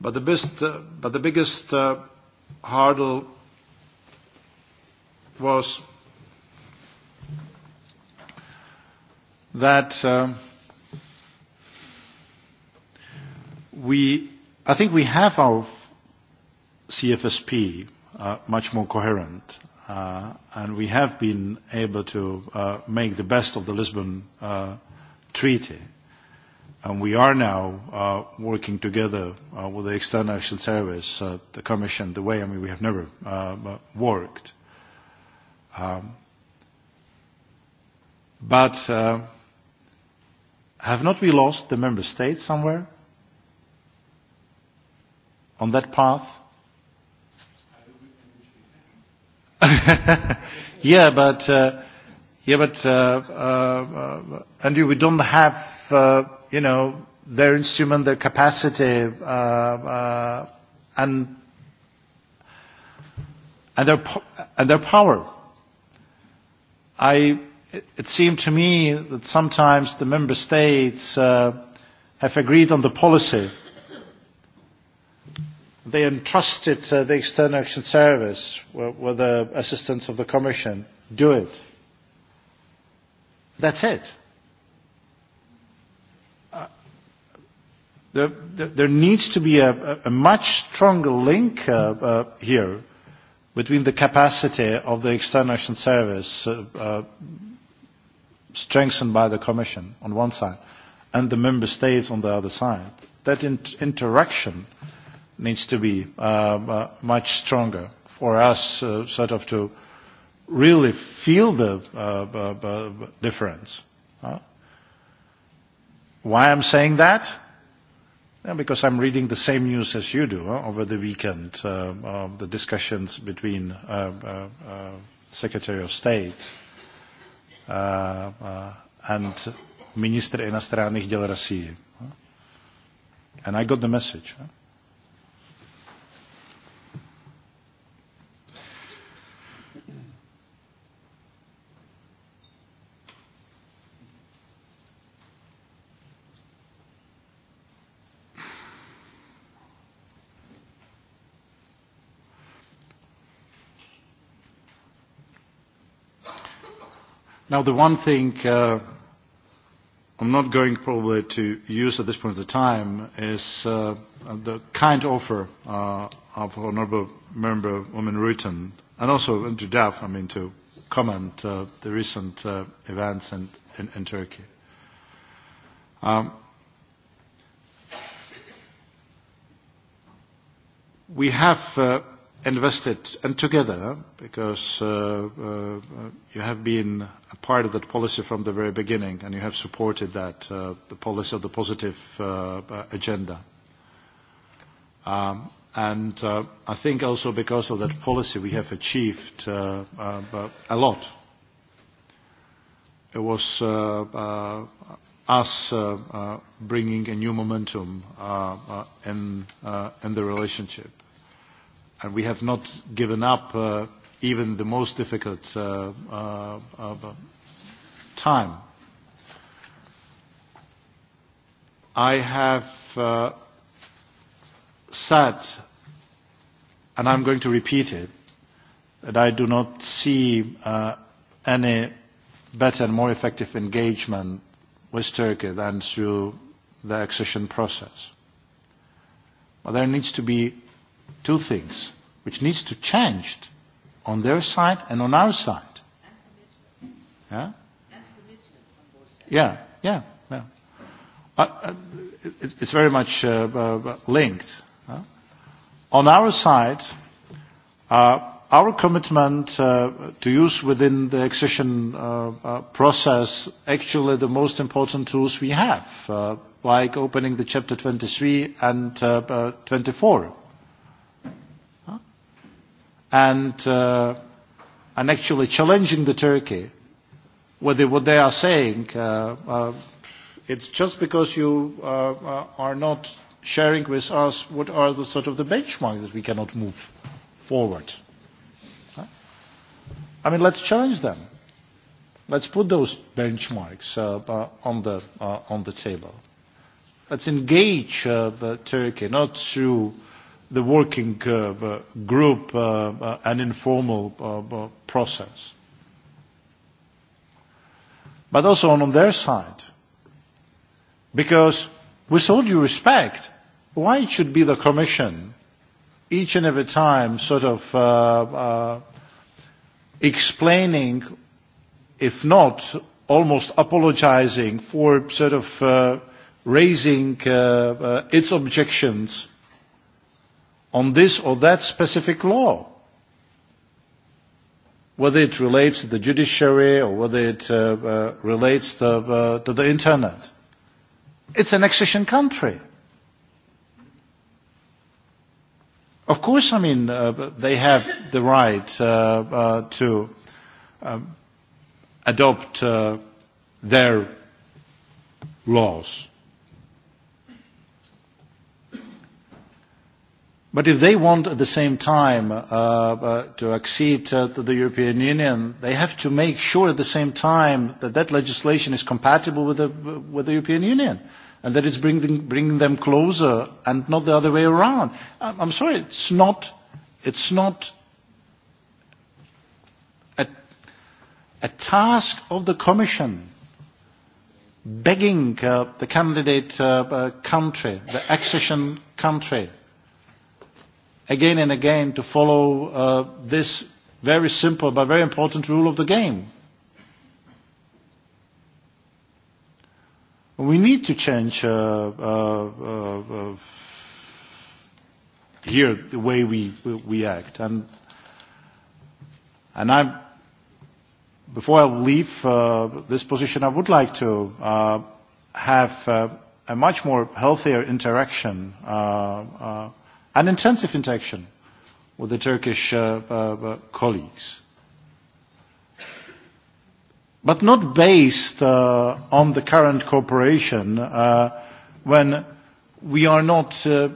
But the, best, uh, but the biggest uh, hurdle was that uh, we, I think we have our CFSP uh, much more coherent, uh, and we have been able to uh, make the best of the Lisbon uh, Treaty. And we are now uh, working together uh, with the External Action Service, uh, the Commission, the way I mean we have never uh, worked. Um, but uh, Have not we lost the member states somewhere on that path? yeah, but uh, yeah, but uh, uh, and we don't have uh, you know their instrument, their capacity, uh, uh, and and their po- and their power. I it, it seemed to me that sometimes the member states uh, have agreed on the policy. They entrusted uh, the External Action Service with, with the assistance of the Commission. Do it. That's it. Uh, there, there, there needs to be a, a much stronger link uh, uh, here between the capacity of the External Action Service uh, uh, strengthened by the Commission on one side and the Member States on the other side, that in- interaction needs to be uh, uh, much stronger for us uh, sort of to really feel the uh, uh, uh difference. Huh? Why I'm saying that? Yeah, because I'm reading the same news as you do huh, over the weekend, uh, uh, the discussions between uh, uh, uh, Secretary of State uh, and Minister Inastranich del России. And I got the message. Huh? Now, the one thing uh, I'm not going probably to use at this point of the time is uh, the kind offer uh, of Honourable Member Woman Rutan and also to Daf, I mean, to comment uh, the recent uh, events in, in, in Turkey. Um, we have uh, invested, and together, because uh, uh, you have been a part of that policy from the very beginning, and you have supported that, uh, the policy of the positive uh, uh, agenda. Um, and uh, I think also because of that policy we have achieved uh, uh, a lot. It was uh, uh, us uh, uh, bringing a new momentum uh, uh, in, uh, in the relationship. Uh, and we have not given up uh, even the most difficult uh, uh, uh, time. I have uh, said, and I'm going to repeat it, that I do not see uh, any better and more effective engagement with Turkey than through the accession process. But there needs to be two things which needs to change on their side and on our side. Yeah? Yeah, yeah. yeah. Uh, uh, it, it's very much uh, uh, linked. Uh. On our side, uh, our commitment uh, to use within the accession uh, uh, process actually the most important tools we have, uh, like opening the chapter 23 and uh, uh, 24 and, uh, and actually challenging the Turkey, whether what they are saying, uh, uh, it's just because you uh, uh, are not sharing with us what are the sort of the benchmarks that we cannot move forward. Huh? I mean, let's challenge them. Let's put those benchmarks uh, uh, on, the, uh, on the table. Let's engage uh, the Turkey, not through uh, the working uh, group, uh, uh, an informal uh, uh process. But also on their side. Because with all due respect, why it should be the Commission each and every time sort of uh, uh, explaining, if not almost apologizing for sort of uh, raising uh, uh, its objections on this or that specific law, whether it relates to the judiciary or whether it uh, uh, relates to, uh, to the internet. It's an accession country. Of course, I mean, uh, they have the right uh, uh, to um, adopt uh, their laws. But if they want at the same time uh, uh, to accede uh, to the European Union, they have to make sure at the same time that that legislation is compatible with the, with the European Union and that it's bringing, bringing them closer and not the other way around. I'm, I'm sorry, it's not, it's not a, a task of the Commission begging uh, the candidate uh, uh, country, the accession country, again and again to follow uh, this very simple but very important rule of the game. We need to change uh, uh, uh, uh, here the way we, we act. And, and I'm, before I leave uh, this position, I would like to uh, have uh, a much more healthier interaction uh, uh, and intensive interaction with the Turkish uh, uh, uh, colleagues. But not based uh, on the current cooperation uh, when we are not uh,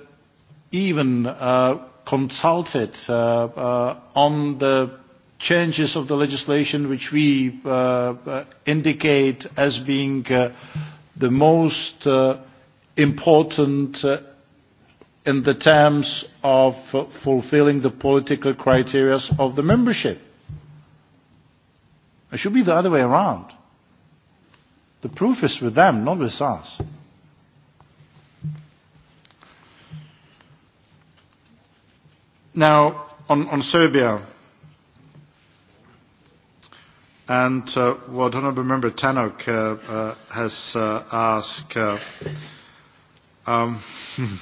even uh, consulted uh, uh, on the changes of the legislation which we uh, uh, indicate as being uh, the most uh, important uh, in the terms of fulfilling the political criteria of the membership. It should be the other way around. The proof is with them, not with us. Now, on, on Serbia, and uh, what Honourable Member Tanok uh, uh, has uh, asked, uh, um, hmm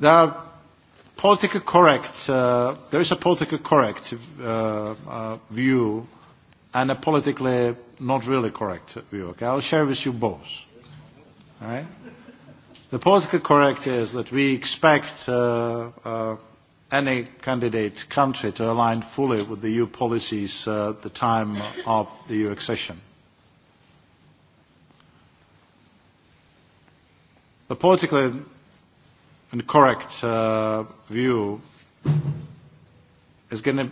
there are political correct, uh, there is a political correct uh, uh, view and a politically not really correct view. Okay? I'll share with you both. All right? The political correct is that we expect uh, uh, any candidate country to align fully with the EU policies uh, at the time of the EU accession. The politically and correct uh, view is gonna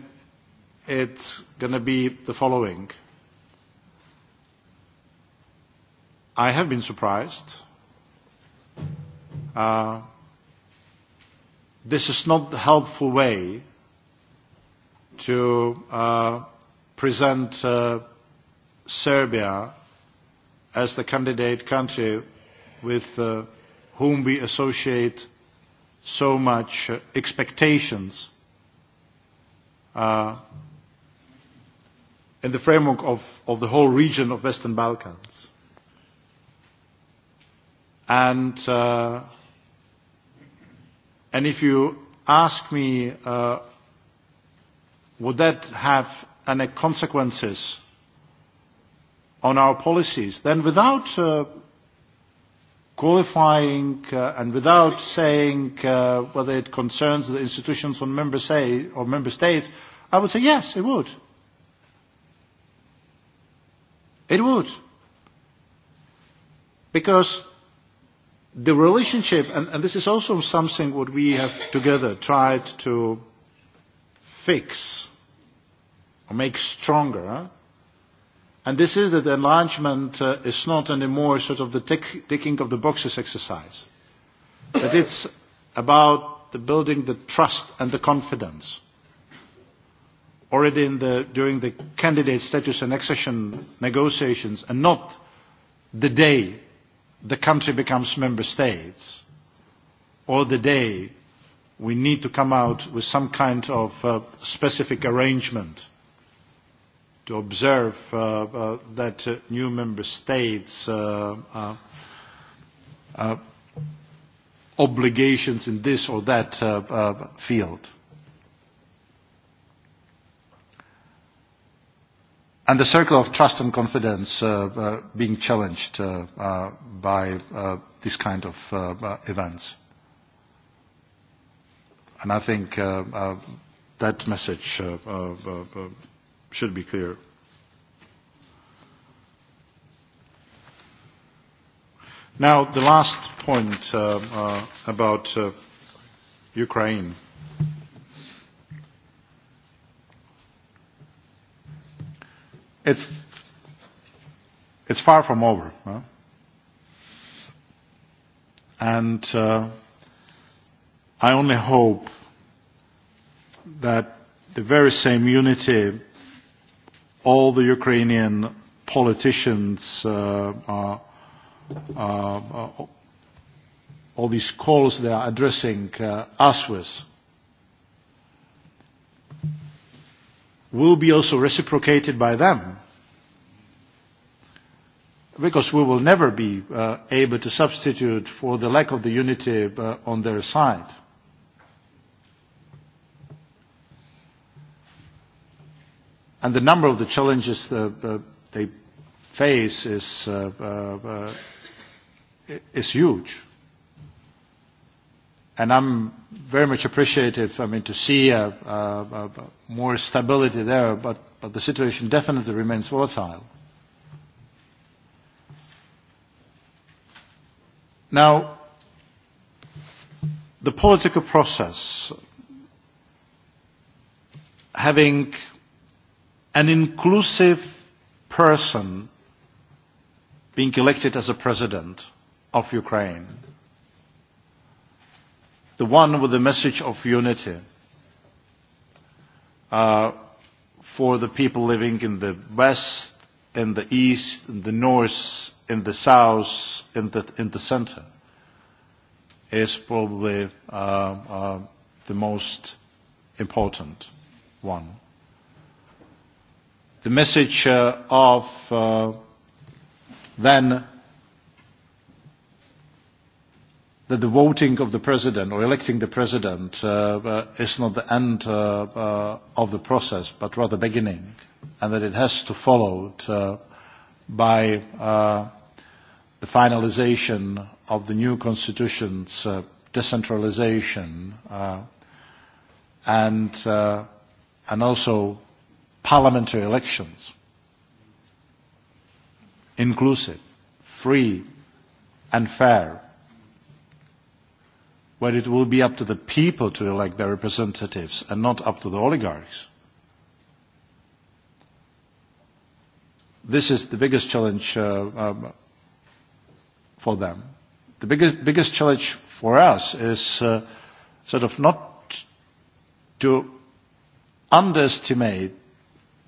it's gonna be the following. I have been surprised. Uh, this is not the helpful way to uh, present uh, Serbia as the candidate country with uh, whom we associate so much uh, expectations uh, in the framework of, of the whole region of Western Balkans. And, uh, and if you ask me, uh, would that have any consequences on our policies, then without uh, qualifying uh, and without saying uh, whether it concerns the institutions or member, say, or member states, I would say yes, it would. It would. Because the relationship, and, and this is also something what we have together tried to fix or make stronger, huh? And this is that enlargement uh, is not anymore sort of the tick, ticking of the boxes exercise, but it's about the building the trust and the confidence. Already in the, during the candidate status and accession negotiations, and not the day the country becomes member states, or the day we need to come out with some kind of uh, specific arrangement to observe uh, uh, that uh, new member states uh, uh, uh, obligations in this or that uh, uh, field. And the circle of trust and confidence uh, uh, being challenged uh, uh, by uh, this kind of uh, uh, events. And I think uh, uh, that message uh, uh, uh, should be clear. Now, the last point uh, uh, about uh, Ukraine. It's, it's far from over. Huh? And uh, I only hope that the very same unity all the Ukrainian politicians, uh, uh, uh, all these calls they are addressing uh, us with, will be also reciprocated by them. Because we will never be uh, able to substitute for the lack of the unity uh, on their side. And the number of the challenges the, the, they face is, uh, uh, uh, is huge. And I'm very much appreciative, I mean, to see uh, uh, uh, more stability there, but, but the situation definitely remains volatile. Now, the political process having an inclusive person being elected as a president of Ukraine, the one with the message of unity uh, for the people living in the west, in the east, in the north, in the south, in the, in the center, is probably uh, uh, the most important one the message uh, of uh, then that the voting of the president or electing the president uh, uh, is not the end uh, uh, of the process, but rather beginning, and that it has to follow it, uh, by uh, the finalization of the new constitution's uh, decentralization uh, and, uh, and also parliamentary elections. Inclusive, free and fair, where it will be up to the people to elect their representatives and not up to the oligarchs. This is the biggest challenge uh, um, for them. The biggest, biggest challenge for us is uh, sort of not to underestimate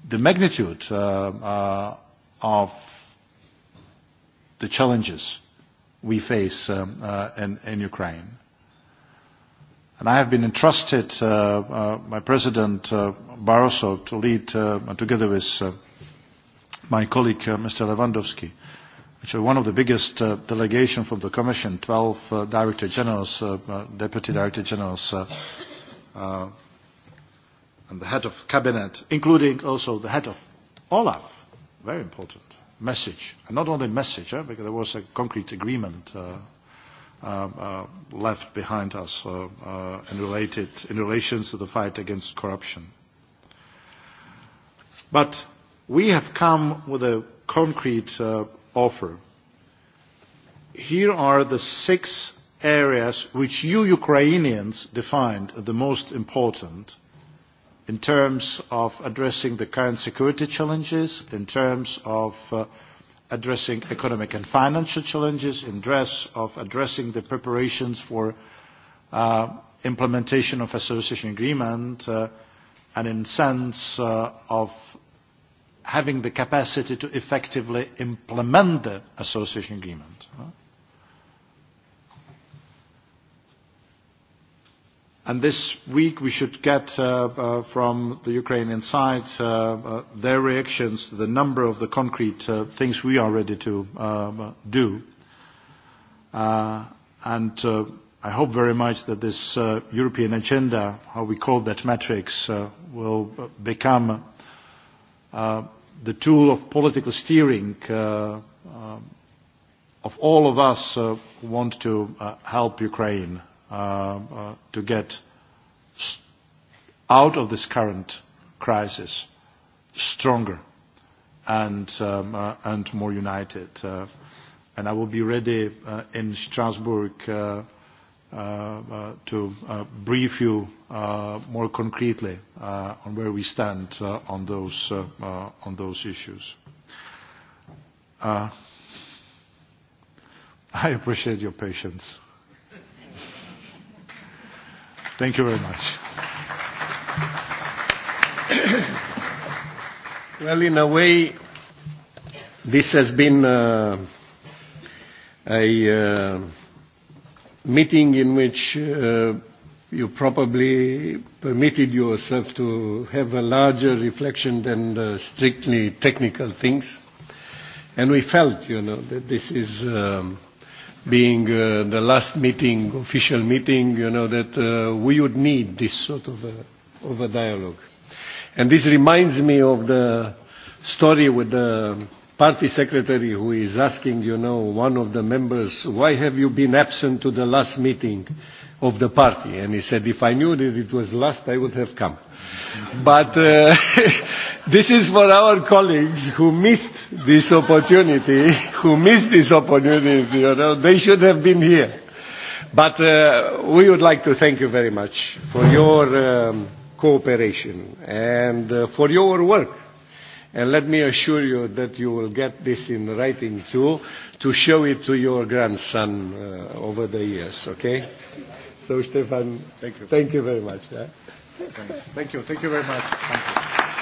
the magnitude uh, uh, of the challenges we face um, uh, in, in Ukraine. And I have been entrusted uh, uh, by President uh, Barroso to lead, uh, together with uh, my colleague uh, Mr. Lewandowski, which are one of the biggest uh, delegation from the Commission, 12 uh, Director Generals, uh, uh, Deputy Director Generals uh, uh, and the head of cabinet, including also the head of Olaf, very important message, and not only message, eh, because there was a concrete agreement uh, uh, uh, left behind us uh, uh, in, related, in relation to the fight against corruption. But we have come with a concrete uh, offer. Here are the six areas which you Ukrainians defined the most important in terms of addressing the current security challenges, in terms of uh, addressing economic and financial challenges, in terms of addressing the preparations for uh, implementation of association agreement, uh, and in sense uh, of having the capacity to effectively implement the association agreement. Uh. And this week we should get uh, uh, from the Ukrainian side uh, uh, their reactions to the number of the concrete uh, things we are ready to uh, do. Uh, and uh, I hope very much that this uh, European agenda, how we call that matrix, uh, will become uh, the tool of political steering uh, uh, of all of us uh, who want to uh, help Ukraine uh, uh, to get out of this current crisis stronger and, um, uh, and more united. Uh, and I will be ready uh, in Strasbourg uh, uh, uh, to uh, brief you uh, more concretely uh, on where we stand uh, on, those, uh, uh, on those issues. Uh, I appreciate your patience.
Thank you very much. well, in a way, this has been uh, a uh, meeting in which uh, you probably permitted yourself to have a larger reflection than the strictly technical things. And we felt, you know, that this is um, being uh, the last meeting, official meeting, you know, that uh, we would need this sort of a, uh, of a dialogue. And this reminds me of the story with the party secretary who is asking, you know, one of the members, why have you been absent to the last meeting of the party? And he said, if I knew that it was last, I would have come. But uh, this is for our colleagues who missed this opportunity, who missed this opportunity, you know, they should have been here. But uh, we would like to thank you very much for your um, cooperation and uh, for your work And let me assure you that you will get this in writing too, to show it to your grandson uh, over the years, okay? So, Stefan, thank you, thank you very much. Yeah?
Thanks. Thank you. Thank you very much. Thank you.